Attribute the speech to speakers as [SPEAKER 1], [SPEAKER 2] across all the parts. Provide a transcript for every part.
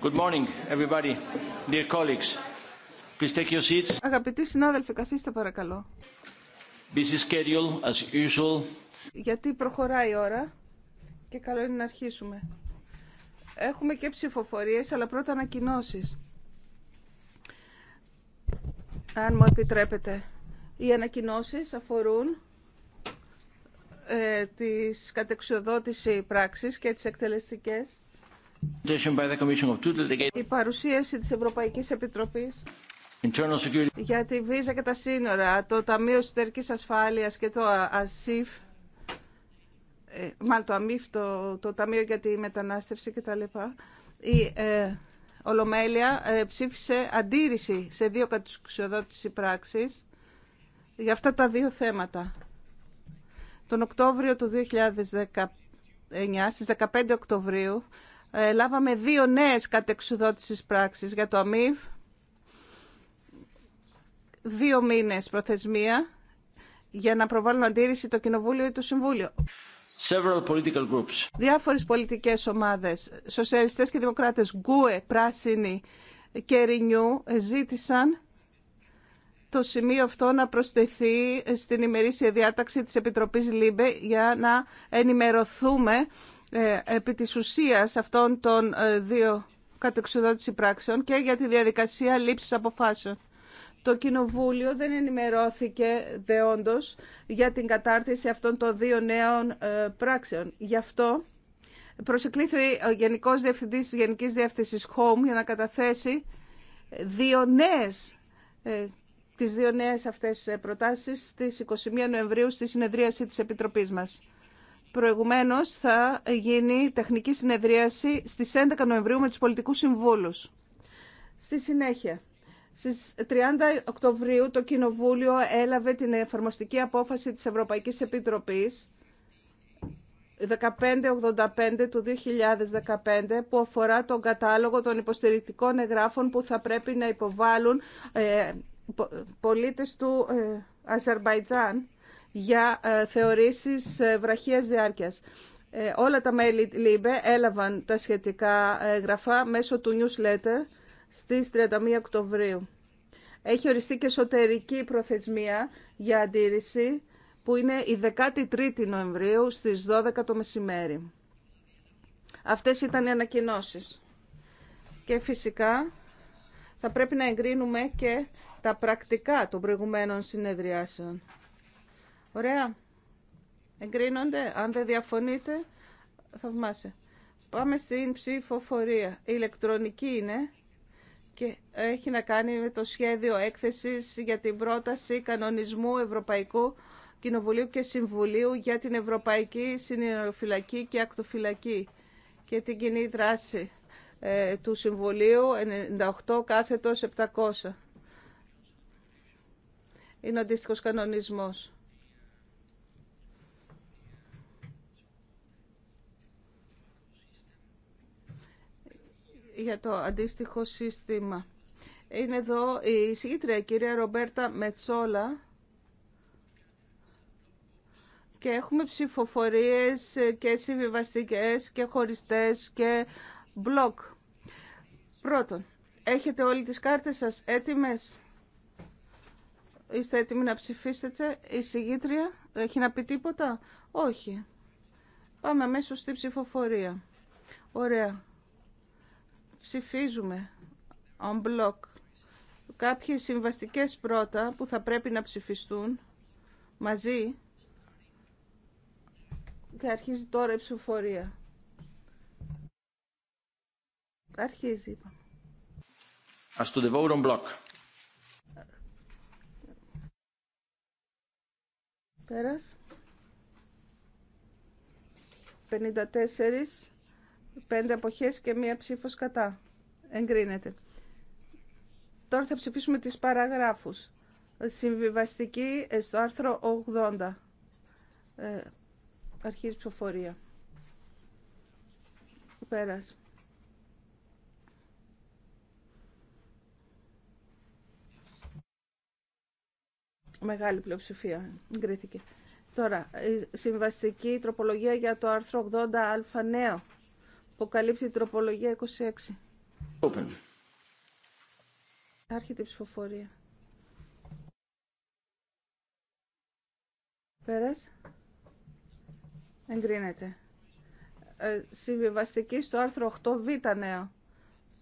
[SPEAKER 1] Good morning, everybody. Dear colleagues, please take your seats.
[SPEAKER 2] Αγαπητοί συνάδελφοι, καθίστε παρακαλώ.
[SPEAKER 1] Busy schedule, as usual.
[SPEAKER 2] Γιατί προχωράει η ώρα και καλό είναι να αρχίσουμε. Έχουμε και ψηφοφορίες, αλλά πρώτα ανακοινώσεις. Αν μου επιτρέπετε. Οι ανακοινώσεις αφορούν ε, της κατεξοδότηση πράξης και τις εκτελεστικές. Η παρουσίαση της Ευρωπαϊκής Επιτροπής για τη Βίζα και τα σύνορα, το Ταμείο Συντερικής Ασφάλειας και το ΑΣΥΦ, ε, μάλλον το ΑΜΥΦ, το, Ταμείο για τη Μετανάστευση κτλ. Η ε, Ολομέλεια ε, ψήφισε αντίρρηση σε δύο κατουσιοδότηση πράξεις για αυτά τα δύο θέματα. Τον Οκτώβριο του 2019, στις 15 Οκτωβρίου, ε, λάβαμε δύο νέες κατεξουδότησης πράξεις για το ΑΜΥΒ. Δύο μήνες προθεσμία για να προβάλλουν αντίρρηση το Κοινοβούλιο ή το Συμβούλιο.
[SPEAKER 1] Several political groups.
[SPEAKER 2] Διάφορες πολιτικές ομάδες, σοσιαλιστές και δημοκράτες, γκουε, πράσινοι και ρινιού, ε, ζήτησαν το σημείο αυτό να προσθεθεί στην ημερήσια διάταξη της Επιτροπής ΛΥΜΠΕ για να ενημερωθούμε ε, επί της ουσίας αυτών των ε, δύο κατεξουδότηση πράξεων και για τη διαδικασία λήψης αποφάσεων. Το Κοινοβούλιο δεν ενημερώθηκε δεόντως για την κατάρτιση αυτών των δύο νέων ε, πράξεων. Γι' αυτό προσεκλήθη ο Γενικός Διευθυντής της Γενικής Διεύθυνσης Home για να καταθέσει δύο νέες τις δύο νέες αυτές προτάσεις στι 21 Νοεμβρίου στη συνεδρίαση της Επιτροπής μας. Προηγουμένως θα γίνει τεχνική συνεδρίαση στις 11 Νοεμβρίου με του πολιτικούς συμβούλου. Στη συνέχεια, στις 30 Οκτωβρίου το Κοινοβούλιο έλαβε την εφαρμοστική απόφαση της Ευρωπαϊκής Επιτροπής 1585 του 2015 που αφορά τον κατάλογο των υποστηρικτικών εγγράφων που θα πρέπει να υποβάλουν ε, πολίτες του ε, Αζερμπαϊτζάν για ε, θεωρήσεις ε, βραχίας διάρκειας. Όλα τα μέλη ΛΥΜΠΕ έλαβαν τα σχετικά γραφά μέσω του newsletter στις 31 Οκτωβρίου. Έχει οριστεί και εσωτερική προθεσμία για αντίρρηση που είναι η 13η Νοεμβρίου στις 12 το μεσημέρι. Αυτές ήταν οι ανακοινώσεις. Και φυσικά θα πρέπει να εγκρίνουμε και τα πρακτικά των προηγουμένων συνεδριάσεων. Ωραία. Εγκρίνονται. Αν δεν διαφωνείτε, θαυμάσαι. Πάμε στην ψηφοφορία. Η ηλεκτρονική είναι και έχει να κάνει με το σχέδιο έκθεσης για την πρόταση κανονισμού Ευρωπαϊκού Κοινοβουλίου και Συμβουλίου για την Ευρωπαϊκή Συνειροφυλακή και Ακτοφυλακή και την κοινή δράση ε, του Συμβουλίου 98 κάθετος 700 είναι ο αντίστοιχο κανονισμό. για το αντίστοιχο σύστημα. Είναι εδώ η συγκεκριμένη κυρία Ρομπέρτα Μετσόλα και έχουμε ψηφοφορίες και συμβιβαστικές και χωριστές και μπλοκ. Πρώτον, έχετε όλοι τις κάρτες σας έτοιμες. Είστε έτοιμοι να ψηφίσετε. Η συγγήτρια έχει να πει τίποτα. Όχι. Πάμε αμέσω στη ψηφοφορία. Ωραία. Ψηφίζουμε. On block. Κάποιες συμβαστικές πρώτα που θα πρέπει να ψηφιστούν μαζί. Και αρχίζει τώρα η ψηφοφορία. Αρχίζει, είπα.
[SPEAKER 1] Ας block.
[SPEAKER 2] Πέρας. 54, 5 αποχές και μία ψήφος κατά. Εγκρίνεται. Τώρα θα ψηφίσουμε τις παραγράφους. Συμβιβαστική στο άρθρο 80. Ε, αρχής ψηφοφορία. Πέρας. Μεγάλη πλειοψηφία εγκρίθηκε. Τώρα, η συμβαστική τροπολογία για το άρθρο 80α νέο που καλύπτει τροπολογία 26. Open. Άρχεται η ψηφοφορία. Πέρας. Εγκρίνεται. Ε, συμβιβαστική στο άρθρο 8β νέο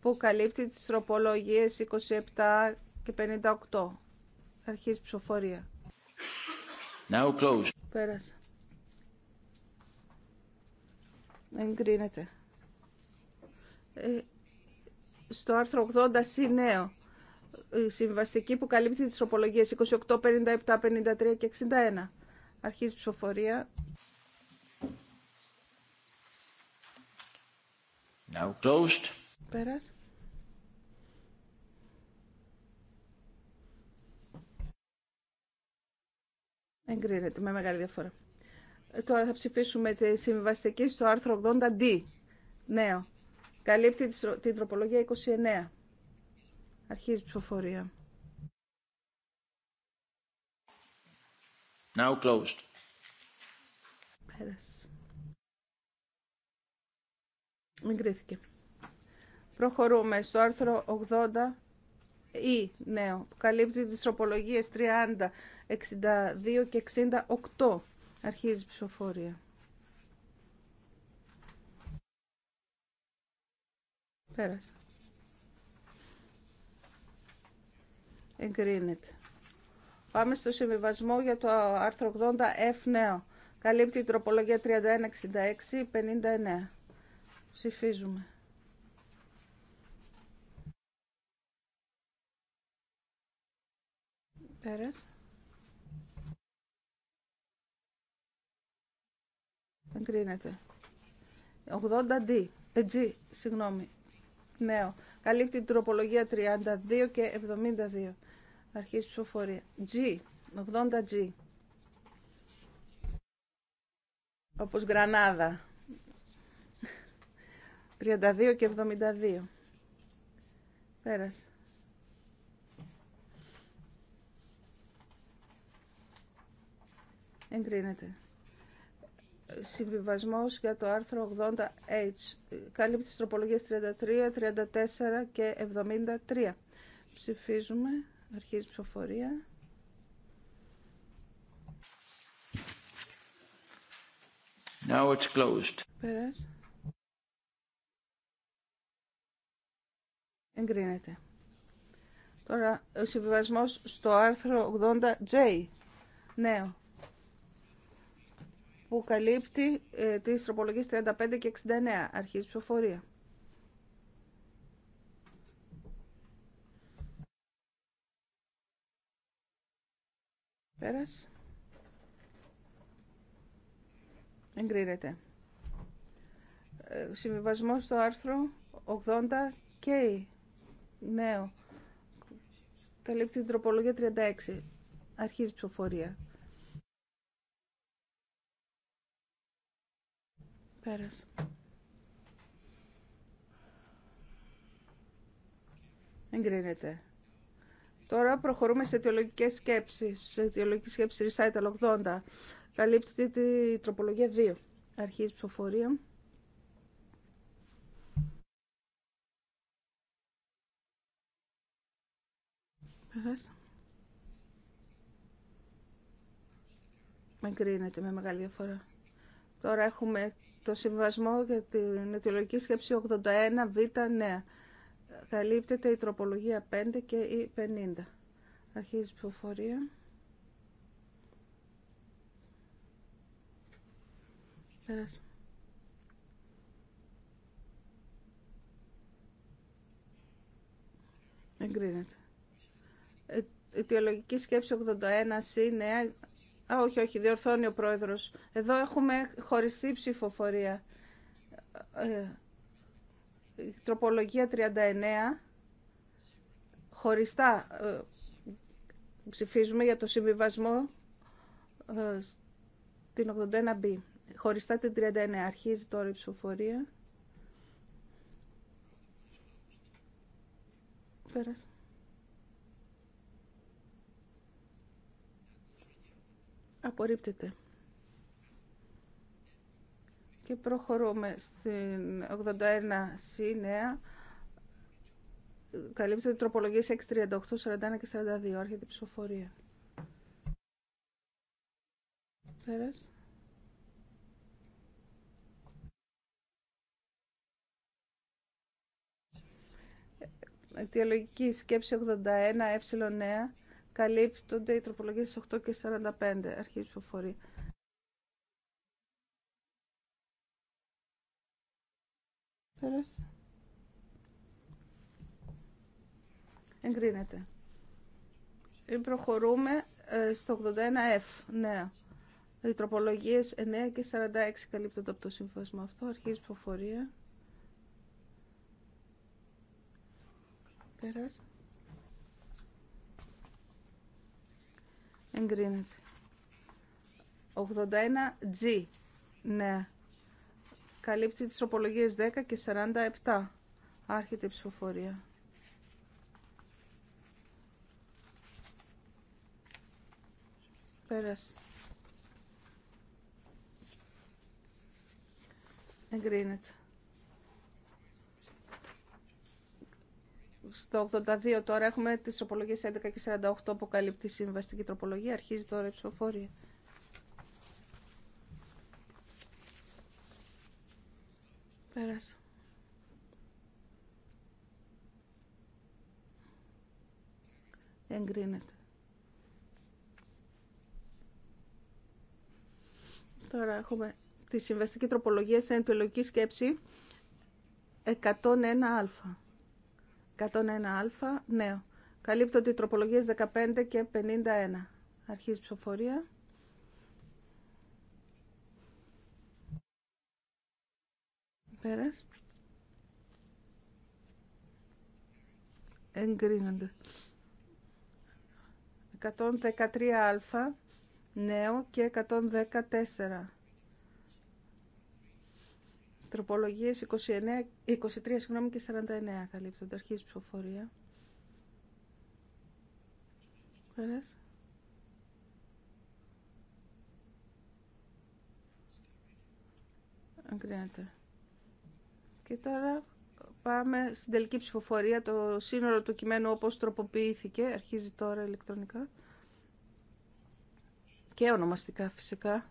[SPEAKER 2] που καλύπτει τις τροπολογίες 27 και 58. Αρχίζει ψηφοφορία. Now close. Πέρασε. Εγκρίνεται. Ε, στο άρθρο 80 συνέο η συμβαστική που καλύπτει τις τροπολογίες 28, 57, 53 και 61. Αρχίζει ψηφοφορία.
[SPEAKER 1] Now closed.
[SPEAKER 2] Πέρασε. Εγκρίνεται με μεγάλη διαφορά. Ε, τώρα θα ψηφίσουμε τη συμβιβαστική στο άρθρο 80D. Νέο. Καλύπτει την τροπολογία 29. Αρχίζει η ψηφοφορία.
[SPEAKER 1] Now closed.
[SPEAKER 2] Πέρασε. Εγκρίθηκε. Προχωρούμε στο άρθρο 80 ή νέο ναι, καλύπτει τις τροπολογίες 30, 62 και 68. Αρχίζει η ψηφοφορία. Πέρασε. Εγκρίνεται. Πάμε στο συμβιβασμό για το άρθρο 80F νέο. Καλύπτει η τροπολογία 31, 66, 59. Ψηφίζουμε. Πέρας. Εγκρίνεται. 80D. G, ε, συγγνώμη. Νέο. Καλύπτει την τροπολογία 32 και 72. Αρχίζει ψηφοφορία. G. 80G. Όπως Γρανάδα. 32 και 72. Πέρασε. εγκρίνεται. Συμβιβασμό για το άρθρο 80H. κάλυπτει τις τροπολογίες 33, 34 και 73. Ψηφίζουμε. Αρχίζει ψηφοφορία.
[SPEAKER 1] Now it's closed.
[SPEAKER 2] Πέρας. Εγκρίνεται. Τώρα, ο συμβιβασμός στο άρθρο 80J. Νέο που καλύπτει ε, τις 35 και 69. Αρχίζει ψηφοφορία. Πέρας. Εγκρίνεται. Ε, συμβιβασμό στο άρθρο 80 και νέο. Καλύπτει την τροπολογία 36. Αρχίζει ψηφοφορία. Πέρας. Εγκρίνεται. Τώρα προχωρούμε σε αιτιολογικές σκέψεις. Σε αιτιολογικές σκέψη recital 80. Καλύπτει τη τροπολογία 2. Αρχίζει ψηφοφορία. Πέρας. Με με μεγάλη διαφορά. Τώρα έχουμε το συμβασμό για την αιτιολογική σκέψη 81β ναι Καλύπτεται η τροπολογία 5 και η 50. Αρχίζει η ψηφοφορία. Εγκρίνεται. Η ε, αιτιολογική σκέψη 81 C νέα όχι, όχι, διορθώνει ο πρόεδρος. Εδώ έχουμε χωριστή ψηφοφορία. Ε, τροπολογία 39. Χωριστά ε, ψηφίζουμε για το συμβιβασμό ε, στην 81B. Χωριστά την 39. Αρχίζει τώρα η ψηφοφορία. Πέρασε. Απορρίπτεται. Και προχωρούμε στην 81 ΣΥΝΕΑ. Καλύπτεται τροπολογία 638, 41 και 42. Άρχεται η ψηφοφορία. Πέρας. Ε, αιτιολογική σκέψη 81, ε καλύπτονται οι τροπολογίες 8 και 45 αρχή ψηφοφορία. Πέρασε. Εγκρίνεται. Ε, προχωρούμε ε, στο 81F. Ναι. Οι τροπολογίες 9 και 46 καλύπτονται από το συμφωσμό αυτό. Αρχίζει ψηφοφορία. Πέρασε. Εγκρίνεται. 81G. Ναι. Καλύπτει τις τροπολογίες 10 και 47. Άρχεται η ψηφοφορία. Πέρασε. Εγκρίνεται. Στο 82 τώρα έχουμε τις τροπολογίες 11 και 48 που καλύπτει η συμβαστική τροπολογία. Αρχίζει τώρα η ψηφοφορία. Πέρασε. Εγκρίνεται. Τώρα έχουμε τη συμβαστική τροπολογία στην επιλογική σκέψη 101α. 101α, νέο. Ναι. Καλύπτονται οι τροπολογίε 15 και 51. Αρχίζει η ψηφοφορία. Πέρας. Εγκρίνονται. 113α, νέο και 114. Τροπολογίες 29, 23 συγγνώμη, και 49 καλύπτονται. Αρχίζει η ψηφοφορία. Και τώρα πάμε στην τελική ψηφοφορία. Το σύνολο του κειμένου όπως τροποποιήθηκε αρχίζει τώρα ηλεκτρονικά και ονομαστικά φυσικά.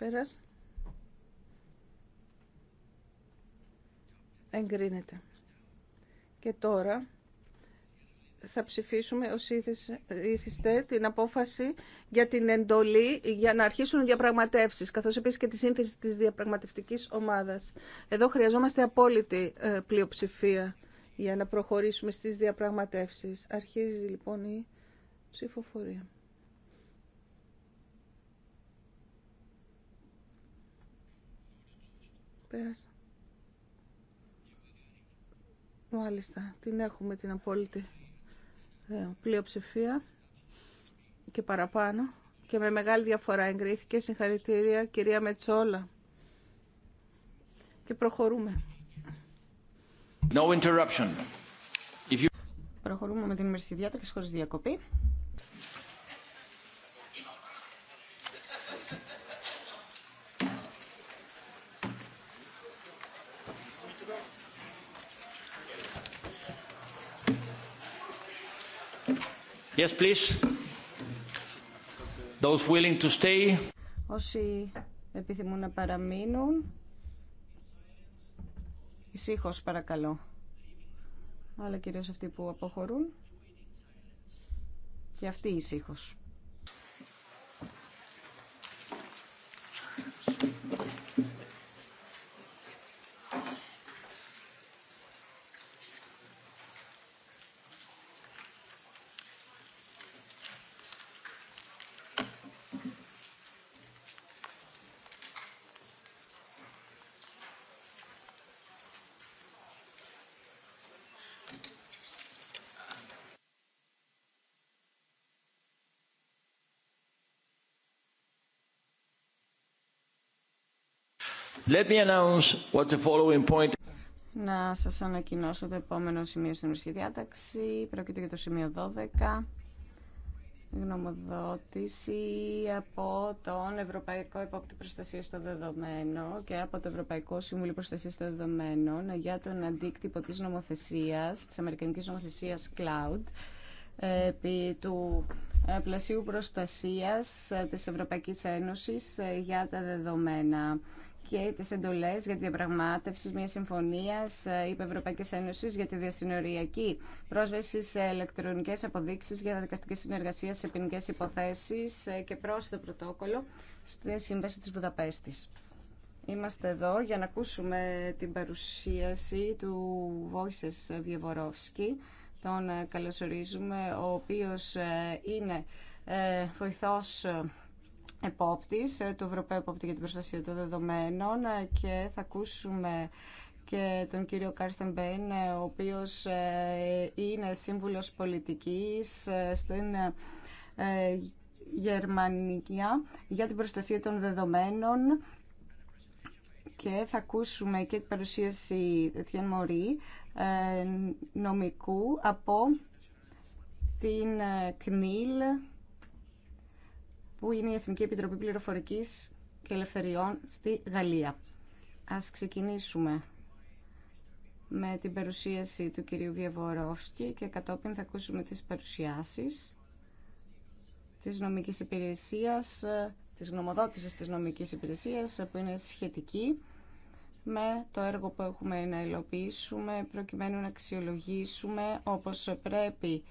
[SPEAKER 2] Πέρας. Εγκρίνεται. Και τώρα θα ψηφίσουμε ως ήθιστε την απόφαση για την εντολή για να αρχίσουν οι διαπραγματεύσεις, καθώς επίσης και τη σύνθεση της διαπραγματευτικής ομάδας. Εδώ χρειαζόμαστε απόλυτη ε, πλειοψηφία για να προχωρήσουμε στις διαπραγματεύσεις. Αρχίζει λοιπόν η ψηφοφορία. Μάλιστα, την έχουμε την απόλυτη ε, πλειοψηφία και παραπάνω και με μεγάλη διαφορά εγκρίθηκε. Συγχαρητήρια κυρία Μετσόλα.
[SPEAKER 3] Και προχωρούμε. Προχωρούμε με την ημερησία διάταξη χωρίς διακοπή. Όσοι επιθυμούν να παραμείνουν, ησύχως παρακαλώ. Αλλά κυρίως αυτοί που αποχωρούν και αυτοί ησύχως.
[SPEAKER 1] Let me announce what the following point...
[SPEAKER 3] Να σας ανακοινώσω το επόμενο σημείο στην Ευρωπαϊκή Διάταξη. Πρόκειται για το σημείο 12 γνωμοδότηση από τον Ευρωπαϊκό Υπόπτη Προστασία των Δεδομένων και από το Ευρωπαϊκό Συμβούλιο Προστασία των Δεδομένων για τον αντίκτυπο της νομοθεσίας, της Αμερικανικής νομοθεσίας Cloud, επί του πλασίου προστασίας της Ευρωπαϊκής Ένωσης για τα δεδομένα και τι εντολέ για τη διαπραγμάτευση μια συμφωνία υπευρωπαϊκή ε, Ένωση για τη διασυνοριακή πρόσβαση σε ηλεκτρονικέ αποδείξει για δικαστική συνεργασία σε ποινικέ υποθέσει ε, και πρόσθετο πρωτόκολλο στη Σύμβαση τη Βουδαπέστη. Είμαστε εδώ για να ακούσουμε την παρουσίαση του Βόησες Βιεβορόφσκι. Τον ε, καλωσορίζουμε, ο οποίος είναι βοηθός επόπτης ε, του Ευρωπαίου Επόπτη για την Προστασία των Δεδομένων ε, και θα ακούσουμε και τον κύριο Κάρστεν Μπέιν, ε, ο οποίος είναι σύμβουλος πολιτικής στην Γερμανία για την προστασία των δεδομένων και θα ακούσουμε και την παρουσίαση Τιέν Μωρή, νομικού από την ΚΝΙΛ που είναι η Εθνική Επιτροπή Πληροφορικής και Ελευθεριών στη Γαλλία. Ας ξεκινήσουμε με την παρουσίαση του κυρίου Βιεβορόφσκη και κατόπιν θα ακούσουμε τις παρουσιάσεις της νομικής υπηρεσίας, της γνωμοδότησης της νομικής υπηρεσίας που είναι σχετική με το έργο που έχουμε να υλοποιήσουμε προκειμένου να αξιολογήσουμε όπως πρέπει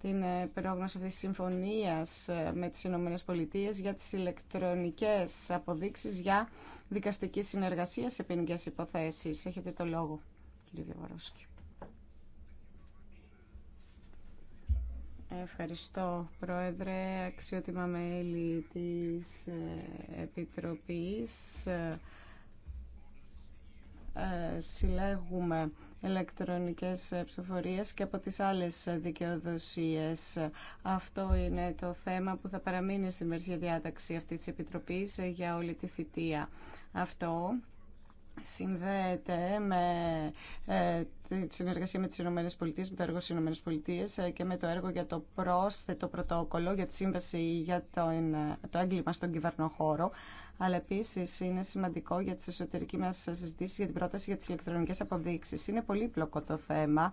[SPEAKER 3] την πρόγνωση αυτής της συμφωνίας ε, με τις Ηνωμένες Πολιτείες για τις ηλεκτρονικές αποδείξεις για δικαστική συνεργασία σε ποινικές υποθέσεις. Έχετε το λόγο, κύριε Διαβαρόσκη. Ευχαριστώ, Πρόεδρε, αξιότιμα μέλη της ε, Επιτροπής. Ε, συλλέγουμε ηλεκτρονικές ε, ψηφοφορίες και από τις άλλες ε, δικαιοδοσίες. Αυτό είναι το θέμα που θα παραμείνει στη μερσία διάταξη αυτής της Επιτροπής ε, για όλη τη θητεία. Αυτό συνδέεται με τη συνεργασία με τις Ηνωμένες Πολιτείες, με το έργο στις Ηνωμένες Πολιτείες και με το έργο για το πρόσθετο πρωτόκολλο για τη σύμβαση για το, το έγκλημα στον κυβερνοχώρο αλλά επίση είναι σημαντικό για τι εσωτερικέ μα συζητήσει για την πρόταση για τι ηλεκτρονικέ αποδείξει. Είναι πολύπλοκο το θέμα,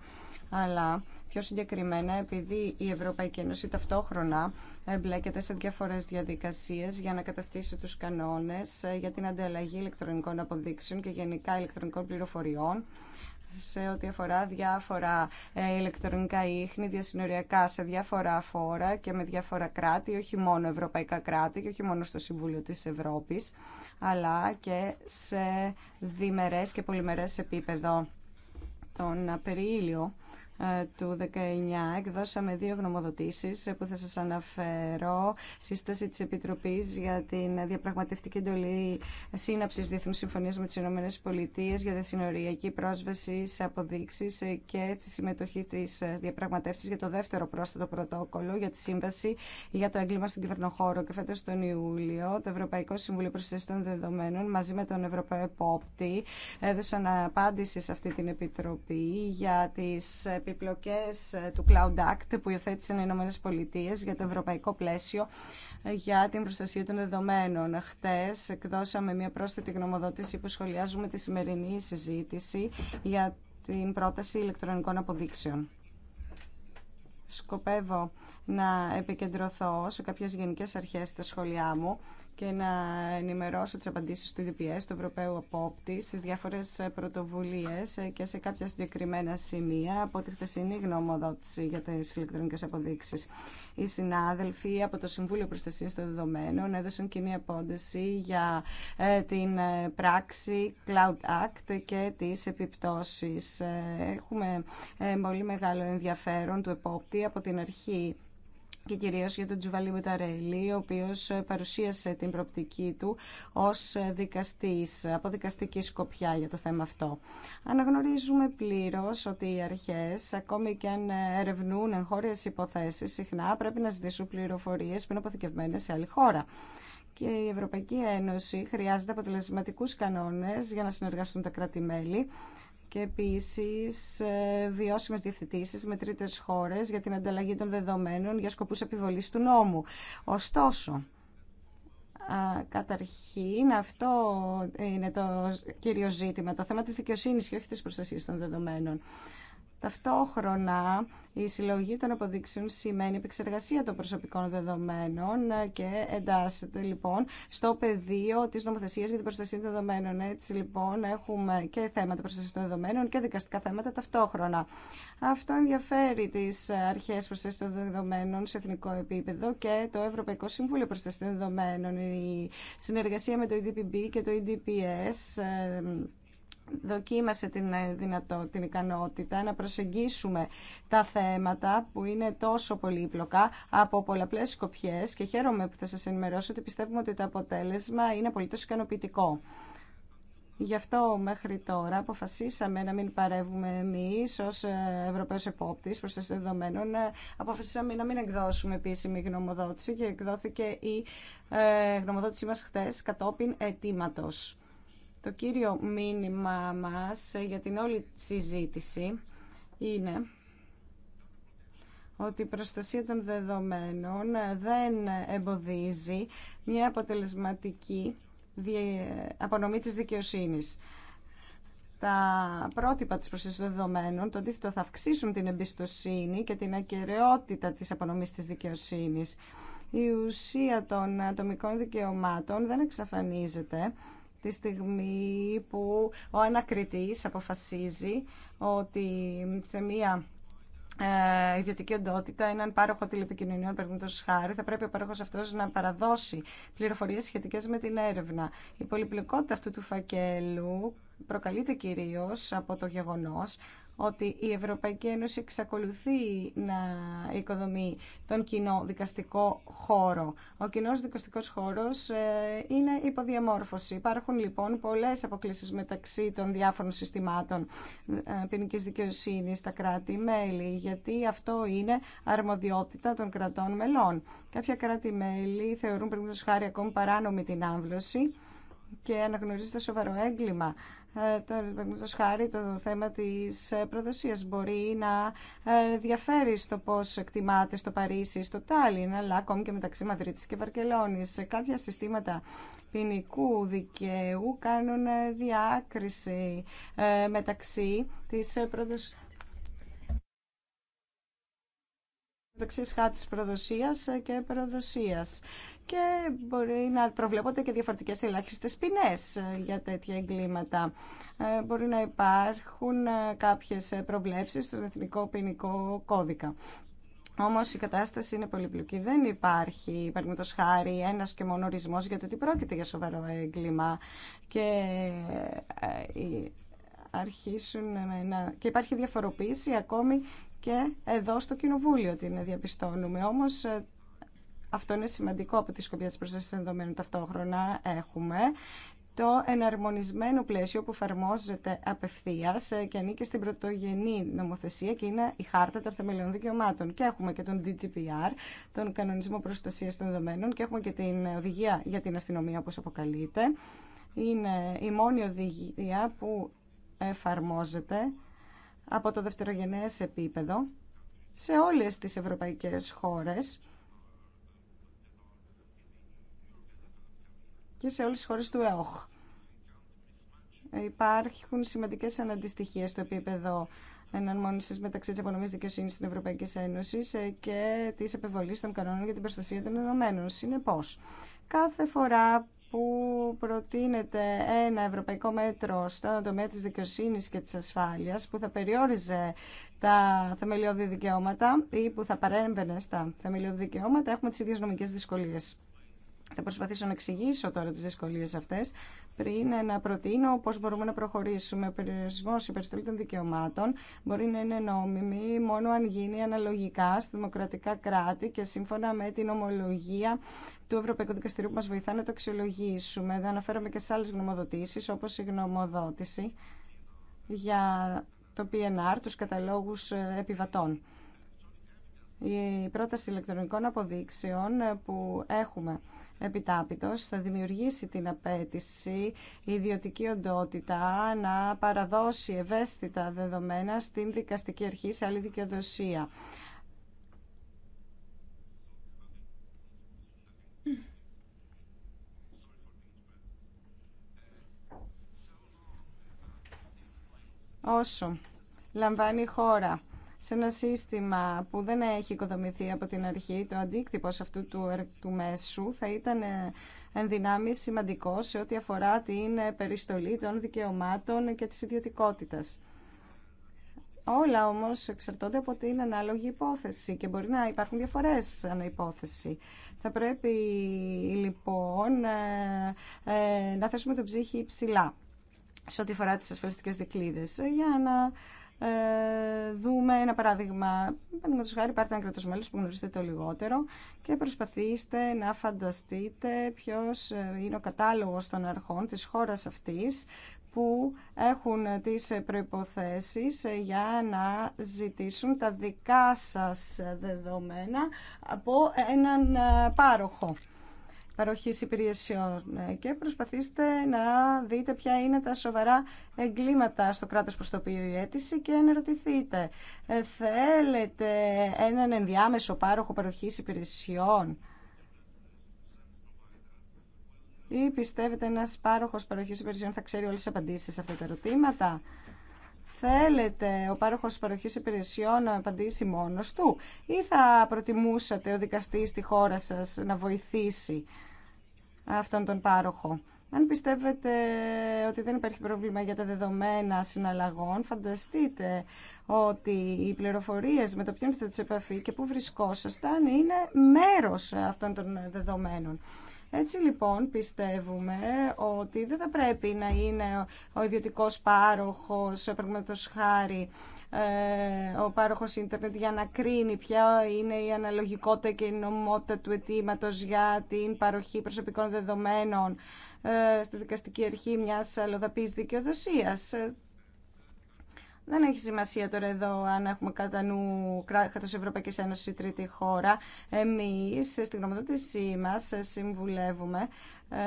[SPEAKER 3] αλλά πιο συγκεκριμένα επειδή η Ευρωπαϊκή Ένωση ταυτόχρονα εμπλέκεται σε διάφορε διαδικασίε για να καταστήσει του κανόνε ε, για την ανταλλαγή ηλεκτρονικών αποδείξεων και γενικά ηλεκτρονικών πληροφοριών σε ό,τι αφορά διάφορα ε, ηλεκτρονικά ίχνη διασυνοριακά σε διάφορα φόρα και με διάφορα κράτη, όχι μόνο ευρωπαϊκά κράτη και όχι μόνο στο Συμβούλιο της Ευρώπης, αλλά και σε διμερές και πολυμερές επίπεδο. Τον Απρίλιο του 19 εκδώσαμε δύο γνωμοδοτήσεις που θα σας αναφέρω. Σύσταση της Επιτροπής για την διαπραγματευτική εντολή σύναψης Διεθνούς Συμφωνίας με τις Ηνωμένες Πολιτείες για διασυνοριακή πρόσβαση σε αποδείξεις και τη συμμετοχή της διαπραγματεύσης για το δεύτερο πρόσθετο πρωτόκολλο για τη σύμβαση για το έγκλημα στον κυβερνοχώρο. Και φέτος τον Ιούλιο το Ευρωπαϊκό Συμβουλίο Προστασίας Δεδομένων μαζί με τον Ευρωπαϊκό Επόπτη έδωσαν απάντηση σε αυτή την Επιτροπή για τις επιπλοκές ε, του Cloud Act που υιοθέτησαν οι Ηνωμένε Πολιτείες για το ευρωπαϊκό πλαίσιο ε, για την προστασία των δεδομένων. Χθε, εκδώσαμε μια πρόσθετη γνωμοδότηση που σχολιάζουμε τη σημερινή συζήτηση για την πρόταση ηλεκτρονικών αποδείξεων. Σκοπεύω να επικεντρωθώ σε κάποιες γενικές αρχές στα σχόλιά μου και να ενημερώσω τις απαντήσεις του EDPS, του Ευρωπαίου Απόπτη, στις διάφορες πρωτοβουλίες και σε κάποια συγκεκριμένα σημεία από τη χθεσινή γνωμοδότηση για τις ηλεκτρονικές αποδείξεις. Οι συνάδελφοι από το Συμβούλιο Προστασίας των Δεδομένων έδωσαν κοινή απόνταση για ε, την ε, πράξη Cloud Act και τις επιπτώσεις. Ε, έχουμε πολύ μεγάλο ενδιαφέρον του επόπτη από την αρχή και κυρίως για τον Τζουβαλί Μουταρέλη, ο οποίος ε, παρουσίασε την προπτική του ως ε, δικαστής, από δικαστική σκοπιά για το θέμα αυτό. Αναγνωρίζουμε πλήρως ότι οι αρχές, ακόμη και αν ε, ερευνούν εγχώριες υποθέσεις, συχνά πρέπει να ζητήσουν πληροφορίες που είναι αποθηκευμένες σε άλλη χώρα και η Ευρωπαϊκή Ένωση χρειάζεται αποτελεσματικούς κανόνες για να συνεργαστούν τα κράτη-μέλη και επίσης ε, βιώσιμες διευθυντήσεις με τρίτες χώρες για την ανταλλαγή των δεδομένων για σκοπούς επιβολής του νόμου. Ωστόσο, καταρχήν αυτό είναι το κύριο ζήτημα, το θέμα της δικαιοσύνης και όχι της προστασίας των δεδομένων. Ταυτόχρονα, η συλλογή των αποδείξεων σημαίνει επεξεργασία των προσωπικών δεδομένων και εντάσσεται λοιπόν στο πεδίο της νομοθεσίας για την προστασία των δεδομένων. Έτσι λοιπόν έχουμε και θέματα προστασία των δεδομένων και δικαστικά θέματα ταυτόχρονα. Αυτό ενδιαφέρει τις αρχές Προστασία των δεδομένων σε εθνικό επίπεδο και το Ευρωπαϊκό Συμβούλιο Προστασία των Δεδομένων. Η συνεργασία με το EDPB και το EDPS ε, δοκίμασε την, ε, δυνατό, την ικανότητα να προσεγγίσουμε τα θέματα που είναι τόσο πολύπλοκα από πολλαπλές σκοπιές και χαίρομαι που θα σας ενημερώσω ότι πιστεύουμε ότι το αποτέλεσμα είναι απολύτως ικανοποιητικό. Γι' αυτό μέχρι τώρα αποφασίσαμε να μην παρεύουμε εμεί ω ε, Ευρωπαίο Επόπτη τα δεδομένων. Ε, αποφασίσαμε να μην εκδώσουμε επίσημη γνωμοδότηση και εκδόθηκε η γνωμοδότησή μα χθε κατόπιν αιτήματο. Το κύριο μήνυμα μας για την όλη συζήτηση είναι ότι η προστασία των δεδομένων δεν εμποδίζει μια αποτελεσματική απονομή της δικαιοσύνης. Τα πρότυπα της προστασίας των δεδομένων, το αντίθετο, θα αυξήσουν την εμπιστοσύνη και την ακαιρεότητα της απονομής της δικαιοσύνης. Η ουσία των ατομικών δικαιωμάτων δεν εξαφανίζεται τη στιγμή που ο ανακριτής αποφασίζει ότι σε μία ε, ιδιωτική οντότητα, έναν πάροχο τηλεπικοινωνιών, παραδείγματο χάρη, θα πρέπει ο πάροχο αυτό να παραδώσει πληροφορίε σχετικέ με την έρευνα. Η πολυπλοκότητα αυτού του φακέλου προκαλείται κυρίω από το γεγονό ότι η Ευρωπαϊκή Ένωση εξακολουθεί να οικοδομεί τον κοινό δικαστικό χώρο. Ο κοινό δικαστικό χώρο ε, είναι υποδιαμόρφωση. Υπάρχουν λοιπόν πολλέ αποκλήσει μεταξύ των διάφορων συστημάτων ε, ποινική δικαιοσύνη στα κράτη-μέλη, γιατί αυτό είναι αρμοδιότητα των κρατών μελών. Κάποια κράτη-μέλη θεωρούν, παραδείγματο χάρη, ακόμη παράνομη την άμβλωση και αναγνωρίζεται σοβαρό έγκλημα ε, Παραδείγματο χάρη το θέμα τη ε, προδοσίας μπορεί να ε, διαφέρει στο πώς εκτιμάται στο Παρίσι, στο Τάλιν, αλλά ακόμη και μεταξύ Μαδρίτης και Βαρκελόνης. Κάποια συστήματα ποινικού δικαίου κάνουν διάκριση μεταξύ της προδοσία. χάτης προδοσίας και προδοσίας και μπορεί να προβλέπονται και διαφορετικές ελάχιστες ποινές ε, για τέτοια εγκλήματα. Ε, μπορεί να υπάρχουν ε, κάποιες προβλέψεις στον Εθνικό Ποινικό Κώδικα. Όμω η κατάσταση είναι πολύπλοκη. Δεν υπάρχει, παραδείγματο χάρη, ένα και μόνο ορισμό για το ότι πρόκειται για σοβαρό έγκλημα. Και αρχίσουν να... και υπάρχει διαφοροποίηση ακόμη και εδώ στο Κοινοβούλιο την διαπιστώνουμε. Όμως αυτό είναι σημαντικό από τη σκοπιά της προστασίας των δεδομένων. Ταυτόχρονα έχουμε το εναρμονισμένο πλαίσιο που εφαρμόζεται απευθεία και ανήκει στην πρωτογενή νομοθεσία και είναι η Χάρτα των Θεμελιών Δικαιωμάτων. Και έχουμε και τον DGPR, τον Κανονισμό Προστασία των Δεδομένων, και έχουμε και την Οδηγία για την Αστυνομία, όπω αποκαλείται. Είναι η μόνη οδηγία που εφαρμόζεται από το δευτερογενέ επίπεδο σε όλε τι ευρωπαϊκέ χώρε. και σε όλες τις χώρες του ΕΟΧ. Υπάρχουν σημαντικές αναντιστοιχίες στο επίπεδο εναρμόνιση μεταξύ τη απονομή δικαιοσύνη στην Ευρωπαϊκή Ένωση ε, και τη επιβολή των κανόνων για την προστασία των δεδομένων. Συνεπώ, κάθε φορά που προτείνεται ένα ευρωπαϊκό μέτρο στον τομέα της δικαιοσύνης και της ασφάλειας που θα περιόριζε τα θεμελιώδη δικαιώματα ή που θα παρέμβαινε στα θεμελιώδη δικαιώματα, έχουμε τις ίδιε νομικέ δυσκολίες. Θα προσπαθήσω να εξηγήσω τώρα τις δυσκολίες αυτές πριν να προτείνω πώς μπορούμε να προχωρήσουμε. Ο περιορισμός υπερστολή των δικαιωμάτων μπορεί να είναι νόμιμη μόνο αν γίνει αναλογικά στη δημοκρατικά κράτη και σύμφωνα με την ομολογία του Ευρωπαϊκού Δικαστηρίου που μας βοηθά να το αξιολογήσουμε. Εδώ αναφέρομαι και σε άλλες γνωμοδοτήσεις όπως η γνωμοδότηση για το PNR, τους καταλόγους ε, επιβατών. Η πρόταση ηλεκτρονικών αποδείξεων ε, που έχουμε επιτάπητος θα δημιουργήσει την απέτηση η ιδιωτική οντότητα να παραδώσει ευαίσθητα δεδομένα στην δικαστική αρχή σε άλλη δικαιοδοσία. Όσο λαμβάνει η χώρα σε ένα σύστημα που δεν έχει οικοδομηθεί από την αρχή, το αντίκτυπο αυτού του, ε, του μέσου θα ήταν ε, ενδυνάμει σημαντικό σε ό,τι αφορά την ε, περιστολή των δικαιωμάτων και της ιδιωτικότητας. Όλα όμως εξαρτώνται από την ανάλογη υπόθεση και μπορεί να υπάρχουν διαφορές ανά υπόθεση. Θα πρέπει λοιπόν να θέσουμε τον ψύχη ψηλά σε ό,τι αφορά τις ασφαλιστικές δικλείδες για να ε, δούμε ένα παράδειγμα. Παραδείγματο χάρη, πάρτε ένα κρατό μέλο που γνωρίζετε το λιγότερο και προσπαθήστε να φανταστείτε ποιο ε, είναι ο κατάλογο των αρχών τη χώρα αυτή που έχουν τις προϋποθέσεις ε, για να ζητήσουν τα δικά σας δεδομένα από έναν πάροχο. Παροχή υπηρεσιών ε, και προσπαθήστε να δείτε ποια είναι τα σοβαρά εγκλήματα στο κράτος προς το οποίο η αίτηση και να ε, θέλετε έναν ενδιάμεσο πάροχο παροχής υπηρεσιών ή πιστεύετε ένας πάροχος παροχής υπηρεσιών θα ξέρει όλες τις απαντήσεις σε αυτά τα ερωτήματα θέλετε ο πάροχος παροχής υπηρεσιών να απαντήσει μόνος του ή θα προτιμούσατε ο δικαστής στη χώρα σας να βοηθήσει αυτόν τον πάροχο. Αν πιστεύετε ότι δεν υπάρχει πρόβλημα για τα δεδομένα συναλλαγών, φανταστείτε ότι οι πληροφορίες με το ποιον θα τις επαφή και πού βρισκόσασταν είναι μέρος αυτών των δεδομένων. Έτσι λοιπόν πιστεύουμε ότι δεν θα πρέπει να είναι ο ιδιωτικός πάροχος, πραγματος χάρη, ε, ο πάροχο ίντερνετ για να κρίνει ποια είναι η αναλογικότητα και η νομιμότητα του αιτήματο για την παροχή προσωπικών δεδομένων ε, στη δικαστική αρχή μια αλλοδαπής δικαιοδοσία. Ε, δεν έχει σημασία τώρα εδώ αν έχουμε κατά νου κράτο Ευρωπαϊκή Ένωση ή τρίτη χώρα. Εμείς στην γνωμοδότησή μας συμβουλεύουμε ε,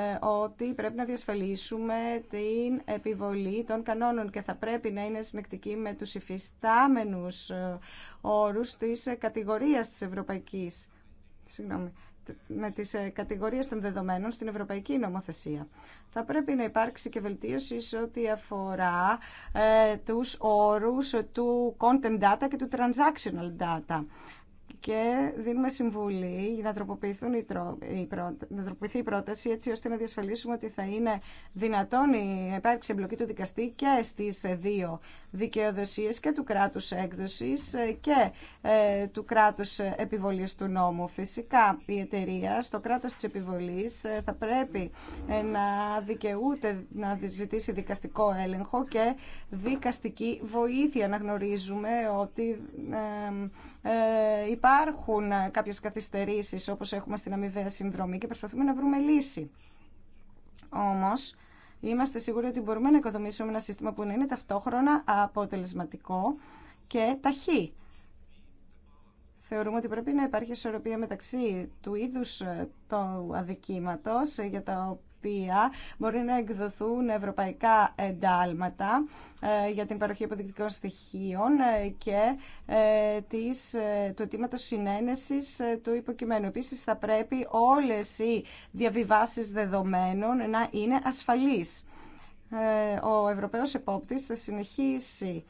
[SPEAKER 3] ότι πρέπει να διασφαλίσουμε την επιβολή των κανόνων και θα πρέπει να είναι συνεκτική με τους υφιστάμενους ε, όρους της κατηγορίας της Ευρωπαϊκής. Συγγνώμη με τις ε, κατηγορίες των δεδομένων στην Ευρωπαϊκή Νομοθεσία. Θα πρέπει να υπάρξει και βελτίωση σε ό,τι αφορά ε, τους όρους του content data και του transactional data και δίνουμε συμβουλή να, τροποποιηθούν προ... να τροποποιηθεί η πρόταση έτσι ώστε να διασφαλίσουμε ότι θα είναι δυνατόν η επάρξη εμπλοκή του δικαστή και στις δύο δικαιοδοσίες και του κράτους έκδοσης και ε, του κράτους επιβολής του νόμου. Φυσικά η εταιρεία στο κράτος της επιβολής ε, θα πρέπει ε, να δικαιούται να ζητήσει δικαστικό έλεγχο και δικαστική βοήθεια. Να γνωρίζουμε ότι ε, υπάρχουν ε, κάποιες καθυστερήσεις όπως έχουμε στην αμοιβαία συνδρομή και προσπαθούμε να βρούμε λύση. Όμως, είμαστε σίγουροι ότι μπορούμε να οικοδομήσουμε ένα σύστημα που να είναι ταυτόχρονα αποτελεσματικό και ταχύ. Θεωρούμε ότι πρέπει να υπάρχει ισορροπία μεταξύ του είδους ε, του αδικήματος ε, για το οποία μπορεί να εκδοθούν ευρωπαϊκά εντάλματα ε, για την παροχή αποδεικτικών στοιχείων ε, και ε, της, του αιτήματο συνένεσης του υποκειμένου. Επίσης θα πρέπει όλες οι διαβιβάσεις δεδομένων να είναι ασφαλείς. Ο Ευρωπαίος Επόπτης θα συνεχίσει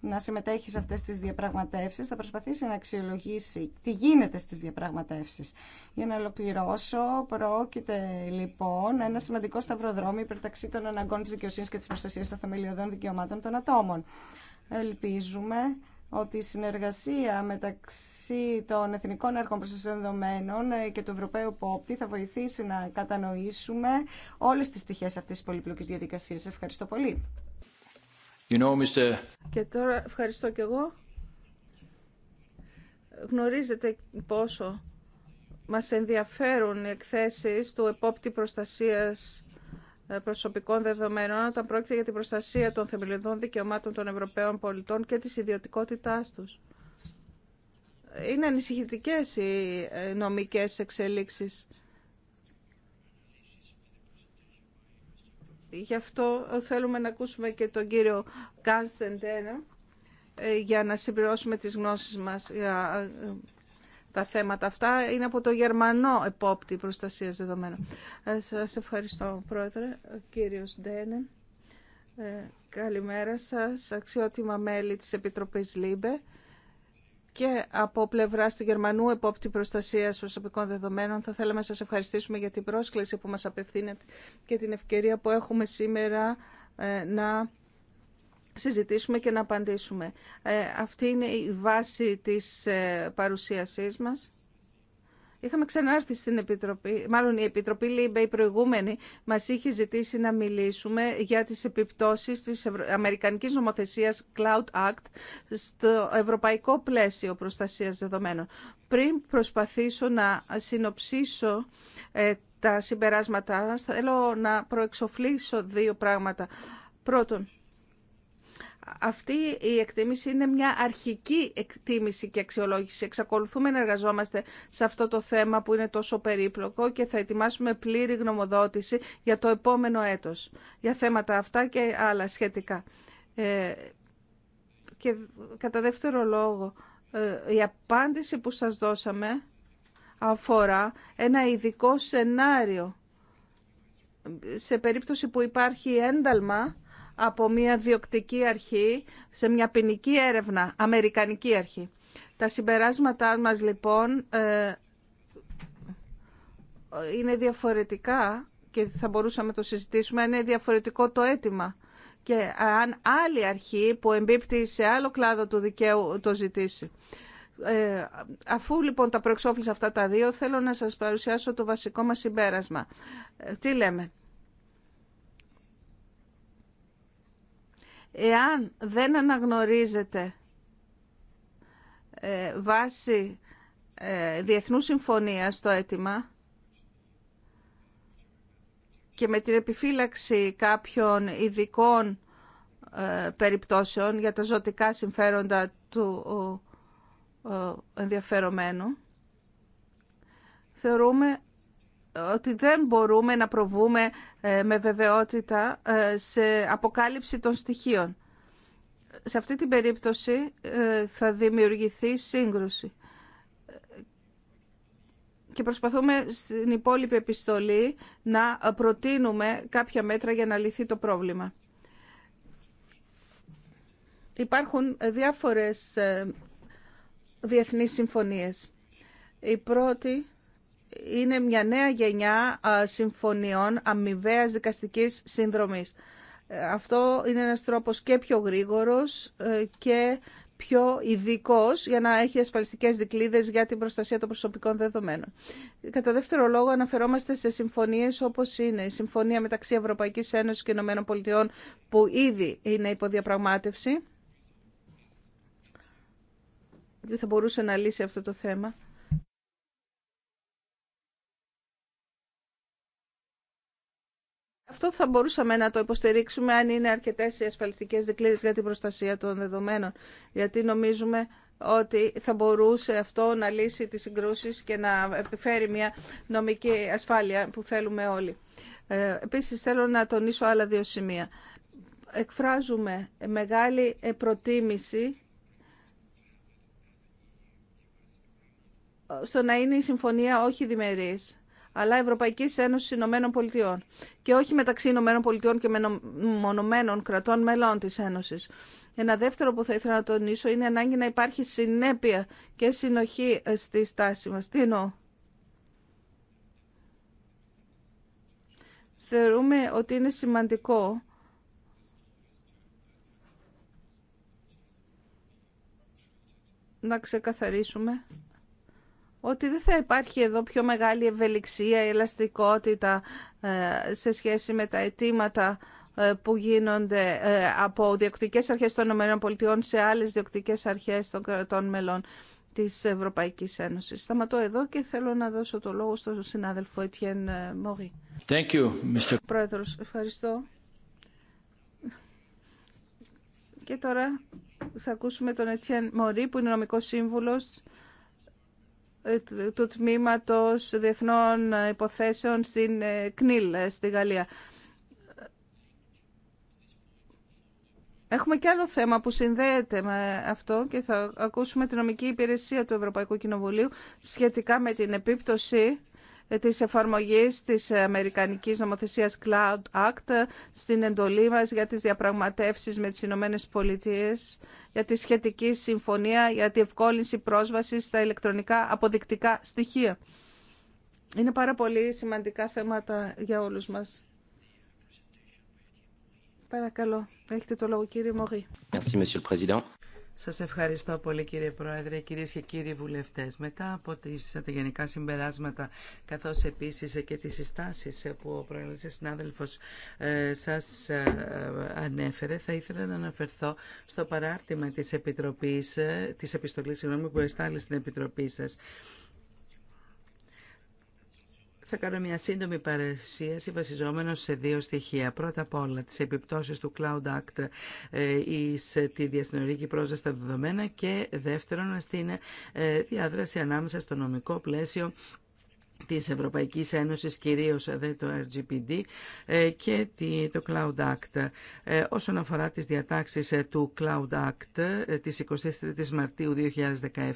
[SPEAKER 3] να συμμετέχει σε αυτές τις διαπραγματεύσεις, θα προσπαθήσει να αξιολογήσει τι γίνεται στις διαπραγματεύσεις. Για να ολοκληρώσω, πρόκειται λοιπόν ένα σημαντικό σταυροδρόμι υπερταξύ των αναγκών της δικαιοσύνης και της προστασίας των θεμελιωδών δικαιωμάτων των ατόμων. Ελπίζουμε ότι η συνεργασία μεταξύ των Εθνικών Έργων Προστασίας Δεδομένων και του Ευρωπαίου Πόπτη θα βοηθήσει να κατανοήσουμε όλες τις πτυχές αυτής της πολύπλοκης διαδικασίας. Ευχαριστώ πολύ. Και τώρα ευχαριστώ και εγώ.
[SPEAKER 2] Γνωρίζετε πόσο μας ενδιαφέρουν οι εκθέσεις του επόπτη προστασίας ε, προσωπικών δεδομένων όταν πρόκειται για την προστασία των θεμελιωδών δικαιωμάτων των Ευρωπαίων πολιτών και της ιδιωτικότητάς τους. Είναι ανησυχητικές οι ε, νομικές εξελίξεις Γι' αυτό θέλουμε να ακούσουμε και τον κύριο Κάνστεντένα ε, για να συμπληρώσουμε τις γνώσεις μας για ε, τα θέματα αυτά. Είναι από το Γερμανό επόπτη προστασίας δεδομένων. Ε, σας ευχαριστώ, Πρόεδρε, ο κύριος Ντένεν. Καλημέρα σας, αξιότιμα μέλη της Επιτροπής ΛΥΜΠΕ και από πλευρά του Γερμανού Επόπτη Προστασία Προσωπικών Δεδομένων θα θέλαμε να σα ευχαριστήσουμε για την πρόσκληση που μα απευθύνεται και την ευκαιρία που έχουμε σήμερα ε, να συζητήσουμε και να απαντήσουμε. Ε, αυτή είναι η βάση της ε, παρουσίασής μας. Είχαμε ξανάρθει στην Επιτροπή, μάλλον η Επιτροπή ΛΥΜΠΕ η προηγούμενη μας είχε ζητήσει να μιλήσουμε για τις επιπτώσεις της Αμερικανικής νομοθεσίας Cloud Act στο ευρωπαϊκό πλαίσιο προστασίας δεδομένων. Πριν προσπαθήσω να συνοψίσω ε, τα συμπεράσματά θέλω να προεξοφλήσω δύο πράγματα. Πρώτον, αυτή η εκτίμηση είναι μια αρχική εκτίμηση και αξιολόγηση. Εξακολουθούμε να εργαζόμαστε σε αυτό το θέμα που είναι τόσο περίπλοκο και θα ετοιμάσουμε πλήρη γνωμοδότηση για το επόμενο έτος για θέματα αυτά και άλλα σχετικά. Ε, και κατά δεύτερο λόγο, ε, η απάντηση που σας δώσαμε αφορά ένα ειδικό σενάριο σε περίπτωση που υπάρχει ένταλμα από μια διοκτική αρχή σε μια ποινική έρευνα, αμερικανική αρχή. Τα συμπεράσματά μας λοιπόν ε, είναι διαφορετικά και θα μπορούσαμε να το συζητήσουμε, είναι διαφορετικό το αίτημα και αν άλλη αρχή που εμπίπτει σε άλλο κλάδο του δικαίου το ζητήσει. Ε, αφού λοιπόν τα προεξόφλησα αυτά τα δύο, θέλω να σας παρουσιάσω το βασικό μας συμπέρασμα. Ε, τι λέμε. Εάν δεν αναγνωρίζεται ε, βάση ε, διεθνού συμφωνία το αίτημα και με την επιφύλαξη κάποιων ειδικών ε, περιπτώσεων για τα ζωτικά συμφέροντα του ενδιαφερομένου, θεωρούμε ότι δεν μπορούμε να προβούμε ε, με βεβαιότητα ε, σε αποκάλυψη των στοιχείων. Σε αυτή την περίπτωση ε, θα δημιουργηθεί σύγκρουση. Και προσπαθούμε στην υπόλοιπη επιστολή να προτείνουμε κάποια μέτρα για να λυθεί το πρόβλημα. Υπάρχουν διάφορες διεθνείς συμφωνίες. Η πρώτη είναι μια νέα γενιά συμφωνιών αμοιβαία δικαστικής συνδρομής. Ε, αυτό είναι ένας τρόπος και πιο γρήγορος ε, και πιο ειδικό για να έχει ασφαλιστικέ δικλείδε για την προστασία των προσωπικών δεδομένων. Κατά δεύτερο λόγο, αναφερόμαστε σε συμφωνίε όπω είναι η συμφωνία μεταξύ Ευρωπαϊκή Ένωση και ΗΠΑ που ήδη είναι υποδιαπραγμάτευση. Θα μπορούσε να λύσει αυτό το θέμα. Αυτό θα μπορούσαμε να το υποστηρίξουμε αν είναι αρκετές οι ασφαλιστικές δικλείδες για την προστασία των δεδομένων. Γιατί νομίζουμε ότι θα μπορούσε αυτό να λύσει τις συγκρούσεις και να επιφέρει μια νομική ασφάλεια που θέλουμε όλοι. Ε, επίσης θέλω να τονίσω άλλα δύο σημεία. Εκφράζουμε μεγάλη προτίμηση στο να είναι η συμφωνία όχι διμερής αλλά Ευρωπαϊκή Ένωση Ηνωμένων Πολιτειών και όχι μεταξύ Ηνωμένων Πολιτειών και μονομένων κρατών μελών τη Ένωση. Ένα δεύτερο που θα ήθελα να τονίσω είναι ανάγκη να υπάρχει συνέπεια και συνοχή ε, στη στάση μα. Τι εννοώ. Θεωρούμε ότι είναι σημαντικό να ξεκαθαρίσουμε ότι δεν θα υπάρχει εδώ πιο μεγάλη ευελιξία, ελαστικότητα ε, σε σχέση με τα αιτήματα ε, που γίνονται ε, από διοκτικές αρχές των ΗΠΑ σε άλλες διοκτικές αρχές των κρατών μελών της Ευρωπαϊκής Ένωσης. Σταματώ εδώ και θέλω να δώσω το λόγο στον συνάδελφο Ετιέν Μωρή. Thank Πρόεδρος, ευχαριστώ. Και τώρα θα ακούσουμε τον Ετιέν Μωρή που είναι νομικός σύμβουλος ε, του Τμήματος Διεθνών Υποθέσεων στην ε, ΚΝΙΛ, ε, στη Γαλλία. Έχουμε και άλλο θέμα που συνδέεται με αυτό και θα ακούσουμε την νομική υπηρεσία του Ευρωπαϊκού Κοινοβουλίου σχετικά με την επίπτωση της εφαρμογής της Αμερικανικής Νομοθεσίας Cloud Act στην εντολή μας για τις διαπραγματεύσεις με τις Ηνωμένε Πολιτείες για τη σχετική συμφωνία για τη ευκόλυνση πρόσβασης στα ηλεκτρονικά αποδεικτικά στοιχεία. Είναι πάρα πολύ σημαντικά θέματα για όλους μας. Παρακαλώ, έχετε το λόγο κύριε Μωρή.
[SPEAKER 4] Merci, Monsieur σας ευχαριστώ πολύ κύριε Πρόεδρε, κυρίες και κύριοι βουλευτές. Μετά από τις, τα γενικά συμπεράσματα, καθώς επίσης και τις συστάσεις που ο προελίσσης συνάδελφος ε, σας ε, ανέφερε, θα ήθελα να αναφερθώ στο παράρτημα της, επιτροπής, ε, της επιστολής συγγνώμη, που εστάλει στην Επιτροπή σας. Θα κάνω μια σύντομη παρουσίαση βασιζόμενο σε δύο στοιχεία. Πρώτα απ' όλα τις επιπτώσεις του Cloud Act ή σε ε, τη διασυνορική πρόσβαση στα δεδομένα και δεύτερον στην ε, διάδραση ανάμεσα στο νομικό πλαίσιο της Ευρωπαϊκής Ένωσης, κυρίως το RGPD ε, και το Cloud Act. Ε, όσον αφορά τις διατάξεις ε, του Cloud Act της 23ης Μαρτίου 2017,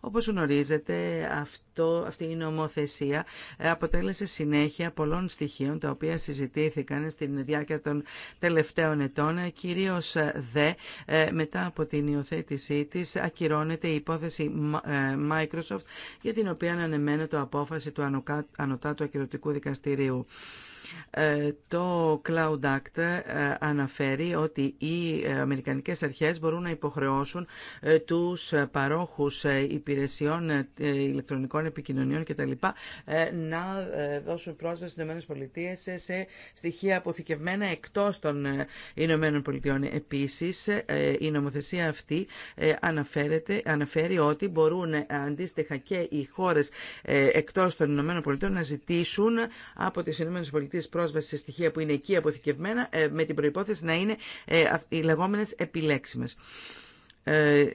[SPEAKER 4] όπως γνωρίζετε αυτό, αυτή η νομοθεσία αποτέλεσε συνέχεια πολλών στοιχείων τα οποία συζητήθηκαν στην διάρκεια των τελευταίων ετών, κυρίως δε μετά από την υιοθέτησή της ακυρώνεται η υπόθεση Microsoft για την οποία αναμένεται το απόφαση του Ανωτάτου Ακυρωτικού Δικαστηρίου. Ε, το Cloud Act ε, αναφέρει ότι οι Αμερικανικές αρχές μπορούν να υποχρεώσουν ε, τους παρόχους υπηρεσιών ηλεκτρονικών επικοινωνιών κτλ. να δώσουν πρόσβαση στις ΗΠΑ σε στοιχεία αποθηκευμένα εκτός των Ηνωμένων Πολιτειών. Επίσης, η νομοθεσία αυτή αναφέρεται, αναφέρει ότι μπορούν αντίστοιχα και οι χώρες εκτός των Ηνωμένων Πολιτειών να ζητήσουν από τις Ηνωμένες Πολιτείες πρόσβαση σε στοιχεία που είναι εκεί αποθηκευμένα ε, με την προϋπόθεση να είναι ε, οι λεγόμενες επιλέξιμες. Ε,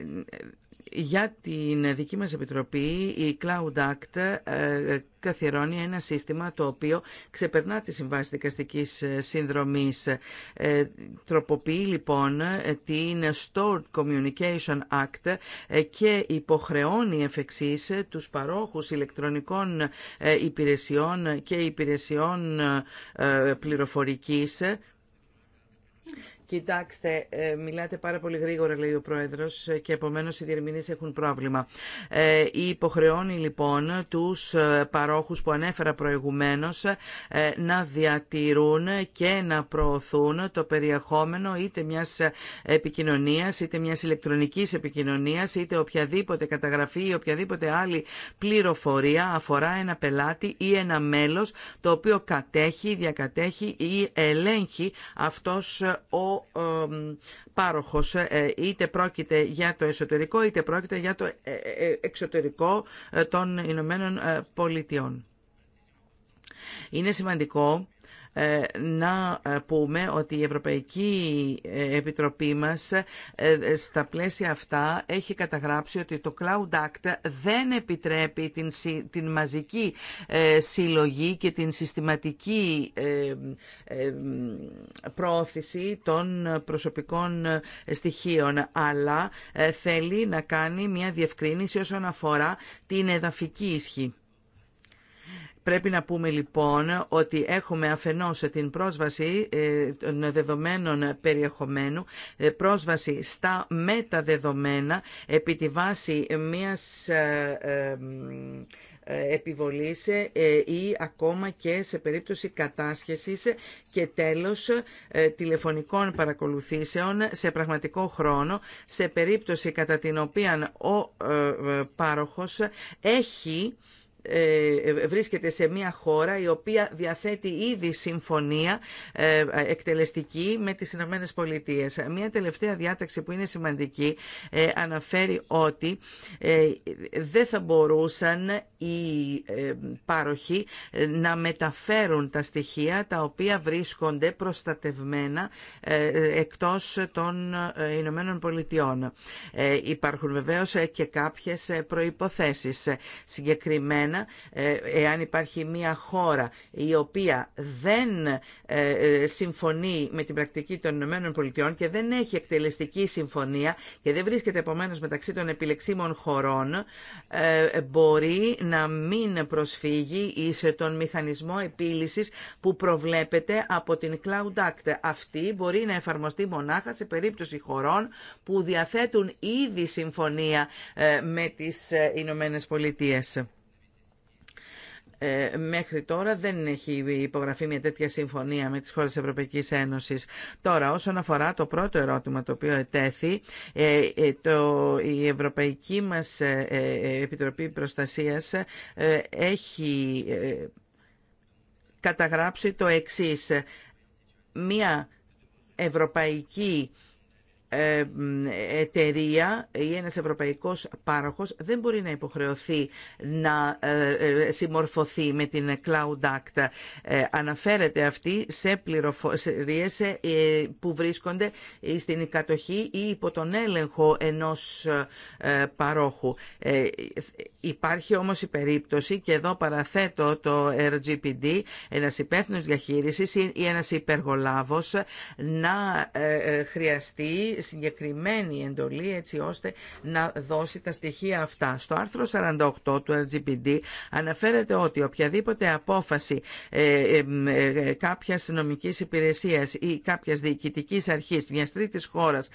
[SPEAKER 4] για την δική μας επιτροπή η Cloud Act ε, καθιερώνει ένα σύστημα το οποίο ξεπερνά τη συμβάση δικαστικής ε, συνδρομής. Ε, τροποποιεί λοιπόν την Stored Communication Act και υποχρεώνει εφ' εξής τους παρόχους ηλεκτρονικών υπηρεσιών και υπηρεσιών πληροφορικής Κοιτάξτε, ε, μιλάτε πάρα πολύ γρήγορα, λέει ο Πρόεδρο, ε, και επομένως οι διερμηνείς έχουν πρόβλημα. Ε, υποχρεώνει λοιπόν τους ε, παρόχους που ανέφερα προηγουμένως να διατηρούν και να προωθούν το περιεχόμενο είτε μια επικοινωνία, είτε μια ηλεκτρονική επικοινωνία, είτε οποιαδήποτε καταγραφή ή οποιαδήποτε άλλη πληροφορία αφορά ένα πελάτη ή ένα μέλο το οποίο κατέχει, διακατέχει ή ελέγχει αυτός ο πάροχος, ε, είτε πρόκειται για το εσωτερικό είτε πρόκειται για το ε, ε, εξωτερικό των Ηνωμένων Πολιτειών. Είναι σημαντικό ε, να ε, πούμε ότι η Ευρωπαϊκή ε, Επιτροπή μας στα πλαίσια αυτά έχει καταγράψει ότι το Cloud Act δεν επιτρέπει την, την μαζική συλλογή και την συστηματική προώθηση των προσωπικών στοιχείων, αλλά θέλει να κάνει μια διευκρίνηση όσον αφορά την εδαφική ισχύ. Πρέπει να πούμε λοιπόν ότι έχουμε αφενός την πρόσβαση ε, των δεδομένων περιεχομένου, ε, πρόσβαση στα μεταδεδομένα επί τη βάση μιας ε, επιβολής ή ακόμα και σε περίπτωση κατάσχεσης και τέλος τηλεφωνικών παρακολουθήσεων σε πραγματικό χρόνο σε περίπτωση κατά την οποία ο πάροχος έχει ε, ε, βρίσκεται σε μια χώρα η οποία διαθέτει ήδη συμφωνία ε, εκτελεστική με τις Ηνωμένες Πολιτείες. Μια τελευταία διάταξη που είναι σημαντική αναφέρει ότι δεν θα μπορούσαν οι πάροχοι να μεταφέρουν τα στοιχεία τα οποία βρίσκονται προστατευμένα εκτός των Ηνωμένων Πολιτειών. Υπάρχουν βεβαίως και κάποιες προϋποθέσεις. Συγκεκριμένα ε, εάν, υπάρχει μια χώρα η οποία δεν ε, ε, συμφωνεί με την πρακτική των Ηνωμένων Πολιτειών και δεν έχει εκτελεστική συμφωνία και δεν βρίσκεται επομένω μεταξύ των επιλεξίμων χωρών, μπορεί να μην προσφύγει σε τον μηχανισμό επίλυσης που προβλέπεται από την Cloud Act. Αυτή μπορεί να εφαρμοστεί μονάχα σε περίπτωση χωρών που διαθέτουν ήδη συμφωνία με τις Ηνωμένε Πολιτείες. Ε, μέχρι τώρα δεν έχει υπογραφεί μια τέτοια συμφωνία με τις χώρες Ευρωπαϊκής Ένωσης. Τώρα, όσον αφορά το πρώτο ερώτημα το οποίο ετέθη, ε, ε, το, η Ευρωπαϊκή μας ε, Επιτροπή Προστασίας έχει καταγράψει το εξής. Μια ευρωπαϊκή ε, εταιρεία ή ένας ευρωπαϊκός πάροχος δεν μπορεί να υποχρεωθεί να ε, ε, συμμορφωθεί με την Cloud Act. Αναφέρεται αυτή σε πληροφορίες που βρίσκονται στην κατοχή ή υπό τον έλεγχο ενός παρόχου. Υπάρχει όμως η περίπτωση και εδώ παραθέτω το RGPD, ένας υπεύθυνος διαχείρισης ή ένας υπεργολάβος να χρειαστεί συγκεκριμένη εντολή έτσι ώστε να δώσει τα στοιχεία αυτά. Στο άρθρο 48 του RGPD αναφέρεται ότι οποιαδήποτε απόφαση ε, ε, ε, κάποιας νομικής υπηρεσίας ή κάποιας διοικητικής αρχής μιας τρίτης χώρας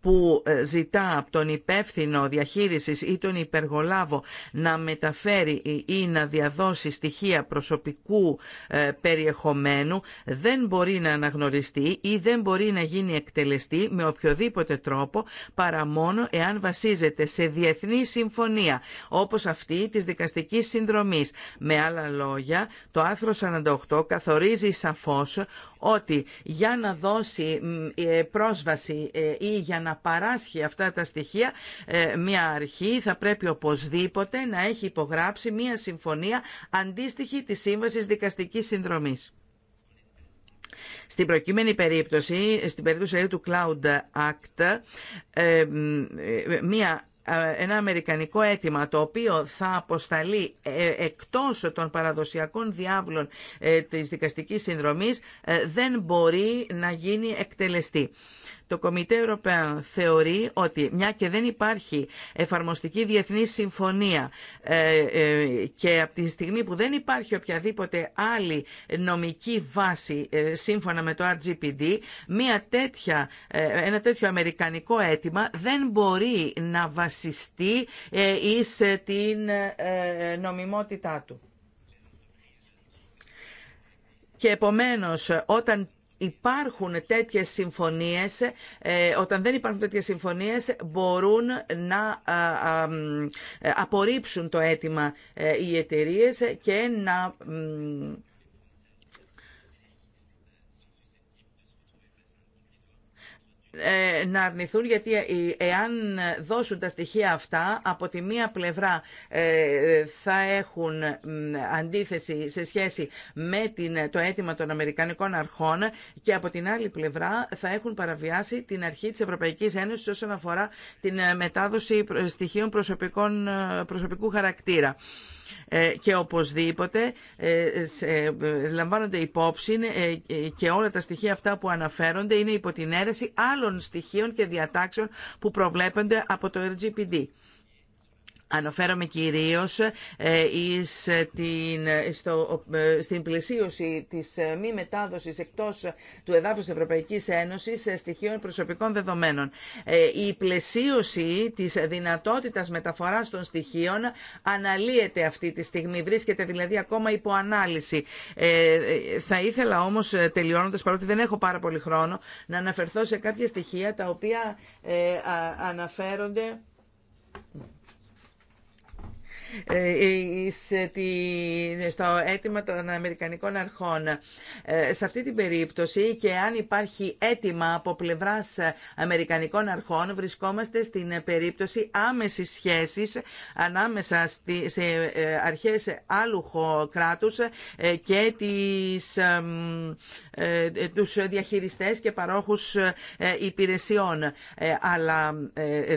[SPEAKER 4] που ε, ζητά από τον υπεύθυνο διαχείρισης ή τον υπεργολάβο να μεταφέρει ή να διαδώσει στοιχεία προσωπικού ε, περιεχομένου δεν μπορεί να αναγνωριστεί ή δεν μπορεί να γίνει εκτελεστή με οποιοδήποτε τρόπο παρά μόνο εάν βασίζεται σε διεθνή συμφωνία όπως αυτή της δικαστικής συνδρομής. Με άλλα λόγια, το άρθρο 48 καθορίζει σαφώς ότι για να δώσει ε, πρόσβαση ή για να να παράσχει αυτά τα στοιχεία ε, μια αρχή θα πρέπει οπωσδήποτε να έχει υπογράψει μια συμφωνία αντίστοιχη της Σύμβασης Δικαστικής Συνδρομής. Στην προκείμενη περίπτωση, στην περίπτωση δηλαδή του Cloud Act, ε, ε, μια ένα αμερικανικό αίτημα το οποίο θα αποσταλεί εκτός των παραδοσιακών διάβλων της δικαστικής συνδρομής δεν μπορεί να γίνει εκτελεστή. Το Κομιτέ Ευρωπαίο θεωρεί ότι μια και δεν υπάρχει εφαρμοστική διεθνή συμφωνία ε, ε, και από τη στιγμή που δεν υπάρχει οποιαδήποτε άλλη νομική βάση ε, σύμφωνα με το RGPD, μια τέτοια, ένα τέτοιο αμερικανικό αίτημα δεν μπορεί να βασιστεί εις την νομιμότητά του. Και επομένως, όταν υπάρχουν τέτοιες συμφωνίες, ε, όταν δεν υπάρχουν τέτοιες συμφωνίες μπορούν να απορρίψουν το αίτημα ε, οι εταιρείε και να Ε, να αρνηθούν γιατί ε, εάν δώσουν τα στοιχεία αυτά από τη μία πλευρά ε, θα έχουν αντίθεση σε σχέση με την, το αίτημα των Αμερικανικών αρχών και από την άλλη πλευρά θα έχουν παραβιάσει την αρχή της Ευρωπαϊκής Ένωσης όσον αφορά την μετάδοση στοιχείων προσωπικών, προσωπικού χαρακτήρα. Ε, και οπωσδήποτε ε, ε, λαμβάνονται υπόψη και όλα τα στοιχεία αυτά που αναφέρονται είναι υπό την αίρεση άλλων στοιχείων και διατάξεων που προβλέπονται από το RGPD. Αναφέρομαι κυρίως ε, εις ε, ε, στο, στην πλησίωση της μη μετάδοσης εκτός του εδάφους Ευρωπαϊκή Ευρωπαϊκής Ένωσης στοιχείων προσωπικών δεδομένων. Η πλαισίωση της δυνατότητας μεταφοράς των στοιχείων αναλύεται αυτή τη στιγμή, βρίσκεται δηλαδή ακόμα υπό ανάλυση. θα ήθελα όμως τελειώνοντας, παρότι δεν έχω πάρα πολύ χρόνο, να αναφερθώ σε κάποια στοιχεία τα οποία αναφέρονται... Ε, στο αίτημα των Αμερικανικών αρχών. Ε, σε αυτή την περίπτωση και αν υπάρχει αίτημα από πλευράς Αμερικανικών αρχών βρισκόμαστε στην περίπτωση άμεσης σχέσης ανάμεσα σε ε, αρχές άλλου κράτους και τις, τους διαχειριστές και παρόχους υπηρεσιών. Αλλά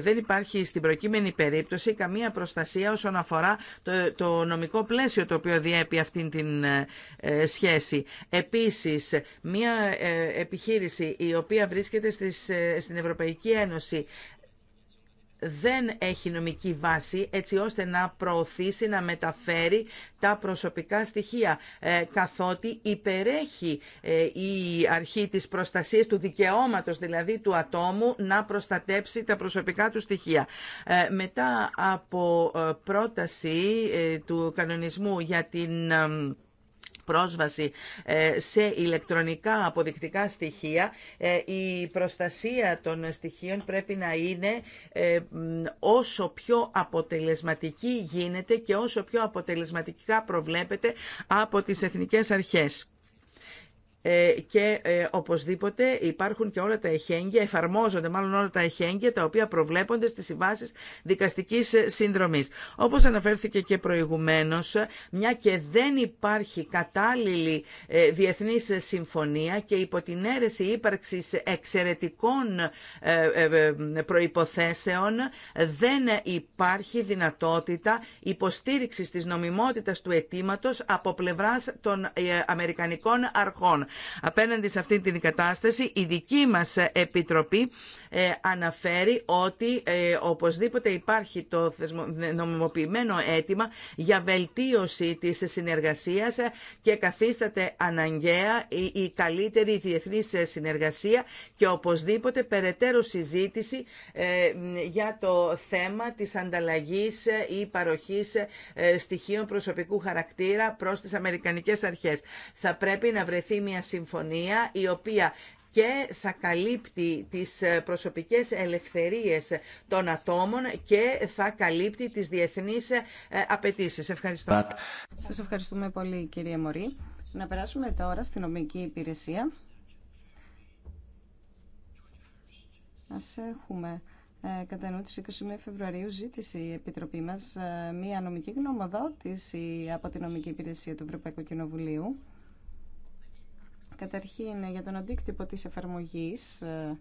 [SPEAKER 4] δεν υπάρχει στην προκείμενη περίπτωση καμία προστασία όσον αφορά το, νομικό πλαίσιο το οποίο διέπει αυτήν την ε, σχέση. Επίσης, μια ε, επιχείρηση η οποία βρίσκεται στις, ε, στην Ευρωπαϊκή Ένωση δεν έχει νομική βάση έτσι ώστε να προωθήσει, να μεταφέρει τα προσωπικά στοιχεία ε, καθότι υπερέχει ε, η αρχή της προστασίας του δικαιώματος δηλαδή του ατόμου να προστατέψει τα προσωπικά του στοιχεία. Ε, μετά από πρόταση του κανονισμού για την πρόσβαση ε, σε ηλεκτρονικά αποδεικτικά στοιχεία, ε, η προστασία των στοιχείων πρέπει να είναι ε, όσο πιο αποτελεσματική γίνεται και όσο πιο αποτελεσματικά προβλέπεται από τις εθνικές αρχές. Ε, και ε, οπωσδήποτε υπάρχουν και όλα τα εχέγγυα, εφαρμόζονται μάλλον όλα τα εχέγγυα τα οποία προβλέπονται στις συμβάσει δικαστικής ε, συνδρομής. Όπως αναφέρθηκε και προηγουμένως, μια και δεν υπάρχει κατάλληλη διεθνής συμφωνία και υπό την αίρεση ύπαρξης εξαιρετικών προϋποθέσεων δεν υπάρχει δυνατότητα υποστήριξης της νομιμότητας του αιτήματο από πλευράς των Αμερικανικών αρχών. Απέναντι σε αυτή την κατάσταση η δική μας Επιτροπή ε, αναφέρει ότι ε, οπωσδήποτε υπάρχει το νομιμοποιημένο αίτημα για βελτίωση της συνεργασίας και καθίσταται αναγκαία η καλύτερη διεθνή συνεργασία και οπωσδήποτε περαιτέρω συζήτηση ε, για το θέμα της ανταλλαγής ή παροχής στοιχείων προσωπικού χαρακτήρα προς τις Αμερικανικές αρχές. Θα πρέπει να βρεθεί μια συμφωνία η οποία και θα καλύπτει τις ε, προσωπικές ελευθερίες των ατόμων
[SPEAKER 3] και θα καλύπτει τις διεθνείς ε, απαιτήσεις. Ευχαριστώ. Σας ευχαριστούμε πολύ κυρία Μωρή. Να περάσουμε τώρα στην νομική υπηρεσία. Ας έχουμε ε, κατά νου της 21 Φεβρουαρίου ζήτησε η Επιτροπή μας ε, μία νομική γνωμοδότηση από την νομική υπηρεσία του Ευρωπαϊκού Κοινοβουλίου Καταρχήν, ε, για τον αντίκτυπο της εφαρμογής ε,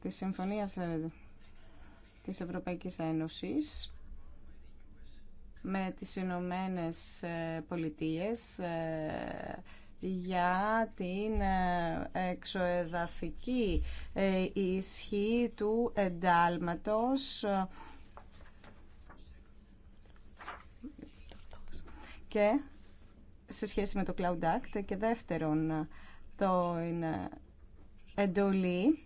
[SPEAKER 3] της Συμφωνίας ε, της Ευρωπαϊκής Ένωσης με τις Ηνωμένε Πολιτείες για την εξοεδαφική ισχύ του εντάλματος και σε σχέση με το Cloud Act και δεύτερον το είναι εντολή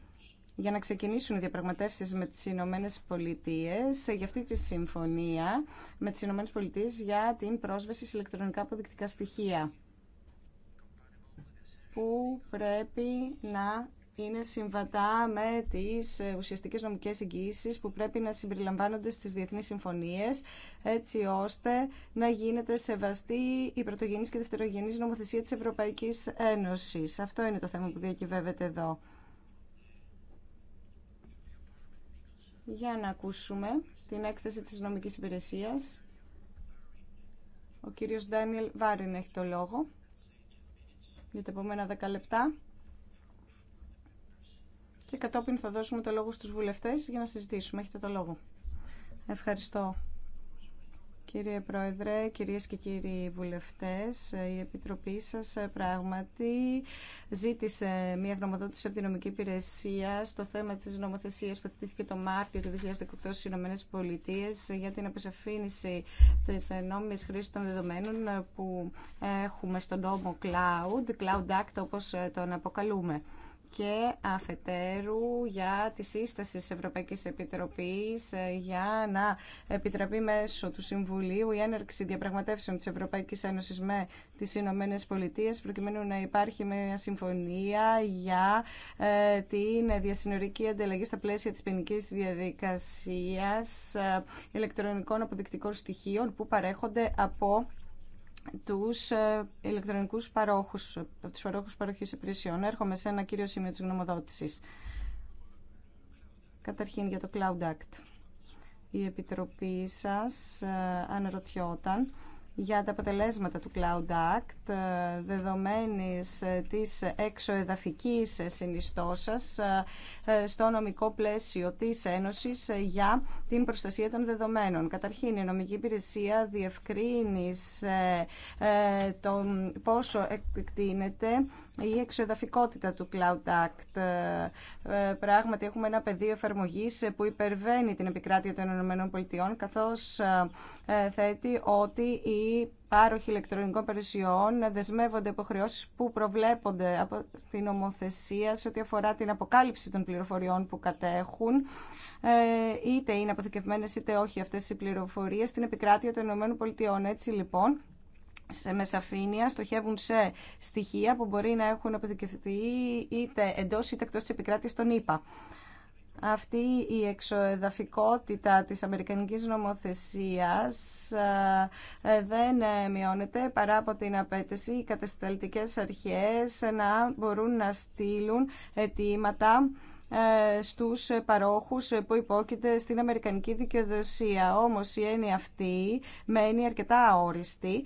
[SPEAKER 3] για να ξεκινήσουν οι διαπραγματεύσεις με τις Ηνωμένε Πολιτείε για αυτή τη συμφωνία με τις Ηνωμένε Πολιτείε για την πρόσβαση σε ηλεκτρονικά αποδεικτικά στοιχεία που πρέπει να είναι συμβατά με τις ε, ουσιαστικέ νομικές εγγυησει που πρέπει να συμπεριλαμβάνονται στις διεθνείς συμφωνίες έτσι ώστε να γίνεται σεβαστή η πρωτογενής και δευτερογενής νομοθεσία της Ευρωπαϊκής Ένωσης. Αυτό είναι το θέμα που διακυβεύεται εδώ. Για να ακούσουμε την έκθεση της νομικής υπηρεσίας. Ο κύριος Ντάνιελ Βάριν έχει το λόγο για τα επόμενα δέκα λεπτά και κατόπιν θα δώσουμε το λόγο στους βουλευτές για να συζητήσουμε. Έχετε το λόγο. Ευχαριστώ. Κύριε Πρόεδρε, κυρίες και κύριοι βουλευτές, η Επιτροπή σας ε, πράγματι ζήτησε μια γνωμοδότηση από την νομική υπηρεσία στο θέμα της νομοθεσίας που θετήθηκε το Μάρτιο του 2018 στις Ηνωμένες Πολιτείες για την απεσαφήνιση της νόμιμης χρήσης των δεδομένων που έχουμε στον νόμο Cloud, Cloud Act όπως ε, τον αποκαλούμε και αφετέρου για τη σύσταση της Ευρωπαϊκής Επιτροπής ε, για να επιτραπεί μέσω του Συμβουλίου η έναρξη διαπραγματεύσεων της Ευρωπαϊκής Ένωσης με τις Ηνωμένε Πολιτείε προκειμένου να υπάρχει μια συμφωνία για ε, την διασυνορική ανταλλαγή στα πλαίσια της ποινική διαδικασίας ε, ηλεκτρονικών αποδεικτικών στοιχείων που παρέχονται από τους ε, ηλεκτρονικούς παρόχους, τους παρόχους παροχής υπηρεσιών. Έρχομαι σε ένα κύριο σημείο της γνωμοδότησης. Καταρχήν για το Cloud Act. Η Επιτροπή σας ε, αναρωτιόταν για τα αποτελέσματα του Cloud Act ε, δεδομένης ε, της εξοεδαφικής συνιστώσας ε, στο νομικό πλαίσιο της Ένωσης για την προστασία των δεδομένων. Καταρχήν, η νομική υπηρεσία διευκρίνησε το πόσο εκτείνεται η εξοδαφικότητα του Cloud Act. Ε, ε, πράγματι, έχουμε ένα πεδίο εφαρμογή ε, που υπερβαίνει την επικράτεια των ΗΠΑ, καθώ θέτει ότι οι πάροχοι ηλεκτρονικών περιουσιών δεσμεύονται υποχρεώσει που προβλέπονται από την νομοθεσία σε ό,τι αφορά την αποκάλυψη των πληροφοριών που κατέχουν, είτε είναι αποθηκευμένε είτε όχι αυτέ οι πληροφορίε, στην επικράτεια των ΗΠΑ. Έτσι, λοιπόν, σε, με στοχεύουν σε στοιχεία που μπορεί να έχουν αποδικευτεί είτε εντός είτε εκτός της επικράτειας των ΗΠΑ. Αυτή η εξοεδαφικότητα της Αμερικανικής νομοθεσίας ε, δεν ε, μειώνεται παρά από την απέτηση οι κατασταλτικές αρχές να μπορούν να στείλουν αιτήματα ε, στους παρόχους που υπόκειται στην Αμερικανική δικαιοδοσία. Όμως η έννοια αυτή μένει αρκετά αόριστη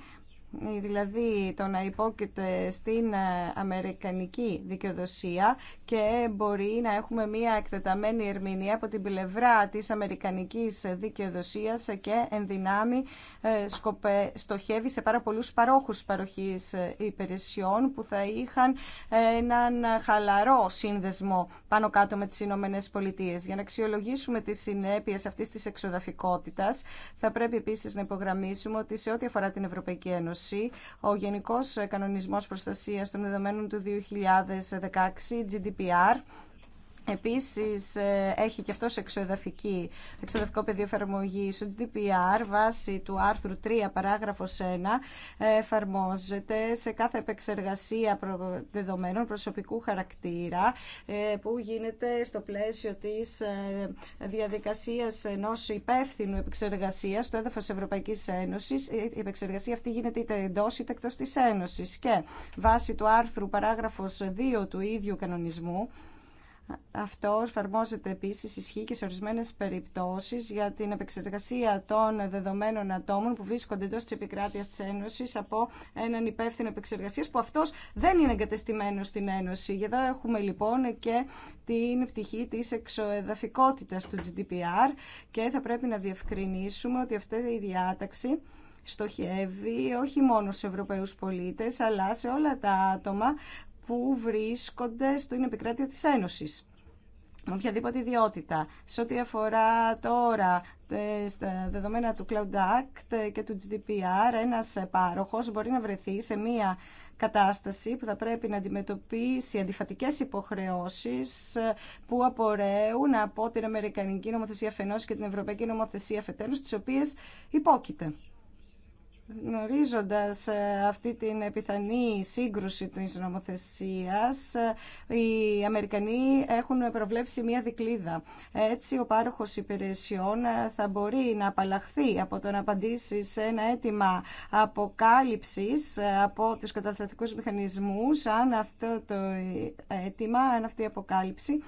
[SPEAKER 3] ε, δηλαδή το να υπόκειται στην ε, αμερικανική δικαιοδοσία και μπορεί να έχουμε μια εκτεταμένη ερμηνεία από την πλευρά της αμερικανικής δικαιοδοσίας και εν δυνάμει ε, σκοπε, στοχεύει σε πάρα πολλούς παρόχους παροχής υπηρεσιών που θα είχαν έναν χαλαρό σύνδεσμο πάνω κάτω με τις Ηνωμένε Πολιτείε. Για να αξιολογήσουμε τις συνέπειες αυτής της εξοδαφικότητας θα πρέπει επίσης να υπογραμμίσουμε ότι σε ό,τι αφορά την Ευρωπαϊκή Ένωση ο Γενικός Κανονισμός Προστασίας των Δεδομένων του 2016, GDPR, Επίσης ε, έχει και αυτός εξοδαφική, εξοδαφικό πεδίο εφαρμογή στο GDPR βάσει του άρθρου 3 παράγραφος 1 ε, εφαρμόζεται σε κάθε επεξεργασία δεδομένων προσωπικού χαρακτήρα ε, που γίνεται στο πλαίσιο της διαδικασίας ενός υπεύθυνου επεξεργασίας στο έδαφος Ευρωπαϊκής Ένωσης. Η επεξεργασία αυτή γίνεται είτε εντός είτε εκτός της Ένωσης και βάσει του άρθρου παράγραφος 2 του ίδιου κανονισμού αυτό εφαρμόζεται επίση ισχύ και σε ορισμένε περιπτώσει για την επεξεργασία των δεδομένων ατόμων που βρίσκονται εντό τη επικράτεια τη Ένωση από έναν υπεύθυνο επεξεργασία που αυτό δεν είναι εγκατεστημένο στην Ένωση. εδώ έχουμε λοιπόν και την πτυχή τη εξοεδαφικότητα του GDPR και θα πρέπει να διευκρινίσουμε ότι αυτή η διάταξη στοχεύει όχι μόνο σε Ευρωπαίους πολίτες αλλά σε όλα τα άτομα που βρίσκονται στην επικράτεια της Ένωσης με οποιαδήποτε ιδιότητα. Σε ό,τι αφορά τώρα στα δεδομένα του Cloud Act και του GDPR, ένας πάροχος μπορεί να βρεθεί σε μία κατάσταση που θα πρέπει να αντιμετωπίσει αντιφατικές υποχρεώσεις που απορρέουν από την Αμερικανική νομοθεσία ΦΕΝΟΣ και την Ευρωπαϊκή νομοθεσία φετέρου, τις οποίες υπόκειται. Γνωρίζοντας ε, αυτή την επιθανή σύγκρουση της νομοθεσίας, ε, οι Αμερικανοί έχουν προβλέψει μια δικλίδα. Έτσι, ο πάροχος υπηρεσιών ε, θα μπορεί να απαλλαχθεί από το να απαντήσει σε ένα αίτημα αποκάλυψης από τους καταστατικούς μηχανισμούς, αν αυτό το αίτημα, αν αυτή η αποκάλυψη,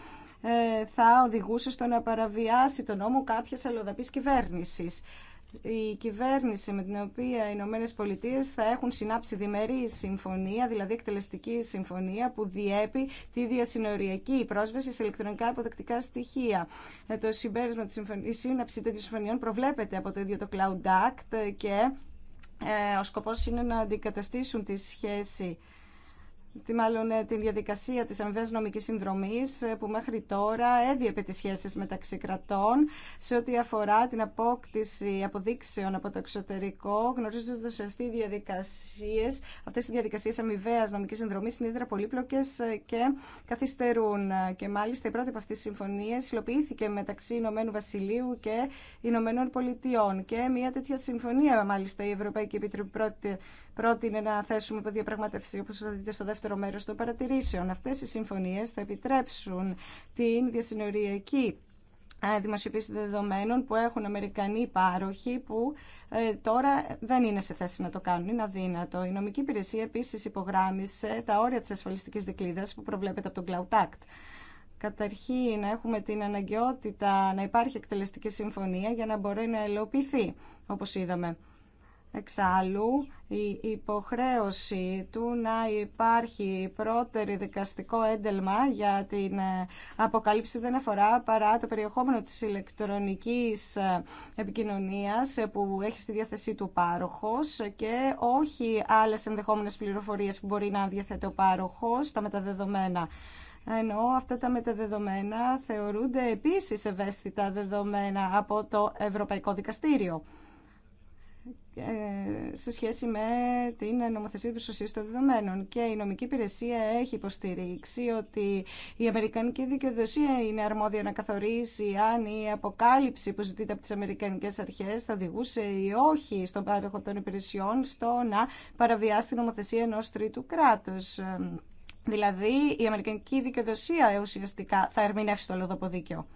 [SPEAKER 3] θα οδηγούσε στο να παραβιάσει τον νόμο κάποιας αλλοδαπής κυβέρνησης η κυβέρνηση με την οποία οι Ηνωμένε Πολιτείε θα έχουν συνάψει διμερή συμφωνία, δηλαδή εκτελεστική συμφωνία που διέπει τη διασυνοριακή πρόσβαση σε ηλεκτρονικά υποδεκτικά στοιχεία. Ε, το συμπέρασμα της η σύναψη τέτοιων συμφωνιών προβλέπεται από το ίδιο το Cloud Act και ε, ο σκοπός είναι να αντικαταστήσουν τη σχέση τη, μάλλον ε, τη διαδικασία της αμοιβές νομικής συνδρομής ε, που μέχρι τώρα έδιεπε τις σχέσεις μεταξύ κρατών σε ό,τι αφορά την απόκτηση αποδείξεων από το εξωτερικό γνωρίζοντα ότι οι διαδικασίες, αυτές οι διαδικασίες αμοιβαίας νομικής συνδρομής είναι ιδιαίτερα πολύπλοκες ε, και καθυστερούν και μάλιστα η πρώτη από αυτές τις συμφωνίες υλοποιήθηκε μεταξύ Ηνωμένου Βασιλείου και Ηνωμένων Πολιτειών και μια τέτοια συμφωνία μάλιστα η Ευρωπαϊκή Επιτροπή πρώτη πρότεινε να θέσουμε από διαπραγματεύσει, όπω θα δείτε στο δεύτερο μέρο των παρατηρήσεων. Αυτέ οι συμφωνίε θα επιτρέψουν την διασυνοριακή ε, δημοσιοποίηση δεδομένων που έχουν Αμερικανοί πάροχοι που ε, τώρα δεν είναι σε θέση να το κάνουν. Είναι αδύνατο. Η νομική υπηρεσία επίση υπογράμμισε τα όρια τη ασφαλιστική δικλίδα που προβλέπεται από τον Cloud Act. Καταρχήν, έχουμε την αναγκαιότητα να υπάρχει εκτελεστική συμφωνία για να μπορεί να ελοπιθεί, όπως είδαμε. Εξάλλου, η υποχρέωση του να υπάρχει πρώτερη δικαστικό έντελμα για την ε, αποκαλύψη δεν αφορά παρά το περιεχόμενο της ηλεκτρονικής ε, επικοινωνίας ε, που έχει στη διάθεσή του πάροχος και όχι άλλες ενδεχόμενες πληροφορίες που μπορεί να διαθέτει ο πάροχος, τα μεταδεδομένα ενώ αυτά τα μεταδεδομένα θεωρούνται επίσης ευαίσθητα δεδομένα από το Ευρωπαϊκό Δικαστήριο. Ε, σε σχέση με την νομοθεσία της προστασία των δεδομένων. Και η νομική υπηρεσία έχει υποστηρίξει ότι η Αμερικανική δικαιοδοσία είναι αρμόδια να καθορίσει αν η αποκάλυψη που ζητείται από τις Αμερικανικές αρχές θα οδηγούσε ή όχι στον πάροχο των υπηρεσιών στο να παραβιάσει την νομοθεσία ενός τρίτου κράτους. Δηλαδή, η αμερικανική δικαιοδοσία ουσιαστικά θα ερμηνεύσει το λοδοποδίκαιο.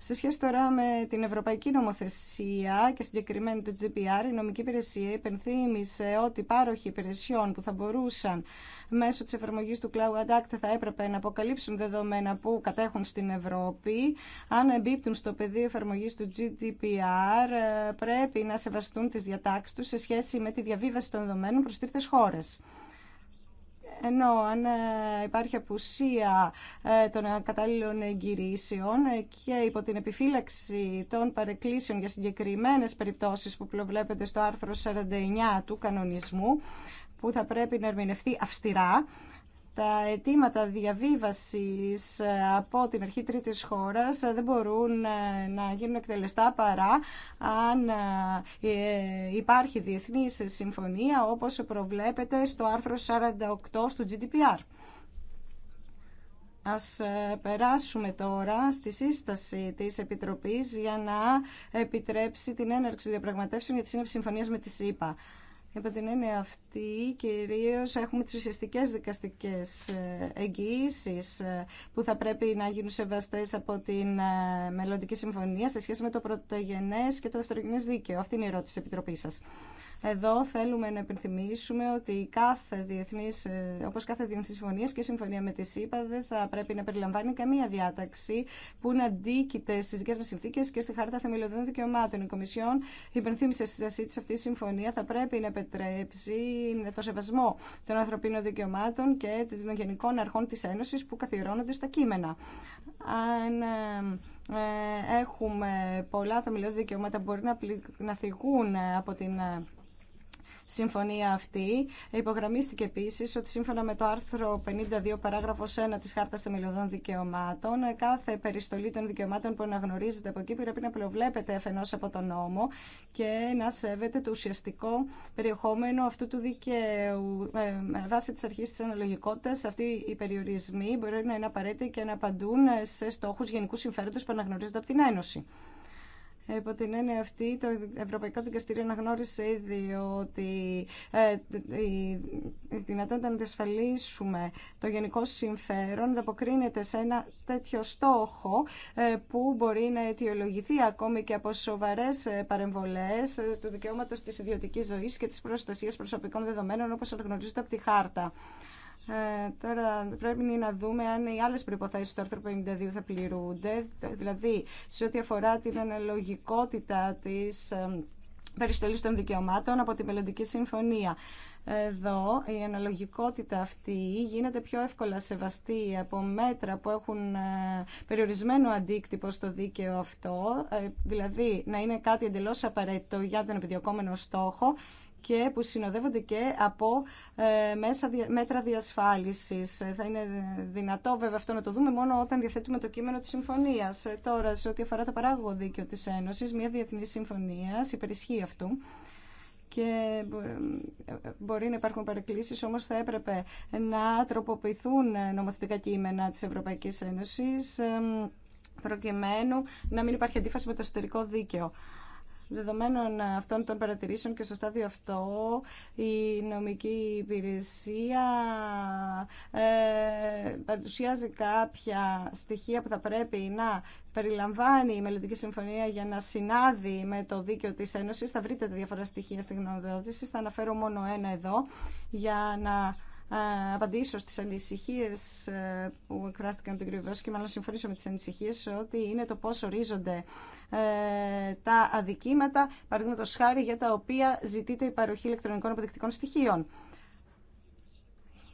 [SPEAKER 3] Σε σχέση τώρα με την Ευρωπαϊκή Νομοθεσία και συγκεκριμένα το GDPR, η νομική υπηρεσία υπενθύμησε ότι πάροχοι υπηρεσιών που θα μπορούσαν μέσω της εφαρμογή του Cloud Act θα έπρεπε να αποκαλύψουν δεδομένα που κατέχουν στην Ευρώπη. Αν εμπίπτουν στο πεδίο εφαρμογή του GDPR, ε, πρέπει να σεβαστούν τις διατάξεις του σε σχέση με τη διαβίβαση των δεδομένων προ τρίτες χώρε ενώ αν ε, υπάρχει απουσία ε, των ε, κατάλληλων εγκυρήσεων και υπό την επιφύλαξη των παρεκκλήσεων για συγκεκριμένες περιπτώσεις που προβλέπεται στο άρθρο 49 του κανονισμού, που θα πρέπει να ερμηνευτεί αυστηρά, τα αιτήματα διαβίβασης ε, από την αρχή τρίτης χώρας ε, δεν μπορούν ε, να γίνουν εκτελεστά παρά αν υπάρχει διεθνής συμφωνία όπως προβλέπεται στο άρθρο 48 του GDPR. Ας περάσουμε τώρα στη σύσταση της Επιτροπής για να επιτρέψει την έναρξη διαπραγματεύσεων για τη σύνοψη συμφωνίας με τη ΣΥΠΑ. Υπό την έννοια αυτή, κυρίω έχουμε τις ουσιαστικέ δικαστικές ε, εγγυήσει ε, που θα πρέπει να γίνουν σεβαστές από την ε, μελλοντική συμφωνία σε σχέση με το πρωτογενές και το δευτερογενές δίκαιο. Αυτή είναι η ερώτηση τη Επιτροπής σα. Εδώ θέλουμε να υπενθυμίσουμε ότι κάθε διεθνής, ε, όπως κάθε διεθνή συμφωνία και συμφωνία με τη ΣΥΠΑ δεν θα πρέπει να περιλαμβάνει καμία διάταξη που να αντίκειται στις δικές μας συνθήκες και στη Χάρτα Θεμελιωδών Δικαιωμάτων. Η Κομισιόν υπενθύμησε στη σασί της αυτή η συμφωνία θα πρέπει να επιτρέψει το σεβασμό των ανθρωπίνων δικαιωμάτων και των γενικών αρχών της Ένωσης που καθιερώνονται στα κείμενα. Αν ε, ε, έχουμε πολλά θεμελιώδη δικαιώματα που μπορεί να, πλη, να θυγούν από την συμφωνία αυτή. Υπογραμμίστηκε επίση ότι σύμφωνα με το άρθρο 52 παράγραφο 1 τη Χάρτα Θεμελιωδών Δικαιωμάτων, κάθε περιστολή των δικαιωμάτων που αναγνωρίζεται από εκεί πρέπει να προβλέπεται αφενό από τον νόμο και να σέβεται το ουσιαστικό περιεχόμενο αυτού του δικαίου. Ε, με βάση τη αρχή τη αναλογικότητα, αυτοί οι περιορισμοί μπορεί να είναι απαραίτητοι και να απαντούν σε στόχου γενικού συμφέροντο που αναγνωρίζονται από την Ένωση. Υπό την έννοια αυτή, το Ευρωπαϊκό Δικαστήριο αναγνώρισε ήδη ότι ε, η δυνατότητα να διασφαλίσουμε το γενικό συμφέρον αποκρίνεται σε ένα τέτοιο στόχο ε, που μπορεί να αιτιολογηθεί ακόμη και από σοβαρέ ε, παρεμβολέ του δικαιώματο τη ιδιωτική ζωή και τη προστασία προσωπικών δεδομένων, όπω αναγνωρίζεται από τη Χάρτα. Ε, τώρα πρέπει να δούμε αν οι άλλες προϋποθέσεις του άρθρου 52 θα πληρούνται, δηλαδή σε ό,τι αφορά την αναλογικότητα της ε, περιστολής των δικαιωμάτων από τη μελλοντική συμφωνία. Εδώ η αναλογικότητα αυτή γίνεται πιο εύκολα σεβαστή από μέτρα που έχουν ε, περιορισμένο αντίκτυπο στο δίκαιο αυτό, δηλαδή να είναι κάτι εντελώς απαραίτητο για τον επιδιωκόμενο στόχο και που συνοδεύονται και από ε, μέσα, μέτρα διασφάλισης. Ε, θα είναι δυνατό βέβαια αυτό να το δούμε μόνο όταν διαθέτουμε το κείμενο της συμφωνίας. Ε, τώρα, σε ό,τι αφορά το παράγωγο δίκαιο της Ένωσης, μια διεθνή συμφωνία, υπερισχύει αυτού και μπορεί να υπάρχουν παρεκκλήσεις, όμως θα έπρεπε να τροποποιηθούν νομοθετικά κείμενα της Ευρωπαϊκής Ένωσης προκειμένου να μην υπάρχει αντίφαση με το εσωτερικό δίκαιο. Δεδομένων αυτών των παρατηρήσεων και στο στάδιο αυτό η νομική υπηρεσία ε, παρουσιάζει κάποια στοιχεία που θα πρέπει να περιλαμβάνει η μελλοντική συμφωνία για να συνάδει με το δίκαιο της Ένωσης. Θα βρείτε τα διάφορα στοιχεία στην γνωμοδότηση, θα αναφέρω μόνο ένα εδώ για να απαντήσω στις ανησυχίε ε, που εκφράστηκαν από τον κύριο και μάλλον συμφωνήσω με τις ανησυχίε ότι είναι το πώ ορίζονται ε, τα αδικήματα, παραδείγματο χάρη για τα οποία ζητείται η παροχή ηλεκτρονικών αποδεικτικών στοιχείων.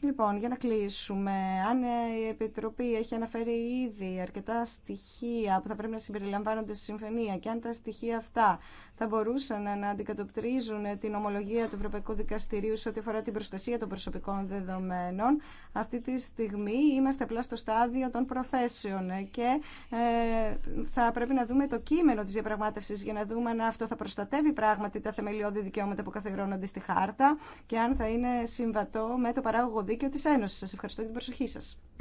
[SPEAKER 3] Λοιπόν, για να κλείσουμε, αν η Επιτροπή έχει αναφέρει ήδη αρκετά στοιχεία που θα πρέπει να συμπεριλαμβάνονται στη συμφωνία και αν τα στοιχεία αυτά θα μπορούσαν να αντικατοπτρίζουν την ομολογία του Ευρωπαϊκού Δικαστηρίου σε ό,τι αφορά την προστασία των προσωπικών δεδομένων. Αυτή τη στιγμή είμαστε απλά στο στάδιο των προθέσεων και ε, θα πρέπει να δούμε το κείμενο τη διαπραγμάτευση για να δούμε αν αυτό θα προστατεύει πράγματι τα θεμελιώδη δικαιώματα που καθεγρώνονται στη χάρτα και αν θα είναι συμβατό με το παράγωγο δίκαιο τη Ένωση. Σα ευχαριστώ για την προσοχή σα.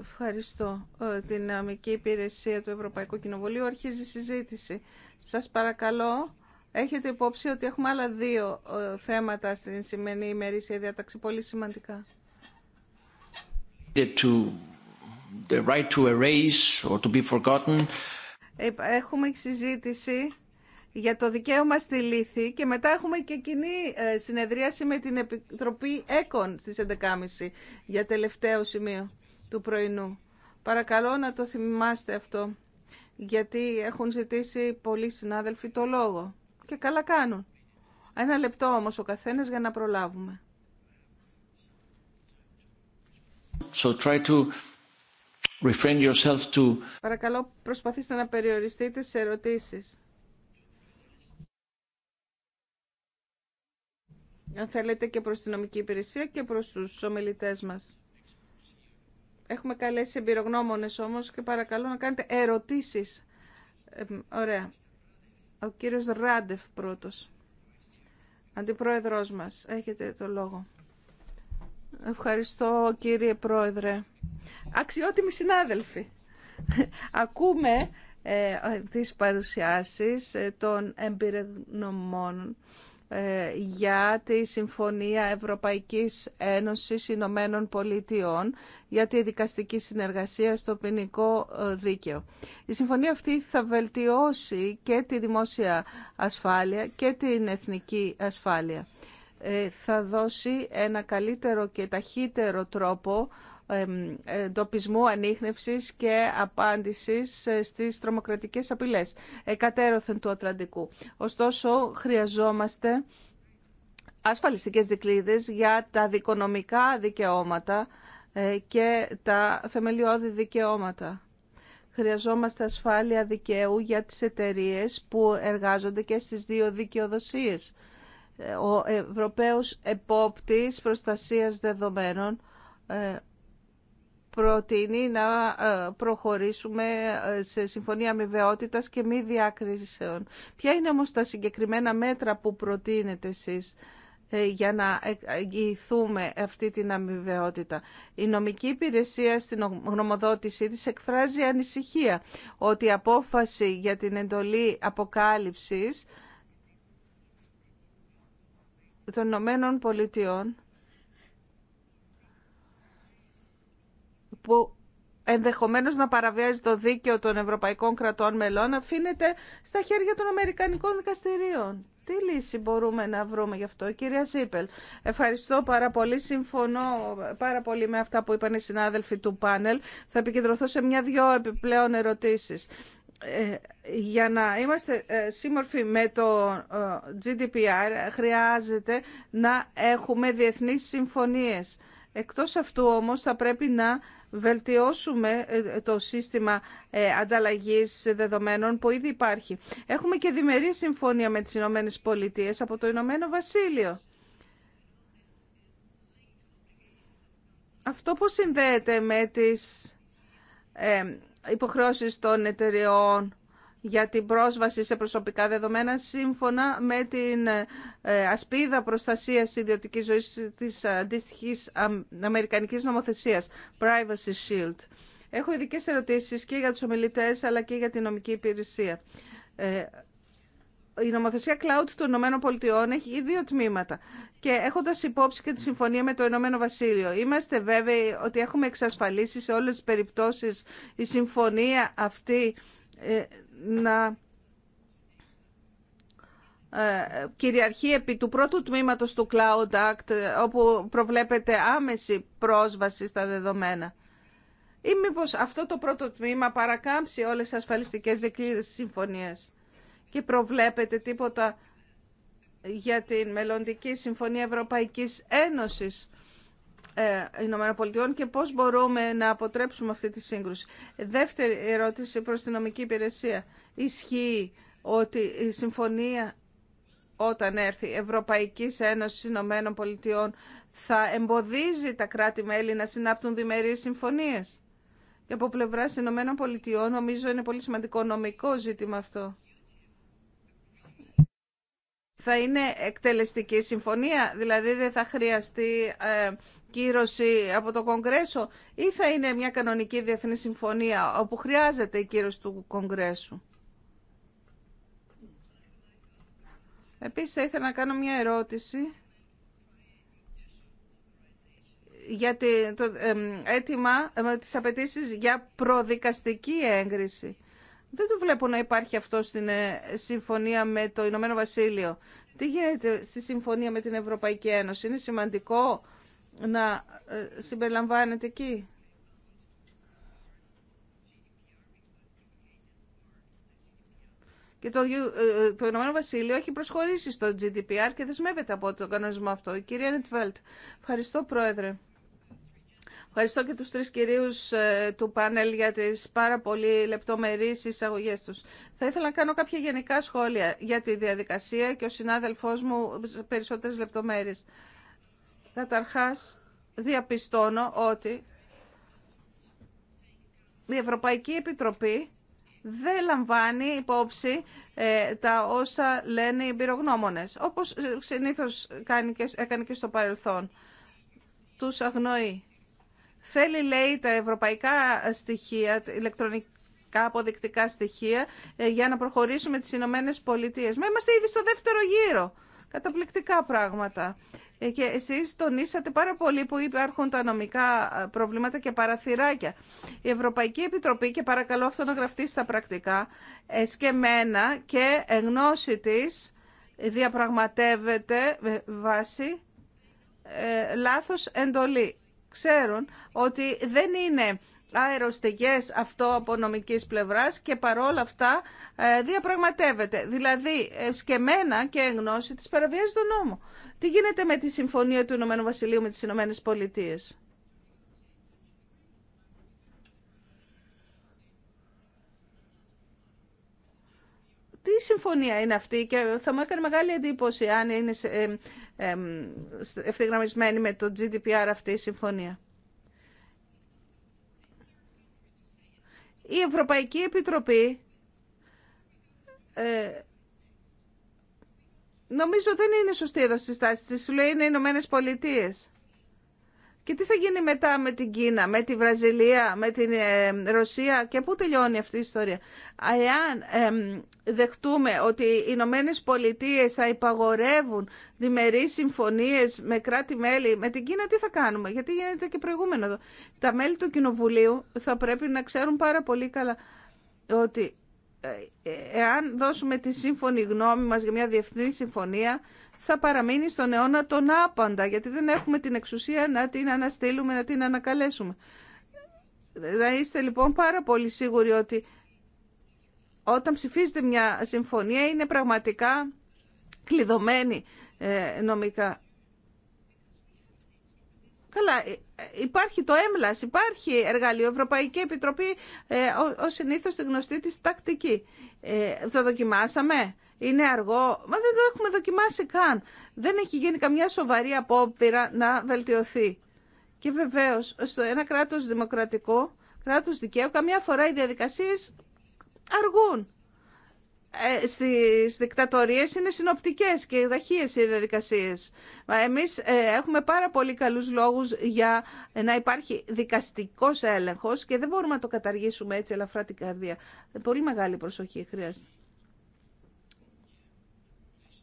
[SPEAKER 3] Ευχαριστώ. Ε, την
[SPEAKER 2] Αμική υπηρεσία του Ευρωπαϊκού Κοινοβουλίου αρχίζει η συζήτηση. Σας παρακαλώ, έχετε υπόψη ότι έχουμε άλλα δύο ε, θέματα στην σημερινή ημερήσια διάταξη, πολύ σημαντικά. Ε, έχουμε συζήτηση για το δικαίωμα στη λύθη και μετά έχουμε και κοινή συνεδρίαση με την Επιτροπή ΕΚΟΝ στις 11.30 για τελευταίο σημείο του πρωινού. Παρακαλώ να το θυμάστε αυτό, γιατί έχουν ζητήσει πολλοί συνάδελφοι το λόγο. Και καλά κάνουν. Ένα λεπτό όμως ο καθένας για να προλάβουμε.
[SPEAKER 1] to refrain yourself to...
[SPEAKER 2] Παρακαλώ προσπαθήστε να περιοριστείτε σε ερωτήσεις. Αν θέλετε και προς την νομική υπηρεσία και προς τους ομιλητές μας. Έχουμε καλέσει εμπειρογνώμονες όμως και παρακαλώ να κάνετε ερωτήσεις. Ε, ωραία. Ο κύριος Ράντεφ πρώτος. Αντιπρόεδρός μας. Έχετε το λόγο. Ευχαριστώ κύριε Πρόεδρε. Αξιότιμοι συνάδελφοι. Ακούμε ε, τις παρουσιάσεις ε, των εμπειρογνωμών ε, για τη Συμφωνία Ευρωπαϊκής Ένωσης Ηνωμένων Πολιτειών για τη δικαστική συνεργασία στο ποινικό ε, δίκαιο. Η συμφωνία αυτή θα βελτιώσει και τη δημόσια ασφάλεια και την εθνική ασφάλεια. Ε, θα δώσει ένα καλύτερο και ταχύτερο τρόπο εντοπισμού, ανείχνευσης και απάντησης ε, στις τρομοκρατικές απειλές εκατέρωθεν του Ατλαντικού. Ωστόσο, χρειαζόμαστε ασφαλιστικές δικλείδες για τα δικονομικά δικαιώματα ε, και τα θεμελιώδη δικαιώματα. Χρειαζόμαστε ασφάλεια δικαίου για τις εταιρείες που εργάζονται και στις δύο δικαιοδοσίες. Ε, ο Ευρωπαίος Επόπτης Προστασίας Δεδομένων προτείνει να ε, προχωρήσουμε ε, σε συμφωνία αμοιβαιότητας και μη διάκρισεων. Ποια είναι όμως τα συγκεκριμένα μέτρα που προτείνετε εσείς ε, για να εγγυηθούμε αυτή την αμοιβαιότητα. Η νομική υπηρεσία στην γνωμοδότησή της εκφράζει ανησυχία ότι η απόφαση για την εντολή αποκάλυψης των Ηνωμένων Πολιτειών που ενδεχομένως να παραβιάζει το δίκαιο των ευρωπαϊκών κρατών μελών αφήνεται στα χέρια των Αμερικανικών δικαστηρίων. Τι λύση μπορούμε να βρούμε γι' αυτό. Κυρία Σίπελ, ευχαριστώ πάρα πολύ. Συμφωνώ πάρα πολύ με αυτά που είπαν οι συνάδελφοι του πάνελ. Θα επικεντρωθώ σε μια-δυο επιπλέον ερωτήσεις. Ε, για να είμαστε ε, σύμμορφοι με το ε, GDPR χρειάζεται να έχουμε διεθνείς συμφωνίες. Εκτός αυτού όμως θα πρέπει να βελτιώσουμε ε, το σύστημα ε, ανταλλαγής δεδομένων που ήδη υπάρχει. Έχουμε και διμερή συμφωνία με τις Ηνωμένε Πολιτείε από το Ηνωμένο Βασίλειο. Αυτό που συνδέεται με τις ε, υποχρεώσεις των εταιρεών για την πρόσβαση σε προσωπικά δεδομένα σύμφωνα με την ε, ασπίδα προστασίας ιδιωτικής ζωής της αντίστοιχη αμερικανικής νομοθεσίας, Privacy Shield. Έχω ειδικές ερωτήσεις και για τους ομιλητές αλλά και για την νομική υπηρεσία. Ε, η νομοθεσία cloud των Ηνωμένων Πολιτειών έχει δύο τμήματα και έχοντα υπόψη και τη συμφωνία με το Ηνωμένο Βασίλειο, είμαστε βέβαιοι ότι έχουμε εξασφαλίσει σε όλε τι περιπτώσει η συμφωνία αυτή ε, να ε, κυριαρχεί επί του πρώτου τμήματος του Cloud Act, ε, όπου προβλέπεται άμεση πρόσβαση στα δεδομένα. Ή μήπω αυτό το πρώτο τμήμα παρακάμψει όλες τις ασφαλιστικές δικλείδες συμφωνίες και προβλέπεται τίποτα για την μελλοντική Συμφωνία Ευρωπαϊκής Ένωσης ε, ΗΠΑ και πώς μπορούμε να αποτρέψουμε αυτή τη σύγκρουση. Δεύτερη ερώτηση προς την νομική υπηρεσία. Ισχύει ότι η συμφωνία όταν έρθει Ευρωπαϊκής Ένωσης Ηνωμένων Πολιτειών θα εμποδίζει τα κράτη-μέλη να συνάπτουν διμερείς συμφωνίες. Και από πλευρά Ηνωμένων Πολιτειών νομίζω είναι πολύ σημαντικό νομικό ζήτημα αυτό. Θα είναι εκτελεστική συμφωνία, δηλαδή δεν θα χρειαστεί ε, κύρωση από το Κογκρέσο ή θα είναι μια κανονική διεθνή συμφωνία όπου χρειάζεται η κύρωση του Κογκρέσου. Επίσης θα ήθελα να κάνω μια ερώτηση για το αίτημα ε, τις απαιτήσει για προδικαστική έγκριση. Δεν το βλέπω να υπάρχει αυτό στην ε, συμφωνία με το Ηνωμένο Βασίλειο. Τι γίνεται στη συμφωνία με την Ευρωπαϊκή Ένωση. Είναι σημαντικό να ε, συμπεριλαμβάνεται εκεί. Και το, ε, ε, το Ηνωμένο Βασίλειο έχει προσχωρήσει στο GDPR και δεσμεύεται από τον κανονισμό αυτό. Η κυρία Νετβέλτ. Ευχαριστώ, Πρόεδρε. Ευχαριστώ και τους τρεις κυρίους του πάνελ για τις πάρα πολύ λεπτομερείς εισαγωγές τους. Θα ήθελα να κάνω κάποια γενικά σχόλια για τη διαδικασία και ο συνάδελφός μου περισσότερες λεπτομέρειες. Καταρχάς, διαπιστώνω ότι η Ευρωπαϊκή Επιτροπή δεν λαμβάνει υπόψη ε, τα όσα λένε οι εμπειρογνώμονες, όπως ε, συνήθως κάνει και, έκανε και στο παρελθόν. Τους αγνοεί. Θέλει, λέει, τα ευρωπαϊκά στοιχεία, τα ηλεκτρονικά αποδεικτικά στοιχεία, ε, για να προχωρήσουμε τις Ηνωμένε Πολιτείε. Μα είμαστε ήδη στο δεύτερο γύρο. Καταπληκτικά πράγματα. Ε, και εσείς τονίσατε πάρα πολύ που υπάρχουν τα νομικά ε, προβλήματα και παραθυράκια. Η Ευρωπαϊκή Επιτροπή, και παρακαλώ αυτό να γραφτεί στα πρακτικά, εσκεμένα και εγνώση της διαπραγματεύεται με βάση ε, λάθος εντολή. Ξέρουν ότι δεν είναι αεροστεγές αυτό από νομικής πλευράς και παρόλα αυτά ε, διαπραγματεύεται. Δηλαδή ε, σκεμμένα και γνώση της παραβίαση του νόμου. Τι γίνεται με τη συμφωνία του Ηνωμένου Βασιλείου με τις Ηνωμένε Πολιτείε. Τι συμφωνία είναι αυτή και θα μου έκανε μεγάλη εντύπωση αν είναι ε, ευθυγραμμισμένη με το GDPR αυτή η συμφωνία. η Ευρωπαϊκή Επιτροπή ε, νομίζω δεν είναι σωστή εδώ στη στάση της. Λέει είναι οι Ηνωμένε Πολιτείες. Και τι θα γίνει μετά με την Κίνα, με τη Βραζιλία, με την ε, Ρωσία και πού τελειώνει αυτή η ιστορία. Αν δεχτούμε ότι οι Ηνωμένε Πολιτείε θα υπαγορεύουν διμερείς συμφωνίες με κράτη-μέλη, με την Κίνα τι θα κάνουμε, γιατί γίνεται και προηγούμενο εδώ. Τα μέλη του Κοινοβουλίου θα πρέπει να ξέρουν πάρα πολύ καλά ότι ε, ε, εάν δώσουμε τη σύμφωνη γνώμη μας για μια διευθυντή συμφωνία, θα παραμείνει στον αιώνα τον άπαντα, γιατί δεν έχουμε την εξουσία να την αναστείλουμε, να την ανακαλέσουμε. Να είστε λοιπόν πάρα πολύ σίγουροι ότι όταν ψηφίζετε μια συμφωνία είναι πραγματικά κλειδωμένη ε, νομικά. Καλά, ε, υπάρχει το έμλας, υπάρχει εργαλείο. Ευρωπαϊκή Επιτροπή, ε, ως συνήθως, τη γνωστή της τακτική. Ε, το δοκιμάσαμε είναι αργό. Μα δεν το έχουμε δοκιμάσει καν. Δεν έχει γίνει καμιά σοβαρή απόπειρα να βελτιωθεί. Και βεβαίως, στο ένα κράτος δημοκρατικό, κράτος δικαίου, καμιά φορά οι διαδικασίε αργούν. Ε, στις δικτατορίες είναι συνοπτικέ και δαχείε οι διαδικασίε. Εμείς ε, έχουμε πάρα πολύ καλού λόγους για να υπάρχει δικαστικό έλεγχο και δεν μπορούμε να το καταργήσουμε έτσι ελαφρά την καρδία. Ε, πολύ μεγάλη προσοχή χρειάζεται.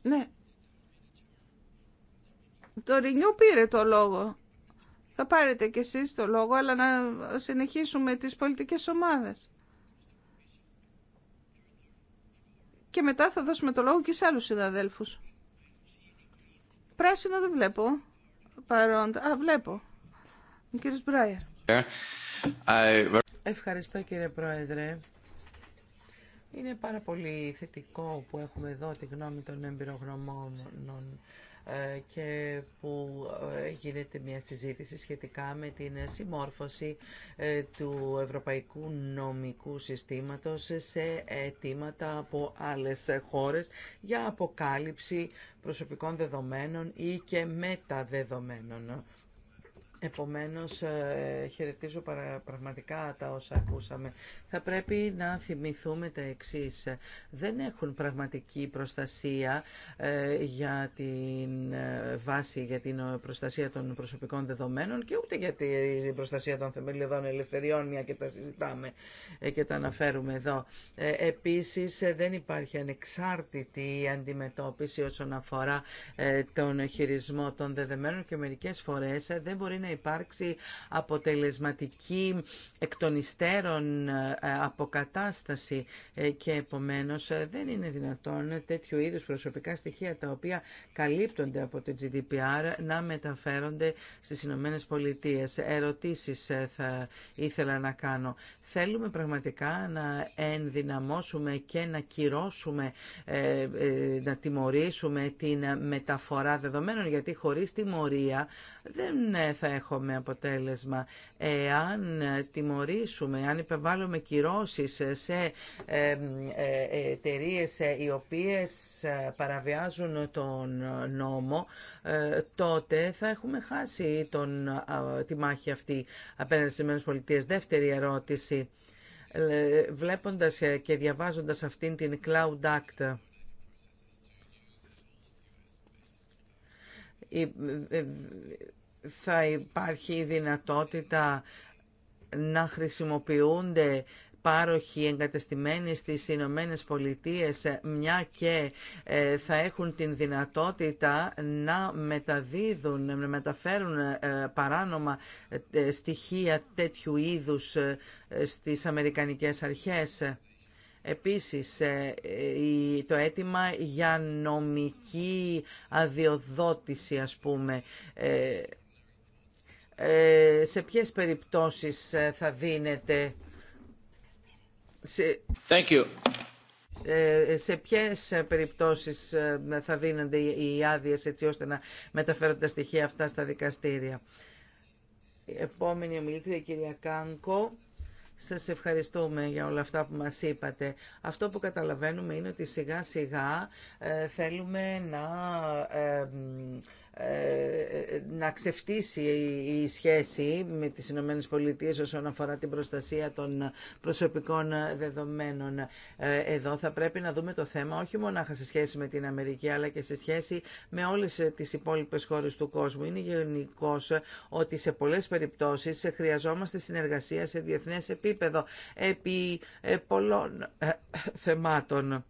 [SPEAKER 2] Ναι. Το Ρινιού πήρε το λόγο. Θα πάρετε κι εσείς το λόγο, αλλά να συνεχίσουμε τις πολιτικές ομάδες. Και μετά θα δώσουμε το λόγο και σε άλλους συναδέλφους. Πράσινο δεν βλέπω. Παρόντα. Α, βλέπω. Ο κύριος Μπράιερ.
[SPEAKER 4] Ε, ε, Ευχαριστώ κύριε Πρόεδρε. Είναι πάρα πολύ θετικό που έχουμε εδώ τη γνώμη των εμπειρογνωμόνων ε, και που ε, γίνεται μια συζήτηση σχετικά με την συμμόρφωση ε, του Ευρωπαϊκού Νομικού Συστήματος σε αιτήματα από άλλες χώρες για αποκάλυψη προσωπικών δεδομένων ή και μεταδεδομένων. Επομένως, ε, χαιρετίζω πραγματικά τα όσα ακούσαμε. Θα πρέπει να θυμηθούμε τα εξής. Δεν έχουν πραγματική προστασία ε, για την ε, βάση, για την προστασία των προσωπικών δεδομένων και ούτε για την προστασία των θεμελιωδών ελευθεριών, μια και τα συζητάμε και τα αναφέρουμε εδώ. Επίσης, δεν υπάρχει ανεξάρτητη αντιμετώπιση όσον αφορά τον χειρισμό των δεδομένων και μερικές φορές δεν μπορεί να υπάρξει αποτελεσματική εκ των ε, αποκατάσταση ε, και επομένως ε, δεν είναι δυνατόν τέτοιου είδους προσωπικά στοιχεία τα οποία καλύπτονται από το GDPR να μεταφέρονται στις Ηνωμένε Πολιτείε. Ερωτήσεις θα ήθελα να κάνω. Θέλουμε πραγματικά να ενδυναμώσουμε και να κυρώσουμε, να τιμωρήσουμε την μεταφορά δεδομένων, γιατί χωρίς τιμωρία δεν θα έχουμε αποτέλεσμα. Εάν τιμωρήσουμε, αν υπεβάλλουμε κυρώσεις σε ε, ε, εταιρείε ε, οι οποίες παραβιάζουν τον νόμο, τότε θα έχουμε χάσει τον, τη μάχη αυτή απέναντι στις ΗΠΑ. Δεύτερη ερώτηση, βλέποντας και διαβάζοντας αυτήν την Cloud Act, θα υπάρχει η δυνατότητα να χρησιμοποιούνται πάροχοι εγκατεστημένοι στις Ηνωμένε Πολιτείε, μια και ε, θα έχουν την δυνατότητα να μεταδίδουν, να μεταφέρουν ε, παράνομα ε, στοιχεία τέτοιου είδους στις Αμερικανικές αρχές. Επίσης, το αίτημα για νομική αδειοδότηση, ας πούμε, ε, σε ποιες περιπτώσεις ε, θα δίνεται
[SPEAKER 1] σε, Thank you.
[SPEAKER 4] Ε, σε ποιες περιπτώσεις θα δίνονται οι άδειε έτσι ώστε να μεταφέρονται τα στοιχεία αυτά στα δικαστήρια. επόμενη ομιλήτρια, κυρία Κάνκο. Σας ευχαριστούμε για όλα αυτά που μας είπατε. Αυτό που καταλαβαίνουμε είναι ότι σιγά σιγά θέλουμε να ε, ε, να ξεφτύσει η σχέση με τις Ηνωμένες Πολιτείες όσον αφορά την προστασία των προσωπικών δεδομένων. Ε, εδώ θα πρέπει να δούμε το θέμα όχι μονάχα σε σχέση με την Αμερική αλλά και σε σχέση με όλες τις υπόλοιπες χώρες του κόσμου. Είναι γενικώ ότι σε πολλές περιπτώσεις χρειαζόμαστε συνεργασία σε διεθνές επίπεδο επί πολλών θεμάτων.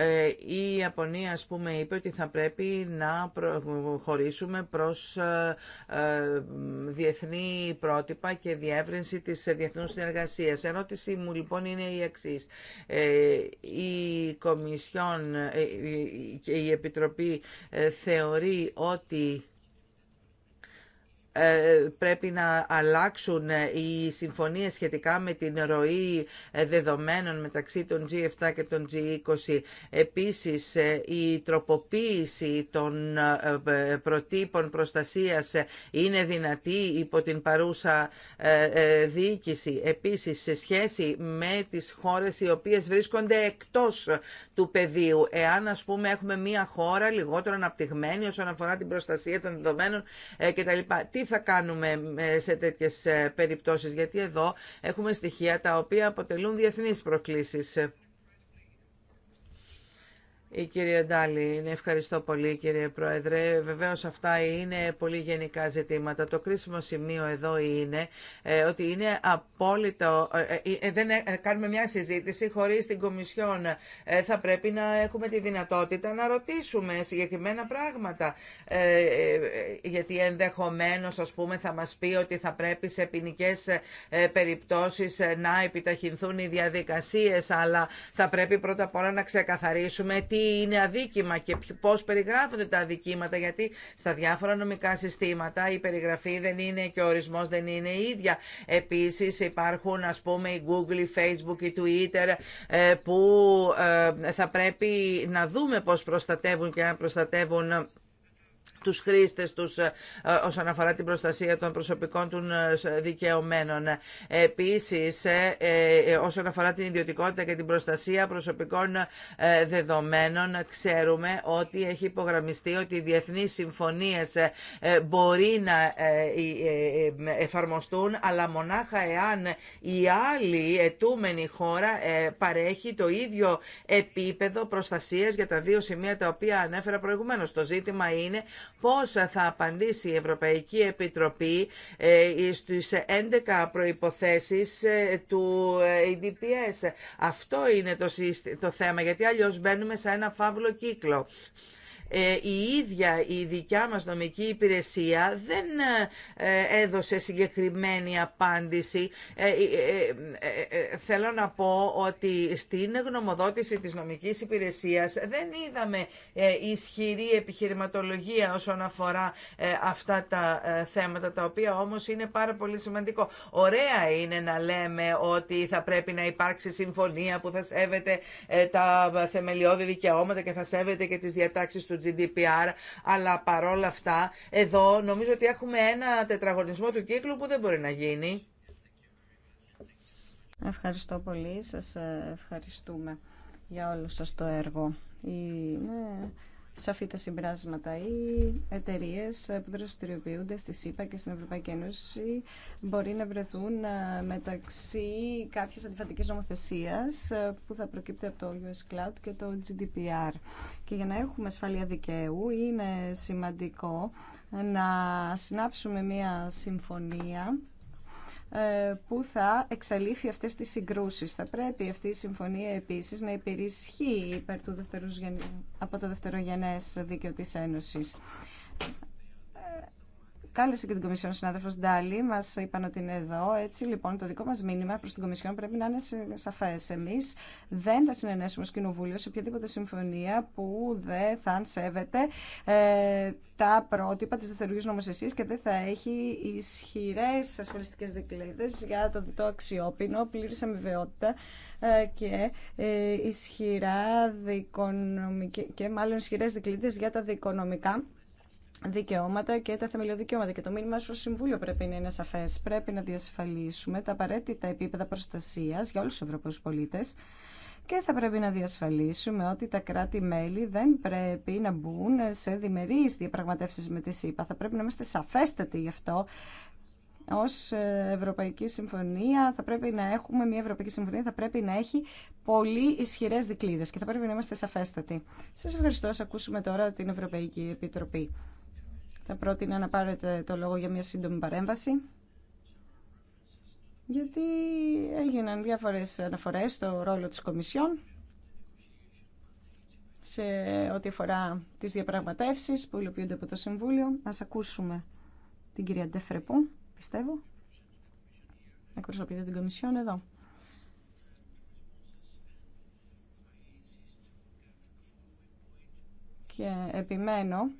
[SPEAKER 4] Ε, η Ιαπωνία ας πούμε είπε ότι θα πρέπει να προχωρήσουμε προς ε, ε, διεθνή πρότυπα και διεύρυνση της διεθνούς συνεργασίας. Ερώτηση μου λοιπόν είναι η εξής. Η Κομισιόν και η Επιτροπή θεωρεί ότι ε, πρέπει να αλλάξουν οι συμφωνίες σχετικά με την ροή ε, δεδομένων μεταξύ των G7 και των G20. Επίσης, ε, η τροποποίηση των προτύπων προστασίας είναι δυνατή υπό την παρούσα διοίκηση. Επίσης, σε σχέση με τις χώρες οι οποίες βρίσκονται εκτός του πεδίου, εάν ας πούμε έχουμε μία χώρα λιγότερο αναπτυγμένη όσον αφορά την προστασία των δεδομένων κτλ. Τι θα κάνουμε ε, σε τέτοιες ε, περιπτώσεις, γιατί εδώ έχουμε στοιχεία τα οποία αποτελούν διεθνείς προκλήσεις. Η κυρία Ντάλη, ναι, ευχαριστώ πολύ κύριε Πρόεδρε. Βεβαίως αυτά είναι πολύ γενικά ζητήματα. Το κρίσιμο σημείο εδώ είναι ε, ότι είναι απόλυτο, ε, ε, δεν κάνουμε μια συζήτηση χωρίς την Κομισιόν. θα πρέπει να έχουμε τη δυνατότητα να ρωτήσουμε συγκεκριμένα πράγματα. γιατί ενδεχομένως ας πούμε θα μας πει ότι θα πρέπει σε ποινικέ περιπτώσεις να επιταχυνθούν οι διαδικασίες, αλλά θα πρέπει πρώτα απ' όλα να ξεκαθαρίσουμε τι είναι αδίκημα και πώς περιγράφονται τα αδικήματα, γιατί στα διάφορα νομικά συστήματα η περιγραφή δεν είναι και ο ορισμός δεν είναι ίδια. Επίσης υπάρχουν ας πούμε η Google, η Facebook, η Twitter ε, που ε, θα πρέπει να δούμε πώς προστατεύουν και αν προστατεύουν τους χρήστες τους ε, ε, όσον αφορά την προστασία των προσωπικών των ε, δικαιωμένων. Επίσης, όσον αφορά την ιδιωτικότητα και την προστασία προσωπικών δεδομένων, ξέρουμε ότι έχει υπογραμμιστεί ότι οι διεθνείς συμφωνίες μπορεί να εφαρμοστούν, αλλά μονάχα εάν η άλλη ετούμενη χώρα παρέχει το ίδιο επίπεδο προστασίας για τα δύο σημεία τα οποία ανέφερα προηγουμένως. Το ζήτημα είναι πώς θα απαντήσει η Ευρωπαϊκή Επιτροπή ε, στις 11 προϋποθέσεις ε, του EDPS. Ε, Αυτό είναι το θέμα, γιατί αλλιώς μπαίνουμε σε ένα φαύλο κύκλο. Ε, η ίδια η δικιά μας νομική υπηρεσία δεν ε, έδωσε συγκεκριμένη απάντηση. Ε, θέλω να πω ότι στην γνωμοδότηση της νομικής υπηρεσίας δεν είδαμε ισχυρή επιχειρηματολογία όσον αφορά αυτά τα θέματα, τα οποία όμως είναι πάρα πολύ σημαντικό. Ωραία είναι να λέμε ότι θα πρέπει να υπάρξει συμφωνία που θα σέβεται τα θεμελιώδη δικαιώματα και θα σέβεται και τις διατάξεις του του GDPR, αλλά παρόλα αυτά εδώ νομίζω ότι έχουμε ένα τετραγωνισμό του κύκλου που δεν μπορεί να γίνει.
[SPEAKER 3] Ευχαριστώ πολύ. Σας ε, ευχαριστούμε για όλο σας το έργο. Ναι σαφή τα συμπράσματα. Οι εταιρείε που δραστηριοποιούνται στη ΣΥΠΑ και στην Ευρωπαϊκή Ένωση μπορεί να βρεθούν ε, μεταξύ κάποιες αντιφατικής νομοθεσίας ε, που θα προκύπτει από το US Cloud και το GDPR. Και για να έχουμε ασφαλεία δικαίου είναι σημαντικό να συνάψουμε μία συμφωνία ε, που θα εξαλείφει αυτές τις συγκρούσεις. Θα πρέπει αυτή η συμφωνία επίσης να υπερισχύει υπέρ του από το δευτερογενές δίκαιο της Ένωσης κάλεσε και την Κομισιόν συνάδελφο Ντάλι, Μα είπαν ότι είναι εδώ. Έτσι λοιπόν το δικό μα μήνυμα προ την Κομισιόν πρέπει να είναι σαφέ. Εμεί. δεν θα συνενέσουμε ω Κοινοβούλιο σε οποιαδήποτε συμφωνία που δεν θα σέβεται ε, τα πρότυπα τη δευτερουργής νομοθεσία και δεν θα έχει ισχυρέ ασφαλιστικέ δικλείδε για το διτό αξιόπινο, πλήρη αμοιβαιότητα ε, και ε, ισχυρά δικονομικέ και μάλλον ισχυρέ δικλείδε για τα δικονομικά δικαιώματα και τα θεμελιώδη δικαιώματα. Και το μήνυμα στο Συμβούλιο πρέπει να είναι σαφέ. Πρέπει να διασφαλίσουμε τα απαραίτητα επίπεδα προστασία για όλου του Ευρωπαίου πολίτε και θα πρέπει να διασφαλίσουμε ότι τα κράτη-μέλη δεν πρέπει να μπουν σε διμερείς διαπραγματεύσεις με τη ΣΥΠΑ. Θα πρέπει να είμαστε σαφέστατοι γι' αυτό. Ως Ευρωπαϊκή Συμφωνία θα πρέπει να έχουμε μια Ευρωπαϊκή Συμφωνία θα πρέπει να έχει πολύ ισχυρές δικλείδες και θα πρέπει να είμαστε σαφέστατοι. Σας ευχαριστώ. Σας ακούσουμε τώρα την Ευρωπαϊκή Επιτροπή. Θα πρότεινα να πάρετε το λόγο για μια σύντομη παρέμβαση. Γιατί έγιναν διάφορες αναφορές στο ρόλο της Κομισιόν σε ό,τι αφορά τις διαπραγματεύσεις που υλοποιούνται από το Συμβούλιο. Ας ακούσουμε την κυρία Ντεφρεπού, πιστεύω. Εκπροσωπείτε την Κομισιόν εδώ. Και επιμένω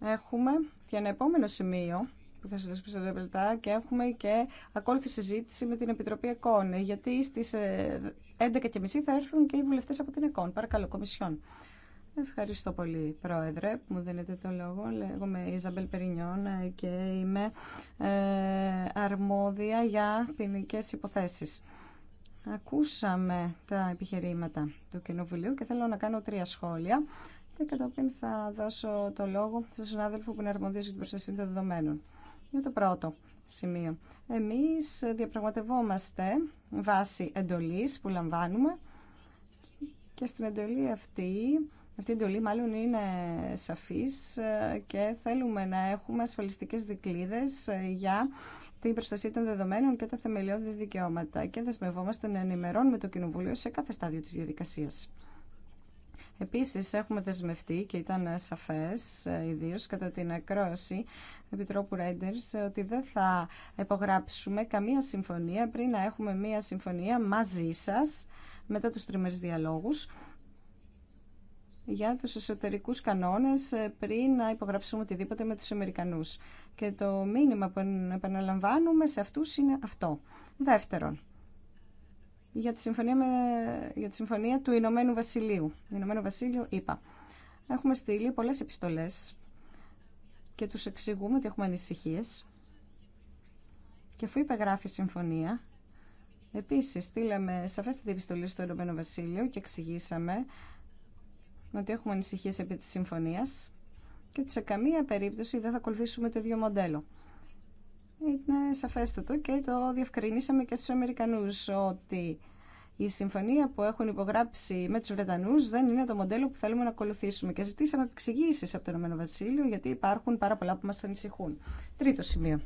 [SPEAKER 3] έχουμε και ένα επόμενο σημείο που θα σας δώσω λεπτά και έχουμε και ακόλουθη συζήτηση με την Επιτροπή ΕΚΟΝ γιατί στις 11.30 ε, θα έρθουν και οι βουλευτέ από την ΕΚΟΝ. Παρακαλώ, Κομισιόν. Ευχαριστώ πολύ, Πρόεδρε, που μου δίνετε το λόγο. Λέγομαι Ιζαμπέλ Περινιόν ε, και είμαι ε, αρμόδια για ποινικέ υποθέσει. Ακούσαμε τα επιχειρήματα του Κοινοβουλίου και θέλω να κάνω τρία σχόλια και κατόπιν θα δώσω το λόγο στον συνάδελφο που είναι αρμοδίο για την προστασία των δεδομένων. Για το πρώτο σημείο. Εμείς διαπραγματευόμαστε βάσει εντολή που λαμβάνουμε και στην εντολή αυτή, αυτή η εντολή μάλλον είναι σαφής και θέλουμε να έχουμε ασφαλιστικές δικλίδες για την προστασία των δεδομένων και τα θεμελιώδη δικαιώματα και δεσμευόμαστε να ενημερώνουμε το Κοινοβούλιο σε κάθε στάδιο της διαδικασίας. Επίσης έχουμε δεσμευτεί και ήταν σαφές ε, ιδίως κατά την ακρόαση Επιτρόπου Ρέντερς ότι δεν θα υπογράψουμε καμία συμφωνία πριν να έχουμε μία συμφωνία μαζί σας μετά τους τριμερεί διαλόγους για τους εσωτερικούς κανόνες ε, πριν να υπογραψούμε οτιδήποτε με τους Αμερικανούς. Και το μήνυμα που επαναλαμβάνουμε σε αυτούς είναι αυτό. Δεύτερον, για τη συμφωνία, με, για τη συμφωνία του Ηνωμένου Βασιλείου. Ηνωμένο Βασίλειο, είπα. Έχουμε στείλει πολλές επιστολές και τους εξηγούμε ότι έχουμε ανησυχίες. Και αφού υπεγράφει συμφωνία, επίσης στείλαμε σαφέστατη επιστολή στο Ηνωμένο Βασίλειο και εξηγήσαμε ότι έχουμε ανησυχίες επί της συμφωνίας και ότι σε καμία περίπτωση δεν θα ακολουθήσουμε το ίδιο μοντέλο είναι σαφέστατο και το διευκρινίσαμε και στους Αμερικανούς ότι η συμφωνία που έχουν υπογράψει με τους Βρετανούς δεν είναι το μοντέλο που θέλουμε να ακολουθήσουμε και ζητήσαμε εξηγήσει από το Ηνωμένο Βασίλειο γιατί υπάρχουν πάρα πολλά που μας ανησυχούν. Τρίτο σημείο.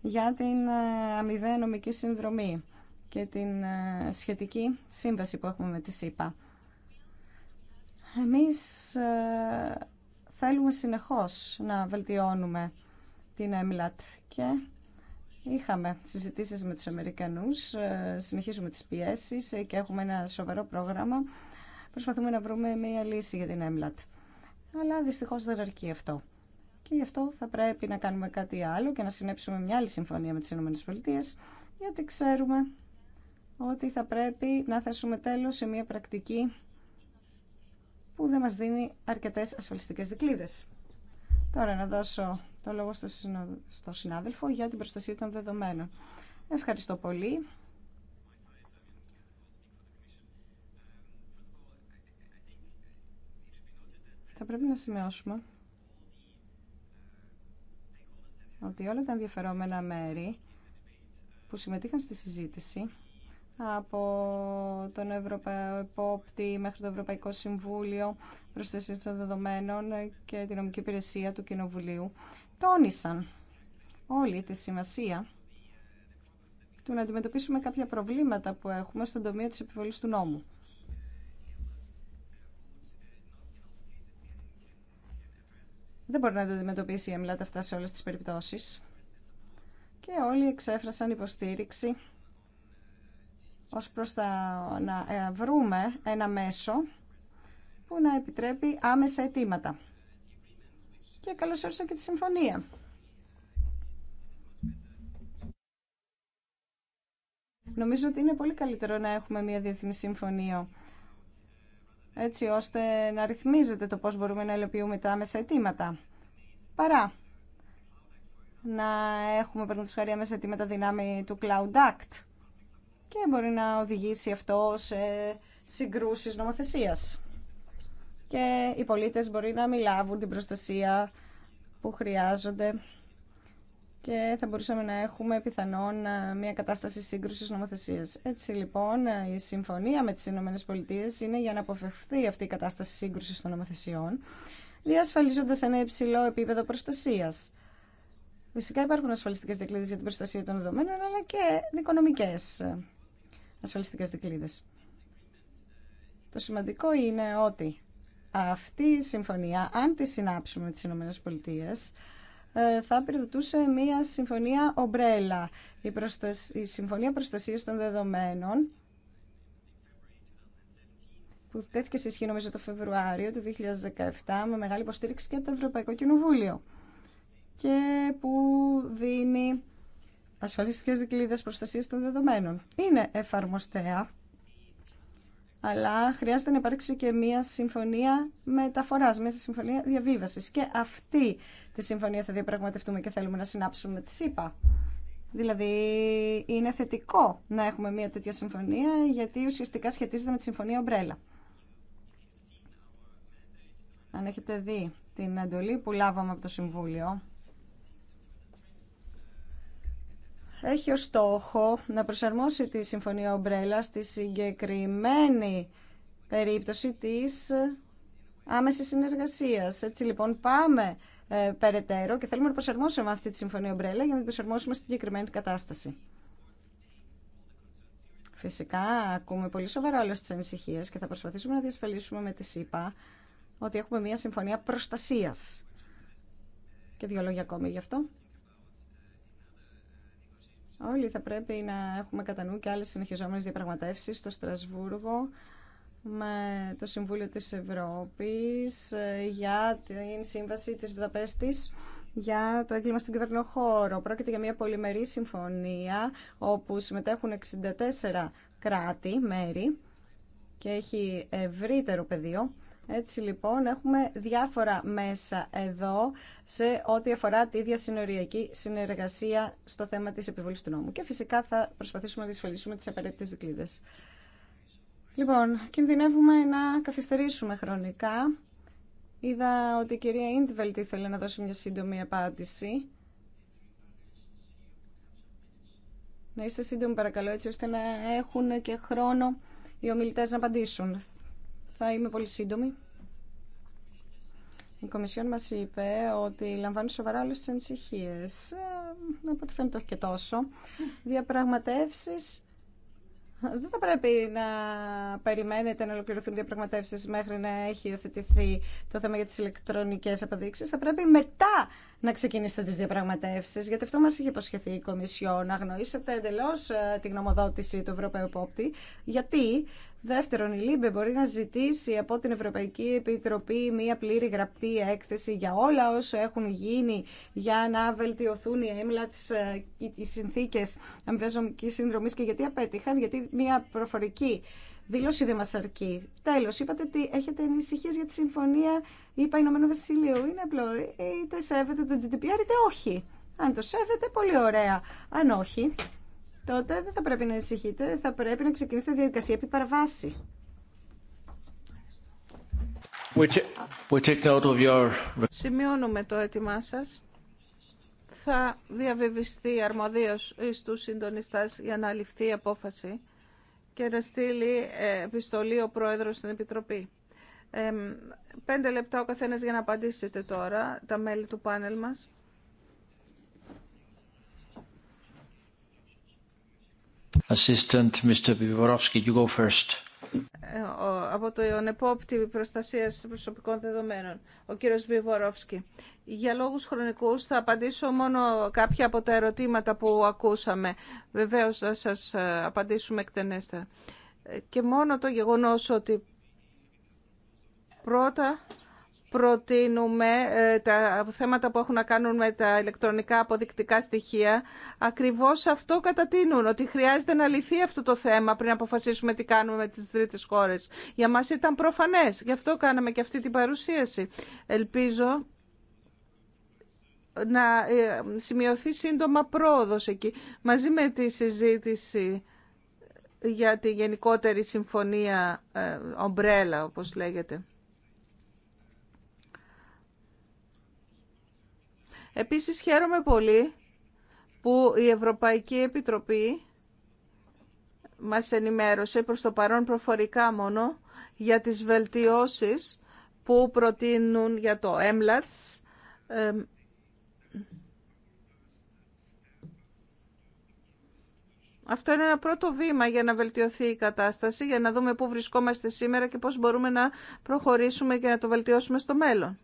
[SPEAKER 3] Για την ε, αμοιβαία νομική συνδρομή και την ε, σχετική σύμβαση που έχουμε με τη ΣΥΠΑ. Εμείς ε, θέλουμε συνεχώς να βελτιώνουμε την ΕΜΛΑΤ και είχαμε συζητήσεις με τους Αμερικανούς, ε, συνεχίζουμε τις πιέσεις ε, και έχουμε ένα σοβαρό πρόγραμμα. Προσπαθούμε να βρούμε μια λύση για την ΕΜΛΑΤ. Αλλά δυστυχώς δεν αρκεί αυτό. Και γι' αυτό θα πρέπει να κάνουμε κάτι άλλο και να συνέψουμε μια άλλη συμφωνία με τις ΗΠΑ, γιατί ξέρουμε ότι θα πρέπει να θέσουμε τέλος σε μια πρακτική που δεν μας δίνει αρκετές ασφαλιστικές δικλείδες. Τώρα να δώσω το λόγο στο συνάδελφο για την προστασία των δεδομένων. Ευχαριστώ πολύ. Θα πρέπει να σημειώσουμε ότι όλα τα ενδιαφερόμενα μέρη που συμμετείχαν στη συζήτηση από τον Ευρωπαϊκό Επόπτη μέχρι το Ευρωπαϊκό Συμβούλιο Προστασία των Δεδομένων και την Νομική Υπηρεσία του Κοινοβουλίου τόνισαν όλοι τη σημασία του να αντιμετωπίσουμε κάποια προβλήματα που έχουμε στον τομέα της επιβολής του νόμου. Δεν μπορεί να τα αντιμετωπίσει η ΕΜΛΑΤ αυτά σε όλες τις περιπτώσεις. Και όλοι εξέφρασαν υποστήριξη ως προς να ε, βρούμε ένα μέσο που να επιτρέπει άμεσα αιτήματα και καλώς όρισα και τη συμφωνία. Νομίζω ότι είναι πολύ καλύτερο να έχουμε μια διεθνή συμφωνία έτσι ώστε να ρυθμίζεται το πώς μπορούμε να ελοποιούμε τα άμεσα αιτήματα. Παρά να έχουμε παραδείγματος χάρη άμεσα αιτήματα δυνάμει του Cloud Act και μπορεί να οδηγήσει αυτό σε συγκρούσεις νομοθεσίας και οι πολίτες μπορεί να μην λάβουν την προστασία που χρειάζονται και θα μπορούσαμε να έχουμε πιθανόν ε, μια κατάσταση σύγκρουσης νομοθεσίας. Έτσι λοιπόν ε, η συμφωνία με τις Ηνωμένες Πολιτείες είναι για να αποφευθεί αυτή η κατάσταση σύγκρουσης των νομοθεσιών διασφαλίζοντας ένα υψηλό επίπεδο προστασίας. Φυσικά υπάρχουν ασφαλιστικές δικλείδες για την προστασία των δεδομένων, αλλά και δικονομικέ ε, ασφαλιστικές δικλείδες. Το σημαντικό είναι ότι αυτή η συμφωνία, αν τη συνάψουμε με τις Ηνωμένες Πολιτείες, ε, θα περιδοτούσε μια συμφωνία ομπρέλα. Η, η Συμφωνία Προστασίας των Δεδομένων που τέθηκε σε ισχύ νομίζω το Φεβρουάριο του 2017 με μεγάλη υποστήριξη και από το Ευρωπαϊκό Κοινοβούλιο και που δίνει ασφαλιστικές δικλείδες προστασίας των δεδομένων. Είναι εφαρμοστέα αλλά χρειάζεται να υπάρξει και μία συμφωνία μεταφορά, μία συμφωνία διαβίβασης. Και αυτή τη συμφωνία θα διαπραγματευτούμε και θέλουμε να συνάψουμε τη ΣΥΠΑ. Δηλαδή είναι θετικό να έχουμε μία τέτοια συμφωνία γιατί ουσιαστικά σχετίζεται με τη συμφωνία Ομπρέλα. Αν έχετε δει την εντολή που λάβαμε από το Συμβούλιο έχει ως στόχο να προσαρμόσει τη Συμφωνία Ομπρέλα στη συγκεκριμένη περίπτωση της άμεσης συνεργασίας. Έτσι λοιπόν πάμε ε, περαιτέρω και θέλουμε να προσαρμόσουμε αυτή τη Συμφωνία Ομπρέλα για να την προσαρμόσουμε στη συγκεκριμένη κατάσταση. Φυσικά, ακούμε πολύ σοβαρά όλες τις ανησυχίες και θα προσπαθήσουμε να διασφαλίσουμε με τη ΣΥΠΑ ότι έχουμε μια συμφωνία προστασίας. Και δύο λόγια ακόμη γι' αυτό. Όλοι θα πρέπει να έχουμε κατά νου και άλλες συνεχιζόμενες διαπραγματεύσεις στο Στρασβούργο με το Συμβούλιο της Ευρώπης ε, για την σύμβαση της Βουδαπέστης για το έγκλημα στον κυβερνοχώρο. Πρόκειται για μια πολυμερή συμφωνία όπου συμμετέχουν 64 κράτη, μέρη και έχει ευρύτερο πεδίο έτσι λοιπόν έχουμε διάφορα μέσα εδώ σε ό,τι αφορά τη διασυνοριακή συνεργασία στο θέμα της επιβολής του νόμου. Και φυσικά θα προσπαθήσουμε να δυσφαλίσουμε τις απαραίτητες δικλείδες. Λοιπόν, κινδυνεύουμε να καθυστερήσουμε χρονικά. Είδα ότι η κυρία Ιντβελτ ήθελε να δώσει μια σύντομη απάντηση. Να είστε σύντομοι παρακαλώ έτσι ώστε να έχουν και χρόνο οι ομιλητές να απαντήσουν. Θα είμαι πολύ σύντομη. Η Κομισιόν μας είπε ότι λαμβάνει σοβαρά όλες τις ανησυχίες. Ε, από ό,τι φαίνεται όχι και τόσο. Διαπραγματεύσεις δεν θα πρέπει να περιμένετε να ολοκληρωθούν διαπραγματεύσεις μέχρι να έχει υιοθετηθεί το θέμα για τις ηλεκτρονικές αποδείξεις. Θα πρέπει μετά να ξεκινήσετε τις διαπραγματεύσεις, γιατί αυτό μας είχε υποσχεθεί η Κομισιόν, να γνωρίσετε εντελώς ε, τη γνωμοδότηση του Ευρωπαίου Πόπτη. γιατί Δεύτερον, η ΛΥΜΠΕ μπορεί να ζητήσει από την Ευρωπαϊκή Επιτροπή μία πλήρη γραπτή έκθεση για όλα όσα έχουν γίνει για να βελτιωθούν οι έμλα ε, οι συνθήκες αμοιβαζομικής συνδρομής και γιατί απέτυχαν, γιατί μία προφορική δήλωση δεν μας αρκεί. Τέλος, είπατε ότι έχετε ανησυχίες για τη συμφωνία είπα Ηνωμένο Βασίλειο. Είναι απλό, είτε σέβεται το GDPR είτε όχι. Αν το σέβεται, πολύ ωραία. Αν όχι, τότε δεν θα πρέπει να ανησυχείτε, θα πρέπει να ξεκινήσετε διαδικασία επί παραβάση.
[SPEAKER 2] Σημειώνουμε το έτοιμά σας. Θα διαβεβαιστεί αρμοδίως στου συντονιστάς για να ληφθεί η απόφαση και να στείλει ε, επιστολή ο Πρόεδρος στην Επιτροπή. πέντε λεπτά ο καθένας για να απαντήσετε τώρα, τα μέλη του πάνελ μας.
[SPEAKER 1] Ε,
[SPEAKER 2] από το επόπτη προστασία προσωπικών δεδομένων, ο κύριος Βιβορόφσκι. Για λόγους χρονικού θα απαντήσω μόνο κάποια από τα ερωτήματα που ακούσαμε. Βεβαίως θα σας ε, απαντήσουμε εκτενέστερα. Ε, και μόνο το γεγονός ότι πρώτα προτείνουμε ε, τα θέματα που έχουν να κάνουν με τα ηλεκτρονικά αποδεικτικά στοιχεία. Ακριβώς αυτό κατατείνουν, ότι χρειάζεται να λυθεί αυτό το θέμα πριν αποφασίσουμε τι κάνουμε με τις τρίτες χώρες. Για μας ήταν προφανές, γι' αυτό κάναμε και αυτή την παρουσίαση. Ελπίζω να ε, σημειωθεί σύντομα πρόοδος εκεί, μαζί με τη συζήτηση για τη γενικότερη συμφωνία ε, ομπρέλα, όπως λέγεται. Επίσης χαίρομαι πολύ που η Ευρωπαϊκή Επιτροπή μας ενημέρωσε προς το παρόν προφορικά μόνο για τις βελτιώσεις που προτείνουν για το ΕΜΛΑΤΣ Αυτό είναι ένα πρώτο βήμα για να βελτιωθεί η κατάσταση, για να δούμε πού βρισκόμαστε σήμερα και πώς μπορούμε να προχωρήσουμε και να το βελτιώσουμε στο μέλλον.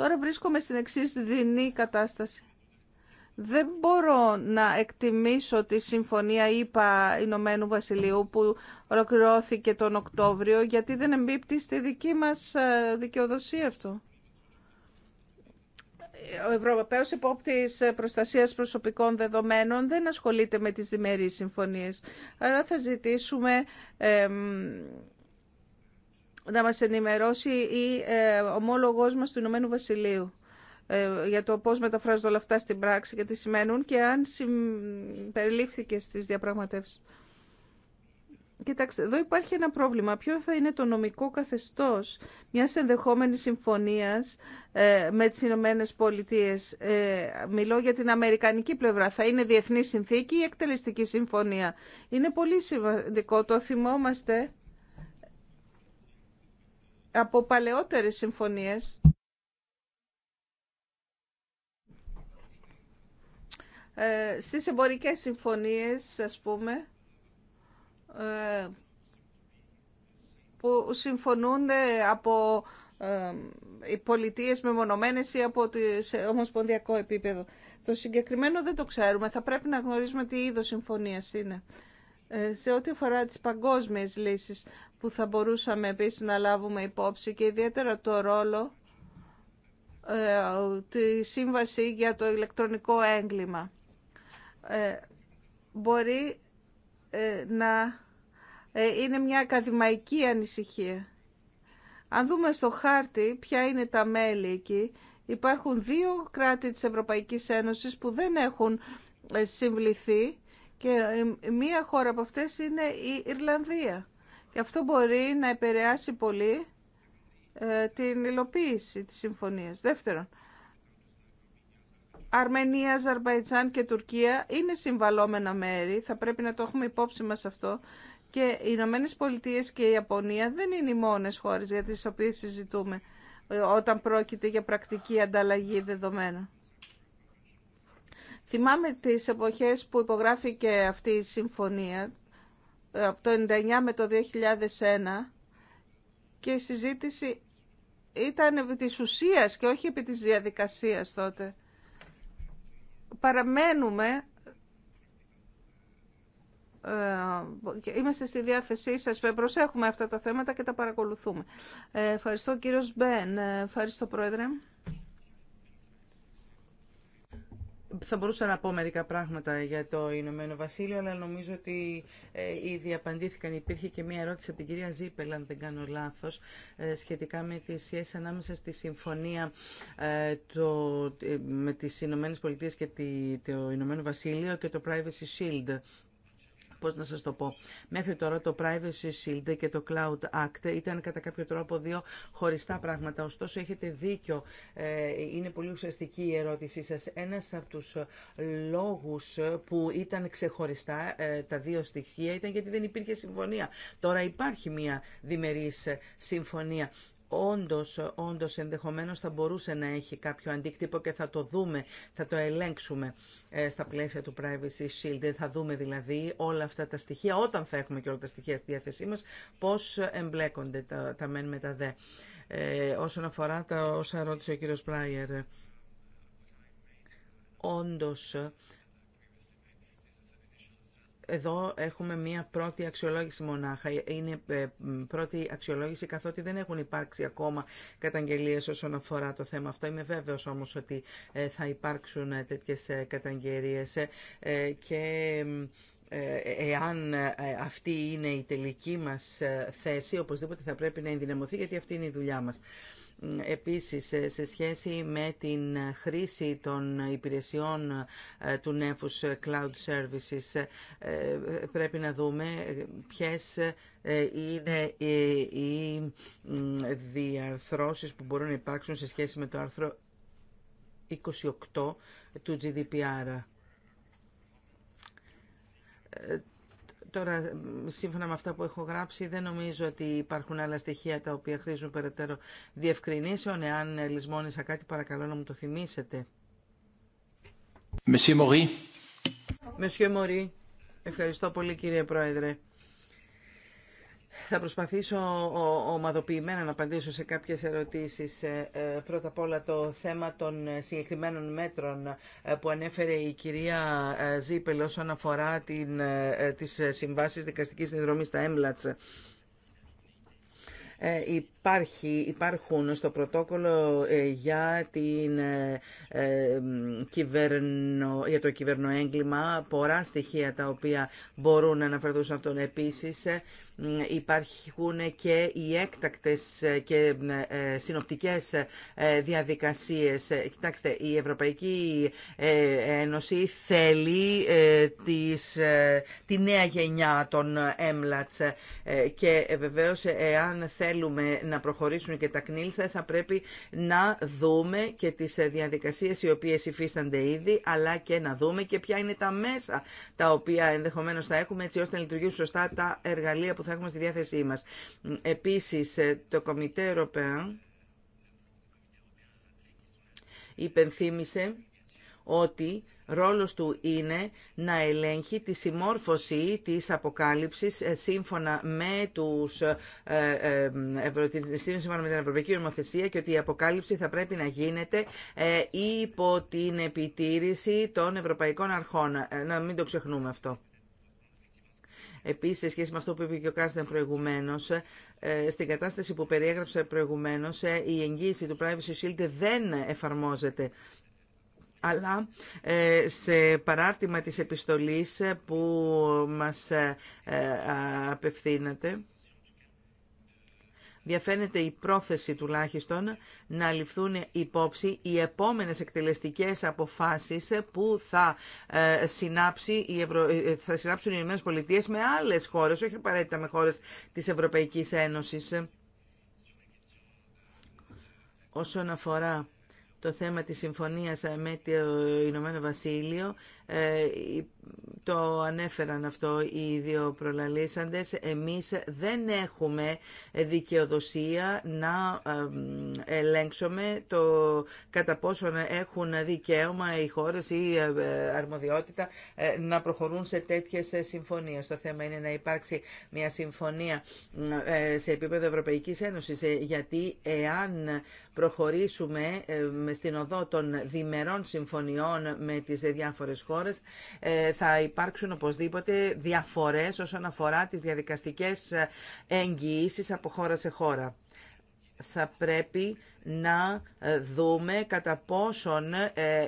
[SPEAKER 2] Τώρα βρίσκομαι στην εξή δινή κατάσταση. Δεν μπορώ να εκτιμήσω τη συμφωνία είπα, Ηνωμένου Βασιλείου που ολοκληρώθηκε τον Οκτώβριο γιατί δεν εμπίπτει στη δική μας ε, δικαιοδοσία αυτό. Ο Ευρωπαίος Υπόπτης Προστασίας Προσωπικών Δεδομένων δεν ασχολείται με τις διμερείς συμφωνίες. Άρα θα ζητήσουμε να μας ενημερώσει η ε, ομόλογός μας του Ηνωμένου Βασιλείου ε, για το πώς μεταφράζονται όλα αυτά στην πράξη και τι σημαίνουν και αν περιλήφθηκε στις διαπραγματεύσεις. Κοιτάξτε, εδώ υπάρχει ένα πρόβλημα. Ποιο θα είναι το νομικό καθεστώς μιας ενδεχόμενης συμφωνίας ε, με τις Ηνωμένε Πολιτείε. μιλώ για την Αμερικανική πλευρά. Θα είναι διεθνή συνθήκη ή εκτελεστική συμφωνία. Είναι πολύ σημαντικό. Το θυμόμαστε από παλαιότερες συμφωνίες ε, στις εμπορικές συμφωνίες ας πούμε ε, που συμφωνούνται από ε, οι πολιτείες μεμονωμένες ή από το ομοσπονδιακό επίπεδο. Το συγκεκριμένο δεν το ξέρουμε. Θα πρέπει να γνωρίζουμε τι είδος συμφωνίας είναι. Ε, σε ό,τι αφορά τις παγκόσμιες λύσεις, που θα μπορούσαμε επίσης να λάβουμε υπόψη και ιδιαίτερα το ρόλο ε, τη Σύμβαση για το ηλεκτρονικό έγκλημα. Ε, μπορεί ε, να ε, είναι μια ακαδημαϊκή ανησυχία. Αν δούμε στο χάρτη ποια είναι τα μέλη εκεί, υπάρχουν δύο κράτη της Ευρωπαϊκής Ένωσης που δεν έχουν ε, συμβληθεί και μία χώρα από αυτές είναι η Ιρλανδία. Και αυτό μπορεί να επηρεάσει πολύ ε, την υλοποίηση της συμφωνίας. Δεύτερον, Αρμενία, Αζερβαϊτζάν και Τουρκία είναι συμβαλόμενα μέρη, θα πρέπει να το έχουμε υπόψη μας αυτό, και οι Ηνωμένε Πολιτείε και η Ιαπωνία δεν είναι οι μόνες χώρες για τις οποίες συζητούμε ε, όταν πρόκειται για πρακτική ανταλλαγή δεδομένων. Θυμάμαι τις εποχές που υπογράφηκε αυτή η συμφωνία από το 99 με το 2001 και η συζήτηση ήταν επί της ουσίας και όχι επί της διαδικασίας τότε. Παραμένουμε ε, είμαστε στη διάθεσή σας προσέχουμε αυτά τα θέματα και τα παρακολουθούμε ε, ευχαριστώ κύριος Μπεν ε, ευχαριστώ πρόεδρε
[SPEAKER 4] Θα μπορούσα να πω μερικά πράγματα για το Ηνωμένο Βασίλειο, αλλά νομίζω ότι ε, ήδη απαντήθηκαν. Υπήρχε και μία ερώτηση από την κυρία Ζήπελ, αν δεν κάνω λάθος, ε, σχετικά με τι σχέσει ανάμεσα στη συμφωνία ε, με τις Ηνωμένε Πολιτείε και το Ηνωμένο Βασίλειο και το Privacy Shield πώς να σας το πω. Μέχρι τώρα το Privacy Shield και το Cloud Act ήταν κατά κάποιο τρόπο δύο χωριστά πράγματα. Ωστόσο έχετε δίκιο, ε, είναι πολύ ουσιαστική η ερώτησή σας. Ένας από τους λόγους που ήταν ξεχωριστά ε, τα δύο στοιχεία ήταν γιατί δεν υπήρχε συμφωνία. Τώρα υπάρχει μια διμερής συμφωνία όντως, όντως ενδεχομένως θα μπορούσε να έχει κάποιο αντίκτυπο και θα το δούμε, θα το ελέγξουμε ε, στα πλαίσια του Privacy Shield. Θα δούμε δηλαδή όλα αυτά τα στοιχεία, όταν θα έχουμε και όλα τα στοιχεία στη διάθεσή μας, πώς εμπλέκονται τα, τα μεν με τα δε. Ε, όσον αφορά τα όσα ρώτησε ο κύριος Πράιερ, όντως εδώ έχουμε μία πρώτη αξιολόγηση μονάχα. Είναι ε, πρώτη αξιολόγηση καθότι δεν έχουν υπάρξει ακόμα καταγγελίες όσον αφορά το θέμα αυτό. Είμαι βέβαιος όμως ότι ε, θα υπάρξουν ε, τέτοιες καταγγελίες και εάν αυτή είναι η τελική μας θέση, οπωσδήποτε θα πρέπει να ενδυναμωθεί γιατί αυτή είναι η δουλειά μας. Επίσης, σε σχέση με την χρήση των υπηρεσιών ε, του νέφους Cloud Services, ε, πρέπει να δούμε ε, ποιες είναι οι διαρθρώσεις που μπορούν να υπάρξουν σε σχέση με το άρθρο 28 του GDPR Τώρα, σύμφωνα με αυτά που έχω γράψει, δεν νομίζω ότι υπάρχουν άλλα στοιχεία τα οποία χρήζουν περαιτέρω διευκρινήσεων. Εάν λησμόνησα κάτι, παρακαλώ να μου το θυμίσετε. Monsieur Ευχαριστώ πολύ κύριε Πρόεδρε. Θα προσπαθήσω ομαδοποιημένα να απαντήσω σε κάποιες ερωτήσεις. Ε, ε, πρώτα απ' όλα το θέμα των συγκεκριμένων μέτρων ε, που ανέφερε η κυρία Ζήπελ όσον αφορά την, τις συμβάσεις δικαστικής συνδρομής στα ΕΜΛΑΤΣ. Ε, υπάρχει, υπάρχουν στο πρωτόκολλο για, την, κυβερνο, για το κυβερνοέγκλημα πορά στοιχεία τα οποία μπορούν να αναφερθούν σε αυτόν επίσης υπάρχουν και οι έκτακτες και ε, συνοπτικές ε, διαδικασίες. Ε, κοιτάξτε, η Ευρωπαϊκή Ένωση θέλει τις, τη νέα γενιά των ΕΜΛΑΤΣ και βεβαίως εάν θέλουμε να προχωρήσουν και τα κνήλστα θα πρέπει να δούμε και τις διαδικασίες οι οποίες υφίστανται ήδη αλλά και να δούμε και ποια είναι τα μέσα τα οποία ενδεχομένως θα έχουμε έτσι ώστε να λειτουργήσουν σωστά τα εργαλεία που θα θα έχουμε στη διάθεσή μας. Επίσης, ε, το Κομιτέ Ευρωπαίο υπενθύμησε ότι ρόλος του είναι να ελέγχει τη συμμόρφωση της αποκάλυψης ε, σύμφωνα με τους ε, ε, σύμφωνα την Ευρωπαϊκή Νομοθεσία και ότι η αποκάλυψη θα πρέπει να γίνεται ε, υπό την επιτήρηση των Ευρωπαϊκών Αρχών. Ε, να μην το ξεχνούμε αυτό. Επίσης, σε σχέση με αυτό που είπε και ο Κάρστεν προηγουμένως, ε, στην κατάσταση που περιέγραψε προηγουμένως, ε, η εγγύηση του Privacy Shield δεν εφαρμόζεται αλλά ε, σε παράρτημα της επιστολής που μας απευθύνεται, διαφαίνεται η πρόθεση τουλάχιστον να ληφθούν υπόψη οι επόμενες εκτελεστικές αποφάσεις που θα, ε, συνάψει ε, θα συνάψουν οι ΗΠΑ Πολιτείες με άλλες χώρες, όχι απαραίτητα με χώρες της Ευρωπαϊκής Ένωσης. Όσον αφορά το θέμα της συμφωνίας με το Ηνωμένο Βασίλειο, ε, το ανέφεραν αυτό οι δύο προλαλήσαντες, εμείς δεν έχουμε δικαιοδοσία να ελέγξουμε το κατά πόσον έχουν δικαίωμα οι χώρες ή ε, αρμοδιότητα ε, να προχωρούν σε τέτοιες συμφωνίες. Το θέμα είναι να υπάρξει μια συμφωνία σε επίπεδο Ευρωπαϊκής Ένωσης, γιατί εάν προχωρήσουμε στην οδό των διμερών συμφωνιών με τις διάφορες χώρες, ε, θα υπάρξουν οπωσδήποτε διαφορές όσον αφορά τις διαδικαστικές ε, εγγυήσεις από χώρα σε χώρα. Θα πρέπει να ε, δούμε κατά πόσον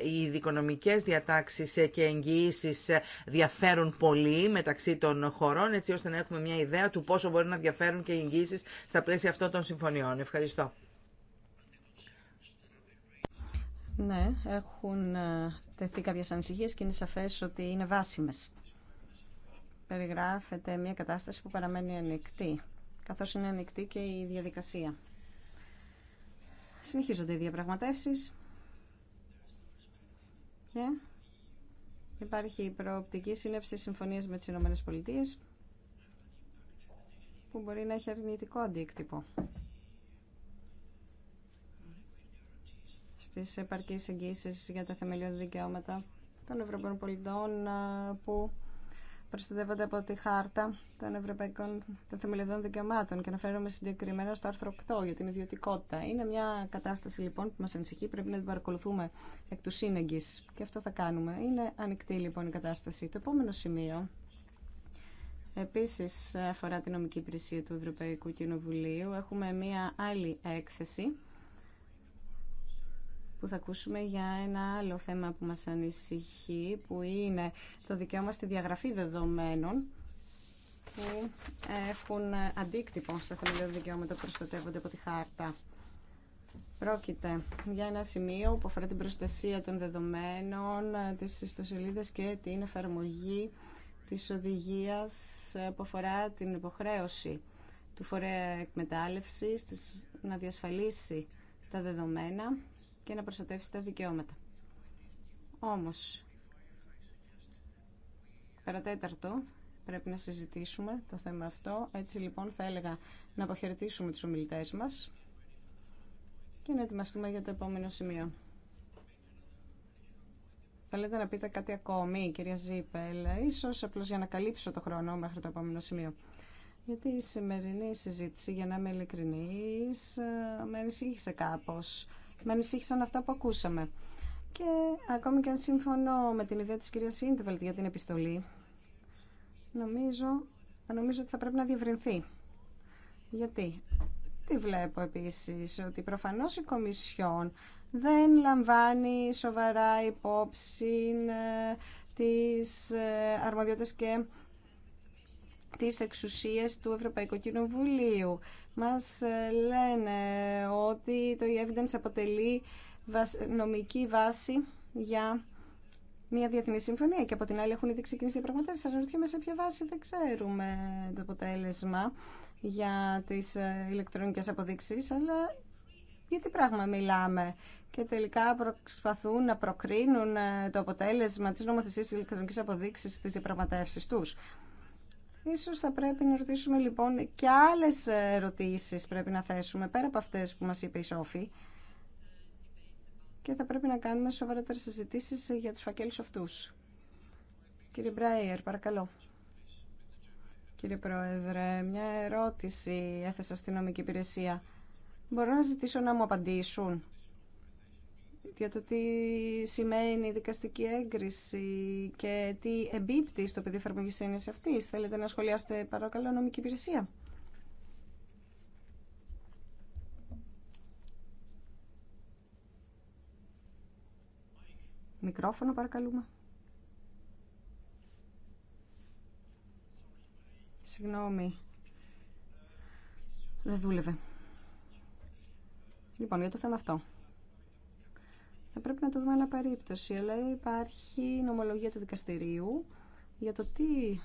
[SPEAKER 4] οι δικονομικές διατάξεις και εγγυήσεις διαφέρουν πολύ μεταξύ των χωρών, έτσι ώστε να έχουμε μια ιδέα του πόσο μπορεί να διαφέρουν και οι εγγυήσεις στα πλαίσια αυτών των συμφωνιών. Ευχαριστώ.
[SPEAKER 3] Ναι, έχουν τεθεί κάποιες ανησυχίες και είναι σαφές ότι είναι βάσιμες. Περιγράφεται μια κατάσταση που παραμένει ανοιχτή, καθώς είναι ανοιχτή και η διαδικασία. Συνεχίζονται οι διαπραγματεύσεις και υπάρχει η προοπτική σύνεψη συμφωνίας με τις ΗΠΑ που μπορεί να έχει αρνητικό αντίκτυπο στις επαρκείς εγγύσεις για τα θεμελιώδη δικαιώματα των Ευρωπαίων πολιτών που προστατεύονται από τη χάρτα των Ευρωπαϊκών των Θεμελιωδών Δικαιωμάτων και αναφέρομαι συγκεκριμένα στο άρθρο 8 για την ιδιωτικότητα. Είναι μια κατάσταση λοιπόν που μας ανησυχεί, πρέπει να την παρακολουθούμε εκ του σύνεγγυς και αυτό θα κάνουμε. Είναι ανοιχτή λοιπόν η κατάσταση. Το επόμενο σημείο επίσης αφορά την νομική υπηρεσία του Ευρωπαϊκού Κοινοβουλίου. Έχουμε μια άλλη έκθεση που θα ακούσουμε για ένα άλλο θέμα που μας ανησυχεί, που είναι το δικαίωμα στη διαγραφή δεδομένων που έχουν αντίκτυπο στα θεμελιώδη δικαιώματα που προστατεύονται από τη χάρτα. Πρόκειται για ένα σημείο που αφορά την προστασία των δεδομένων, τις ιστοσελίδες και την εφαρμογή της οδηγίας που αφορά την υποχρέωση του φορέα εκμετάλλευσης να διασφαλίσει τα δεδομένα και να προστατεύσει τα δικαιώματα. Όμως, παρατέταρτο, πρέπει να συζητήσουμε το θέμα αυτό. Έτσι λοιπόν θα έλεγα να αποχαιρετήσουμε τους ομιλητές μας και να ετοιμαστούμε για το επόμενο σημείο. Θέλετε να πείτε κάτι ακόμη, κυρία Ζήπελ, ίσως απλώς για να καλύψω το χρόνο μέχρι το επόμενο σημείο. Γιατί η σημερινή συζήτηση, για να είμαι ειλικρινής, ε, με ανησύχησε κάπως. Με ανησύχησαν αυτά που ακούσαμε. Και ακόμη και αν συμφωνώ με την ιδέα της κυρίας Σίντεβελτ για την επιστολή, νομίζω, νομίζω ότι θα πρέπει να διευρυνθεί. Γιατί τι βλέπω επίσης, ότι προφανώς η Κομισιόν δεν λαμβάνει σοβαρά υπόψη ε, τις ε, αρμοδιότητες και τις εξουσίες του Ευρωπαϊκού Κοινοβουλίου. Μας ε, λένε ότι το e-evidence αποτελεί νομική βάση για μια διεθνή συμφωνία και από την άλλη έχουν ήδη ξεκινήσει διαπραγματεύσει. Αναρωτιέμαι σε ποια βάση δεν ξέρουμε το αποτέλεσμα για τις ε, ηλεκτρονικές αποδείξεις, αλλά για τι πράγμα μιλάμε. Και τελικά προσπαθούν να προκρίνουν ε, το αποτέλεσμα της νομοθεσίας της ηλεκτρονικής αποδείξης στις διαπραγματεύσεις τους. Ίσως θα πρέπει να ρωτήσουμε λοιπόν και άλλες ερωτήσεις πρέπει να θέσουμε πέρα από αυτές που μας είπε η Σόφη και θα πρέπει να κάνουμε σοβαρότερε συζητήσει για τους φακέλους αυτούς. Κύριε Μπράιερ, παρακαλώ. Κύριε Πρόεδρε, μια ερώτηση έθεσα στην νομική υπηρεσία. Μπορώ να ζητήσω να μου απαντήσουν για το τι σημαίνει η δικαστική έγκριση και τι εμπίπτει στο πεδίο εφαρμογή έννοια αυτή. Θέλετε να σχολιάσετε παρακαλώ νομική υπηρεσία. Μικρόφωνο παρακαλούμε. Συγγνώμη. Δεν δούλευε. Λοιπόν, για το θέμα αυτό. Θα πρέπει να το δούμε ένα περίπτωση, αλλά υπάρχει νομολογία του δικαστηρίου για το τι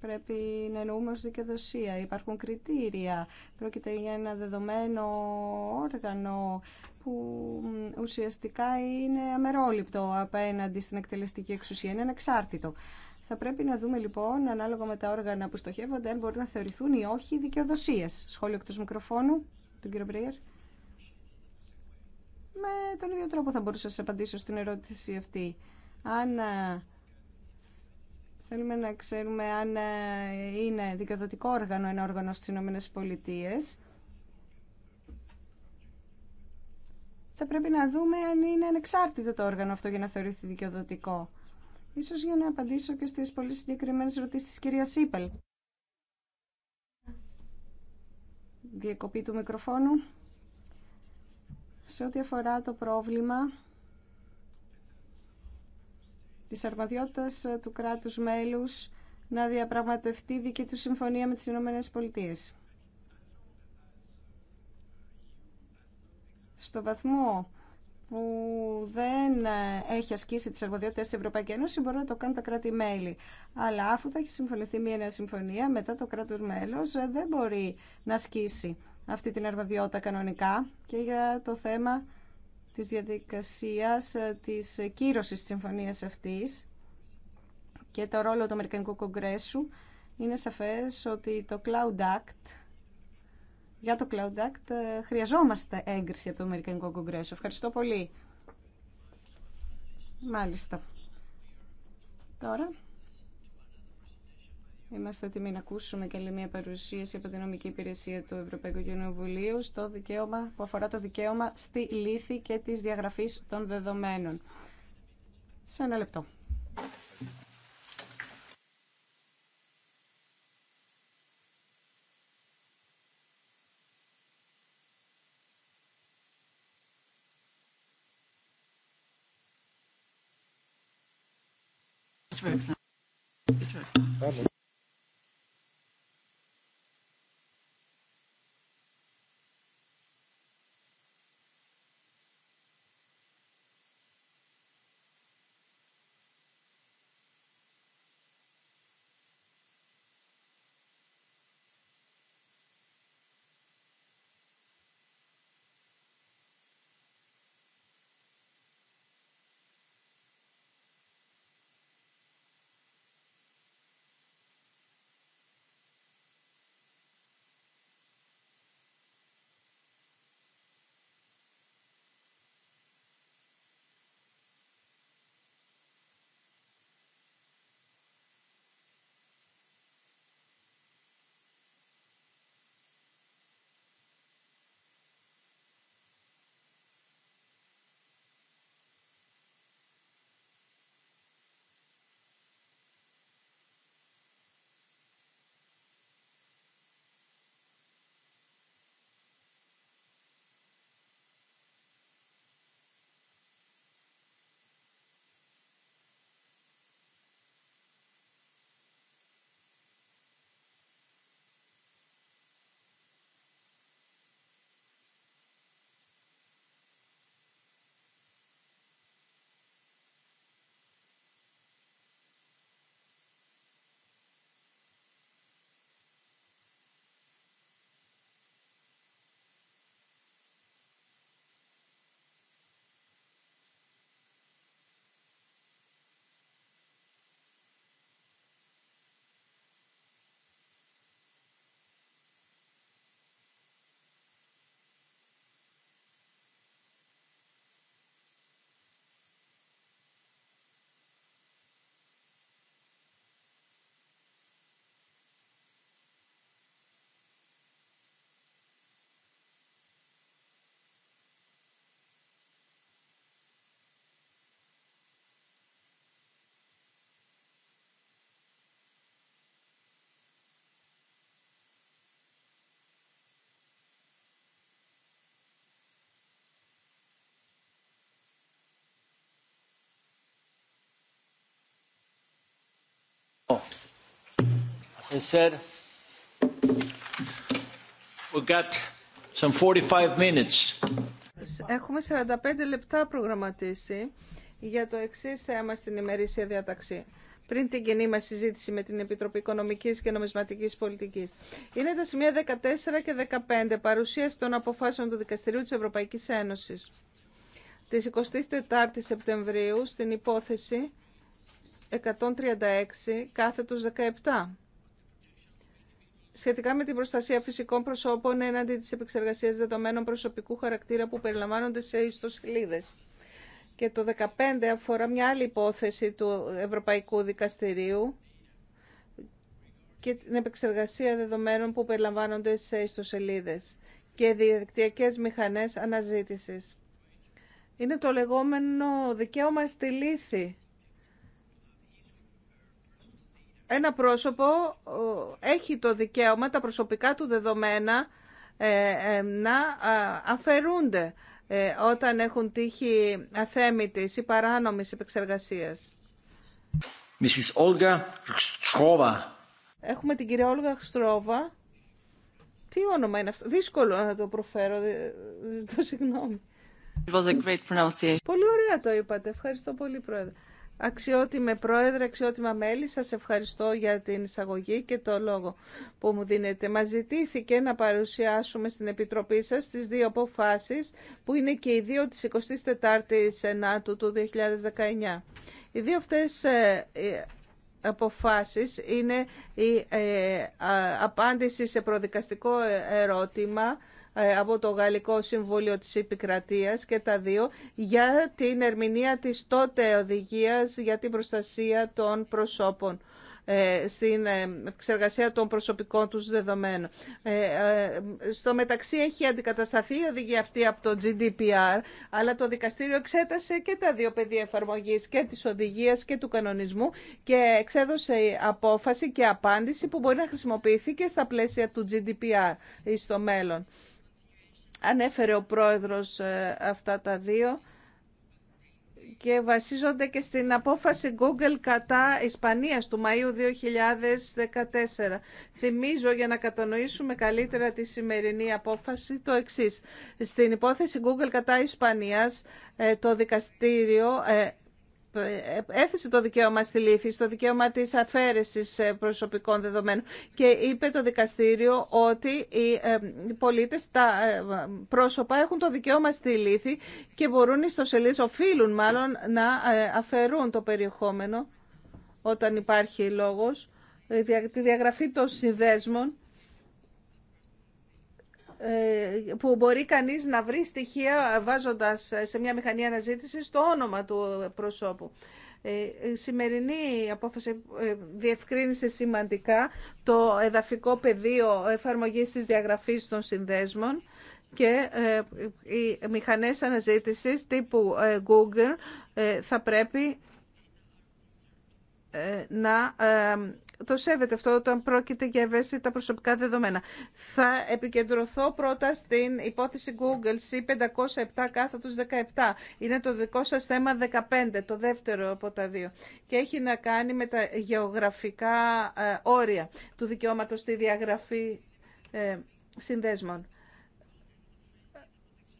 [SPEAKER 3] πρέπει να εννοούμε ως δικαιοδοσία. Υπάρχουν κριτήρια. Πρόκειται για ένα δεδομένο όργανο που ουσιαστικά είναι αμερόληπτο απέναντι στην εκτελεστική εξουσία. Είναι ανεξάρτητο. Θα πρέπει να δούμε λοιπόν, ανάλογα με τα όργανα που στοχεύονται, αν μπορεί να θεωρηθούν ή όχι δικαιοδοσίε. Σχόλιο εκτό μικροφώνου, τον κύριο Μπρέιερ. Με τον ίδιο τρόπο θα μπορούσα να σας απαντήσω στην ερώτηση αυτή. Αν ε, θέλουμε να ξέρουμε αν ε, είναι δικαιοδοτικό όργανο ένα όργανο στις Ηνωμένες Πολιτείες, θα πρέπει να δούμε αν είναι ανεξάρτητο το όργανο αυτό για να θεωρηθεί δικαιοδοτικό. Ίσως για να απαντήσω και στις πολύ συγκεκριμένες ερωτήσεις της κυρία Σίπελ. Διακοπή του μικροφόνου σε ό,τι αφορά το πρόβλημα της αρμαδιότητας του κράτους μέλους να διαπραγματευτεί δική του συμφωνία με τις Ηνωμένες Πολιτείες. Στο βαθμό που δεν έχει ασκήσει τις αρμοδιότητες της Ευρωπαϊκή Ένωση μπορούν να το κάνουν τα κράτη-μέλη. Αλλά αφού θα έχει συμφωνηθεί μια νέα συμφωνία, μετά το κράτος μέλος ε, δεν μπορεί να ασκήσει αυτή την αρμοδιότητα κανονικά και για το θέμα της διαδικασίας ε, της κύρωσης της συμφωνίας αυτής και το ρόλο του Αμερικανικού Κογκρέσου, είναι σαφές ότι το Cloud Act, για το Cloud Act ε, χρειαζόμαστε έγκριση από το Αμερικανικό Κογκρέσο. Ευχαριστώ πολύ. Μάλιστα. Τώρα Είμαστε έτοιμοι να ακούσουμε και άλλη μια παρουσίαση από την νομική υπηρεσία του Ευρωπαϊκού Κοινοβουλίου στο δικαίωμα που αφορά το δικαίωμα στη λύθη και τη διαγραφή των δεδομένων. Σε ένα λεπτό.
[SPEAKER 1] Oh. As said, got some 45 minutes.
[SPEAKER 2] Έχουμε 45 λεπτά προγραμματίσει για το εξή θέμα στην ημερήσια διαταξή πριν την κοινή μα συζήτηση με την Επιτροπή Οικονομικής και Νομισματικής Πολιτικής. Είναι τα σημεία 14 και 15, παρουσίαση των αποφάσεων του Δικαστηρίου της Ευρωπαϊκής Ένωσης. Της 24 η Σεπτεμβρίου, στην υπόθεση 136 κάθετος 17 σχετικά με την προστασία φυσικών προσώπων έναντι της επεξεργασίας δεδομένων προσωπικού χαρακτήρα που περιλαμβάνονται σε ιστοσελίδες. Και το 15 αφορά μια άλλη υπόθεση του Ευρωπαϊκού Δικαστηρίου και την επεξεργασία δεδομένων που περιλαμβάνονται σε ιστοσελίδες και διαδικτυακές μηχανές αναζήτησης. Είναι το λεγόμενο δικαίωμα στη λύθη ένα πρόσωπο έχει το δικαίωμα τα προσωπικά του δεδομένα ε, ε, να αφαιρούνται ε, όταν έχουν τύχει αθέμητης ή παράνομης επεξεργασίας.
[SPEAKER 1] Mrs. Olga
[SPEAKER 2] Έχουμε την κυρία Όλγα Χστρόβα. Τι όνομα είναι αυτό. Δύσκολο να το προφέρω. Το συγγνώμη.
[SPEAKER 1] was a great pronunciation.
[SPEAKER 2] Πολύ ωραία το είπατε. Ευχαριστώ πολύ, Πρόεδρε. Αξιότιμε πρόεδρε, αξιότιμα μέλη, σας ευχαριστώ για την εισαγωγή και το λόγο που μου δίνετε. Μας ζητήθηκε να παρουσιάσουμε στην Επιτροπή σας τις δύο αποφάσεις που είναι και οι δύο της 24ης Ενάτου του 2019. Οι δύο αυτές ε, ε, αποφάσεις είναι η ε, απάντηση σε προδικαστικό ερώτημα ε, από το Γαλλικό Συμβούλιο της Επικρατείας και τα δύο για την ερμηνεία της τότε οδηγίας για την προστασία των προσώπων ε, στην ε, εξεργασία των προσωπικών τους δεδομένων. Στο μεταξύ έχει αντικατασταθεί η οδηγία αυτή από το GDPR, αλλά το δικαστήριο εξέτασε και τα δύο πεδία εφαρμογής και της οδηγίας και του κανονισμού και εξέδωσε απόφαση και απάντηση που μπορεί να χρησιμοποιηθεί και στα πλαίσια του GDPR στο μέλλον. Ανέφερε ο πρόεδρος ε, αυτά τα δύο και βασίζονται και στην απόφαση Google κατά Ισπανίας του Μαΐου 2014. Θυμίζω για να κατανοήσουμε καλύτερα τη σημερινή απόφαση το εξής. Στην υπόθεση Google κατά Ισπανίας ε, το δικαστήριο ε, έθεσε το δικαίωμα στη λύθη, στο δικαίωμα της αφαίρεσης ε, προσωπικών δεδομένων και είπε το δικαστήριο ότι οι ε, πολίτες, τα ε, πρόσωπα έχουν το δικαίωμα στη λύθη και μπορούν οι σελίς, οφείλουν μάλλον να αφαιρούν το περιεχόμενο όταν υπάρχει λόγος, τη διαγραφή των συνδέσμων ε, που μπορεί κανείς να βρει στοιχεία βάζοντας σε μια μηχανή αναζήτηση το όνομα του προσώπου. Ε, η σημερινή απόφαση ε, διευκρίνησε σημαντικά το εδαφικό πεδίο εφαρμογής της διαγραφής των συνδέσμων και οι μηχανές αναζήτησης τύπου Google θα πρέπει να το σέβεται αυτό όταν πρόκειται για ευαίσθητα προσωπικά δεδομένα. Θα επικεντρωθώ πρώτα στην υπόθεση Google C507 κάθετος 17. Είναι το δικό σας θέμα 15, το δεύτερο από τα δύο. Και έχει να κάνει με τα γεωγραφικά ε, όρια του δικαιώματος στη διαγραφή ε, συνδέσμων.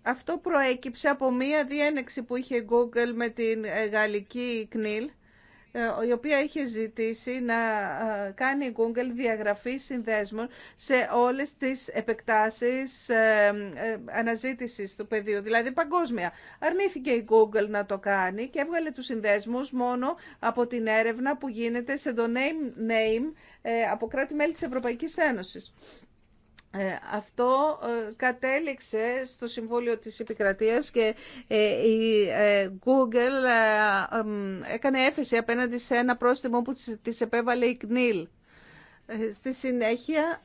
[SPEAKER 2] Αυτό προέκυψε από μία διένεξη που είχε Google με την ε, γαλλική ΚΝΙΛ ε, η οποία είχε ζητήσει να ε, κάνει η Google διαγραφή συνδέσμων σε όλες τις επεκτάσεις ε, αναζήτησης του πεδίου, δηλαδή παγκόσμια. Αρνήθηκε η Google να το κάνει και έβγαλε τους συνδέσμους μόνο από την έρευνα που γίνεται σε το name, name από κράτη-μέλη της Ευρωπαϊκής Ένωσης. Ε, αυτό ε, κατέληξε στο Συμβούλιο της Επικρατείας και ε, η Google έκανε έφεση απέναντι σε ένα πρόστιμο που της επέβαλε η CNIL. Στη συνέχεια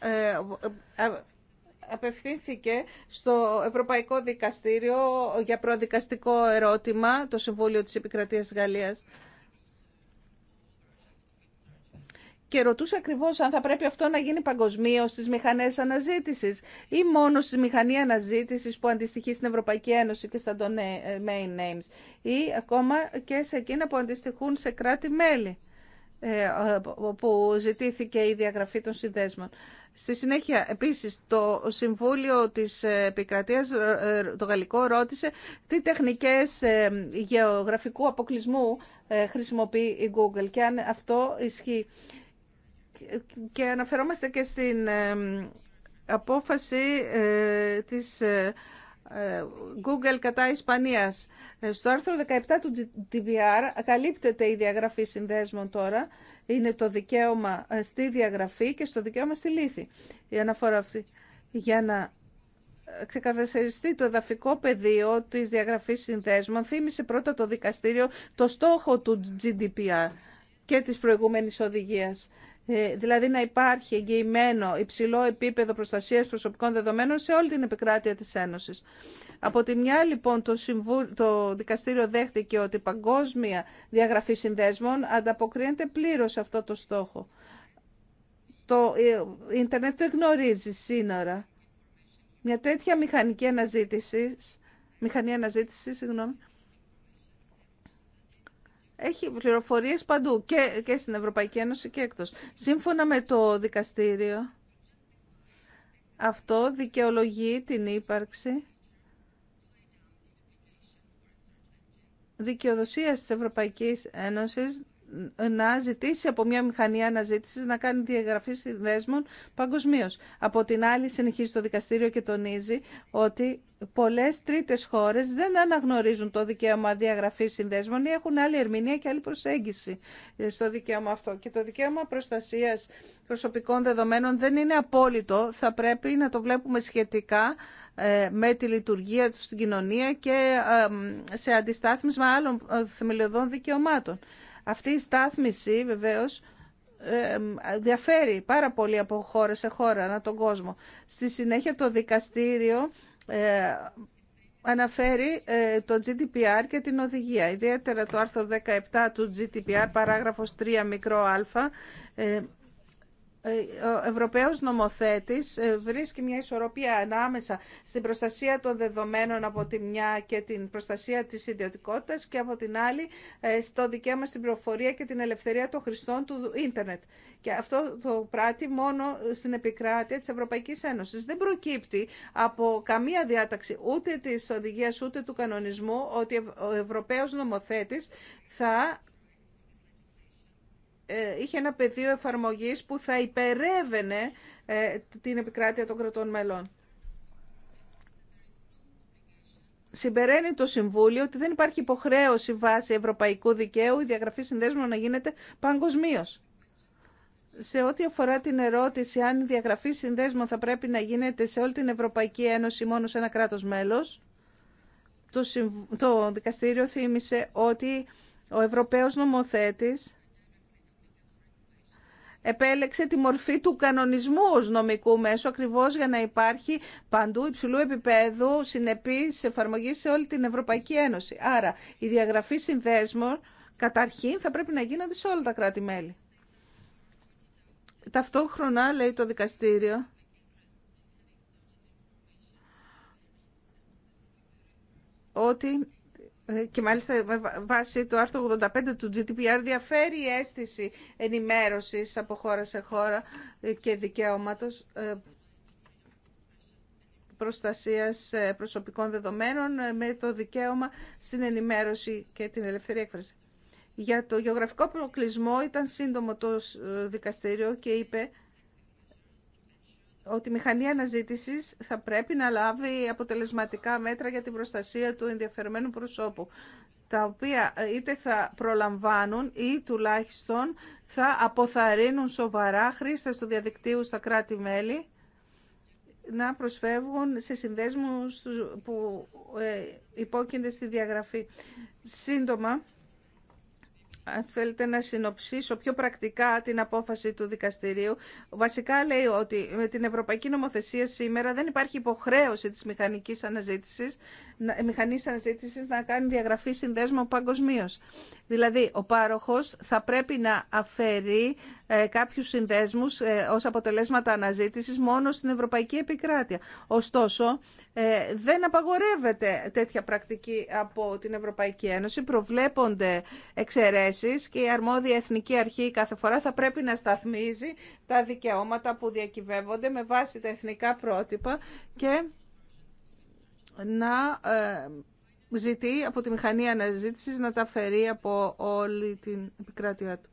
[SPEAKER 2] απευθύνθηκε στο Ευρωπαϊκό Δικαστήριο για προδικαστικό ερώτημα το Συμβούλιο της Επικρατείας Γαλλίας και ρωτούσε ακριβώς αν θα πρέπει αυτό να γίνει παγκοσμίω στι μηχανές αναζήτησης ή μόνο στη μηχανή αναζήτησης που αντιστοιχεί στην Ευρωπαϊκή Ένωση και στα domain ε, names ή ακόμα και σε εκείνα που αντιστοιχούν σε κράτη-μέλη ε, που ζητήθηκε η διαγραφή των συνδέσμων. Στη συνέχεια, επίσης, το Συμβούλιο της Επικρατείας, ε, το Γαλλικό, ρώτησε τι τεχνικές γεωγραφικού αποκλεισμού χρησιμοποιεί η Google και αν αυτό ισχύει και αναφερόμαστε και στην απόφαση ε, της ε, ε, Google κατά Ισπανίας. Στο άρθρο 17 του GDPR καλύπτεται η διαγραφή συνδέσμων τώρα. Είναι το δικαίωμα στη διαγραφή και στο δικαίωμα στη λύθη. Η αναφορά αυτή. Για να ξεκαθαριστεί το εδαφικό πεδίο της διαγραφής συνδέσμων, θύμισε πρώτα το δικαστήριο το στόχο του GDPR και της προηγούμενης οδηγίας ε, δηλαδή να υπάρχει εγγυημένο υψηλό επίπεδο προστασίας προσωπικών δεδομένων σε όλη την επικράτεια της Ένωσης. Από τη μια λοιπόν το, το δικαστήριο δέχτηκε ότι η παγκόσμια διαγραφή συνδέσμων ανταποκρίνεται πλήρως σε αυτό το στόχο. Το ε, ίντερνετ δεν γνωρίζει σύνορα. Μια τέτοια μηχανική αναζήτηση, μηχανή αναζήτηση, συγγνώμη, έχει πληροφορίες παντού και, και στην Ευρωπαϊκή Ένωση και εκτός. Σύμφωνα με το δικαστήριο, αυτό δικαιολογεί την ύπαρξη δικαιοδοσίας της Ευρωπαϊκής Ένωσης να ζητήσει από μια μηχανή αναζήτηση να κάνει διαγραφή συνδέσμων παγκοσμίω. Από την άλλη, συνεχίζει το δικαστήριο και τονίζει ότι πολλέ τρίτε χώρε δεν αναγνωρίζουν το δικαίωμα διαγραφή συνδέσμων ή έχουν άλλη ερμηνεία και άλλη προσέγγιση στο δικαίωμα αυτό. Και το δικαίωμα προστασία προσωπικών δεδομένων δεν είναι απόλυτο. Θα πρέπει να το βλέπουμε σχετικά ε, με τη λειτουργία του στην κοινωνία και ε, σε αντιστάθμισμα άλλων ε, θεμελιωδών δικαιωμάτων. Αυτή η στάθμιση βεβαίως διαφέρει πάρα πολύ από χώρα σε χώρα, ανά τον κόσμο. Στη συνέχεια το δικαστήριο ε, αναφέρει ε, το GDPR και την οδηγία. Ιδιαίτερα το άρθρο 17 του GDPR, παράγραφος 3 μικρό α, ε, ε, ο Ευρωπαίος νομοθέτης ε, βρίσκει μια ισορροπία ανάμεσα στην προστασία των δεδομένων από τη μια και την προστασία της ιδιωτικότητας και από την άλλη ε, στο δικαίωμα στην πληροφορία και την ελευθερία των χρηστών του ίντερνετ. Και αυτό το πράττει μόνο στην επικράτεια της Ευρωπαϊκής Ένωσης. Δεν προκύπτει από καμία διάταξη ούτε της οδηγίας ούτε του κανονισμού ότι ο Ευρωπαίος νομοθέτης θα ε, είχε ένα πεδίο εφαρμογής που θα υπερεύαινε ε, την επικράτεια των κρατών μελών. Συμπεραίνει το Συμβούλιο ότι δεν υπάρχει υποχρέωση βάσει ευρωπαϊκού δικαίου η διαγραφή συνδέσμων να γίνεται παγκοσμίω. Σε ό,τι αφορά την ερώτηση αν η διαγραφή συνδέσμων θα πρέπει να γίνεται σε όλη την Ευρωπαϊκή Ένωση μόνο σε ένα κράτος μέλος, το, Δικαστήριο θύμισε ότι ο Ευρωπαίος νομοθέτης επέλεξε τη μορφή του κανονισμού ως νομικού μέσου ακριβώς για να υπάρχει παντού υψηλού επίπεδου συνεπής εφαρμογή σε όλη την Ευρωπαϊκή Ένωση. Άρα η διαγραφή συνδέσμων καταρχήν θα πρέπει να γίνονται σε όλα τα κράτη-μέλη. Ταυτόχρονα λέει το δικαστήριο ότι ε, και μάλιστα βάσει βάση το άρθρο 85 του GDPR διαφέρει η αίσθηση ενημέρωσης από χώρα σε χώρα ε, και δικαιώματος ε, προστασίας προσωπικών δεδομένων με το δικαίωμα στην ενημέρωση και την ελευθερία έκφραση. Για το γεωγραφικό προκλεισμό ήταν σύντομο το δικαστήριο και είπε ότι η μηχανή αναζήτηση θα πρέπει να λάβει αποτελεσματικά μέτρα για την προστασία του ενδιαφερμένου προσώπου, τα οποία είτε θα προλαμβάνουν ή τουλάχιστον θα αποθαρρύνουν σοβαρά χρήστες του διαδικτύου στα κράτη-μέλη να προσφεύγουν σε συνδέσμους που ε, υπόκεινται στη διαγραφή. Σύντομα, αν θέλετε να συνοψίσω πιο πρακτικά την απόφαση του δικαστηρίου, βασικά λέει ότι με την Ευρωπαϊκή Νομοθεσία σήμερα δεν υπάρχει υποχρέωση της μηχανικής αναζήτησης μηχανή αναζήτηση να κάνει διαγραφή συνδέσμων παγκοσμίω. Δηλαδή, ο πάροχος θα πρέπει να αφαιρεί ε, κάποιους συνδέσμους ε, ως αποτελέσματα αναζήτησης μόνο στην ευρωπαϊκή επικράτεια. Ωστόσο, ε, δεν απαγορεύεται τέτοια πρακτική από την Ευρωπαϊκή Ένωση. Προβλέπονται εξαιρέσει και η αρμόδια εθνική αρχή κάθε φορά θα πρέπει να σταθμίζει τα δικαιώματα που διακυβεύονται με βάση τα εθνικά πρότυπα και να ε, ζητεί από τη μηχανή αναζήτησης να τα φέρει από όλη την επικράτειά του.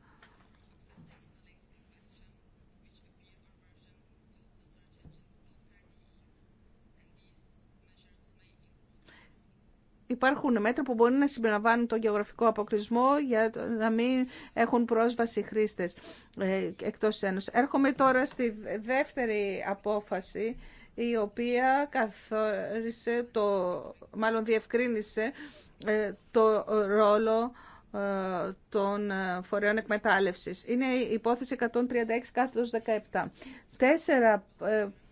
[SPEAKER 2] υπάρχουν μέτρα που μπορεί να συμπεριλαμβάνουν τον γεωγραφικό αποκλεισμό για να μην έχουν πρόσβαση χρήστες ε, εκτός Ένωσης. Έρχομαι τώρα στη δεύτερη απόφαση η οποία καθόρισε το, μάλλον διευκρίνησε ε, το ρόλο ε, των ε, φορέων εκμετάλλευσης. Είναι η υπόθεση 136 κάθετος 17. Τέσσερα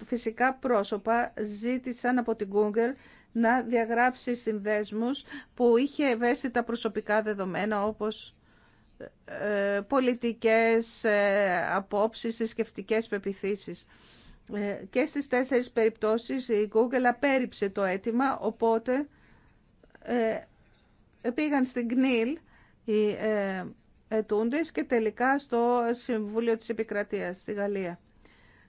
[SPEAKER 2] φυσικά πρόσωπα ζήτησαν από την Google να διαγράψει συνδέσμους που είχε ευαίσθητα προσωπικά δεδομένα όπως πολιτικές απόψεις, θρησκευτικέ πεπιθήσεις. Ε, και στις τέσσερις περιπτώσεις η Google απέρριψε το αίτημα, οπότε ε, πήγαν στην ΚΝΙΛ οι ε, ετούντες και τελικά στο Συμβούλιο της Επικρατείας στη Γαλλία.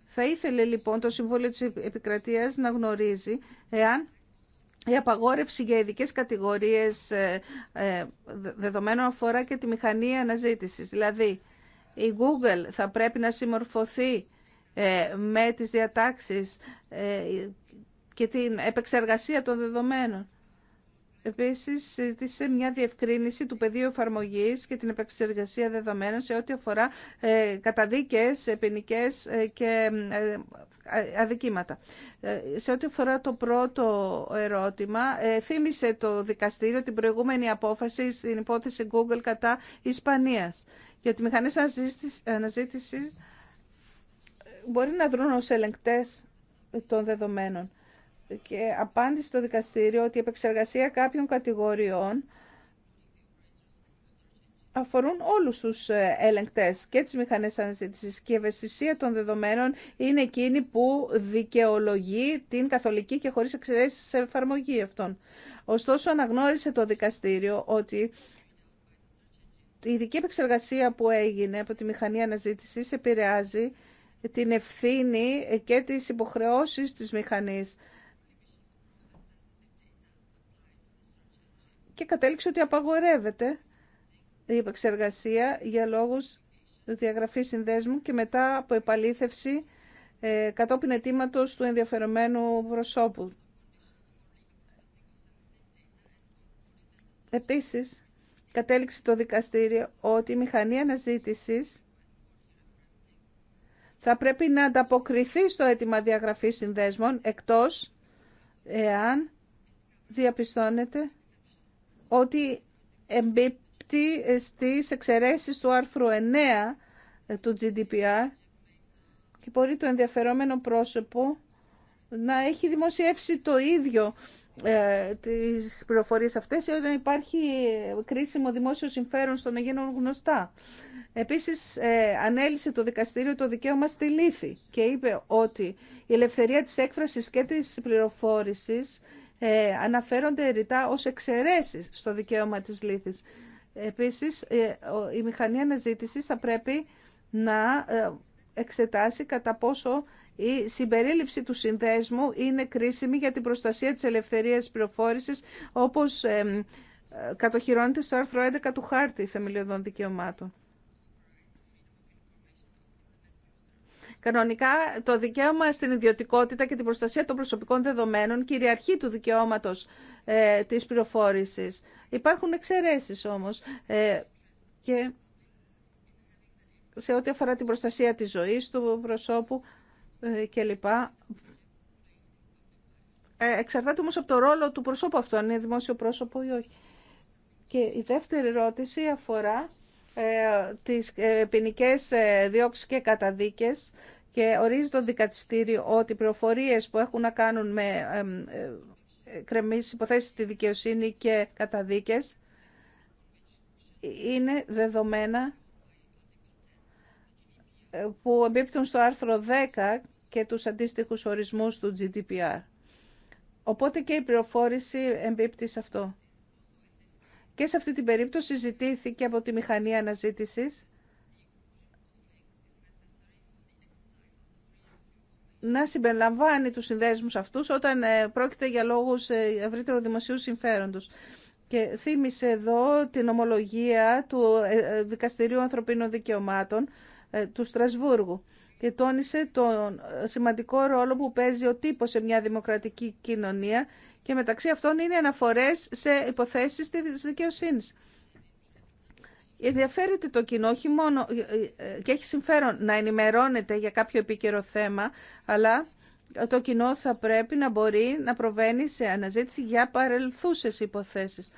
[SPEAKER 2] Θα ήθελε λοιπόν το Συμβούλιο της Επικρατείας να γνωρίζει εάν η απαγόρευση για ειδικέ κατηγορίες δεδομένων αφορά και τη μηχανή αναζήτησης. Δηλαδή, η Google θα πρέπει να συμμορφωθεί ε, με τις διατάξεις ε, και την επεξεργασία των δεδομένων. Επίσης, ζήτησε μια διευκρίνηση του πεδίου εφαρμογή και την επεξεργασία δεδομένων σε ό,τι αφορά ε, καταδίκες, ποινικέ και αδικήματα. Σε ό,τι αφορά το πρώτο ερώτημα, θύμισε το δικαστήριο την προηγούμενη απόφαση στην υπόθεση Google κατά Ισπανίας για τη μηχανή αναζήτησης μπορεί να βρουν ως ελεγκτές των δεδομένων. Και απάντησε το δικαστήριο ότι η επεξεργασία κάποιων κατηγοριών αφορούν όλους τους ε, ελεγκτές και τις μηχανές αναζήτησης και η ευαισθησία των δεδομένων είναι εκείνη που δικαιολογεί την καθολική και χωρίς εξαιρέσεις σε εφαρμογή αυτών. Ωστόσο αναγνώρισε το δικαστήριο ότι η ειδική επεξεργασία που έγινε από τη μηχανή αναζήτησης επηρεάζει την ευθύνη και τις υποχρεώσεις της μηχανής. Και κατέληξε ότι απαγορεύεται η επεξεργασία για λόγους διαγραφή συνδέσμου και μετά από επαλήθευση ε, κατόπιν αιτήματος του ενδιαφερομένου προσώπου. Επίσης, κατέληξε το δικαστήριο ότι η μηχανή αναζήτησης θα πρέπει να ανταποκριθεί στο αίτημα διαγραφή συνδέσμων εκτός εάν διαπιστώνεται ότι εμπίπτει στις εξαιρέσεις του άρθρου 9 του GDPR και μπορεί το ενδιαφερόμενο πρόσωπο να έχει δημοσιεύσει το ίδιο ε, τις πληροφορίες αυτές όταν ε, υπάρχει κρίσιμο δημόσιο συμφέρον στο να γίνουν γνωστά. Επίσης ε, ανέλησε το δικαστήριο το δικαίωμα στη λύθη και είπε ότι η ελευθερία της έκφρασης και της πληροφόρησης αναφέρονται ρητά ως εξαιρέσεις στο δικαίωμα της λύθης. Επίσης η μηχανή αναζήτησης θα πρέπει να εξετάσει κατά πόσο η συμπερίληψη του συνδέσμου είναι κρίσιμη για την προστασία της ελευθερίας πληροφόρησης, όπως ε, κατοχυρώνεται στο άρθρο 11 του Χάρτη Θεμελιωδών Δικαιωμάτων. Κανονικά, το δικαίωμα στην ιδιωτικότητα και την προστασία των προσωπικών δεδομένων κυριαρχεί του δικαιώματος ε, της πληροφόρησης. Υπάρχουν εξαιρέσεις όμως ε, και σε ό,τι αφορά την προστασία της ζωής του προσώπου ε, ε, εξαρτάται όμως από το ρόλο του προσώπου αυτό, αν είναι δημόσιο πρόσωπο ή όχι. Και η δεύτερη ερώτηση αφορά ε, τις ποινικέ διώξεις και καταδίκες και ορίζει το δικαστήριο ότι οι προφορίες που έχουν να κάνουν με κρεμίσεις υποθέσεις στη δικαιοσύνη και καταδίκες είναι δεδομένα που εμπίπτουν στο άρθρο 10 και τους αντίστοιχους ορισμούς του GDPR. Οπότε και η πληροφόρηση εμπίπτει σε αυτό. Και σε αυτή την περίπτωση ζητήθηκε από τη μηχανή αναζήτησης να συμπεριλαμβάνει τους συνδέσμους αυτούς όταν ε, πρόκειται για λόγους ε, ευρύτερου δημοσίου συμφέροντος. Και θύμισε εδώ την ομολογία του ε, Δικαστηρίου Ανθρωπίνων Δικαιωμάτων του Στρασβούργου και τόνισε τον ε, σημαντικό ρόλο που παίζει ο τύπος σε μια δημοκρατική κοινωνία και μεταξύ αυτών είναι αναφορές σε υποθέσεις της δικαιοσύνης. Ενδιαφέρεται το κοινό όχι μόνο, ε, ε, και έχει συμφέρον να ενημερώνεται για κάποιο επίκαιρο θέμα, αλλά το κοινό θα πρέπει να μπορεί να προβαίνει σε αναζήτηση για παρελθούσες υποθέσεις.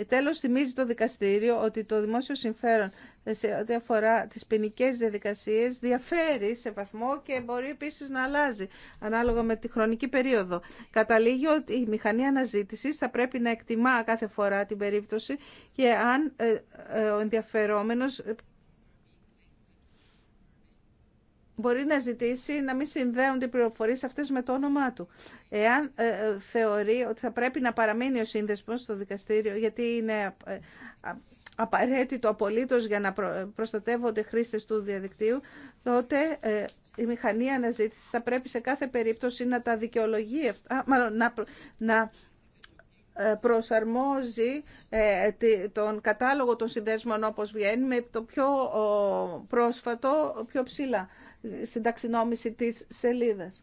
[SPEAKER 2] Ε, τέλος, θυμίζει το δικαστήριο ότι το δημόσιο συμφέρον σε ό,τι αφορά τις ποινικέ διαδικασίες διαφέρει σε βαθμό και μπορεί επίσης να αλλάζει ανάλογα με τη χρονική περίοδο. Καταλήγει ότι η μηχανή αναζήτησης θα πρέπει να εκτιμά κάθε φορά την περίπτωση και αν ε, ε, ο ενδιαφερόμενος μπορεί να ζητήσει να μην συνδέονται οι πληροφορίε αυτέ με το όνομά του. Εάν ε, ε, θεωρεί ότι θα πρέπει να παραμείνει ο σύνδεσμος στο δικαστήριο, γιατί είναι ε, απαραίτητο απολύτως για να προστατεύονται χρήστε του διαδικτύου, τότε η μηχανή αναζήτηση θα πρέπει σε κάθε περίπτωση να τα δικαιολογεί, α, μάλλον να, να προσαρμόζει τον κατάλογο των συνδέσμων όπως βγαίνει με το πιο πρόσφατο, πιο ψηλά στην ταξινόμηση της σελίδας.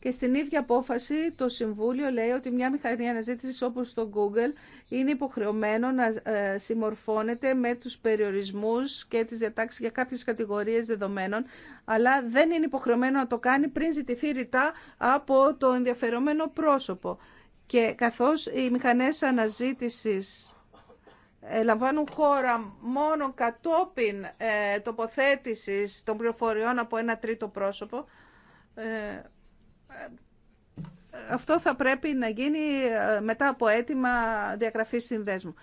[SPEAKER 2] Και στην ίδια απόφαση το Συμβούλιο λέει ότι μια μηχανή αναζήτηση, όπως το Google είναι υποχρεωμένο να ε, συμμορφώνεται με τους περιορισμούς και τις διατάξεις για κάποιες κατηγορίες δεδομένων, αλλά δεν είναι υποχρεωμένο να το κάνει πριν ζητηθεί ρητά από το ενδιαφερομένο πρόσωπο. Και καθώς οι μηχανές αναζήτησης ε, λαμβάνουν χώρα μόνο κατόπιν ε, τοποθέτησης των πληροφοριών από ένα τρίτο πρόσωπο, ε, αυτό θα πρέπει να γίνει μετά από αίτημα διαγραφής συνδέσμου.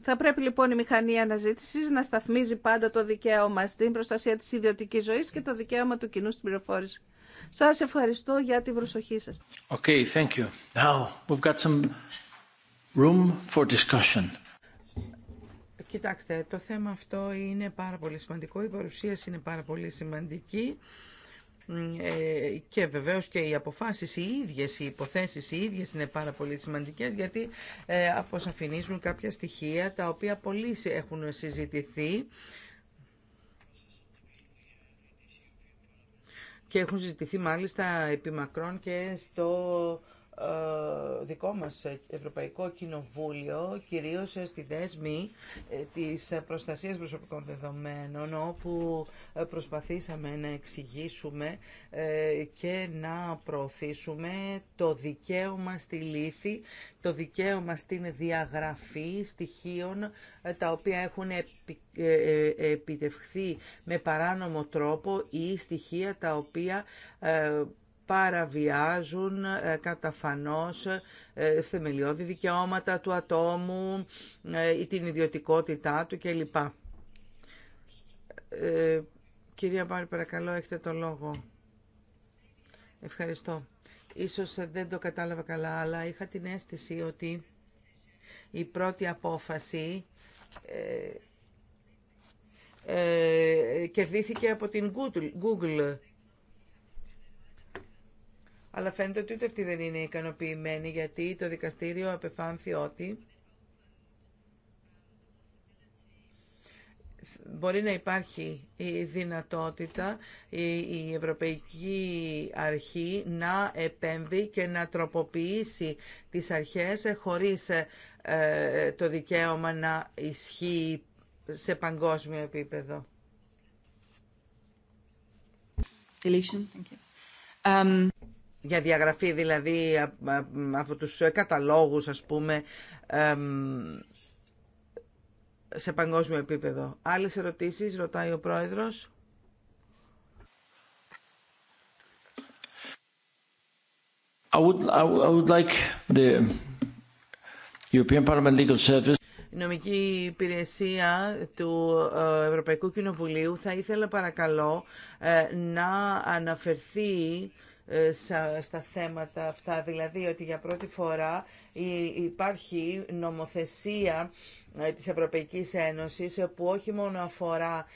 [SPEAKER 2] Θα πρέπει λοιπόν η μηχανή αναζήτηση να σταθμίζει πάντα το δικαίωμα στην προστασία τη ιδιωτική ζωή και το δικαίωμα του κοινού στην πληροφόρηση. Σας ευχαριστώ για την προσοχή σας.
[SPEAKER 1] Okay, thank you. Now we've got some room for discussion.
[SPEAKER 2] Κοιτάξτε,
[SPEAKER 4] το θέμα αυτό είναι πάρα πολύ σημαντικό, η παρουσίαση είναι πάρα πολύ σημαντική ε, και βεβαίως και οι αποφάσεις οι ίδιες, οι υποθέσεις οι ίδιες είναι πάρα πολύ σημαντικές γιατί ε, αποσαφηνίζουν κάποια στοιχεία τα οποία πολλοί έχουν συζητηθεί και έχουν συζητηθεί μάλιστα επί Μακρόν και στο ε, δικό μας Ευρωπαϊκό Κοινοβούλιο, κυρίως στη δέσμη ε, της προστασίας προσωπικών δεδομένων, όπου ε, προσπαθήσαμε να εξηγήσουμε και να προωθήσουμε το δικαίωμα στη λύθη, το δικαίωμα στην διαγραφή στοιχείων τα οποία έχουν επιτευχθεί με παράνομο τρόπο ή στοιχεία τα οποία παραβιάζουν ε, καταφανώς ε, θεμελιώδη δικαιώματα του ατόμου ε, ή την ιδιωτικότητά του κλπ. Ε, κυρία Μπάρη, παρακαλώ, έχετε το λόγο. Ευχαριστώ. Ίσως δεν το κατάλαβα καλά, αλλά είχα την αίσθηση ότι η πρώτη απόφαση ε, κερδίθηκε από την Google αλλά φαίνεται ότι ούτε αυτή δεν είναι ικανοποιημένη γιατί το δικαστήριο απεφάνθη ότι μπορεί να υπάρχει η δυνατότητα η Ευρωπαϊκή Αρχή να επέμβει και να τροποποιήσει τις αρχές χωρίς ε, το δικαίωμα να ισχύει σε παγκόσμιο επίπεδο. Um, για διαγραφή δηλαδή από τους ε, καταλόγους ας πούμε σε παγκόσμιο επίπεδο. Άλλες ερωτήσεις ρωτάει ο Πρόεδρος.
[SPEAKER 1] I would, I would like the European Parliament Legal Service
[SPEAKER 4] η νομική υπηρεσία του ε, Ευρωπαϊκού Κοινοβουλίου θα ήθελα παρακαλώ ε, να αναφερθεί ε, στα θέματα αυτά, δηλαδή ότι για πρώτη φορά υπάρχει νομοθεσία ε, της Ευρωπαϊκής Ένωσης ε, που όχι μόνο αφορά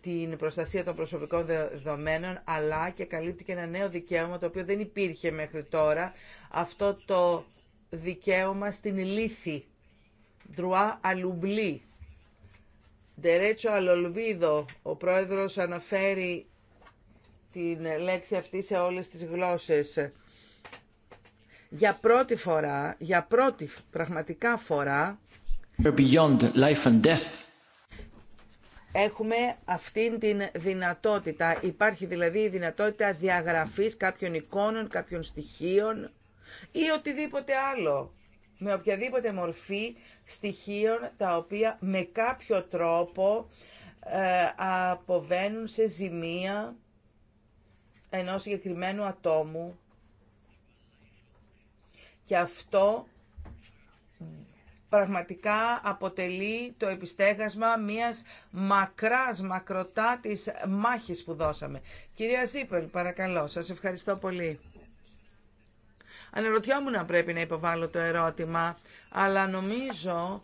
[SPEAKER 4] την προστασία των προσωπικών δεδομένων αλλά και καλύπτει και ένα νέο δικαίωμα το οποίο δεν υπήρχε μέχρι τώρα αυτό το δικαίωμα στην λύθη Δρουά Αλουμπλή Δερέτσο Αλολβίδο ο πρόεδρος αναφέρει την λέξη αυτή σε όλες τις γλώσσες. Για πρώτη φορά, για πρώτη πραγματικά φορά, Έχουμε αυτήν την δυνατότητα. Υπάρχει δηλαδή η δυνατότητα διαγραφής κάποιων εικόνων, κάποιων στοιχείων ή οτιδήποτε άλλο. Με οποιαδήποτε μορφή στοιχείων τα οποία με κάποιο τρόπο ε, αποβαίνουν σε ζημία ενός συγκεκριμένου ατόμου και αυτό πραγματικά αποτελεί το επιστέγασμα μιας μακράς, μακροτάτης μάχης που δώσαμε. Κυρία Ζήπελ, παρακαλώ, σας ευχαριστώ πολύ. Αναρωτιόμουν αν πρέπει να υποβάλω το ερώτημα, αλλά νομίζω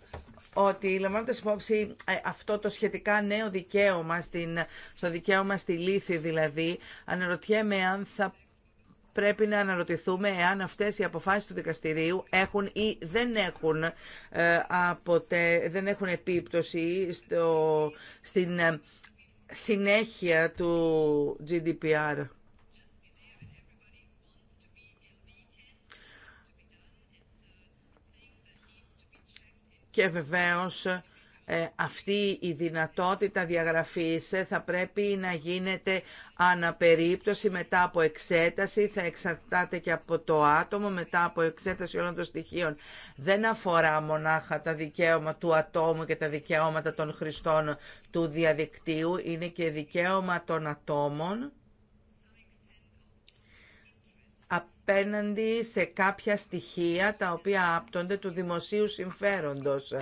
[SPEAKER 4] ότι λαμβάνοντα υπόψη ε, αυτό το σχετικά νέο δικαίωμα, στην, στο δικαίωμα στη λύθη δηλαδή, αναρωτιέμαι αν θα πρέπει να αναρωτηθούμε εάν αυτές οι αποφάσεις του δικαστηρίου έχουν ή δεν έχουν, ε, αποτε, δεν έχουν επίπτωση στο, στην ε, συνέχεια του GDPR. και βεβαίως ε, αυτή η δυνατότητα διαγραφής ε, θα πρέπει να γίνεται αναπερίπτωση μετά από εξέταση, θα εξαρτάται και από το άτομο μετά από εξέταση όλων των στοιχείων. Δεν αφορά μονάχα τα δικαίωμα του ατόμου και τα δικαιώματα των χρηστών του διαδικτύου, είναι και δικαίωμα των ατόμων απέναντι σε κάποια στοιχεία τα οποία άπτονται του δημοσίου συμφέροντος.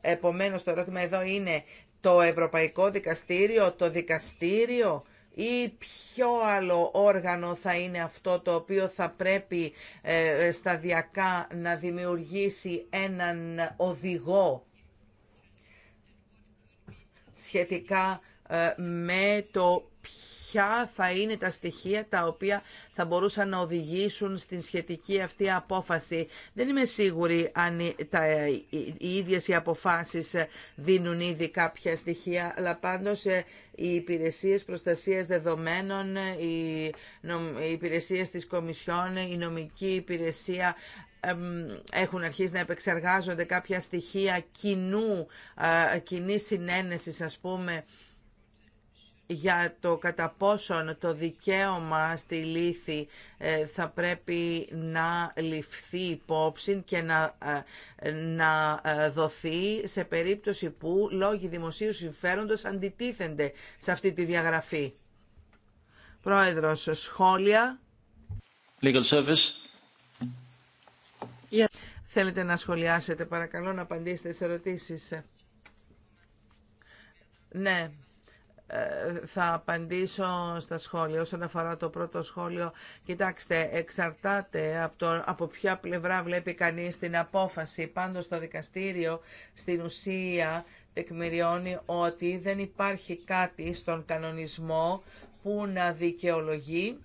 [SPEAKER 4] Επομένως το ερώτημα εδώ είναι το Ευρωπαϊκό Δικαστήριο, το Δικαστήριο ή ποιο άλλο όργανο θα είναι αυτό το οποίο θα πρέπει ε, σταδιακά να δημιουργήσει έναν οδηγό σχετικά ε, με το ποια θα είναι τα στοιχεία τα οποία θα μπορούσαν να οδηγήσουν στην σχετική αυτή απόφαση. Δεν είμαι σίγουρη αν οι ίδιες οι αποφάσεις δίνουν ήδη κάποια στοιχεία, αλλά πάντως ε, οι υπηρεσίες προστασίας δεδομένων, οι υπηρεσίες της Κομισιόν, η νομική υπηρεσία έχουν αρχίσει να επεξεργάζονται κάποια στοιχεία κοινού, ε, κοινής συνένεση ας πούμε, για το κατά πόσον το δικαίωμα στη λύθη ε, θα πρέπει να ληφθεί υπόψη και να, ε, να ε, δοθεί σε περίπτωση που λόγοι δημοσίου συμφέροντος αντιτίθενται σε αυτή τη διαγραφή. Πρόεδρος, σχόλια.
[SPEAKER 1] Legal service.
[SPEAKER 4] Θέλετε να σχολιάσετε, παρακαλώ, να απαντήσετε σε ερωτήσεις. Ναι. Ε, θα απαντήσω στα σχόλια. Όσον αφορά το πρώτο σχόλιο, κοιτάξτε, εξαρτάται από, ποια πλευρά βλέπει κανείς την απόφαση. Πάντως το δικαστήριο στην ουσία τεκμηριώνει ότι δεν υπάρχει κάτι στον κανονισμό που να δικαιολογεί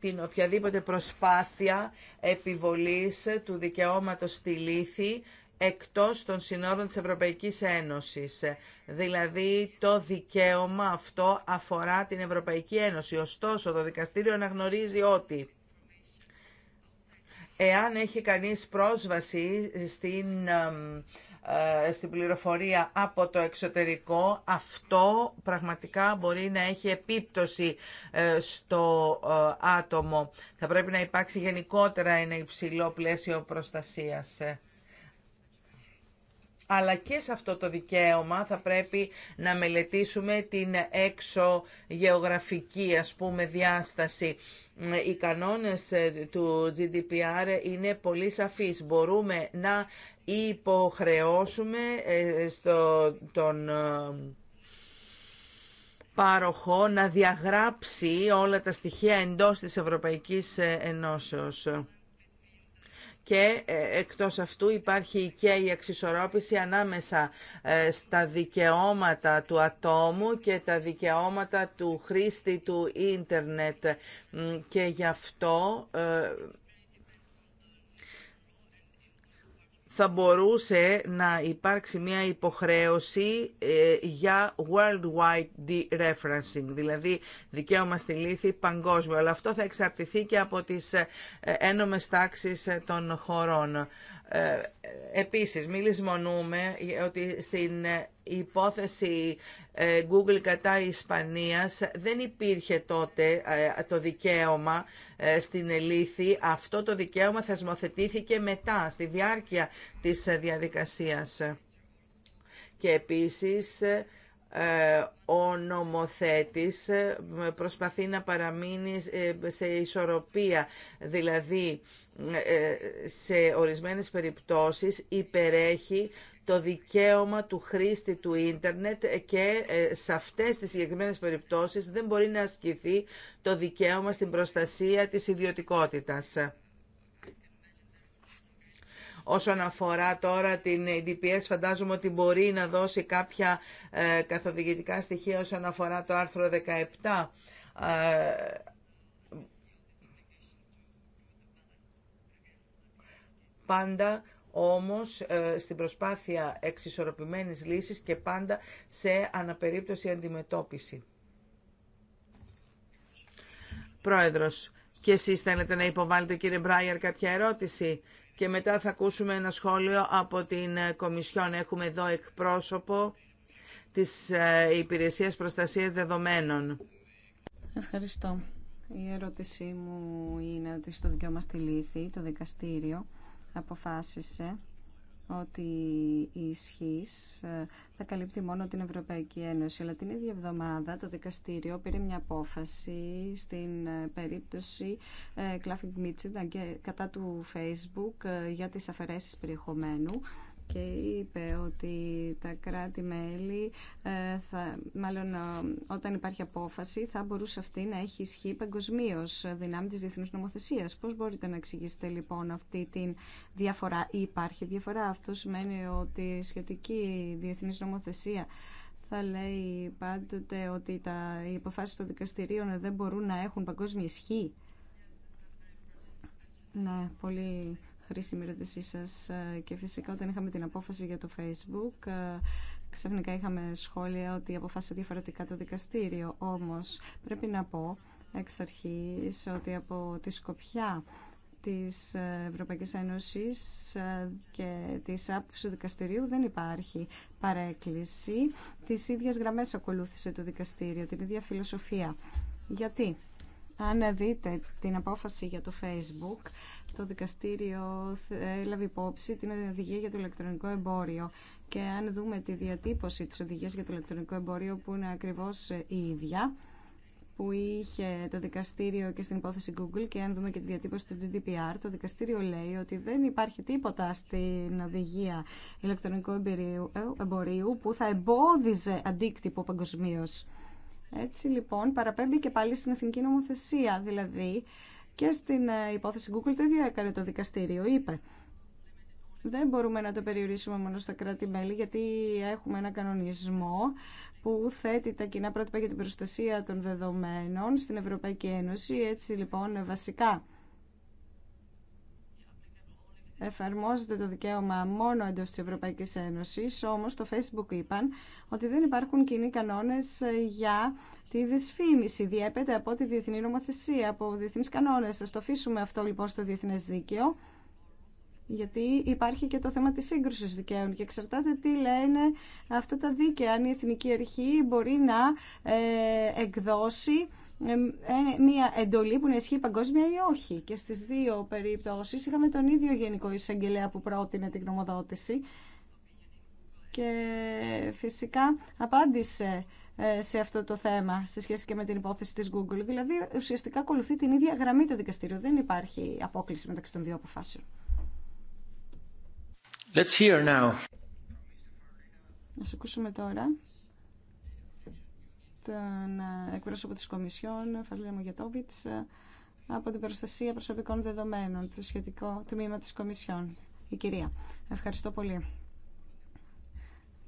[SPEAKER 4] την οποιαδήποτε προσπάθεια επιβολής του δικαιώματος στη λύθη εκτός των συνόρων της Ευρωπαϊκής Ένωσης. Δηλαδή το δικαίωμα αυτό αφορά την Ευρωπαϊκή Ένωση. Ωστόσο το δικαστήριο αναγνωρίζει ότι εάν έχει κανείς πρόσβαση στην, ε, στην πληροφορία από το εξωτερικό, αυτό πραγματικά μπορεί να έχει επίπτωση ε, στο ε, άτομο. Θα πρέπει να υπάρξει γενικότερα ένα υψηλό πλαίσιο προστασίας αλλά και σε αυτό το δικαίωμα θα πρέπει να μελετήσουμε την έξω γεωγραφική ας πούμε διάσταση. Οι κανόνες ε, του GDPR είναι πολύ σαφείς. Μπορούμε να υποχρεώσουμε ε, στο, τον ε, πάροχο να διαγράψει όλα τα στοιχεία εντός της Ευρωπαϊκής Ενώσεως και ε, εκτός αυτού υπάρχει και η εξισορρόπηση ανάμεσα ε, στα δικαιώματα του ατόμου και τα δικαιώματα του χρήστη του ίντερνετ και γι' αυτό ε, θα μπορούσε να υπάρξει μια υποχρέωση ε, για worldwide referencing, δηλαδή δικαίωμα στη λύθη παγκόσμιο. Αλλά αυτό θα εξαρτηθεί και από τις ε, ένομες τάξεις ε, των χωρών. Ε, επίσης, μην λησμονούμε ότι στην υπόθεση ε, Google κατά Ισπανίας δεν υπήρχε τότε ε, το δικαίωμα στην ελήθη. Αυτό το δικαίωμα θεσμοθετήθηκε μετά, στη διάρκεια της διαδικασίας. Και επίσης ε, ο νομοθέτης ε, προσπαθεί να παραμείνει ε, σε ισορροπία, δηλαδή σε ορισμένες περιπτώσεις υπερέχει το δικαίωμα του χρήστη του ίντερνετ και σε αυτές τις συγκεκριμένες περιπτώσεις δεν μπορεί να ασκηθεί το δικαίωμα στην προστασία της ιδιωτικότητας. Όσον αφορά τώρα την DPS, φαντάζομαι ότι μπορεί να δώσει κάποια ε, καθοδηγητικά στοιχεία όσον αφορά το άρθρο 17. Ε, πάντα όμως ε, στην προσπάθεια εξισορροπημένης λύσης και πάντα σε αναπερίπτωση αντιμετώπιση. Πρόεδρος, και εσείς θέλετε να υποβάλλετε κύριε Μπράιερ κάποια ερώτηση και μετά θα ακούσουμε ένα σχόλιο από την ε, Κομισιόν. Έχουμε εδώ εκπρόσωπο της ε, Υπηρεσίας Προστασίας Δεδομένων.
[SPEAKER 3] Ευχαριστώ. Η ερώτησή μου είναι ότι στο δικαίωμα στη το δικαστήριο αποφάσισε ότι η ισχύς ε, θα καλύπτει μόνο την Ευρωπαϊκή Ένωση. Αλλά την ίδια εβδομάδα το δικαστήριο πήρε μια απόφαση στην ε, περίπτωση ε, Κλάφιντ Μίτσιντα κατά του Facebook για τις αφαιρέσεις περιεχομένου και είπε ότι τα κράτη-μέλη, ε, μάλλον ε, όταν υπάρχει απόφαση, θα μπορούσε αυτή να έχει ισχύ παγκοσμίω ε, δυνάμει τη διεθνού νομοθεσία. Πώ μπορείτε να εξηγήσετε λοιπόν αυτή τη διαφορά, ή υπάρχει διαφορά. Αυτό σημαίνει ότι η σχετική διεθνή νομοθεσία θα λέει πάντοτε ότι τα, οι αποφάσεις των δικαστηρίων δεν μπορούν να έχουν παγκόσμια ισχύ. Ναι, πολύ χρήσιμη ερώτησή σας ε, και φυσικά όταν είχαμε την απόφαση για το Facebook ε, ξαφνικά είχαμε σχόλια ότι αποφάσισε διαφορετικά το δικαστήριο όμως πρέπει να πω εξ αρχής ότι από τη σκοπιά της Ευρωπαϊκής Ένωσης ε, και της άποψη του δικαστηρίου δεν υπάρχει παρέκκληση. Τις ίδιες γραμμές ακολούθησε το δικαστήριο, την ίδια φιλοσοφία. Γιατί αν δείτε την απόφαση για το Facebook, το δικαστήριο έλαβε υπόψη την οδηγία για το ηλεκτρονικό εμπόριο. Και αν δούμε τη διατύπωση της οδηγίας για το ηλεκτρονικό εμπόριο, που είναι ακριβώς ε, η ίδια, που είχε το δικαστήριο και στην υπόθεση Google και αν δούμε και τη διατύπωση του GDPR, το δικαστήριο λέει ότι δεν υπάρχει τίποτα στην οδηγία ηλεκτρονικού εμπορίου ε, που θα εμπόδιζε αντίκτυπο παγκοσμίω. Έτσι λοιπόν παραπέμπει και πάλι στην εθνική νομοθεσία, δηλαδή και στην ε, υπόθεση Google το ίδιο έκανε το δικαστήριο, είπε. Δεν μπορούμε να το περιορίσουμε μόνο στα κράτη-μέλη, γιατί έχουμε ένα κανονισμό που θέτει τα κοινά πρότυπα για την προστασία των δεδομένων στην Ευρωπαϊκή Ένωση. Έτσι λοιπόν βασικά εφαρμόζεται το δικαίωμα μόνο εντός της Ευρωπαϊκής Ένωσης, όμως το Facebook είπαν ότι δεν υπάρχουν κοινοί κανόνε ε, για τη δυσφήμιση. Διέπεται από τη διεθνή νομοθεσία, από διεθνεί κανόνες. Α το αφήσουμε αυτό λοιπόν στο διεθνές δίκαιο. Γιατί υπάρχει και το θέμα της σύγκρουσης δικαίων και εξαρτάται τι λένε αυτά τα δίκαια. Αν η Εθνική Αρχή μπορεί να ε, εκδώσει μια ε, εντολή που να ισχύει παγκόσμια ή όχι. Και στις δύο περιπτώσεις είχαμε τον ίδιο Γενικό Εισαγγελέα που πρότεινε την γνωμοδότηση και φυσικά απάντησε ε, σε αυτό το θέμα σε σχέση και με την υπόθεση της Google. Δηλαδή ουσιαστικά ακολουθεί την ίδια γραμμή το δικαστήριο. Δεν υπάρχει απόκληση μεταξύ των δύο αποφάσεων.
[SPEAKER 1] Let's hear now.
[SPEAKER 3] ακούσουμε τώρα τον ε, εκπρόσωπο της Κομισιόν, Φαρλίνα Μογιατόβιτς, ε, από την προστασία προσωπικών δεδομένων, το σχετικό τμήμα της Κομισιόν. Η κυρία. Ευχαριστώ πολύ.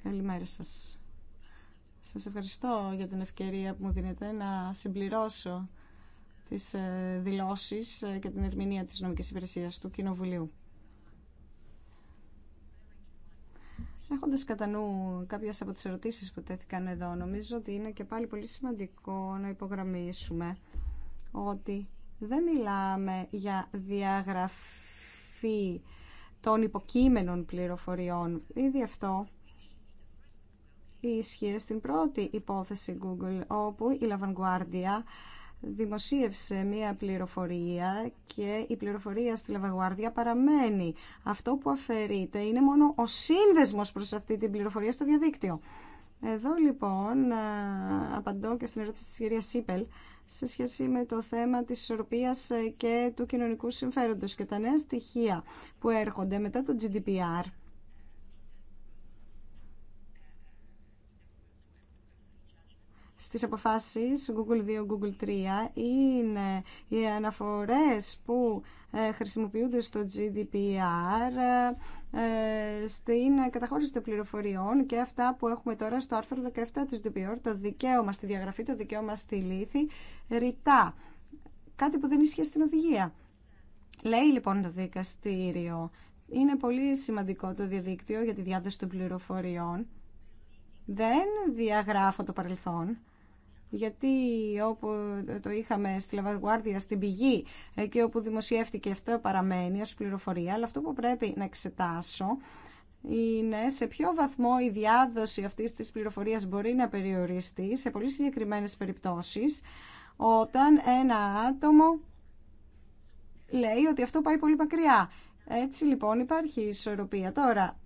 [SPEAKER 3] Καλημέρα σας. Σας ευχαριστώ για την ευκαιρία που μου δίνετε να συμπληρώσω τις ε, δηλώσεις και την ερμηνεία της νομικής υπηρεσίας του Κοινοβουλίου. Έχοντα κατά νου κάποιε από τι ερωτήσει που τέθηκαν εδώ, νομίζω ότι είναι και πάλι πολύ σημαντικό να υπογραμμίσουμε ότι δεν μιλάμε για διαγραφή των υποκείμενων πληροφοριών. Ήδη αυτό ίσχυε στην πρώτη υπόθεση Google, όπου η Λαβανγκουάρντια δημοσίευσε μία πληροφορία και η πληροφορία στη Λαβαγουάρδια παραμένει. Αυτό που αφαιρείται είναι μόνο ο σύνδεσμος προς αυτή την πληροφορία στο διαδίκτυο. Εδώ λοιπόν απαντώ και στην ερώτηση της κυρία Σίπελ σε σχέση με το θέμα της ισορροπίας ε, και του κοινωνικού συμφέροντος και τα νέα στοιχεία που έρχονται μετά το GDPR στις αποφάσεις Google 2, Google 3 είναι οι αναφορές που ε, χρησιμοποιούνται στο GDPR ε, στην καταχώρηση των πληροφοριών και αυτά που έχουμε τώρα στο άρθρο 17 του GDPR, το δικαίωμα στη διαγραφή, το δικαίωμα στη λύθη, ρητά. Κάτι που δεν ισχύει στην οδηγία. Λέει λοιπόν το δικαστήριο, είναι πολύ σημαντικό το διαδίκτυο για τη διάδοση των πληροφοριών. Δεν διαγράφω το παρελθόν γιατί όπου το είχαμε στη Λαβαργουάρδια, στην πηγή, ε, και όπου δημοσιεύτηκε αυτό παραμένει ως πληροφορία, αλλά αυτό που πρέπει να εξετάσω είναι σε ποιο βαθμό η διάδοση αυτής της πληροφορίας μπορεί να περιοριστεί σε πολύ συγκεκριμένες περιπτώσεις όταν ένα άτομο λέει ότι αυτό πάει πολύ μακριά. Έτσι λοιπόν υπάρχει ισορροπία. Τώρα,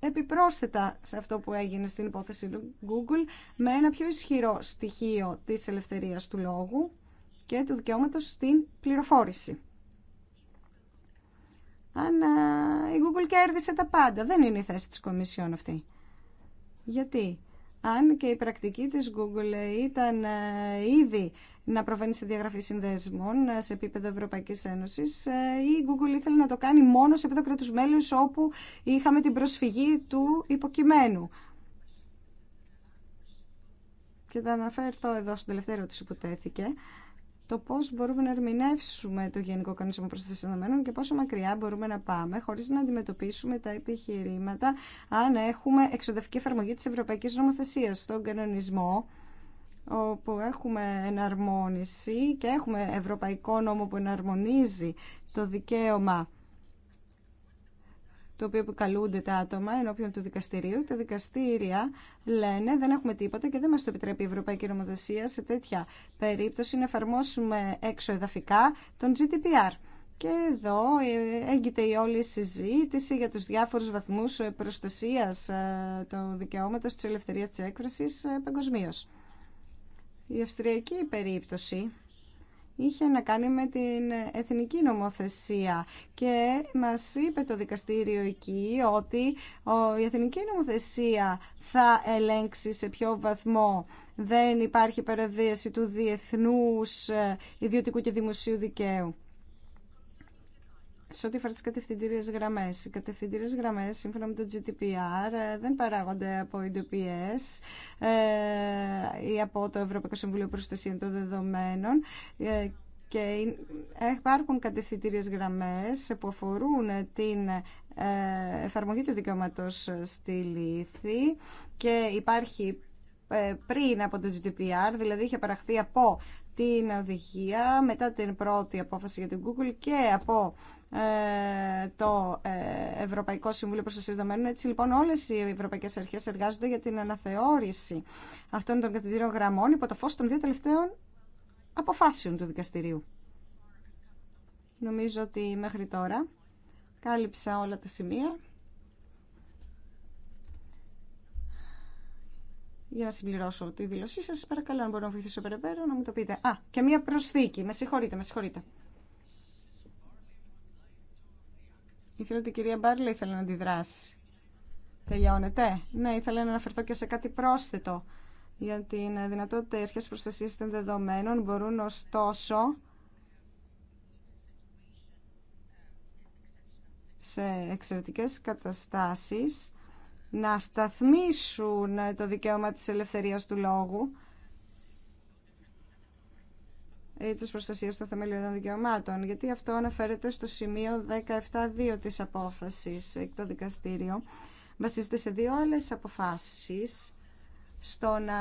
[SPEAKER 3] επιπρόσθετα σε αυτό που έγινε στην υπόθεση Google με ένα πιο ισχυρό στοιχείο της ελευθερίας του λόγου και του δικαιώματος στην πληροφόρηση. Αν η Google κέρδισε τα πάντα, δεν είναι η θέση της Κομισιόν αυτή. Γιατί αν και η πρακτική της Google ήταν ε, ήδη να προβαίνει σε διαγραφή συνδέσμων ε, σε επίπεδο Ευρωπαϊκής Ένωσης ε, η Google ήθελε να το κάνει μόνο σε επίπεδο κράτους μέλους όπου είχαμε την προσφυγή του υποκειμένου. Και θα αναφέρθω εδώ στην τελευταίο ερώτηση που το πώς μπορούμε να ερμηνεύσουμε το Γενικό Κανονισμό Προστασία Δεδομένων και πόσο μακριά μπορούμε να πάμε χωρίς να αντιμετωπίσουμε τα επιχειρήματα αν έχουμε εξοδευτική εφαρμογή τη Ευρωπαϊκή Νομοθεσία, στον κανονισμό όπου έχουμε εναρμόνιση και έχουμε ευρωπαϊκό νόμο που εναρμονίζει το δικαίωμα το οποίο επικαλούνται τα άτομα ενώπιον του δικαστηρίου. Τα δικαστήρια λένε δεν έχουμε τίποτα και δεν μας το επιτρέπει η Ευρωπαϊκή Νομοθεσία σε τέτοια περίπτωση να εφαρμόσουμε έξω εδαφικά τον GDPR. Και εδώ έγκυται η όλη συζήτηση για τους διάφορους βαθμούς προστασίας ε, του δικαιώματος της ελευθερίας της έκφρασης ε, παγκοσμίω. Η αυστριακή περίπτωση είχε να κάνει με την εθνική νομοθεσία και μας είπε το δικαστήριο εκεί ότι η εθνική νομοθεσία θα ελέγξει σε ποιο βαθμό δεν υπάρχει παραβίαση του διεθνούς ε, ιδιωτικού και δημοσίου δικαίου σε ό,τι αφορά τι κατευθυντήριε γραμμέ. Οι κατευθυντήριε γραμμέ, σύμφωνα με το GDPR, ε, δεν παράγονται από ε, ή από το Ευρωπαϊκό Συμβούλιο Προστασία των Δεδομένων ε, και υπάρχουν κατευθυντήριες γραμμές που αφορούν την ε, εφαρμογή του δικαιώματος στη λύθη και υπάρχει πριν από το GDPR, δηλαδή είχε παραχθεί από την οδηγία μετά την πρώτη απόφαση για την Google και από ε, το ε, Ευρωπαϊκό Συμβούλιο Προστασίας Δεδομένων. Έτσι λοιπόν όλες οι ευρωπαϊκές αρχές εργάζονται για την αναθεώρηση αυτών των κατηδίων γραμμών υπό το φως των δύο τελευταίων αποφάσεων του δικαστηρίου. Νομίζω ότι μέχρι τώρα κάλυψα όλα τα σημεία. για να συμπληρώσω τη δήλωσή σα, Παρακαλώ, αν μπορώ να βοηθήσω περαιτέρω, να μου το πείτε. Α, και μία προσθήκη. Με συγχωρείτε, με συγχωρείτε. Ήθελα ότι η κυρία Μπάρλε ήθελε να αντιδράσει. Τελειώνεται. Ναι, ήθελα να αναφερθώ και σε κάτι πρόσθετο. Για την δυνατότητα αρχέ προστασία των δεδομένων μπορούν ωστόσο σε εξαιρετικές καταστάσεις να σταθμίσουν το δικαίωμα της ελευθερίας του λόγου ή της προστασίας των θεμελιωδών δικαιωμάτων, γιατί αυτό αναφέρεται στο σημείο 17.2 της απόφασης το δικαστήριο. Βασίζεται σε δύο άλλες αποφάσεις στο να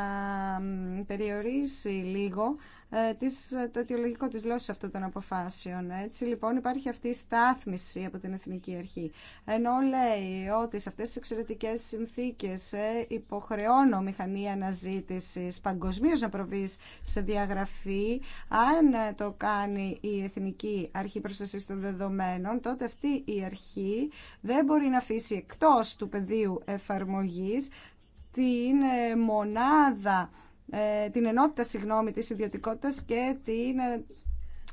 [SPEAKER 3] περιορίσει λίγο ε, της, το αιτιολογικό της γλώσσας αυτών των αποφάσεων. Έτσι λοιπόν υπάρχει αυτή η στάθμιση από την Εθνική Αρχή. Ενώ λέει ότι σε αυτές τις εξαιρετικές συνθήκες ε, υποχρεώνω μηχανή αναζήτησης παγκοσμίω να προβεί σε διαγραφή, αν ε, το κάνει η Εθνική Αρχή Προστασίας των Δεδομένων, τότε αυτή η αρχή δεν μπορεί να αφήσει εκτός του πεδίου εφαρμογής την μονάδα ε, την ενότητα συγγνώμη, της ιδιωτικότητας και την ε,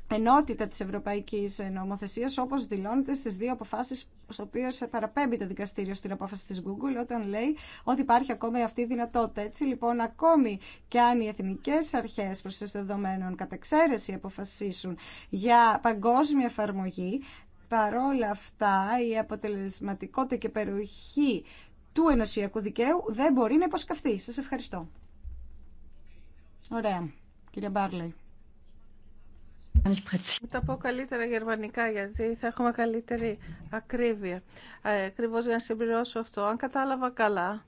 [SPEAKER 3] ενότητα της Ευρωπαϊκής Νομοθεσίας όπως δηλώνεται στις δύο αποφάσεις στις οποίες παραπέμπει το δικαστήριο στην απόφαση της Google όταν λέει ότι υπάρχει ακόμα αυτή η δυνατότητα. Έτσι λοιπόν ακόμη και αν οι εθνικές αρχές τις δεδομένων κατά εξαίρεση αποφασίσουν για παγκόσμια εφαρμογή παρόλα αυτά η αποτελεσματικότητα και περιοχή του ενωσιακού δικαίου δεν μπορεί να υποσκαφτεί. Σας ευχαριστώ. Ωραία. Κύριε Μπάρλεϊ.
[SPEAKER 2] Θα πω καλύτερα γερμανικά γιατί θα έχουμε καλύτερη ακρίβεια. Ε, Ακριβώ για να συμπληρώσω αυτό. Αν κατάλαβα καλά,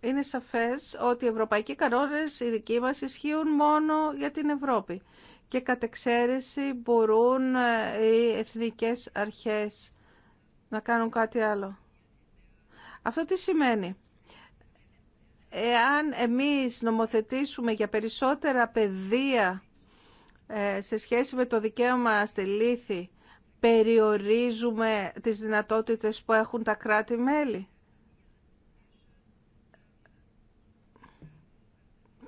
[SPEAKER 2] είναι σαφές ότι οι ευρωπαϊκοί κανόνες οι δικοί μας ισχύουν μόνο για την Ευρώπη και κατ' εξαίρεση μπορούν ε, οι εθνικές αρχές να κάνουν κάτι άλλο. Αυτό τι σημαίνει. Εάν εμείς νομοθετήσουμε για περισσότερα παιδεία ε, σε σχέση με το δικαίωμα στη λύθη, περιορίζουμε τις δυνατότητες που έχουν τα κράτη-μέλη.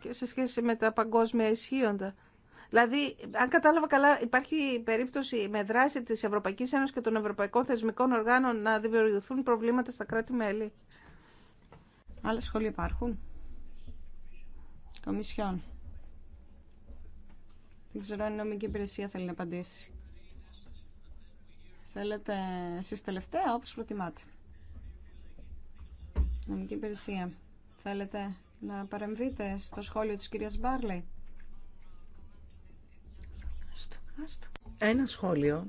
[SPEAKER 2] Και σε σχέση με τα παγκόσμια ισχύοντα. Δηλαδή, αν κατάλαβα καλά, υπάρχει περίπτωση με δράση τη Ευρωπαϊκή Ένωση και των Ευρωπαϊκών Θεσμικών Οργάνων να δημιουργηθούν προβλήματα στα κράτη-μέλη.
[SPEAKER 3] Άλλα σχόλια υπάρχουν. Κομισιόν. Δεν ξέρω αν η νομική υπηρεσία θέλει να απαντήσει. Θέλετε εσεί τελευταία, όπω προτιμάτε. Νομική υπηρεσία. Θέλετε να παρεμβείτε στο σχόλιο της κυρίας Μπάρλεϊ.
[SPEAKER 4] Ένα σχόλιο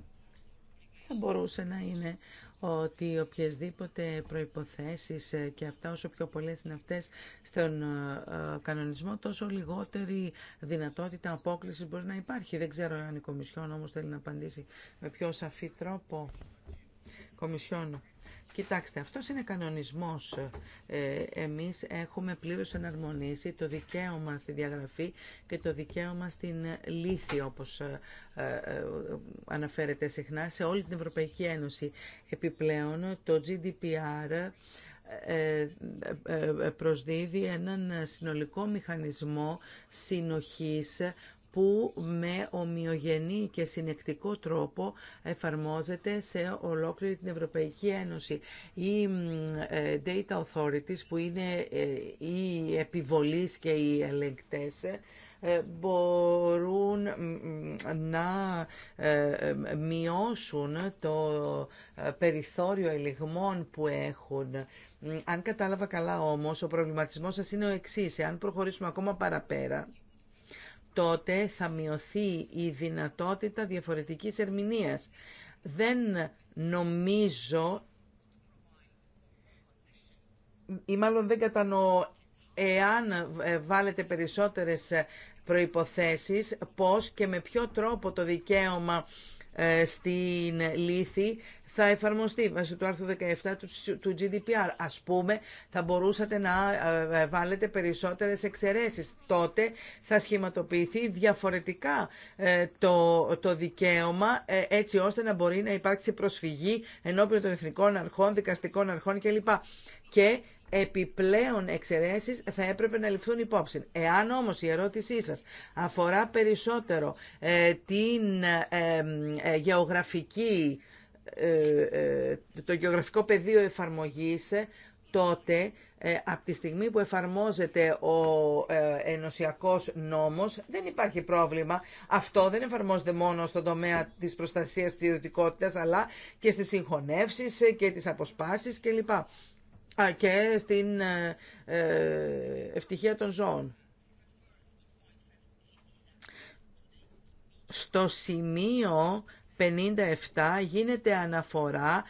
[SPEAKER 4] θα μπορούσε να είναι ότι οποιασδήποτε προϋποθέσεις ε, και αυτά όσο πιο πολλές είναι αυτές στον ε, ε, κανονισμό τόσο λιγότερη δυνατότητα απόκλησης μπορεί να υπάρχει. Δεν ξέρω αν η Κομισιόν όμως θέλει να απαντήσει με πιο σαφή τρόπο. Κομισιόν. Κοιτάξτε, αυτός είναι κανονισμός. Ε, εμείς έχουμε πλήρως εναρμονίσει το δικαίωμα στη διαγραφή και το δικαίωμα στην λύθη, όπως ε, ε, αναφέρεται συχνά, σε όλη την Ευρωπαϊκή Ένωση. Επιπλέον, το GDPR προσδίδει έναν συνολικό μηχανισμό συνοχής που με ομοιογενή και συνεκτικό τρόπο εφαρμόζεται σε ολόκληρη την Ευρωπαϊκή Ένωση. Οι ε, data authorities που είναι ε, οι επιβολείς και οι ελεγκτές ε, μπορούν να μειώσουν το περιθώριο ελιγμών που έχουν. Αν κατάλαβα καλά όμως, ο προβληματισμός σας είναι ο εξής. Αν προχωρήσουμε ακόμα παραπέρα, τότε θα μειωθεί η δυνατότητα διαφορετικής ερμηνείας. Δεν νομίζω ή μάλλον δεν κατανοώ εάν ε, βάλετε περισσότερες ε, προϋποθέσεις πώς και με ποιο τρόπο το δικαίωμα ε, στην λύθη θα εφαρμοστεί βάσει του άρθρου 17 του GDPR. Ας πούμε, θα μπορούσατε να ε, ε, βάλετε περισσότερες εξαιρέσεις. Τότε θα σχηματοποιηθεί διαφορετικά ε, το, το δικαίωμα έτσι ώστε να μπορεί να υπάρξει προσφυγή ενώπιον των εθνικών αρχών, δικαστικών αρχών κλπ. Και επιπλέον εξαιρέσει θα έπρεπε να ληφθούν υπόψη. Εάν όμως η ερώτησή σας αφορά περισσότερο την γεωγραφική ε, ε, το γεωγραφικό πεδίο εφαρμογής ε, τότε από τη στιγμή που εφαρμόζεται ο ε, ενωσιακός νόμος δεν υπάρχει πρόβλημα. Αυτό δεν εφαρμόζεται μόνο στον τομέα της προστασίας της ιδιωτικότητας αλλά και στις συγχωνεύσεις και τις αποσπάσεις κλπ. Α, και στην ευτυχία των ζώων. Στο σημείο 57 γίνεται αναφορά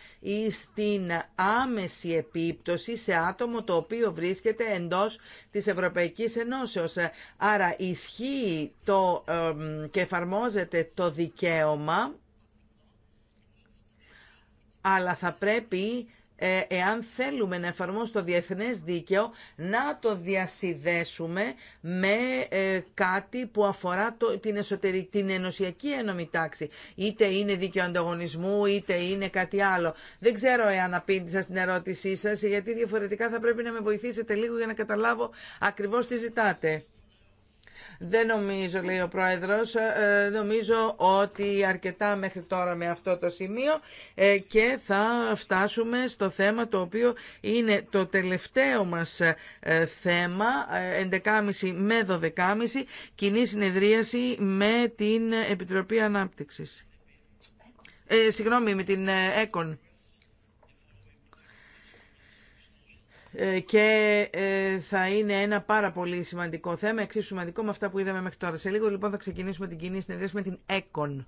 [SPEAKER 4] στην άμεση επίπτωση σε άτομο το οποίο βρίσκεται εντός της Ευρωπαϊκής Ενώσεως. Άρα ισχύει το, ε, και εφαρμόζεται το δικαίωμα, αλλά θα πρέπει ε, εάν θέλουμε να εφαρμόσουμε το διεθνές δίκαιο, να το διασυδέσουμε με ε, κάτι που αφορά το, την, εσωτερική, την ενωσιακή ένωμη τάξη. Είτε είναι δίκαιο ανταγωνισμού, είτε είναι κάτι άλλο. Δεν ξέρω εάν απήντησα στην ερώτησή σας, γιατί διαφορετικά θα πρέπει να με βοηθήσετε λίγο για να καταλάβω ακριβώς τι ζητάτε. Δεν νομίζω, λέει ο Πρόεδρος, ε, ε, νομίζω ότι αρκετά μέχρι τώρα με αυτό το σημείο ε, και θα φτάσουμε στο θέμα το οποίο είναι το τελευταίο μας θέμα, 11.30 με 12.30, κοινή συνεδρίαση με την Επιτροπή Ανάπτυξης. Ε, συγγνώμη, με την ΕΚΟΝ. Ε, και ε, θα είναι ένα πάρα πολύ σημαντικό θέμα, εξίσου σημαντικό με αυτά που είδαμε μέχρι τώρα. Σε λίγο λοιπόν θα ξεκινήσουμε την κοινή συνεδρίαση με την ΕΚΟΝ.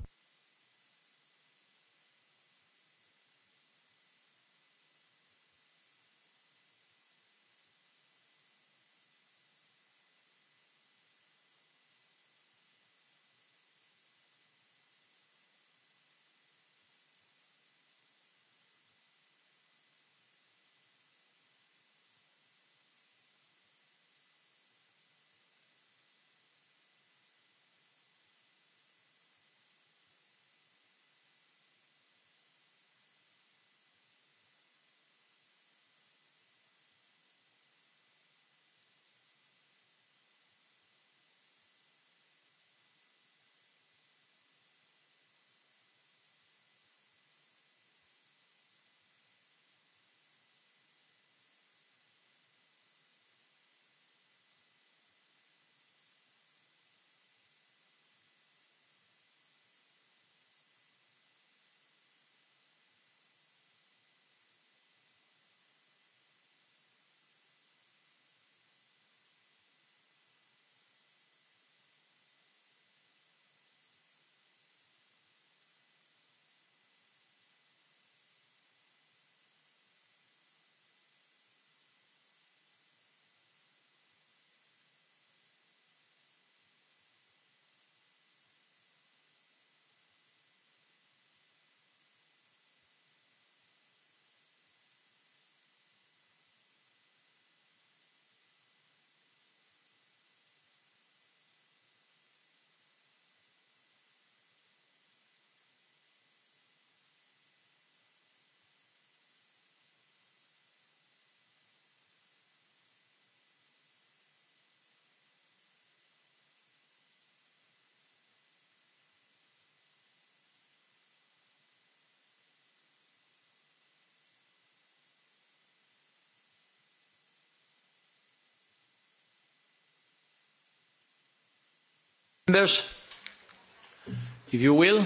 [SPEAKER 1] if you will,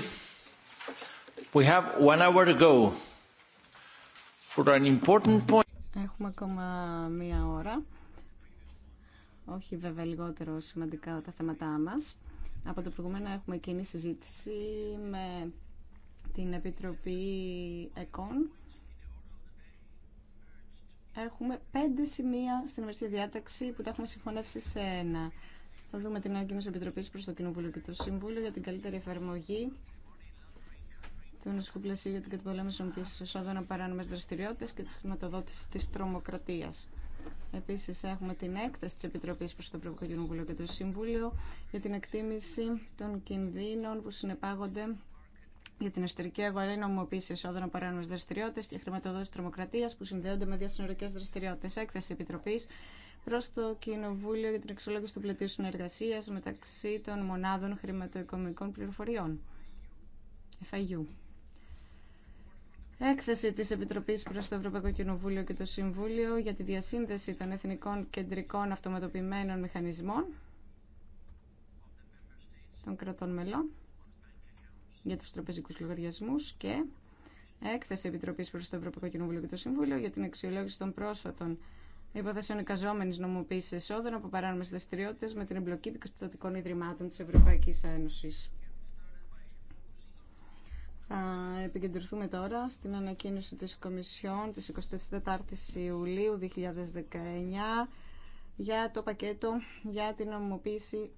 [SPEAKER 1] we have one hour to go for an important point.
[SPEAKER 3] Έχουμε ακόμα μία ώρα. Όχι βέβαια λιγότερο σημαντικά τα θέματά μας. Από το προηγούμενο έχουμε κοινή συζήτηση με την Επιτροπή ΕΚΟΝ. Έχουμε πέντε σημεία στην ημερήσια διάταξη που τα έχουμε συμφωνεύσει σε ένα. Θα δούμε την ανακοίνωση Επιτροπή προ το Κοινοβούλιο και το Σύμβουλιο για την καλύτερη εφαρμογή του νοσικού πλαισίου για την κατηπολέμηση των εσόδων παράνομε δραστηριότητε και τη χρηματοδότηση τη τρομοκρατία. Επίση, έχουμε την έκθεση τη Επιτροπή προ το Ευρωπαϊκό Κοινοβούλιο και το Σύμβουλιο για την εκτίμηση των κινδύνων που συνεπάγονται για την εσωτερική αγορά, η νομιμοποίηση εσόδων παράνομε δραστηριότητε και χρηματοδότηση τρομοκρατία που συνδέονται με διασυνορικέ δραστηριότητε. έκθεση Επιτροπή προ το Κοινοβούλιο για την εξολόγηση του πλατείου συνεργασία μεταξύ των μονάδων χρηματοοικονομικών πληροφοριών. FIU. Έκθεση της Επιτροπής προς το Ευρωπαϊκό Κοινοβούλιο και το Συμβούλιο για τη διασύνδεση των εθνικών κεντρικών αυτοματοποιημένων μηχανισμών των κρατών μελών για τους τραπεζικούς λογαριασμούς και έκθεση Επιτροπής προς το Ευρωπαϊκό Κοινοβούλιο και το Συμβούλιο για την αξιολόγηση των πρόσφατων υπόθεση ονικαζόμενη νομοποίηση εσόδων από παράνομε δραστηριότητε με την εμπλοκή δικαστικών ιδρυμάτων τη Ευρωπαϊκή Ένωση. Θα επικεντρωθούμε τώρα στην ανακοίνωση της Κομισιόν της 24 Ιουλίου 2019 για το πακέτο για την νομοποίηση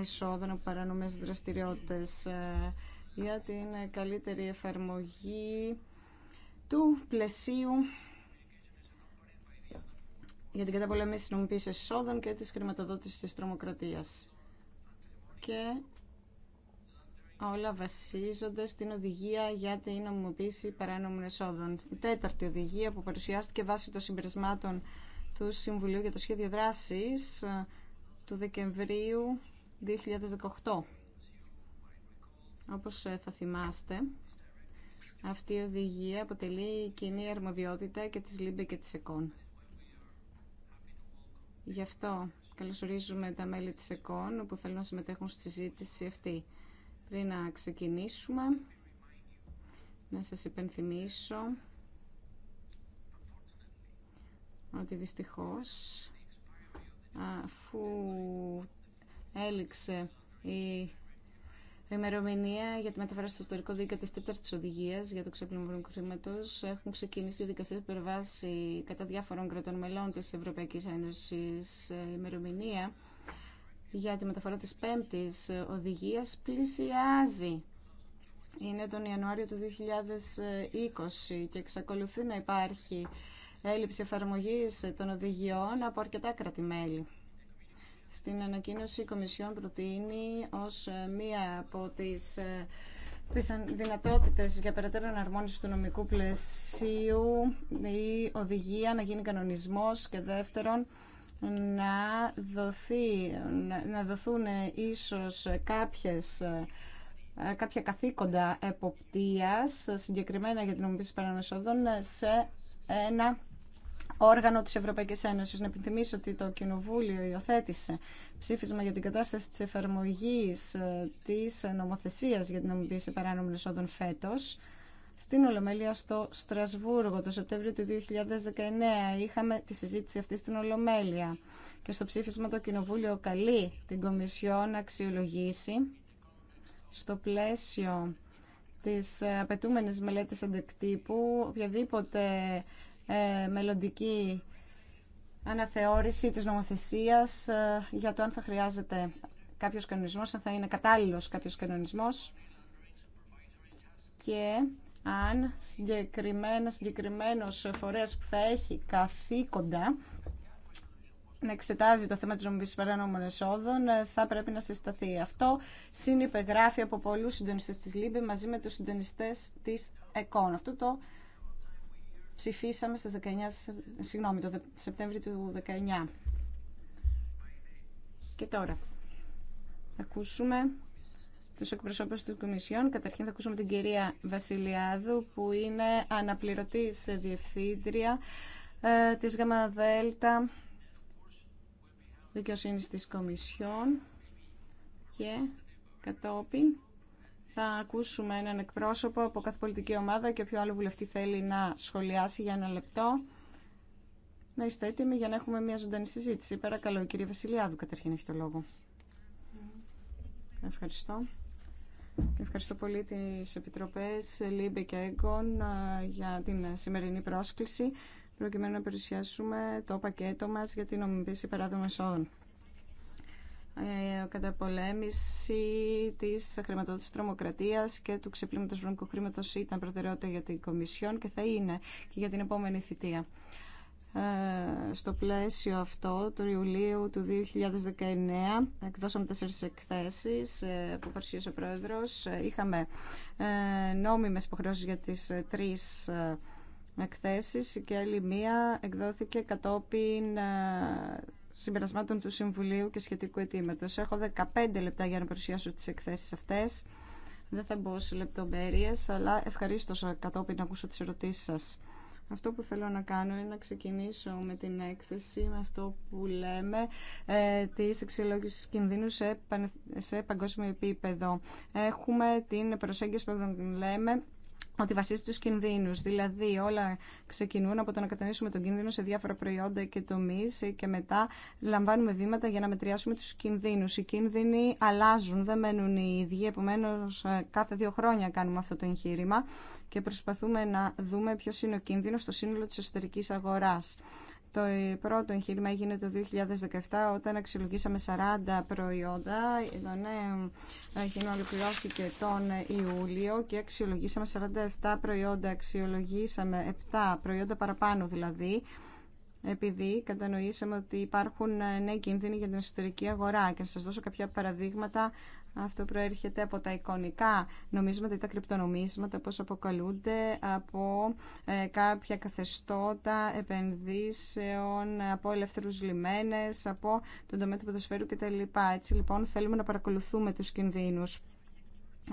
[SPEAKER 3] εσόδων από παράνομες δραστηριότητες ε, για την καλύτερη εφαρμογή του πλαισίου για την καταπολέμηση νομιμοποίηση εσόδων και της χρηματοδότησης της τρομοκρατίας. Και όλα βασίζονται στην οδηγία για την νομιμοποίηση παράνομων εσόδων. Η τέταρτη οδηγία που παρουσιάστηκε βάσει των συμπερισμάτων του Συμβουλίου για το Σχέδιο Δράσης ε, του Δεκεμβρίου 2018. Όπως ε, θα θυμάστε, αυτή η οδηγία αποτελεί κοινή αρμοδιότητα και της ΛΥΜΠΕ και της ΕΚΟΝ. Γι' αυτό καλωσορίζουμε τα μέλη της ΕΚΟΝ που θέλουν να συμμετέχουν στη συζήτηση αυτή. Πριν να ξεκινήσουμε, να σας υπενθυμίσω ότι δυστυχώς αφού έληξε η η ε, ημερομηνία για τη μεταφορά στο ιστορικό δίκαιο τη τέταρτη οδηγία για το ξέπλυμα κρίματο. έχουν ξεκινήσει τη δικασία υπερβάση κατά διάφορων κρατών μελών τη Ευρωπαϊκή Ένωση. Η ημερομηνία για τη μεταφορά τη πέμπτη οδηγία πλησιάζει. Είναι τον Ιανουάριο του 2020 και εξακολουθεί να υπάρχει έλλειψη εφαρμογής των οδηγιών από αρκετά κράτη-μέλη. Στην ανακοίνωση η Κομισιόν προτείνει ως ε, μία από τις ε, δυνατότητες για περαιτέρω εναρμόνιση του νομικού πλαισίου η οδηγία να γίνει κανονισμός και δεύτερον να, δοθεί, να δοθούν ε, ίσως κάποιες κάποια καθήκοντα εποπτείας συγκεκριμένα για την νομοποίηση παραμεσόδων, σε ένα όργανο της Ευρωπαϊκής Ένωσης. Να επιθυμίσω ότι το Κοινοβούλιο υιοθέτησε ψήφισμα για την κατάσταση της εφαρμογής ε, της νομοθεσίας για την σε παράνομων εσόδων φέτος στην Ολομέλεια στο Στρασβούργο το Σεπτέμβριο του 2019. Είχαμε τη συζήτηση αυτή στην Ολομέλεια και στο ψήφισμα το Κοινοβούλιο καλεί την Κομισιόν να αξιολογήσει στο πλαίσιο της ε, απαιτούμενης μελέτης αντεκτύπου οποιαδήποτε ε, μελλοντική αναθεώρηση της νομοθεσίας ε, για το αν θα χρειάζεται κάποιος κανονισμός, αν θα είναι κατάλληλος κάποιος κανονισμός και αν συγκεκριμένο, συγκεκριμένος φορέας που θα έχει καθήκοντα να εξετάζει το θέμα της νομικής παράνομων εσόδων ε, θα πρέπει να συσταθεί. Αυτό συνυπεγράφει από πολλούς συντονιστές της ΛΥΜΠΗ μαζί με τους συντονιστές της ΕΚΟΝ. Αυτό το ψηφίσαμε στις 19, συγγνώμη, το Σεπτέμβριο του 19. Και τώρα, θα ακούσουμε τους εκπροσώπους του Κομισιόν. Καταρχήν θα ακούσουμε την κυρία Βασιλιάδου, που είναι αναπληρωτής διευθύντρια ε, της Δέλτα, Δικαιοσύνης της Κομισιόν και κατόπιν θα ακούσουμε έναν εκπρόσωπο από κάθε πολιτική ομάδα και όποιο άλλο βουλευτή θέλει να σχολιάσει για ένα λεπτό. Να είστε έτοιμοι για να έχουμε μια ζωντανή συζήτηση. Παρακαλώ, η κυρία Βασιλιάδου, καταρχήν έχει το λόγο. Ευχαριστώ. Ευχαριστώ πολύ τις Επιτροπές Λίμπε και Έγκον για την σημερινή πρόσκληση προκειμένου να παρουσιάσουμε το πακέτο μας για την ομιμπήση παράδομα εσόδων. Ε, καταπολέμηση της χρηματοδότησης τρομοκρατίας και του ξεπλήματος βρονικού χρήματο ήταν προτεραιότητα για την Κομισιόν και θα είναι και για την επόμενη θητεία. Ε, στο πλαίσιο αυτό του Ιουλίου του 2019 εκδώσαμε τέσσερις εκθέσεις ε, που παρουσίασε ο Πρόεδρος. Είχαμε νόμιμες υποχρεώσεις για τις τρεις εκθέσεις και άλλη μία εκδόθηκε κατόπιν συμπερασμάτων του Συμβουλίου και σχετικού αιτήματο. Έχω 15 λεπτά για να παρουσιάσω τι εκθέσει αυτέ. Δεν θα μπω σε λεπτομέρειε, αλλά ευχαρίστω κατόπιν να ακούσω τι ερωτήσει σα. Αυτό που θέλω να κάνω είναι να ξεκινήσω με την έκθεση, με αυτό που λέμε, ε, της κινδύνου σε, παγκόσμιο επίπεδο. Έχουμε την προσέγγιση που λέμε ότι βασίζεται στους κινδύνους. Δηλαδή όλα ξεκινούν από το να κατανοήσουμε τον κίνδυνο σε διάφορα προϊόντα και τομείς και μετά λαμβάνουμε βήματα για να μετριάσουμε τους κινδύνους. Οι κίνδυνοι αλλάζουν, δεν μένουν οι ίδιοι, επομένως ε, κάθε δύο χρόνια κάνουμε αυτό το εγχείρημα και προσπαθούμε να δούμε ποιος είναι ο κίνδυνος στο σύνολο της εσωτερικής αγοράς. Το πρώτο εγχείρημα έγινε το 2017 όταν αξιολογήσαμε 40 προϊόντα. Το νέο ναι, εγχείρημα ολοκληρώθηκε τον Ιούλιο και αξιολογήσαμε 47 προϊόντα. Αξιολογήσαμε 7 προϊόντα παραπάνω δηλαδή επειδή κατανοήσαμε ότι υπάρχουν ε, νέοι κίνδυνοι για την εσωτερική αγορά. Και να σας δώσω κάποια παραδείγματα αυτό προέρχεται από τα εικονικά νομίσματα ή τα κρυπτονομίσματα, πώς αποκαλούνται, από ε, κάποια καθεστώτα επενδύσεων, από ελεύθερους λιμένες, από τον τομέα του ποδοσφαίρου κτλ. Έτσι λοιπόν θέλουμε να παρακολουθούμε τους κινδύνους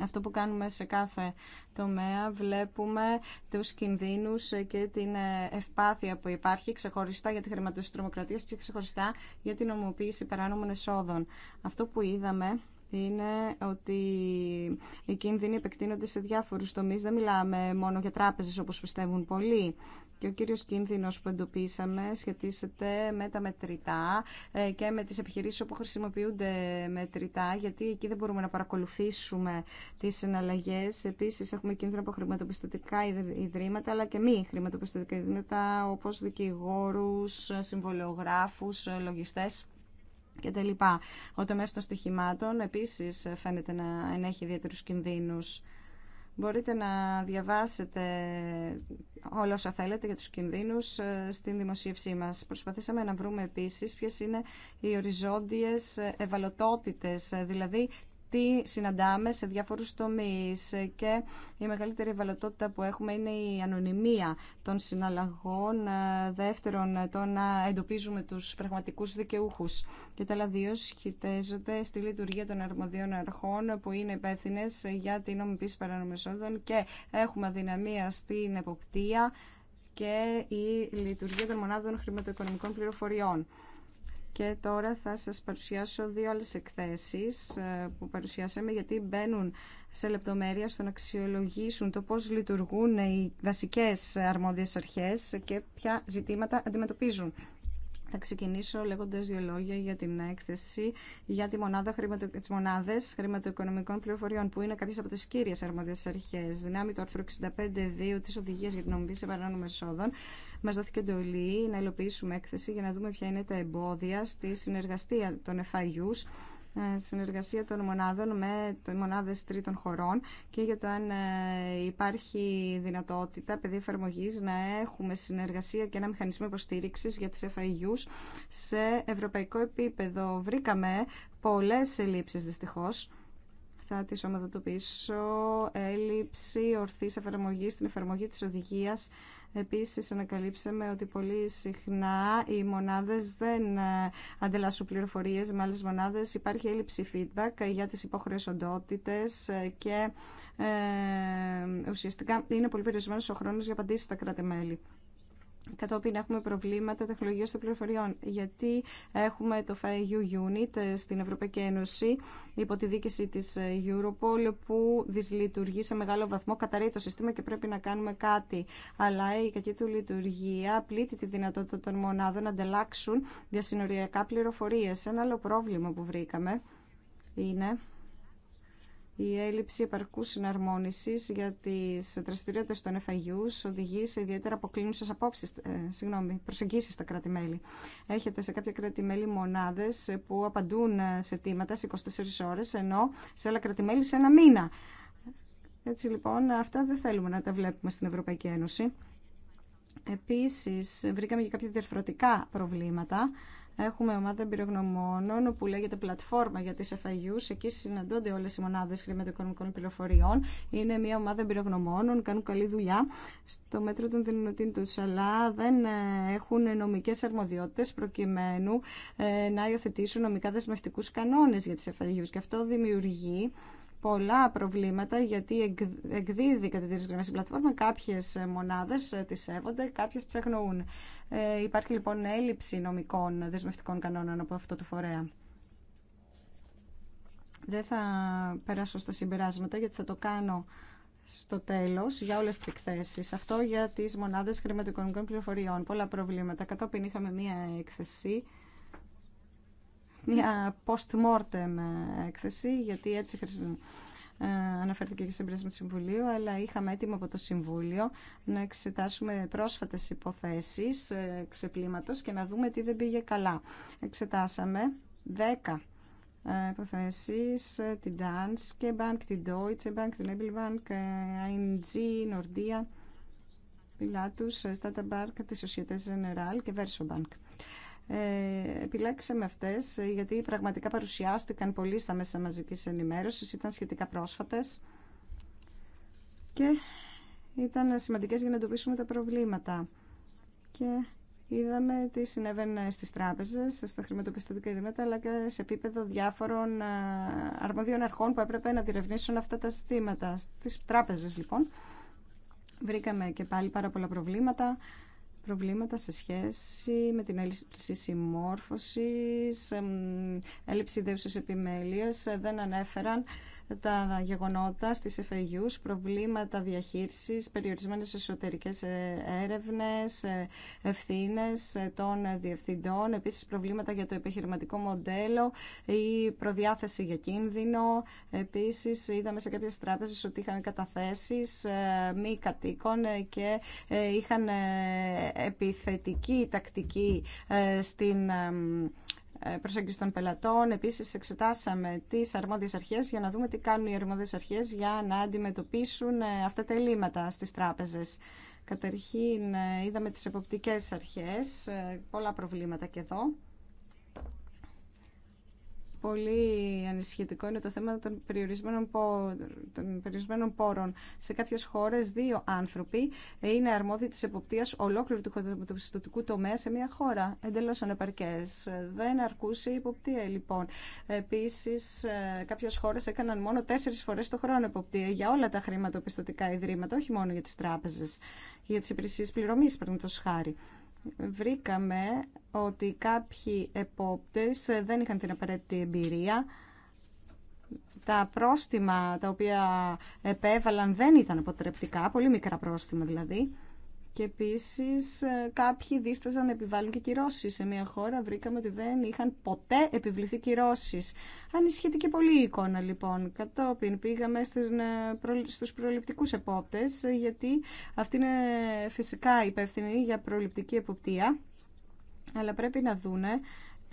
[SPEAKER 3] αυτό που κάνουμε σε κάθε τομέα βλέπουμε τους κινδύνους και την ε, ευπάθεια που υπάρχει ξεχωριστά για τη χρηματοδότηση τρομοκρατία και ξεχωριστά για την ομοποίηση παράνομων εσόδων. Αυτό που είδαμε είναι ότι οι κίνδυνοι επεκτείνονται σε διάφορους τομείς. Δεν μιλάμε μόνο για τράπεζες όπως πιστεύουν πολλοί. Και ο κύριος κίνδυνος που εντοπίσαμε σχετίζεται με τα μετρητά ε, και με τις επιχειρήσεις όπου χρησιμοποιούνται μετρητά, γιατί εκεί δεν μπορούμε να παρακολουθήσουμε τις εναλλαγές. Επίσης έχουμε κίνδυνο από χρηματοπιστωτικά ιδρύματα, αλλά και μη χρηματοπιστωτικά ιδρύματα, όπως δικηγόρους, συμβολιογράφους, λογιστές λοιπά. Ο τομέα των στοιχημάτων επίσης φαίνεται να ενέχει ιδιαίτερου κινδύνους. Μπορείτε να διαβάσετε όλα όσα θέλετε για τους κινδύνους ε, στην δημοσίευσή μας. Προσπαθήσαμε να βρούμε επίσης ποιες είναι οι οριζόντιες ευαλωτότητες, ε, δηλαδή τι συναντάμε σε διάφορους τομείς και η μεγαλύτερη ευαλωτότητα που έχουμε είναι η ανωνυμία των συναλλαγών, ε, δεύτερον το να εντοπίζουμε τους πραγματικούς δικαιούχους και τα άλλα σχετίζονται στη λειτουργία των αρμοδίων αρχών που είναι υπεύθυνε για την νομιμοποίηση παρανομεσόδων και έχουμε αδυναμία στην εποπτεία και η λειτουργία των μονάδων χρηματοοικονομικών πληροφοριών. Και τώρα θα σας παρουσιάσω δύο άλλες εκθέσεις ε, που παρουσιάσαμε γιατί μπαίνουν σε λεπτομέρεια στο να αξιολογήσουν το πώς λειτουργούν οι βασικές αρμόδιες αρχές και ποια ζητήματα αντιμετωπίζουν. Θα ξεκινήσω λέγοντα δύο λόγια για την έκθεση για τη μονάδα χρηματο... τι μονάδε χρηματοοικονομικών πληροφοριών, που είναι κάποιε από τι κύριε αρμόδιε αρχέ. Δυνάμει το άρθρο 65.2 τη Οδηγία για την Ομιλία σε Μεσόδων μας δόθηκε εντολή να υλοποιήσουμε έκθεση για να δούμε ποια είναι τα εμπόδια στη συνεργασία των ε, στη συνεργασία των μονάδων με μονάδες τρίτων χωρών και για το αν ε, υπάρχει δυνατότητα παιδί εφαρμογή να έχουμε συνεργασία και ένα μηχανισμό υποστήριξη για τις FIUs σε ευρωπαϊκό επίπεδο. Βρήκαμε πολλές ελλείψεις δυστυχώς θα τις ομαδοτοποιήσω έλλειψη ορθής εφαρμογή στην εφαρμογή της οδηγίας. Επίσης ανακαλύψαμε ότι πολύ συχνά οι μονάδες δεν ε, αντελάσσουν πληροφορίες με άλλες μονάδες. Υπάρχει έλλειψη feedback για τις οντότητες ε, και ε, ουσιαστικά είναι πολύ περιορισμένος ο χρόνος για απαντήσεις στα κράτη-μέλη κατόπιν έχουμε προβλήματα τεχνολογίας των πληροφοριών. Γιατί έχουμε το FIU Unit στην Ευρωπαϊκή Ένωση υπό τη δίκηση της Europol που δυσλειτουργεί σε μεγάλο βαθμό, καταραίει το σύστημα και πρέπει να κάνουμε κάτι. Αλλά η κακή του λειτουργία πλήττει τη δυνατότητα των μονάδων να ανταλλάξουν διασυνοριακά πληροφορίες. Ένα άλλο πρόβλημα που βρήκαμε είναι η έλλειψη επαρκού συναρμόνηση για τι δραστηριότητε των FIUs οδηγεί σε ιδιαίτερα αποκλίνουσες ε, συγγνώμη, προσεγγίσεις στα κράτη-μέλη. Έχετε σε κάποια κράτη-μέλη μονάδες που απαντούν ε, σε αιτήματα σε 24 ώρε, ενώ σε άλλα κράτη-μέλη σε ένα μήνα. Έτσι λοιπόν, αυτά δεν θέλουμε να τα βλέπουμε στην Ευρωπαϊκή Ένωση. Επίσης, βρήκαμε και κάποια διαφορετικά προβλήματα Έχουμε ομάδα εμπειρογνωμόνων που λέγεται πλατφόρμα για τις FIUs. Εκεί συναντώνται όλες οι μονάδες χρηματοοικονομικών πληροφοριών. Είναι μια ομάδα εμπειρογνωμόνων, κάνουν καλή δουλειά στο μέτρο των δυνατοτήτων τους, αλλά δεν ε, έχουν νομικές αρμοδιότητες προκειμένου ε, να υιοθετήσουν νομικά δεσμευτικούς κανόνες για τις FIUs. Και αυτό δημιουργεί πολλά προβλήματα γιατί εκδίδει κατά τη διάρκεια η πλατφόρμα, κάποιες ε, μονάδες τις σέβονται, κάποιες τις αγνοούν. Ε, υπάρχει λοιπόν έλλειψη νομικών δεσμευτικών κανόνων από αυτό το φορέα. Δεν θα περάσω στα συμπεράσματα γιατί θα το κάνω στο τέλος για όλες τις εκθέσεις. Αυτό για τις μονάδες χρηματοοικονομικών πληροφοριών. Πολλά προβλήματα. Κατόπιν είχαμε μία έκθεση, μία post-mortem έκθεση, γιατί έτσι ε, αναφέρθηκε και στην πρέσβη του Συμβουλίου, αλλά είχαμε έτοιμο από το Συμβούλιο να εξετάσουμε πρόσφατες υποθέσεις ε, ξεπλήματο και να δούμε τι δεν πήγε καλά. Εξετάσαμε 10 ε, υποθέσεις, την Danske Bank, την Deutsche Bank, την Ebel Bank, ING, Nordia, Pilatus, Stata Bank, τη Societe Generale και Verso Bank. Ε, επιλέξαμε αυτές ε, γιατί πραγματικά παρουσιάστηκαν πολύ στα μέσα μαζικής ενημέρωσης, ήταν σχετικά πρόσφατες και ήταν σημαντικές για να εντοπίσουμε τα προβλήματα. Και είδαμε τι συνέβαινε στις τράπεζες, στα χρηματοπιστωτικά ιδρύματα, αλλά και σε επίπεδο διάφορων ε, αρμοδίων αρχών που έπρεπε να διερευνήσουν αυτά τα ζητήματα. Στις τράπεζες, λοιπόν, βρήκαμε και πάλι πάρα πολλά προβλήματα προβλήματα σε σχέση με την έλλειψη συμμόρφωσης, έλλειψη δέουσης επιμέλειας, δεν ανέφεραν τα γεγονότα στις εφεγιούς, προβλήματα διαχείρισης, περιορισμένες εσωτερικές ε, έρευνες, ε, ευθύνες ε, των διευθυντών, επίσης προβλήματα για το επιχειρηματικό μοντέλο ή προδιάθεση για κίνδυνο. Επίσης είδαμε σε κάποιες τράπεζες ότι είχαν καταθέσεις μη κατοίκων και είχαν επιθετική τακτική στην προσέγγιση των πελατών. Επίσης εξετάσαμε τις αρμόδιες αρχές για να δούμε τι κάνουν οι αρμόδιες αρχές για να αντιμετωπίσουν ε, αυτά τα ελλείμματα στις τράπεζες. Καταρχήν ε, είδαμε τις εποπτικές αρχές, ε, πολλά προβλήματα και εδώ πολύ ανησυχητικό είναι το θέμα των περιορισμένων, πόρων, των περιορισμένων πόρων. Σε κάποιες χώρε, δύο άνθρωποι είναι αρμόδιοι της εποπτείας ολόκληρου του χρηματοπιστωτικού τομέα σε μια χώρα. Εντελώς ανεπαρκές. Δεν αρκούσε η εποπτεία λοιπόν. Επίσης ε, κάποιες χώρε έκαναν μόνο τέσσερις φορές το χρόνο εποπτεία για όλα τα χρηματοπιστωτικά ιδρύματα, όχι μόνο για τις τράπεζες, για τις υπηρεσίες πληρωμής, το χάρη βρήκαμε ότι κάποιοι επόπτες δεν είχαν την απαραίτητη εμπειρία. Τα πρόστιμα τα οποία επέβαλαν δεν ήταν αποτρεπτικά, πολύ μικρά πρόστιμα δηλαδή. Και επίσης ε, κάποιοι δίσταζαν να επιβάλλουν και κυρώσει Σε μια χώρα βρήκαμε ότι δεν είχαν ποτέ επιβληθεί κυρώσεις. και πολύ η εικόνα λοιπόν. Κατόπιν πήγαμε στου ε, στους προληπτικούς επόπτες ε, γιατί αυτοί είναι φυσικά υπεύθυνοι για προληπτική εποπτεία αλλά πρέπει να δούνε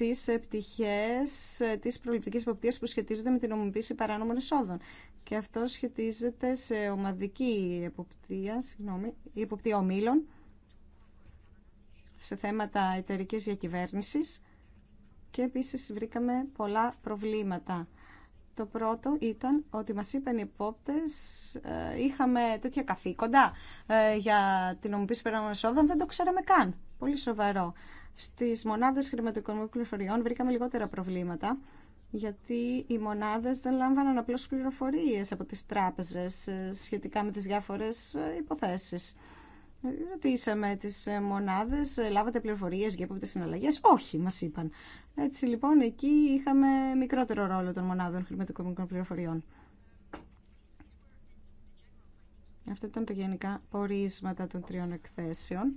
[SPEAKER 3] τις επιτυχίες, ε, τη προληπτικής υποπτίας που σχετίζονται με την ομοποίηση παράνομων εσόδων. Και αυτό σχετίζεται σε ομαδική υποπτία συγγνώμη, η ομήλων, σε θέματα εταιρική διακυβέρνησης και επίσης βρήκαμε πολλά προβλήματα. Το πρώτο ήταν ότι μας είπαν οι υπόπτες, ε, είχαμε τέτοια καθήκοντα ε, για την ομοποίηση περνάμενων εσόδων, δεν το ξέραμε καν. Πολύ σοβαρό. Στις μονάδες χρηματοοικονομικών πληροφοριών βρήκαμε λιγότερα προβλήματα γιατί οι μονάδες δεν λάμβαναν απλώς πληροφορίες από τις τράπεζες ε, σχετικά με τις διάφορες ε, υποθέσεις. Ρωτήσαμε τις ε, μονάδες, λάβατε πληροφορίες για υπόπτες συναλλαγές. Όχι, μας είπαν. Έτσι λοιπόν εκεί είχαμε μικρότερο ρόλο των μονάδων χρηματοοικονομικών πληροφοριών. Αυτά ήταν τα γενικά πορίσματα των τριών εκθέσεων.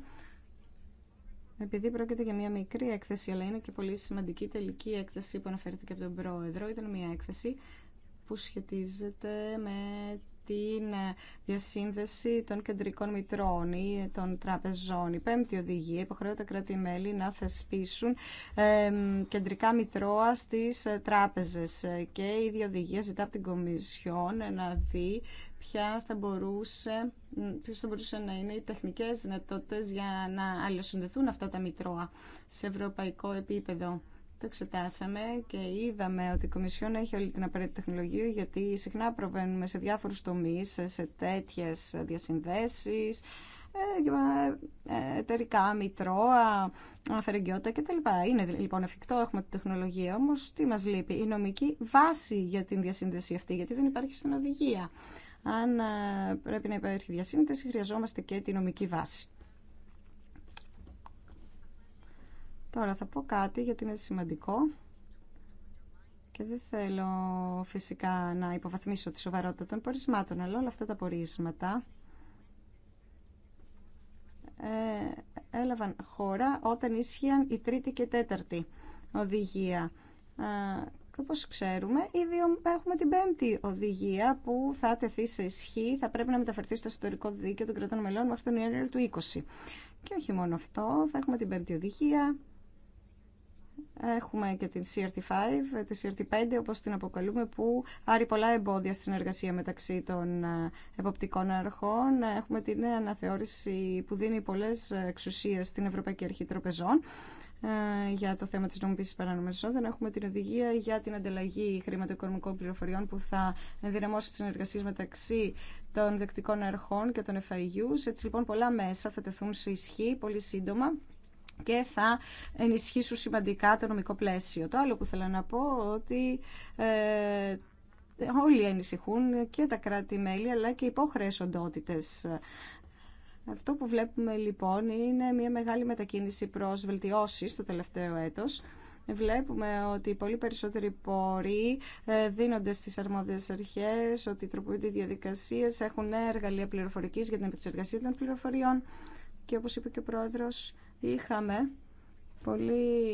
[SPEAKER 3] Επειδή πρόκειται για μια μικρή έκθεση, αλλά είναι και πολύ σημαντική τελική έκθεση που αναφέρθηκε από τον Πρόεδρο, ήταν μια έκθεση που σχετίζεται με την διασύνδεση των κεντρικών μητρών ή των τραπεζών. Η πέμπτη οδηγία υποχρεώ τα κράτη-μέλη να θεσπίσουν κεντρικά μητρώα στις τράπεζες και η ίδια οδηγία ζητά από την Κομισιόν να δει ποια θα μπορούσε, ποιες θα μπορούσε να είναι οι τεχνικές δυνατότητε για να αλληλοσυνδεθούν αυτά τα μητρώα σε ευρωπαϊκό επίπεδο. Το εξετάσαμε και είδαμε ότι η Κομισιόν έχει όλη την απαραίτητη τεχνολογία γιατί συχνά προβαίνουμε σε διάφορους τομείς, σε τέτοιες διασυνδέσεις, ε, ε, εταιρικά, μητρώα, αφαιρεγγιότητα κτλ. Είναι λοιπόν εφικτό, έχουμε τη τεχνολογία, όμως τι μας λείπει, η νομική βάση για την διασύνδεση αυτή, γιατί δεν υπάρχει στην οδηγία αν ε, πρέπει να υπάρχει διασύνδεση, χρειαζόμαστε και τη νομική βάση. Τώρα θα πω κάτι γιατί είναι σημαντικό και δεν θέλω φυσικά να υποβαθμίσω τη σοβαρότητα των πορισμάτων, αλλά όλα αυτά τα πορίσματα ε, έλαβαν χώρα όταν ίσχυαν η τρίτη και τέταρτη οδηγία. Ε, και όπως ξέρουμε, ήδη έχουμε την πέμπτη οδηγία που θα τεθεί σε ισχύ, θα πρέπει να μεταφερθεί στο ιστορικό δίκαιο των κρατών μελών μέχρι τον Ιανουάριο του 20. Και όχι μόνο αυτό, θα έχουμε την πέμπτη οδηγία, Έχουμε και την CRT5, τη CRT5 όπως την αποκαλούμε που άρει πολλά εμπόδια στη συνεργασία μεταξύ των ε, εποπτικών αρχών. Έχουμε την αναθεώρηση που δίνει πολλές ε, εξουσίες στην Ευρωπαϊκή Αρχή Τροπεζών ε, για το θέμα της νομοποίησης παρανομής Δεν Έχουμε την οδηγία για την ανταλλαγή χρηματοοικονομικών πληροφοριών που θα ενδυναμώσει τι συνεργασίε μεταξύ των δεκτικών αρχών και των FIUs. Έτσι λοιπόν πολλά μέσα θα τεθούν σε ισχύ πολύ σύντομα και θα ενισχύσουν σημαντικά το νομικό πλαίσιο. Το άλλο που θέλω να πω ότι ε, όλοι ανησυχούν και τα κράτη-μέλη αλλά και υποχρέες οντότητες αυτό που βλέπουμε λοιπόν είναι μια μεγάλη μετακίνηση προς βελτιώσεις το τελευταίο έτος. Βλέπουμε ότι πολύ περισσότεροι πορεί δίνονται στις αρμόδιες αρχές, ότι τροποποιούνται οι διαδικασίες, έχουν εργαλεία πληροφορικής για την επεξεργασία των πληροφοριών και όπως είπε και ο Πρόεδρος, είχαμε πολύ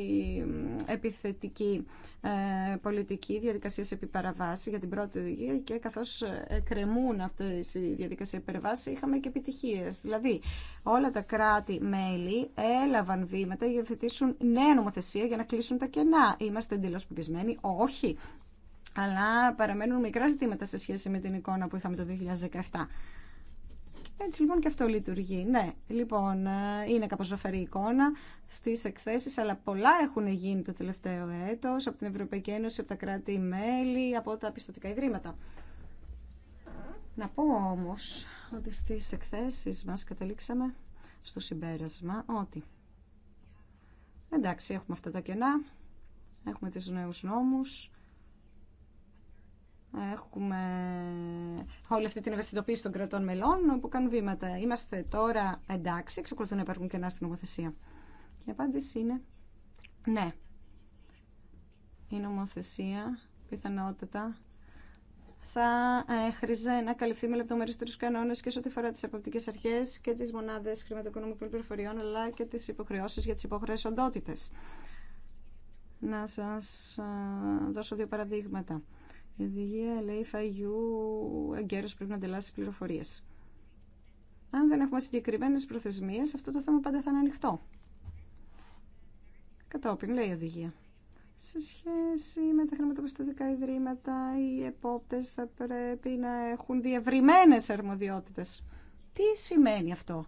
[SPEAKER 3] επιθετική ε, πολιτική διαδικασία σε παραβάση για την πρώτη οδηγία και καθώς ε, κρεμούν αυτές οι διαδικασίες επί είχαμε και επιτυχίες. Δηλαδή όλα τα κράτη-μέλη έλαβαν βήματα για να θετήσουν νέα νομοθεσία για να κλείσουν τα κενά. Είμαστε εντελώς πεπισμένοι. Όχι. Αλλά παραμένουν μικρά ζητήματα σε σχέση με την εικόνα που είχαμε το 2017. Έτσι λοιπόν και αυτό λειτουργεί. Ναι, λοιπόν, ε, είναι κάπως ζωφερή εικόνα στις εκθέσεις, αλλά πολλά έχουν γίνει το τελευταίο έτος από την Ευρωπαϊκή Ένωση, από τα κράτη-μέλη, από τα πιστοτικά ιδρύματα. Να πω όμως ότι στις εκθέσεις μας καταλήξαμε στο συμπέρασμα ότι εντάξει, έχουμε αυτά τα κενά, έχουμε τις νέους νόμους, Έχουμε όλη αυτή την ευαισθητοποίηση των κρατών μελών που κάνουν βήματα. Είμαστε τώρα εντάξει, εξακολουθούν να υπάρχουν κενά στην νομοθεσία. Και η απάντηση είναι ναι. Η νομοθεσία πιθανότατα θα ε, χρήζε να καλυφθεί με λεπτομεριστήρους κανόνε και σε ό,τι αφορά τι αποπτικέ αρχέ και τι μονάδε χρηματοοικονομικών πληροφοριών αλλά και τι υποχρεώσει για τι υποχρεώσει οντότητε. Να σα ε, δώσω δύο παραδείγματα. Η οδηγία λέει φαγιού εγκαίρω πρέπει να αντελάσει πληροφορίες. Αν δεν έχουμε συγκεκριμένε προθεσμίες, αυτό το θέμα πάντα θα είναι ανοιχτό. Κατόπιν, λέει η οδηγία. Σε σχέση με τα χρηματοπιστωτικά ιδρύματα, οι επόπτες θα πρέπει να έχουν διευρυμένες αρμοδιότητες. Τι σημαίνει αυτό.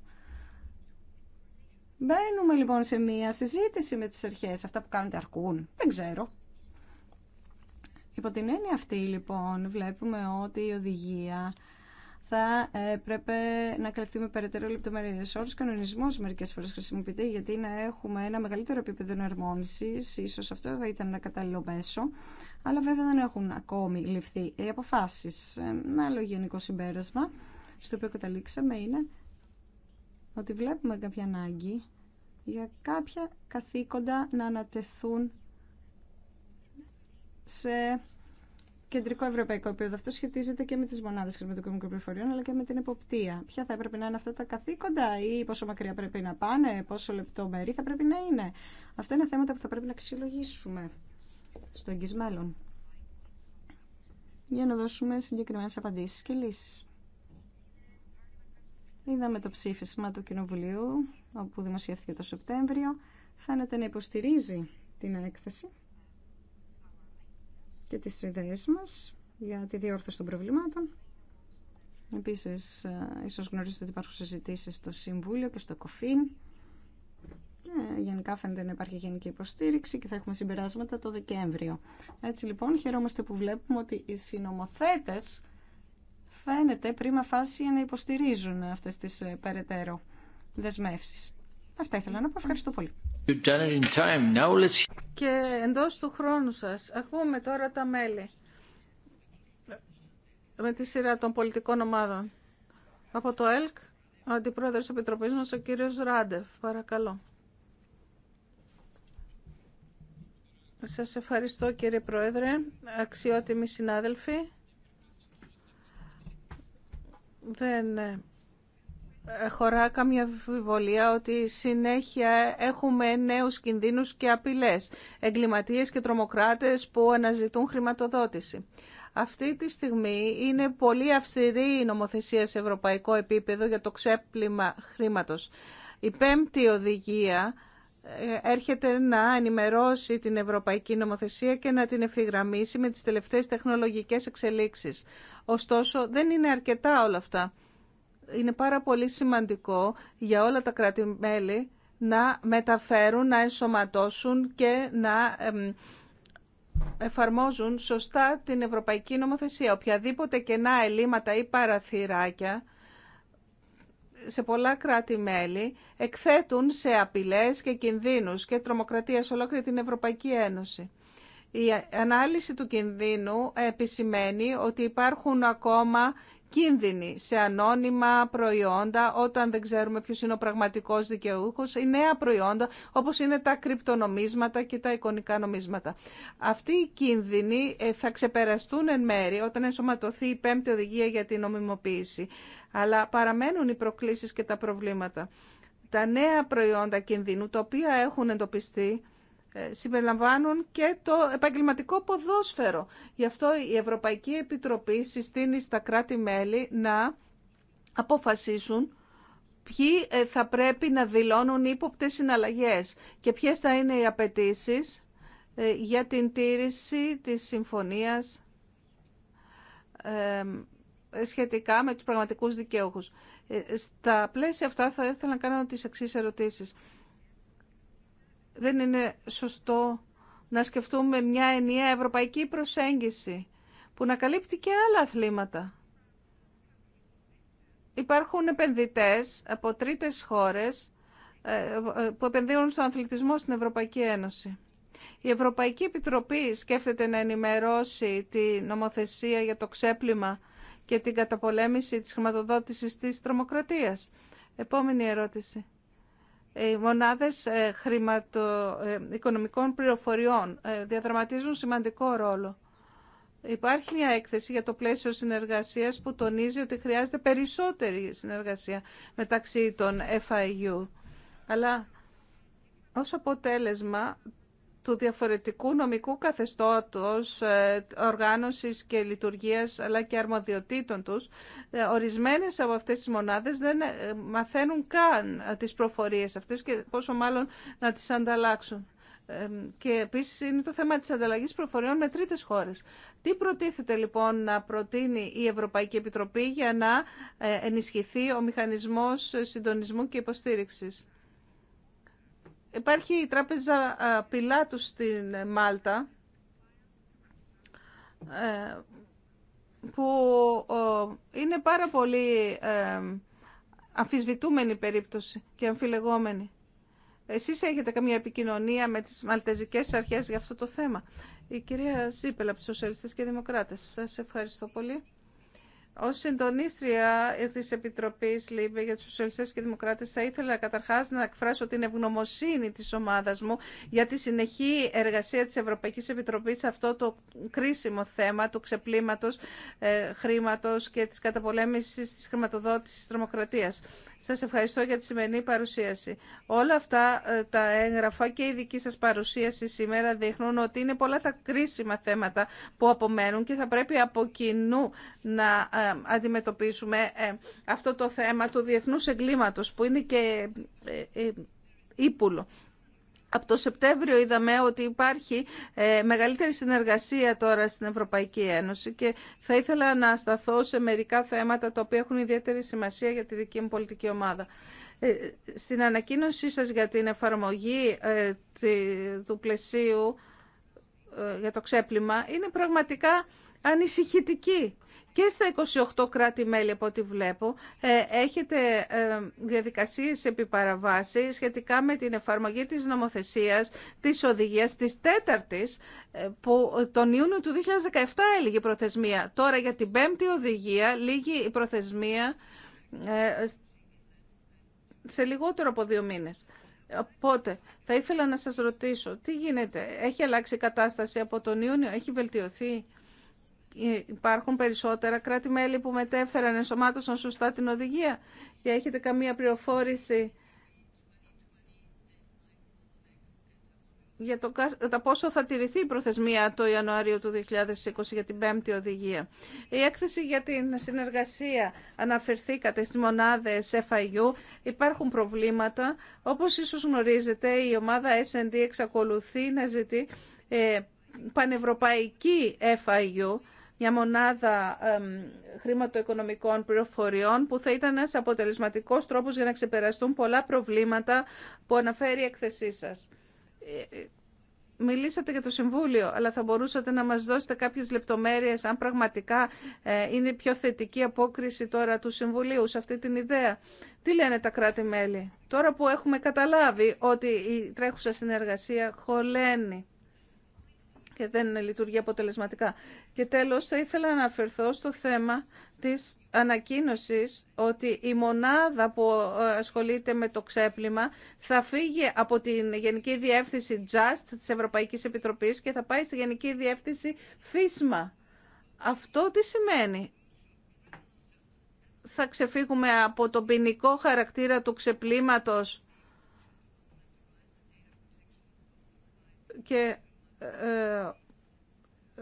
[SPEAKER 3] Μπαίνουμε λοιπόν σε μία συζήτηση με τις αρχές. Αυτά που κάνετε αρκούν. Δεν ξέρω. Υπό την έννοια αυτή λοιπόν βλέπουμε ότι η οδηγία θα πρέπει να καλυφθεί με περαιτέρω λεπτομέρειε. Όρο κανονισμό μερικέ φορέ χρησιμοποιείται γιατί να έχουμε ένα μεγαλύτερο επίπεδο εναρμόνιση. σω αυτό θα ήταν ένα κατάλληλο μέσο. Αλλά βέβαια δεν έχουν ακόμη ληφθεί οι αποφάσει. Ένα άλλο γενικό συμπέρασμα στο οποίο καταλήξαμε είναι ότι βλέπουμε κάποια ανάγκη για κάποια καθήκοντα να ανατεθούν σε κεντρικό ευρωπαϊκό επίπεδο. Αυτό σχετίζεται και με τι μονάδε χρηματοοικονομικών πληροφοριών, αλλά και με την εποπτεία. Ποια θα έπρεπε να είναι αυτά τα καθήκοντα, ή πόσο μακριά πρέπει να πάνε, πόσο λεπτό μέρη θα πρέπει να είναι. Αυτά είναι θέματα που θα πρέπει να αξιολογήσουμε στο εγγύ μέλλον. Για να δώσουμε συγκεκριμένε απαντήσει και λύσει. Είδαμε το ψήφισμα του Κοινοβουλίου, όπου δημοσιεύθηκε το Σεπτέμβριο. Φαίνεται να υποστηρίζει την έκθεση και τις ιδέες μας για τη διόρθωση των προβλημάτων. Επίσης, ε, ίσως γνωρίζετε ότι υπάρχουν συζητήσεις στο Συμβούλιο και στο ΚΟΦΗΝ ε, γενικά φαίνεται να υπάρχει γενική υποστήριξη και θα έχουμε συμπεράσματα το Δεκέμβριο. Έτσι λοιπόν χαιρόμαστε που βλέπουμε ότι οι συνομοθέτες φαίνεται πρίμα φάση να υποστηρίζουν αυτές τις ε, περαιτέρω δεσμεύσεις. Αυτά ήθελα να πω. Ευχαριστώ πολύ. Και εντός του χρόνου σας, ακούμε
[SPEAKER 2] τώρα τα μέλη με τη σειρά των πολιτικών ομάδων. Από το ΕΛΚ, ο Αντιπρόεδρος Επιτροπής μας, ο κύριος Ράντεφ. Παρακαλώ. Σας ευχαριστώ κύριε Πρόεδρε, αξιότιμοι συνάδελφοι. Δεν ε, χωρά καμία βιβολία ότι συνέχεια έχουμε νέους κινδύνους και απειλές, εγκληματίες και τρομοκράτες που αναζητούν χρηματοδότηση. Αυτή τη στιγμή είναι πολύ αυστηρή η νομοθεσία σε ευρωπαϊκό επίπεδο για το ξέπλυμα χρήματος. Η πέμπτη οδηγία ε, έρχεται να ενημερώσει την ευρωπαϊκή νομοθεσία και να την ευθυγραμμίσει με τις τελευταίες τεχνολογικές εξελίξεις. Ωστόσο, δεν είναι αρκετά όλα αυτά είναι πάρα πολύ σημαντικό για όλα τα κράτη-μέλη να μεταφέρουν, να ενσωματώσουν και να εφαρμόζουν σωστά την ευρωπαϊκή νομοθεσία. Οποιαδήποτε κενά ελλείμματα ή παραθυράκια σε πολλά κράτη-μέλη εκθέτουν σε απειλές και κινδύνους και τρομοκρατία σε ολόκληρη την Ευρωπαϊκή Ένωση. Η ανάλυση του κινδύνου επισημαίνει ότι υπάρχουν ακόμα κίνδυνοι σε ανώνυμα προϊόντα όταν δεν ξέρουμε ποιος είναι ο πραγματικός δικαιούχος ή νέα προϊόντα όπως είναι τα κρυπτονομίσματα και τα εικονικά νομίσματα. Αυτοί οι κίνδυνοι ε, θα ξεπεραστούν εν μέρη όταν ενσωματωθεί η πέμπτη οδηγία για την νομιμοποίηση. Αλλά παραμένουν οι προκλήσεις και τα προβλήματα. Τα νέα προϊόντα κινδύνου, τα οποία έχουν εντοπιστεί, ε, συμπεριλαμβάνουν και το επαγγελματικό ποδόσφαιρο. Γι' αυτό η Ευρωπαϊκή Επιτροπή συστήνει στα κράτη-μέλη να αποφασίσουν ποιοι ε, θα πρέπει να δηλώνουν ύποπτες συναλλαγές και ποιες θα είναι οι απαιτήσει ε, για την τήρηση της συμφωνίας σχετικά με τους πραγματικούς δικαιούχους. Στα πλαίσια αυτά θα ήθελα να κάνω τις εξής ερωτήσεις δεν είναι σωστό να σκεφτούμε μια ενιαία ευρωπαϊκή προσέγγιση που να καλύπτει και άλλα αθλήματα. Υπάρχουν επενδυτές από τρίτες χώρες ε, ε, που επενδύουν στον αθλητισμό στην Ευρωπαϊκή Ένωση. Η Ευρωπαϊκή Επιτροπή σκέφτεται να ενημερώσει τη νομοθεσία για το ξέπλυμα και την καταπολέμηση της χρηματοδότησης της τρομοκρατίας. Επόμενη ερώτηση οι μονάδες ε, ε, οικονομικών πληροφοριών ε, διαδραματίζουν σημαντικό ρόλο. Υπάρχει μια έκθεση για το πλαίσιο συνεργασίας που τονίζει ότι χρειάζεται περισσότερη συνεργασία μεταξύ των FIU. Αλλά ως αποτέλεσμα του διαφορετικού νομικού καθεστώτος ε, οργάνωσης και λειτουργίας αλλά και αρμοδιοτήτων τους, ε, ορισμένες από αυτές τις μονάδες δεν ε, μαθαίνουν καν τις προφορίες αυτές και πόσο μάλλον να τις ανταλλάξουν. Και επίσης είναι το θέμα της ανταλλαγής προφοριών με τρίτες χώρες. Τι προτίθεται λοιπόν να προτείνει η Ευρωπαϊκή Επιτροπή για να ενισχυθεί ο μηχανισμός συντονισμού και υποστήριξης. Υπάρχει η τράπεζα ε, Πιλάτου στην Μάλτα ε, που είναι πάρα πολύ ε, αμφισβητούμενη περίπτωση και αμφιλεγόμενη. Εσείς έχετε καμία επικοινωνία με τις μαλτεζικές αρχές για αυτό το θέμα. Η κυρία Σίπελα από τους Σοσιαλιστές και Δημοκράτες. Σας ευχαριστώ πολύ. Ω συντονίστρια τη Επιτροπή ΛΥΜΠΕ για του Σοσιαλιστέ και Δημοκράτε, θα ήθελα καταρχά να εκφράσω την ευγνωμοσύνη τη ομάδα μου για τη συνεχή εργασία τη Ευρωπαϊκή Επιτροπή σε αυτό το κρίσιμο θέμα του ξεπλήματο ε, χρήματο και τη καταπολέμηση τη χρηματοδότηση τη τρομοκρατία. Σα ευχαριστώ για τη σημερινή παρουσίαση. Όλα αυτά ε, τα έγγραφα και η δική σα παρουσίαση σήμερα δείχνουν ότι είναι πολλά τα κρίσιμα θέματα που απομένουν και θα πρέπει από κοινού να ε, ε, αντιμετωπίσουμε ε, αυτό το θέμα του διεθνούς εγκλήματος που είναι και ε, ύπουλο. Από το Σεπτέμβριο είδαμε ότι υπάρχει μεγαλύτερη συνεργασία τώρα στην Ευρωπαϊκή Ένωση και θα ήθελα να σταθώ σε μερικά θέματα τα οποία έχουν ιδιαίτερη σημασία για τη δική μου πολιτική ομάδα. Στην ανακοίνωσή σας για την εφαρμογή του πλαισίου για το ξέπλυμα είναι πραγματικά ανησυχητική. Και στα 28 κράτη-μέλη, από ό,τι βλέπω, ε, έχετε ε, διαδικασίες επί σχετικά με την εφαρμογή της νομοθεσίας, της οδηγίας, της τέταρτης, ε, που τον Ιούνιο του 2017 έλεγε η προθεσμία. Τώρα για την πέμπτη οδηγία λήγει η προθεσμία σε λιγότερο από δύο μήνες. Οπότε, θα ήθελα να σας ρωτήσω, τι γίνεται, έχει αλλάξει η κατάσταση από τον Ιούνιο, έχει βελτιωθεί υπάρχουν περισσότερα κράτη-μέλη που μετέφεραν, ενσωμάτωσαν σωστά την οδηγία και έχετε καμία πληροφόρηση για το, τα πόσο θα τηρηθεί η προθεσμία το Ιανουάριο του 2020 για την πέμπτη οδηγία. Η έκθεση για την συνεργασία αναφερθήκατε στις μονάδες FIU. Υπάρχουν προβλήματα. Όπως ίσως γνωρίζετε, η ομάδα S&D εξακολουθεί να ζητεί ε, πανευρωπαϊκή FIU μια μονάδα χρηματοοικονομικών πληροφοριών που θα ήταν ένας αποτελεσματικός τρόπος για να ξεπεραστούν πολλά προβλήματα που αναφέρει η εκθεσή σας. Ε, ε, μιλήσατε για το Συμβούλιο, αλλά θα μπορούσατε να μας δώσετε κάποιες λεπτομέρειες αν πραγματικά ε, είναι πιο θετική απόκριση τώρα του Συμβουλίου σε αυτή την ιδέα. Τι λένε τα κράτη-μέλη τώρα που έχουμε καταλάβει ότι η τρέχουσα συνεργασία χωλαίνει και δεν λειτουργεί αποτελεσματικά. Και τέλος θα ήθελα να αναφερθώ στο θέμα της ανακοίνωσης ότι η μονάδα που ε, ασχολείται με το ξέπλυμα θα φύγει από την Γενική Διεύθυνση Just της Ευρωπαϊκής Επιτροπής και θα πάει στη Γενική Διεύθυνση FISMA. Αυτό τι σημαίνει θα ξεφύγουμε από τον ποινικό χαρακτήρα του ξεπλήματος και ε,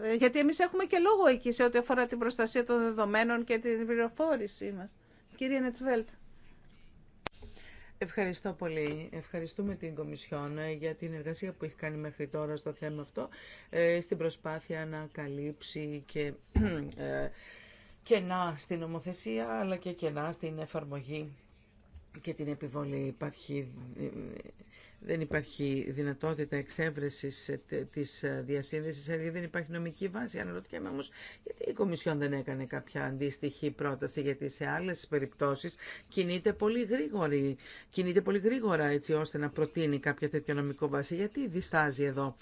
[SPEAKER 2] ε, γιατί εμείς έχουμε και λόγο εκεί σε ό,τι αφορά την προστασία των δεδομένων και την πληροφόρησή μας. Κύριε Νετσβέλτ. Ευχαριστώ πολύ.
[SPEAKER 4] Ευχαριστούμε την Κομισιόν ε, για την εργασία που έχει κάνει μέχρι τώρα στο θέμα αυτό, στην προσπάθεια να καλύψει και κενά στην νομοθεσία, αλλά και κενά στην εφαρμογή και την επιβολή. Υπάρχει δεν υπάρχει δυνατότητα εξέβρεσης ε, της ε, διασύνδεσης, ε, δεν υπάρχει νομική βάση. Αναρωτιέμαι όμως γιατί η Κομισιόν δεν έκανε κάποια αντίστοιχη πρόταση, γιατί σε άλλες περιπτώσεις κινείται πολύ, κινείται πολύ γρήγορα έτσι ώστε να προτείνει κάποια τέτοια νομικό βάση. Γιατί διστάζει εδώ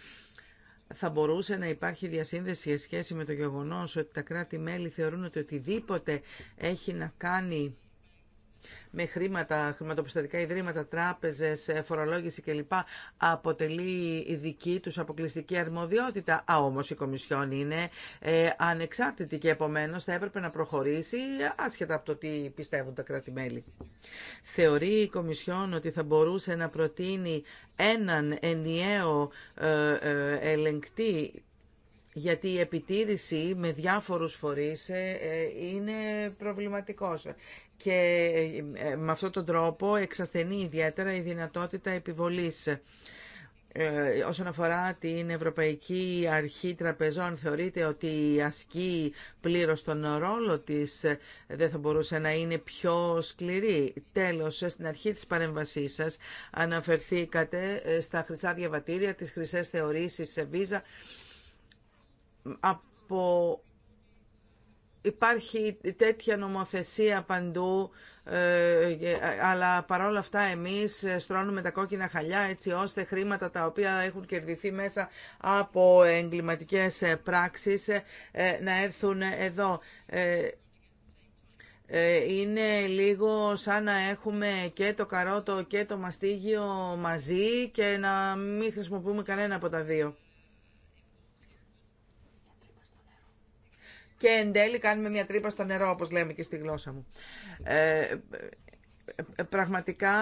[SPEAKER 4] θα μπορούσε να υπάρχει διασύνδεση σε σχέση με το γεγονός ότι τα κράτη-μέλη θεωρούν ότι οτιδήποτε έχει να κάνει με χρήματα, χρηματοπιστωτικά ιδρύματα, τράπεζες, ε, φορολόγηση κλπ. αποτελεί η δική τους αποκλειστική αρμοδιότητα. Α, όμως η Κομισιόν είναι ε, ανεξάρτητη και επομένως θα έπρεπε να προχωρήσει άσχετα από το τι πιστεύουν τα κράτη-μέλη. Θεωρεί η Κομισιόν ότι θα μπορούσε να προτείνει έναν ενιαίο ε, ελεγκτή γιατί η επιτήρηση με διάφορους φορείς ε, ε, είναι προβληματικός και ε, με αυτόν τον τρόπο εξασθενεί ιδιαίτερα η δυνατότητα επιβολής. όσον αφορά την Ευρωπαϊκή Αρχή Τραπεζών, θεωρείτε ότι ασκεί πλήρως τον ρόλο της, δεν θα μπορούσε να είναι πιο σκληρή. Τέλος, στην αρχή της παρέμβασής σας αναφερθήκατε στα χρυσά διαβατήρια, τις χρυσές θεωρήσεις σε βίζα από... Υπάρχει τέτοια νομοθεσία παντού, ε, αλλά παρόλα αυτά εμείς στρώνουμε τα κόκκινα χαλιά έτσι ώστε χρήματα τα οποία έχουν κερδιθεί μέσα από εγκληματικές πράξεις ε, να έρθουν εδώ ε, είναι λίγο σαν να έχουμε και το καρότο και το μαστίγιο μαζί και να μην χρησιμοποιούμε κανένα από τα δύο. και εν τέλει κάνουμε μια τρύπα στο νερό, όπως λέμε και στη γλώσσα μου. Ε, ε, πραγματικά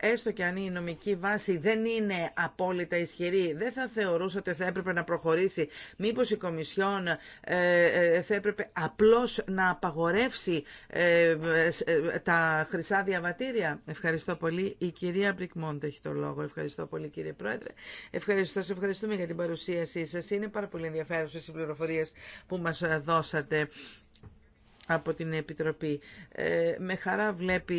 [SPEAKER 4] έστω και αν η νομική βάση δεν είναι απόλυτα ισχυρή, δεν θα θεωρούσα ότι θα έπρεπε να προχωρήσει. Μήπως η Κομισιόν ε, ε θα έπρεπε απλώς να απαγορεύσει ε, τα χρυσά διαβατήρια. Ευχαριστώ πολύ. Η κυρία Μπρικμόντ έχει το λόγο. Ευχαριστώ πολύ κύριε Πρόεδρε. Ευχαριστώ. Σε ευχαριστούμε για την παρουσίασή σας. Είναι πάρα πολύ ενδιαφέρουσες οι πληροφορίες που μας δώσατε από την Επιτροπή. Ε, με χαρά βλέπει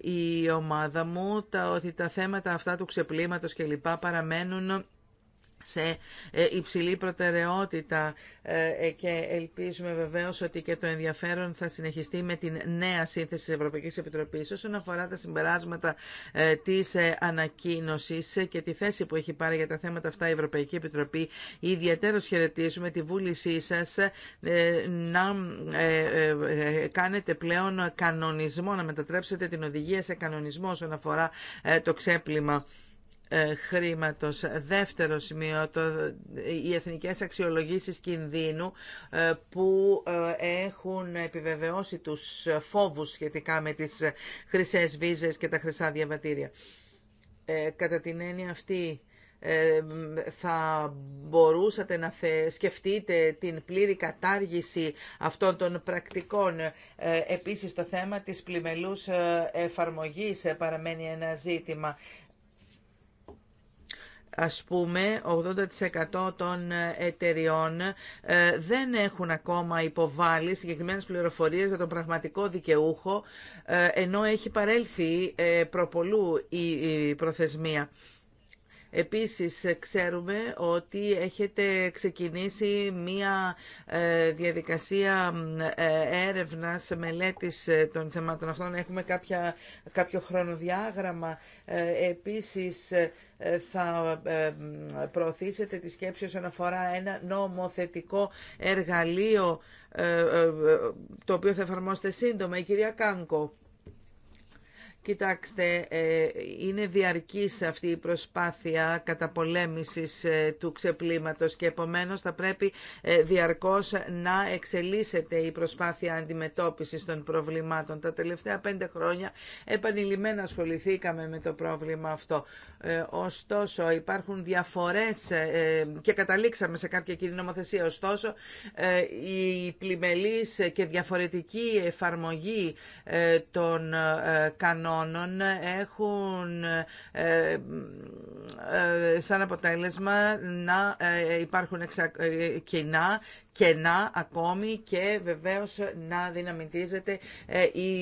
[SPEAKER 4] η ομάδα μου τα, ότι τα θέματα αυτά του ξεπλήματος και λοιπά παραμένουν σε ε, υψηλή προτεραιότητα ε, ε, και ελπίζουμε βεβαίως ότι και το ενδιαφέρον θα συνεχιστεί με την νέα σύνθεση της Ευρωπαϊκής Επιτροπής όσον αφορά τα συμπεράσματα της ανακοίνωσης και τη θέση που έχει πάρει για τα θέματα αυτά η Ευρωπαϊκή Επιτροπή. Ιδιαίτερως χαιρετίζουμε τη βούλησή σας να κάνετε πλέον κανονισμό, να μετατρέψετε την οδηγία σε κανονισμό όσον αφορά το ξέπλυμα ε, χρήματος. Δεύτερο σημείο, το, οι εθνικές αξιολογήσεις κινδύνου ε, που ε, έχουν επιβεβαιώσει τους φόβους σχετικά με τις χρυσές βίζες και τα χρυσά διαβατήρια. Κατά την έννοια αυτή, θα μπορούσατε να σκεφτείτε την πλήρη κατάργηση αυτών των πρακτικών. Επίσης το θέμα της πλημελούς εφαρμογής παραμένει ένα ζήτημα. Ας πούμε, 80% των εταιριών ε, δεν έχουν ακόμα υποβάλει συγκεκριμένες πληροφορίες για τον πραγματικό δικαιούχο, ε, ενώ έχει παρέλθει ε, προπολού η προθεσμία. Επίσης ξέρουμε ότι έχετε ξεκινήσει μία ε, διαδικασία ε, έρευνας, μελέτης ε, των θεμάτων αυτών. Έχουμε κάποια, κάποιο χρονοδιάγραμμα. Επίσης θα προωθήσετε τη σκέψη όσον αφορά ένα νομοθετικό εργαλείο το οποίο θα εφαρμόσετε σύντομα. Η κυρία Κάνκο. Κοιτάξτε, ε, είναι διαρκής αυτή η προσπάθεια καταπολέμησης ε, του ξεπλήματος και επομένως θα πρέπει ε, διαρκώς να εξελίσσεται η προσπάθεια αντιμετώπισης των προβλημάτων. Τα τελευταία πέντε χρόνια επανειλημμένα ασχοληθήκαμε με το πρόβλημα αυτό. Ωστόσο, υπάρχουν διαφορές και καταλήξαμε σε κάποια κοινή νομοθεσία. Ωστόσο, η πλημελής και διαφορετική εφαρμογή των κανόνων έχουν ε, ε, σαν αποτέλεσμα να ε, υπάρχουν εξα... κοινά κενά ακόμη και βεβαίως να δυναμητίζεται η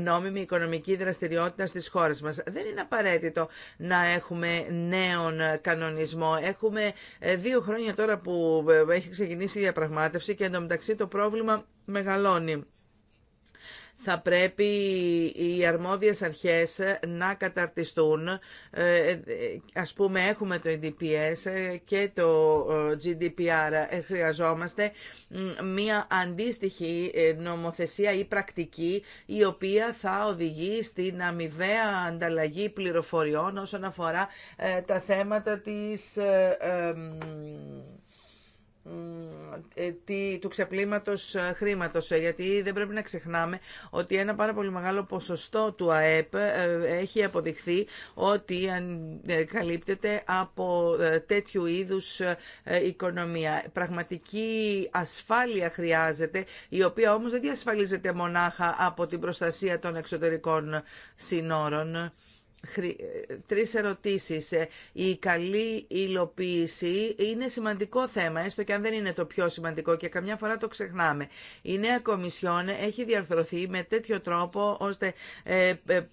[SPEAKER 4] νόμιμη οικονομική δραστηριότητα στις χώρες μας. Δεν είναι απαραίτητο να έχουμε νέον κανονισμό. Έχουμε δύο χρόνια τώρα που έχει ξεκινήσει η διαπραγμάτευση και εντωμεταξύ το πρόβλημα μεγαλώνει θα πρέπει οι αρμόδιες αρχές να καταρτιστούν. Ε, ε, ας πούμε έχουμε το EDPS και το GDPR. Ε, χρειαζόμαστε μία αντίστοιχη νομοθεσία ή πρακτική η οποία θα οδηγεί στην αμοιβαία ανταλλαγή πληροφοριών όσον αφορά τα θέματα της ε, του ξεπλήματος ε, χρήματος ε, γιατί δεν πρέπει να ξεχνάμε ότι ένα πάρα πολύ μεγάλο ποσοστό του ΑΕΠ έχει αποδειχθεί ότι καλύπτεται από τέτοιου είδους οικονομία. Πραγματική ασφάλεια χρειάζεται η οποία όμως δεν διασφαλίζεται μονάχα από την προστασία των εξωτερικών συνόρων. Τρεις ερωτήσεις. Ε, η καλή υλοποίηση είναι σημαντικό θέμα, έστω και αν δεν είναι το πιο σημαντικό και καμιά φορά το ξεχνάμε. Η νέα Κομισιόν έχει διαρθρωθεί με τέτοιο τρόπο ώστε ε, ε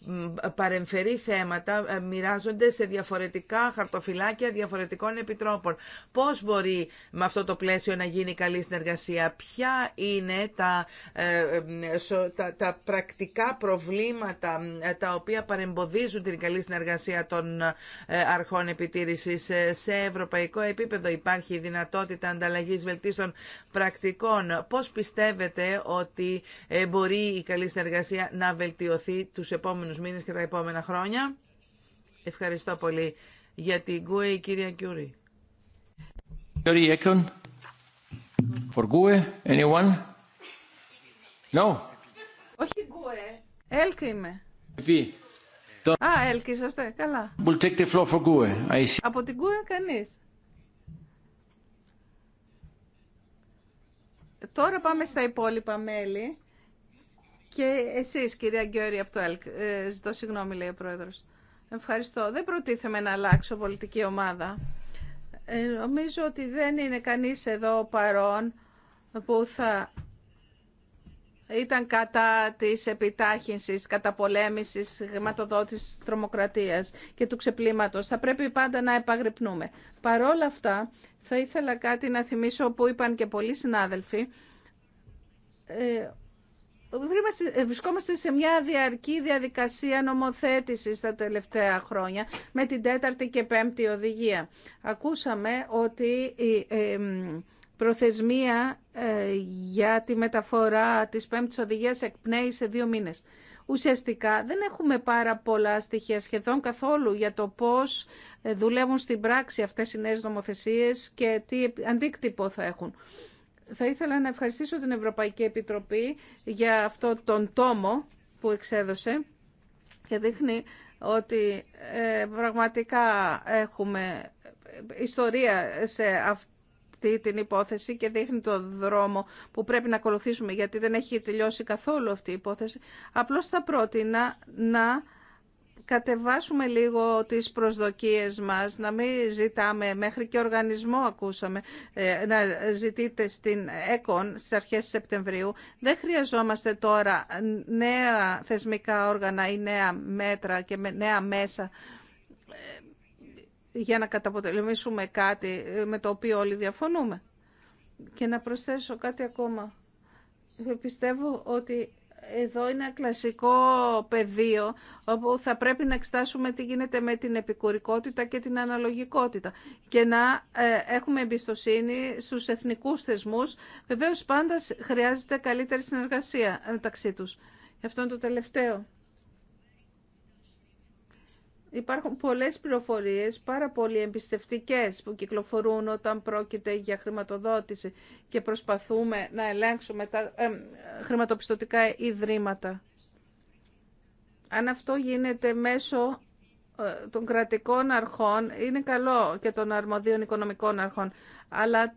[SPEAKER 4] παρεμφερεί θέματα ε, μοιράζονται σε διαφορετικά χαρτοφυλάκια διαφορετικών επιτρόπων. Πώς μπορεί με αυτό το πλαίσιο να γίνει καλή συνεργασία. Ποια είναι τα, τα, τα πρακτικά προβλήματα τα οποία παρεμποδίζουν την καλή συνεργασία των ε, αρχών επιτήρησης ε, σε ευρωπαϊκό επίπεδο. Υπάρχει δυνατότητα ανταλλαγή βελτίστων πρακτικών. Πώς πιστεύετε ότι ε, μπορεί η καλή συνεργασία να βελτιωθεί τους επόμενους μήνες και τα επόμενα χρόνια. Ευχαριστώ πολύ για
[SPEAKER 2] την ΚΟΕ η κυρία Κιούρη.
[SPEAKER 1] For anyone? No.
[SPEAKER 2] Όχι ΚΟΕ. Έλκ είμαι. Α, έλκυσαστε. Καλά.
[SPEAKER 1] We'll take the
[SPEAKER 2] Από την ΚΟΕ κανείς. Τώρα πάμε στα υπόλοιπα μέλη. Και εσείς, κυρία Γκιόρη, από το ΕΛΚ. Ε, ζητώ συγγνώμη, λέει ο Πρόεδρος. Ευχαριστώ. Δεν προτίθεμαι να αλλάξω πολιτική ομάδα. Ε, νομίζω ότι δεν είναι κανείς εδώ παρόν που θα ήταν κατά της επιτάχυνσης, κατά πολέμησης, χρηματοδότησης τρομοκρατίας και του ξεπλήματος. Θα πρέπει πάντα να επαγρυπνούμε. Παρόλα αυτά, θα ήθελα κάτι να θυμίσω που είπαν και πολλοί συνάδελφοι. Ε, ε, βρισκόμαστε σε μια διαρκή διαδικασία νομοθέτησης τα τελευταία χρόνια με την τέταρτη και πέμπτη οδηγία. Ακούσαμε ότι... Προθεσμία ε, για τη μεταφορά της πέμπτης οδηγίας εκπνέει σε δύο μήνες. Ουσιαστικά δεν έχουμε πάρα πολλά στοιχεία σχεδόν καθόλου για το πώς ε, δουλεύουν στην πράξη αυτές οι νέες νομοθεσίες και τι αντίκτυπο θα έχουν. Θα ήθελα να ευχαριστήσω την Ευρωπαϊκή Επιτροπή για αυτό τον τόμο που εξέδωσε και δείχνει ότι ε, πραγματικά έχουμε ιστορία σε αυτό αυτή την υπόθεση και δείχνει το δρόμο που πρέπει να ακολουθήσουμε γιατί δεν έχει τελειώσει καθόλου αυτή η υπόθεση. Απλώς θα πρότεινα να κατεβάσουμε λίγο τις προσδοκίες μας, να μην ζητάμε, μέχρι και οργανισμό ακούσαμε, ε, να ζητείτε στην ΕΚΟΝ στις αρχές Σεπτεμβρίου. Δεν χρειαζόμαστε τώρα νέα θεσμικά όργανα ή νέα μέτρα και νέα μέσα ε, για να καταποτελεμήσουμε κάτι ε, με το οποίο όλοι διαφωνούμε. Και να προσθέσω κάτι ακόμα. Ε, πιστεύω ότι εδώ είναι ένα κλασικό πεδίο όπου θα πρέπει να εξετάσουμε τι γίνεται με την επικουρικότητα και την αναλογικότητα και να ε, έχουμε εμπιστοσύνη στους εθνικούς θεσμούς. Βεβαίως πάντα χρειάζεται καλύτερη συνεργασία μεταξύ τους. Αυτό είναι το τελευταίο Υπάρχουν πολλές πληροφορίες πάρα πολύ εμπιστευτικές που κυκλοφορούν όταν πρόκειται για χρηματοδότηση και προσπαθούμε να ελέγξουμε τα χρηματοπιστωτικά ιδρύματα. Αν αυτό γίνεται μέσω ε, των κρατικών αρχών, είναι καλό και των αρμοδίων οικονομικών αρχών. Αλλά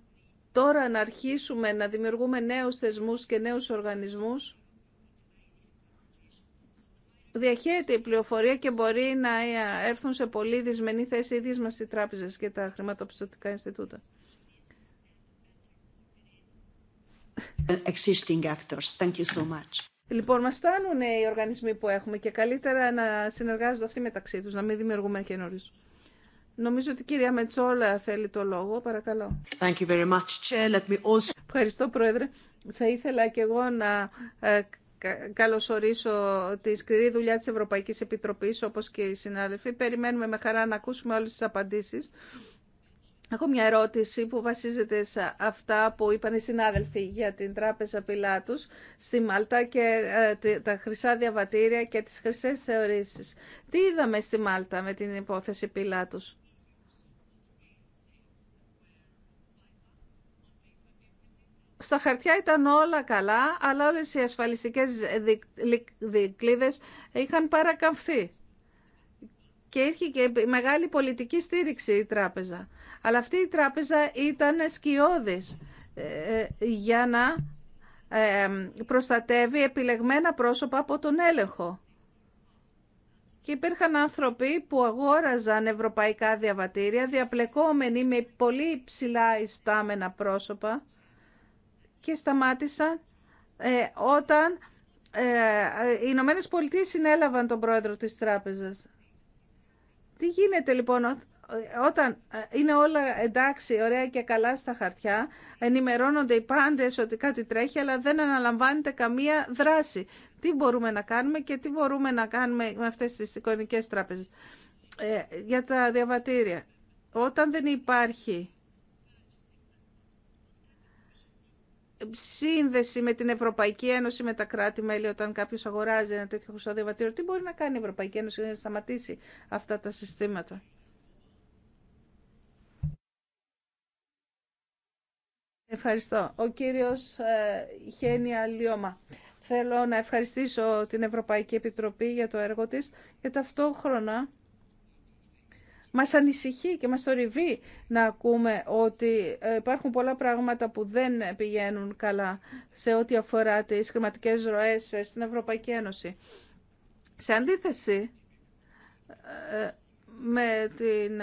[SPEAKER 2] τώρα να αρχίσουμε να δημιουργούμε νέους θεσμούς και νέους οργανισμούς, διαχέεται η πληροφορία και μπορεί να έρθουν σε πολύ δυσμενή θέση οι ίδιες μας οι τράπεζες και τα χρηματοπιστωτικά Ινστιτούτα.
[SPEAKER 3] Existing actors. Thank you so much.
[SPEAKER 2] Λοιπόν, μας φτάνουν οι οργανισμοί που έχουμε και καλύτερα να συνεργάζονται αυτοί μεταξύ τους, να μην δημιουργούμε νωρίς. Νομίζω ότι η κυρία Μετσόλα θέλει το λόγο. Παρακαλώ. Thank you very much, Let me also... Ευχαριστώ, Πρόεδρε. Θα ήθελα και εγώ να ε, καλωσορίσω τη σκληρή δουλειά της Ευρωπαϊκής Επιτροπής, όπως και οι συνάδελφοι. Περιμένουμε με χαρά να ακούσουμε όλες τις απαντήσεις. Έχω μια ερώτηση που βασίζεται σε αυτά που είπαν οι συνάδελφοι για την Τράπεζα Πιλάτους στη Μάλτα και ε, τα χρυσά διαβατήρια και τις χρυσές θεωρήσεις. Τι είδαμε στη Μάλτα με την υπόθεση Πιλάτους. στα χαρτιά ήταν όλα καλά, αλλά όλες οι ασφαλιστικές δικλίδες είχαν παρακαμφθεί. Και ήρθε και μεγάλη πολιτική στήριξη η τράπεζα. Αλλά αυτή η τράπεζα ήταν σκιώδης ε, ε, για να ε, προστατεύει επιλεγμένα πρόσωπα από τον έλεγχο. Και υπήρχαν άνθρωποι που αγόραζαν ευρωπαϊκά διαβατήρια, διαπλεκόμενοι με πολύ ψηλά ιστάμενα πρόσωπα, και σταμάτησαν ε, όταν ε, οι Ηνωμένε Πολιτείε συνέλαβαν τον πρόεδρο της τράπεζας. Τι γίνεται λοιπόν όταν ε, είναι όλα εντάξει, ωραία και καλά στα χαρτιά, ενημερώνονται οι πάντες ότι κάτι τρέχει, αλλά δεν αναλαμβάνεται καμία δράση. Τι μπορούμε να κάνουμε και τι μπορούμε να κάνουμε με αυτές τις εικονικές τράπεζες. για τα διαβατήρια. Όταν δεν υπάρχει σύνδεση με την Ευρωπαϊκή Ένωση, με τα κράτη-μέλη, όταν κάποιο αγοράζει ένα τέτοιο χρυσό διαβατήριο, τι μπορεί να κάνει η Ευρωπαϊκή Ένωση να σταματήσει αυτά τα συστήματα. Ευχαριστώ. Ο κύριος ε, Χένια Λιώμα. Θέλω να ευχαριστήσω την Ευρωπαϊκή Επιτροπή για το έργο της και ταυτόχρονα μας ανησυχεί και μας θορυβεί να ακούμε ότι ε, υπάρχουν πολλά πράγματα που δεν πηγαίνουν καλά σε ό,τι αφορά τις χρηματικές ροές ε, στην Ευρωπαϊκή Ένωση. Σε αντίθεση ε, με την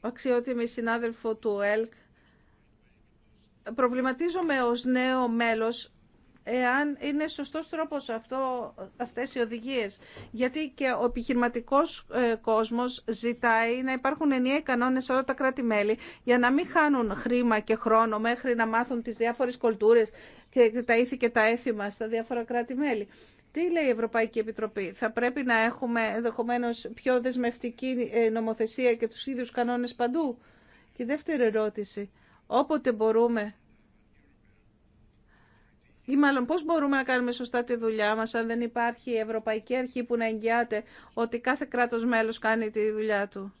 [SPEAKER 2] αξιότιμη συνάδελφο του ΕΛΚ, προβληματίζομαι ως νέο μέλος εάν είναι σωστός τρόπος αυτό, αυτές οι οδηγίες. Γιατί και ο επιχειρηματικός ε, κόσμος ζητάει να υπάρχουν ενιαίοι κανόνες σε όλα τα κράτη-μέλη για να μην χάνουν χρήμα και χρόνο μέχρι να μάθουν τις διάφορες κουλτούρες και τα ήθη και τα έθιμα στα διάφορα κράτη-μέλη. Τι λέει η Ευρωπαϊκή Επιτροπή, θα πρέπει να έχουμε ενδεχομένω πιο δεσμευτική ε, νομοθεσία και τους ίδιους κανόνες παντού. Και δεύτερη ερώτηση, όποτε μπορούμε ή μάλλον πώς μπορούμε να κάνουμε σωστά τη δουλειά μας αν δεν υπάρχει ευρωπαϊκή αρχή που να εγγυάται ότι κάθε κράτος μέλος κάνει τη δουλειά του.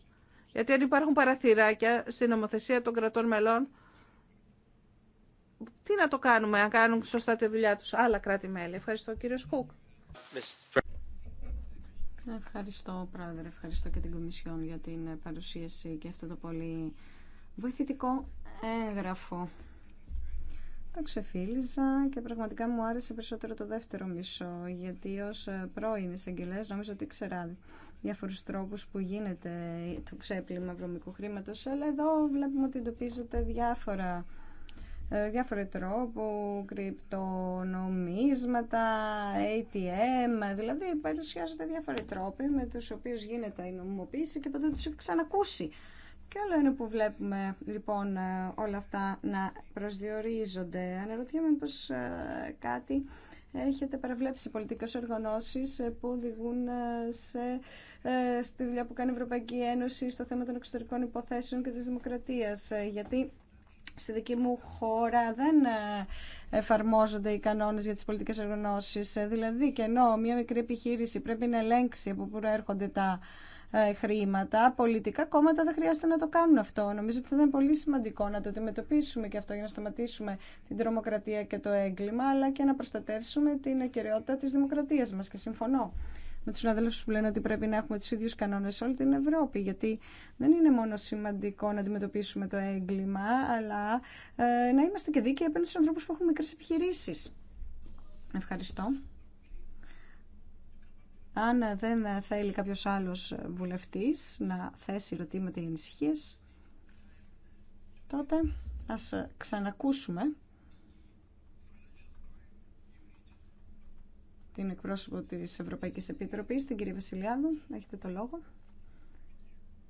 [SPEAKER 2] Γιατί αν υπάρχουν παραθυράκια στην νομοθεσία των κρατών μελών, τι να το κάνουμε αν κάνουν σωστά τη δουλειά τους άλλα κράτη-μέλη. Ευχαριστώ κύριο Σκούκ.
[SPEAKER 3] Ευχαριστώ πρόεδρε, ευχαριστώ και την Κομισιόν για την παρουσίαση και αυτό το πολύ βοηθητικό έγγραφο το και πραγματικά μου άρεσε περισσότερο το δεύτερο μισό, γιατί ως ε, πρώην εισαγγελέας νομίζω ότι ήξερα διάφορους τρόπους που γίνεται το ξέπλυμα βρωμικού χρήματος, αλλά εδώ βλέπουμε ότι εντοπίζεται διάφορα ε, διάφοροι κρυπτονομίσματα, ATM, δηλαδή παρουσιάζονται διάφοροι τρόποι με τους οποίους γίνεται η νομιμοποίηση και ποτέ τους έχω ξανακούσει. Και άλλο είναι που βλέπουμε λοιπόν ε, όλα αυτά να προσδιορίζονται. Αναρωτιέμαι πω ε, κάτι έχετε παραβλέψει πολιτικέ οργανώσει ε, που οδηγούν σε, στη δουλειά που κάνει η Ευρωπαϊκή Ένωση στο θέμα των εξωτερικών υποθέσεων και τη Δημοκρατία. Γιατί στη δική μου χώρα δεν εφαρμόζονται οι κανόνες για τις πολιτικές οργανώσεις. Δηλαδή και ενώ μια μικρή επιχείρηση πρέπει να ελέγξει από πού έρχονται τα ε, χρήματα. Πολιτικά κόμματα δεν χρειάζεται να το κάνουν αυτό. Νομίζω ότι θα ήταν πολύ σημαντικό να το αντιμετωπίσουμε και αυτό για να σταματήσουμε την τρομοκρατία και το έγκλημα, αλλά και να προστατεύσουμε την ακαιρεότητα τη δημοκρατία μα. Και συμφωνώ με του συναδέλφου που λένε ότι πρέπει να έχουμε του ίδιου κανόνε σε όλη την Ευρώπη. Γιατί δεν είναι μόνο σημαντικό να αντιμετωπίσουμε το έγκλημα, αλλά ε, να είμαστε και δίκαιοι απέναντι στου ανθρώπου που έχουν μικρέ επιχειρήσει. Ευχαριστώ. Αν δεν θέλει κάποιος άλλος βουλευτής να θέσει ερωτήματα ή ανησυχίες, τότε ας ξανακούσουμε την εκπρόσωπο της Ευρωπαϊκής Επιτροπής, την κυρία Βασιλιάδου. Έχετε το λόγο.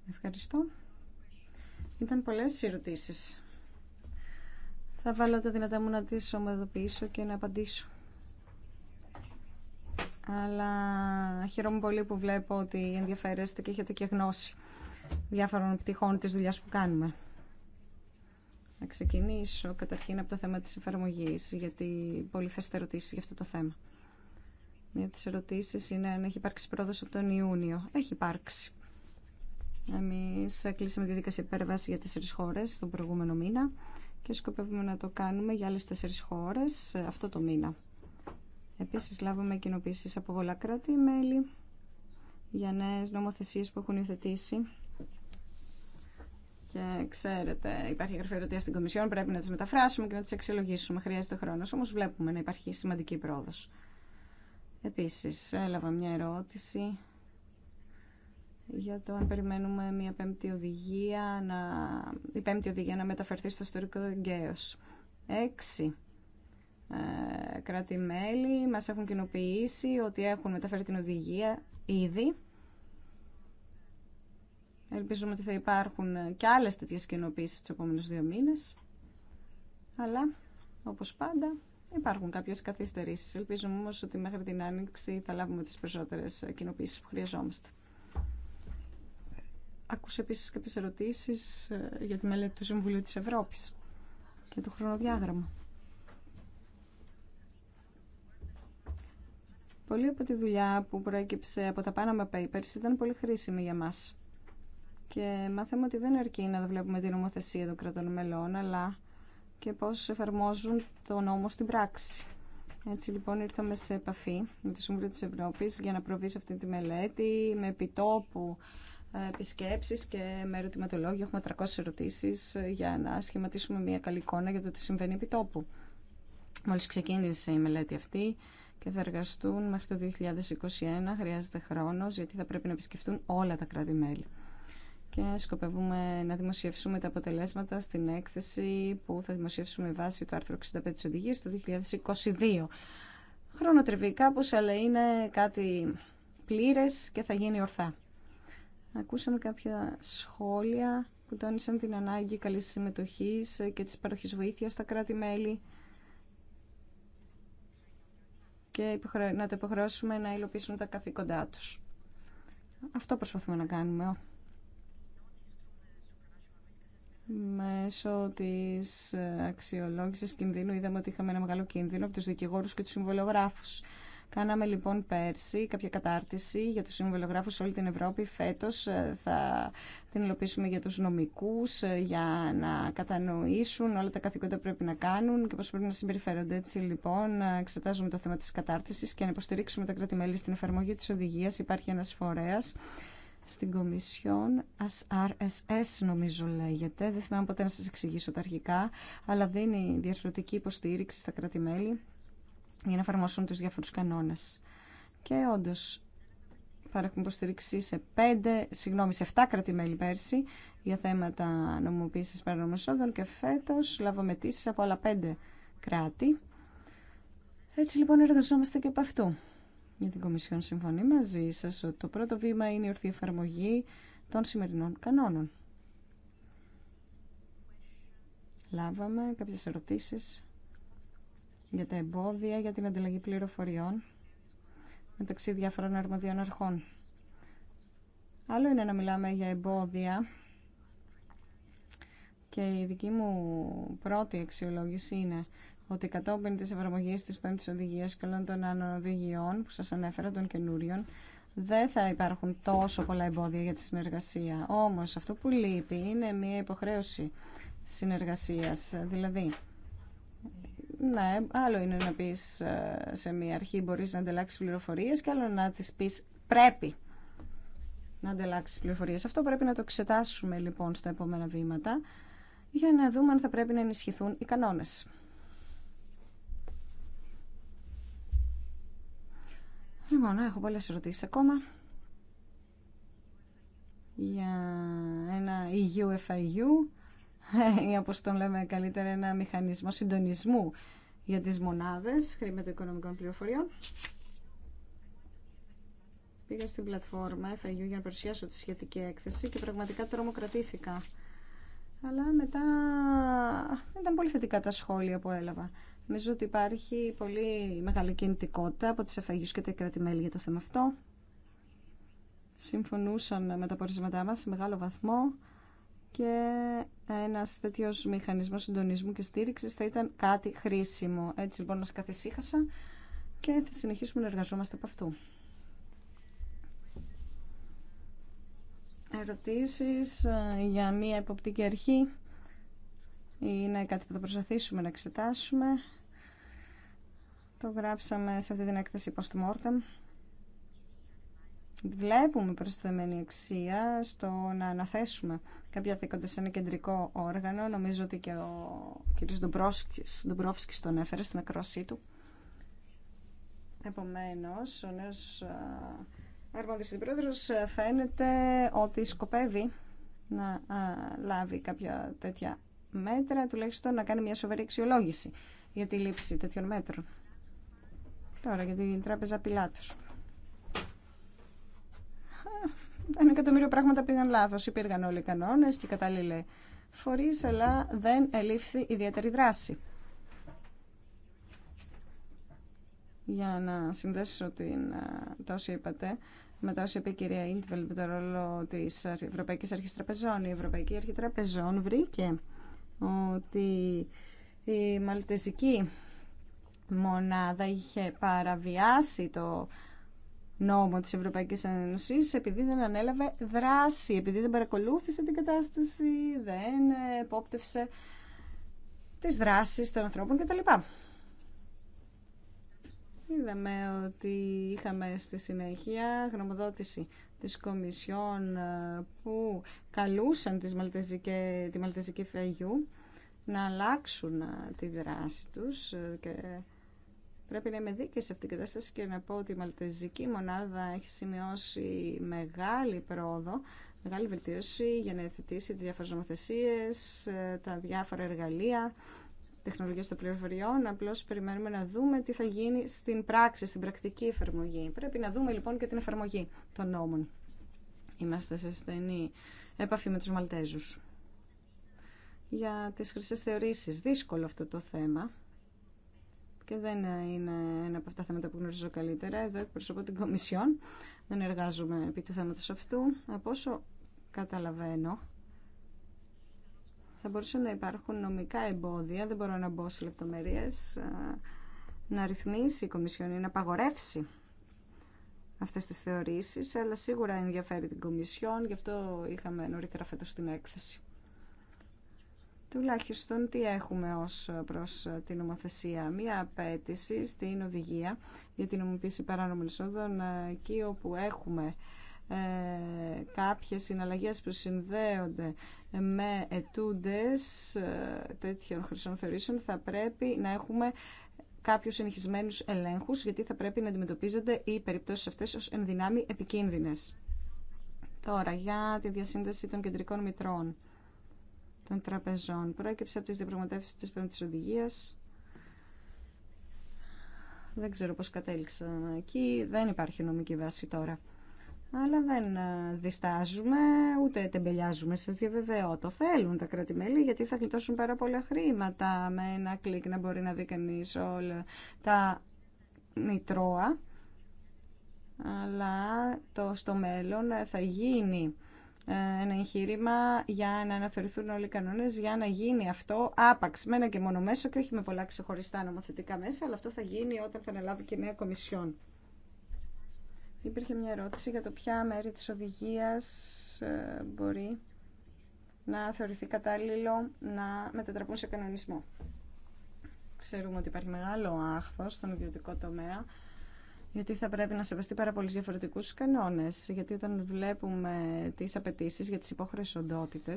[SPEAKER 3] Ευχαριστώ. Ήταν πολλές οι ερωτήσεις. Θα βάλω τα δυνατά μου να τις ομοδοποιήσω και να απαντήσω αλλά χαίρομαι πολύ που βλέπω ότι ενδιαφέρεστε και έχετε και γνώση διάφορων πτυχών της δουλειά που κάνουμε. Να ξεκινήσω καταρχήν από το θέμα της εφαρμογής, γιατί πολύ θα ερωτήσει για αυτό το θέμα. Μία από τις ερωτήσεις είναι αν έχει υπάρξει πρόοδος από τον Ιούνιο. Έχει υπάρξει. Εμείς κλείσαμε τη δικασία υπέρβαση για τέσσερις χώρες τον προηγούμενο μήνα και σκοπεύουμε να το κάνουμε για άλλες τέσσερις χώρες αυτό το μήνα. Επίσης λάβαμε κοινοποίησεις από πολλά κράτη-μέλη για νέες νομοθεσίες που έχουν υιοθετήσει. Και ξέρετε, υπάρχει γραφή ερωτία στην Κομισιόν, πρέπει να τις μεταφράσουμε και να τις αξιολογήσουμε. Χρειάζεται χρόνος, όμως βλέπουμε να υπάρχει σημαντική πρόοδος. Επίσης, έλαβα μια ερώτηση για το αν περιμένουμε μια πέμπτη οδηγία να, η πέμπτη οδηγία να μεταφερθεί στο ιστορικό εγκαίος. Έξι ε, κράτη-μέλη μας έχουν κοινοποιήσει ότι έχουν μεταφέρει την οδηγία ήδη. Ελπίζουμε ότι θα υπάρχουν και άλλες τέτοιες κοινοποίησεις τους επόμενους δύο μήνες. Αλλά, όπως πάντα, υπάρχουν κάποιες καθυστερήσεις. Ελπίζουμε όμως ότι μέχρι την Άνοιξη θα λάβουμε τις περισσότερες κοινοποίησεις που χρειαζόμαστε. Ακούσε επίσης κάποιες ερωτήσεις ε, για τη μελέτη του Συμβουλίου της Ευρώπης και το χρονοδιάγραμμα. Πολύ από τη δουλειά που προέκυψε από τα Panama Papers ήταν πολύ χρήσιμη για μας. Και μάθαμε ότι δεν αρκεί να βλέπουμε την νομοθεσία των κρατών μελών, αλλά και πώς εφαρμόζουν το νόμο στην πράξη. Έτσι λοιπόν ήρθαμε σε επαφή με το Συμβούλιο της Ευρώπης για να προβεί σε αυτή τη μελέτη με επιτόπου ε, επισκέψεις και με ερωτηματολόγιο. Έχουμε 300 ερωτήσεις ε, για να σχηματίσουμε μια καλή εικόνα για το τι συμβαίνει επιτόπου. Μόλις ξεκίνησε η μελέτη αυτή, και θα εργαστούν μέχρι το 2021. Χρειάζεται χρόνο, γιατί θα πρέπει να επισκεφτούν όλα τα κράτη-μέλη. Και σκοπεύουμε να δημοσιεύσουμε τα αποτελέσματα στην έκθεση που θα δημοσιεύσουμε βάσει του άρθρου 65 τη οδηγία το 2022. Χρονοτριβή κάπω, αλλά είναι κάτι πλήρες και θα γίνει ορθά. Ακούσαμε κάποια σχόλια που τόνισαν την ανάγκη καλή συμμετοχής και της παροχής βοήθειας στα κράτη-μέλη και να τα υποχρεώσουμε να υλοποιήσουν τα καθήκοντά τους. Αυτό προσπαθούμε να κάνουμε. Μέσω τη αξιολόγηση κινδύνου είδαμε ότι είχαμε ένα μεγάλο κίνδυνο από του δικηγόρου και του συμβολογράφου. Κάναμε λοιπόν πέρσι κάποια κατάρτιση για τους συμβολογράφους σε όλη την Ευρώπη. Φέτος ε, θα την υλοποιήσουμε για τους νομικούς, ε, για να κατανοήσουν όλα τα καθήκοντα που πρέπει να κάνουν και πώς πρέπει να συμπεριφέρονται. Έτσι λοιπόν ε, εξετάζουμε το θέμα της κατάρτισης και να υποστηρίξουμε τα κράτη-μέλη στην εφαρμογή της οδηγίας. Υπάρχει ένας φορέας στην Κομισιόν, RSS νομίζω λέγεται, δεν θυμάμαι ποτέ να σας εξηγήσω τα αρχικά, αλλά δίνει διαφορετική υποστήριξη στα κρατη για να εφαρμόσουν τους διάφορους κανόνες. Και όντως Παρέχουμε υποστηρίξη σε, πέντε συγγνώμη, σε 7 κρατημέλη πέρσι για θέματα νομοποίησης παρανομών εισόδων και φέτος λάβαμε αιτήσει από άλλα πέντε κράτη. Έτσι λοιπόν εργαζόμαστε και από αυτού. Για την Κομισιόν συμφωνεί μαζί σας ότι το πρώτο βήμα είναι η ορθή εφαρμογή των σημερινών κανόνων. Λάβαμε κάποιες ερωτήσεις για τα εμπόδια για την ανταλλαγή πληροφοριών μεταξύ διάφορων αρμοδιών αρχών. Άλλο είναι να μιλάμε για εμπόδια και η δική μου πρώτη αξιολόγηση είναι ότι κατόπιν της εφαρμογής της πέμπτης οδηγίας και όλων των άλλων που σας ανέφερα, των καινούριων, δεν θα υπάρχουν τόσο πολλά εμπόδια για τη συνεργασία. Όμως αυτό που λείπει είναι μια υποχρέωση συνεργασίας. Δηλαδή, ναι, άλλο είναι να πεις ε, σε μια αρχή μπορείς να ανταλλάξεις πληροφορίες και άλλο να τις πεις πρέπει να ανταλλάξεις πληροφορίες. Αυτό πρέπει να το εξετάσουμε λοιπόν στα επόμενα βήματα για να δούμε αν θα πρέπει να ενισχυθούν οι κανόνες. Λοιπόν, έχω πολλές ερωτήσεις ακόμα για ένα EU-FIU ή όπως τον λέμε καλύτερα ένα μηχανισμό συντονισμού για τις μονάδες χρηματοοικονομικών πληροφοριών. Πήγα στην πλατφόρμα FAU για να παρουσιάσω τη σχετική έκθεση και πραγματικά τρομοκρατήθηκα. Αλλά μετά ήταν πολύ θετικά τα σχόλια που έλαβα. Νομίζω ότι υπάρχει πολύ μεγάλη κινητικότητα από τις εφαγίους και τα κράτη-μέλη για το θέμα αυτό. Συμφωνούσαν με τα πορίσματά μας σε μεγάλο βαθμό και ένα τέτοιο μηχανισμός συντονισμού και στήριξης θα ήταν κάτι χρήσιμο. Έτσι λοιπόν μα καθησύχασα και θα συνεχίσουμε να εργαζόμαστε από αυτού. Ερωτήσεις ε, για μία εποπτική αρχή είναι κάτι που θα προσπαθήσουμε να εξετάσουμε. Το γράψαμε σε αυτή την έκθεση post-mortem. Βλέπουμε προσθεμένη αξία στο να αναθέσουμε κάποια θήκοντα σε ένα κεντρικό όργανο. Νομίζω ότι και ο κ. Ντομπρόφσκι τον έφερε στην ακρόασή του. Επομένω, ο νέο αρμόδιο αντιπρόεδρο φαίνεται ότι σκοπεύει να λάβει κάποια τέτοια μέτρα, τουλάχιστον να κάνει μια σοβαρή αξιολόγηση για τη λήψη τέτοιων μέτρων. Τώρα για την τράπεζα πιλάτους ένα εκατομμύριο πράγματα πήγαν λάθος. Υπήρχαν όλοι οι κανόνες και οι κατάλληλοι φορείς, αλλά δεν ελήφθη ιδιαίτερη δράση. Για να συνδέσω την, τα όσα είπατε, μετά όσα είπε η κυρία Ίντβελ με το ρόλο τη Ευρωπαϊκή Αρχή Τραπεζών. Η Ευρωπαϊκή Αρχή Τραπεζών βρήκε ότι η Μαλτεζική μονάδα είχε παραβιάσει το νόμο της Ευρωπαϊκής Ένωσης επειδή δεν ανέλαβε δράση, επειδή δεν παρακολούθησε την κατάσταση, δεν επόπτευσε τις δράσεις των ανθρώπων κτλ. Είδαμε ότι είχαμε στη συνέχεια γνωμοδότηση της Κομισιόν ε, που καλούσαν τις Μαλτεζικέ, τη Μαλτεζική Φεγιού να αλλάξουν ε, τη δράση τους ε, και Πρέπει να είμαι δίκαιη σε αυτήν την κατάσταση και να πω ότι η Μαλτεζική μονάδα έχει σημειώσει μεγάλη πρόοδο, μεγάλη βελτίωση για να εθετήσει τι διάφορε νομοθεσίε, ε, τα διάφορα εργαλεία, τεχνολογίε των πληροφοριών. Απλώ περιμένουμε να δούμε τι θα γίνει στην πράξη, στην πρακτική εφαρμογή. Πρέπει να δούμε λοιπόν και την εφαρμογή των νόμων. Είμαστε σε στενή επαφή με του Μαλτέζου. Για τι χρυσέ θεωρήσει, δύσκολο αυτό το θέμα και δεν είναι ένα από αυτά τα θέματα που γνωρίζω καλύτερα. Εδώ εκπροσωπώ την Κομισιόν, δεν εργάζομαι επί του θέματος αυτού. Από όσο καταλαβαίνω, θα μπορούσαν να υπάρχουν νομικά εμπόδια, δεν μπορώ να μπω σε λεπτομέρειες, να ρυθμίσει η Κομισιόν ή να απαγορεύσει αυτές τις θεωρήσεις, αλλά σίγουρα ενδιαφέρει την Κομισιόν, γι' αυτό είχαμε νωρίτερα φέτος την έκθεση τουλάχιστον τι έχουμε ως προς ε, την νομοθεσία. Μία απέτηση στην οδηγία για την νομοποίηση παράνομων εισόδων ε, εκεί όπου έχουμε ε, κάποιες συναλλαγές που συνδέονται με ετούντες ε, τέτοιων χρυσών θεωρήσεων θα πρέπει να έχουμε κάποιους συνεχισμένους ελέγχους γιατί θα πρέπει να αντιμετωπίζονται οι περιπτώσεις αυτές ως ενδυνάμει επικίνδυνες. Τώρα, για τη διασύνδεση των κεντρικών μητρών των τραπεζών. Πρόκειψε από τις διαπραγματεύσεις της πέμπτης οδηγίας. Δεν ξέρω πώς κατέληξα εκεί. Δεν υπάρχει νομική βάση τώρα. Αλλά δεν ε, διστάζουμε, ούτε τεμπελιάζουμε. Σας διαβεβαιώ, το θέλουν τα κρατημέλη γιατί θα γλιτώσουν πάρα πολλά χρήματα με ένα κλικ να μπορεί να δει κανεί όλα τα μητρώα. Αλλά το στο μέλλον θα γίνει ε, ένα εγχείρημα για να αναφερθούν όλοι οι κανόνες, για να γίνει αυτό άπαξ με ένα και μόνο μέσο και όχι με πολλά ξεχωριστά νομοθετικά μέσα, αλλά αυτό θα γίνει όταν θα αναλάβει και η νέα Κομισιόν. Υπήρχε μια ερώτηση για το ποια μέρη της οδηγίας ε, μπορεί να θεωρηθεί κατάλληλο να μετατραπούν σε κανονισμό. Ξέρουμε ότι υπάρχει μεγάλο άχθος στον ιδιωτικό τομέα γιατί θα πρέπει να σεβαστεί πάρα πολλού διαφορετικού κανόνε. Γιατί όταν βλέπουμε τι απαιτήσει για τι υπόχρεε οντότητε,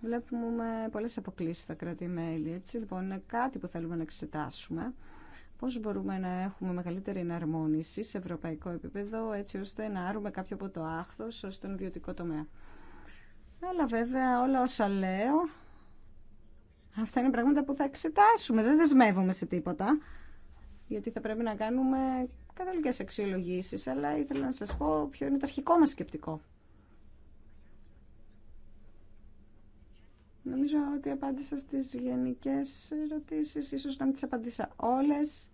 [SPEAKER 3] βλέπουμε πολλέ αποκλήσει στα κράτη-μέλη. Έτσι λοιπόν, είναι κάτι που θέλουμε να εξετάσουμε. Πώ μπορούμε να έχουμε μεγαλύτερη εναρμόνιση σε ευρωπαϊκό επίπεδο, έτσι ώστε να άρουμε κάποιο από το άχθο τον ιδιωτικό τομέα. Αλλά βέβαια όλα όσα λέω, αυτά είναι πράγματα που θα εξετάσουμε. Δεν δεσμεύομαι σε τίποτα γιατί θα πρέπει να κάνουμε Καταλληλικές αξιολογήσεις, αλλά ήθελα να σας πω ποιο είναι το αρχικό μα σκεπτικό. Νομίζω ότι απάντησα στις γενικές ερωτήσεις, ίσως να μην τις απαντήσα όλες,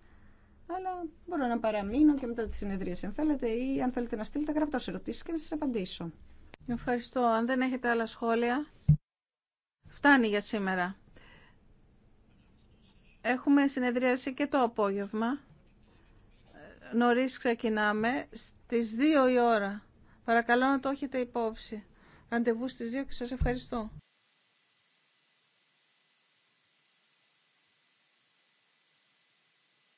[SPEAKER 3] αλλά μπορώ να παραμείνω και μετά τη συνεδρίες, αν θέλετε, ή αν θέλετε να στείλετε γραπτός ερωτήσεις και να σας απαντήσω. Ευχαριστώ. Αν δεν έχετε
[SPEAKER 2] άλλα σχόλια, φτάνει για σήμερα. Έχουμε συνεδρίαση και το απόγευμα νωρίς ξεκινάμε, στις 2 η ώρα. Παρακαλώ να το έχετε υπόψη. Ραντεβού στις 2 και σας ευχαριστώ.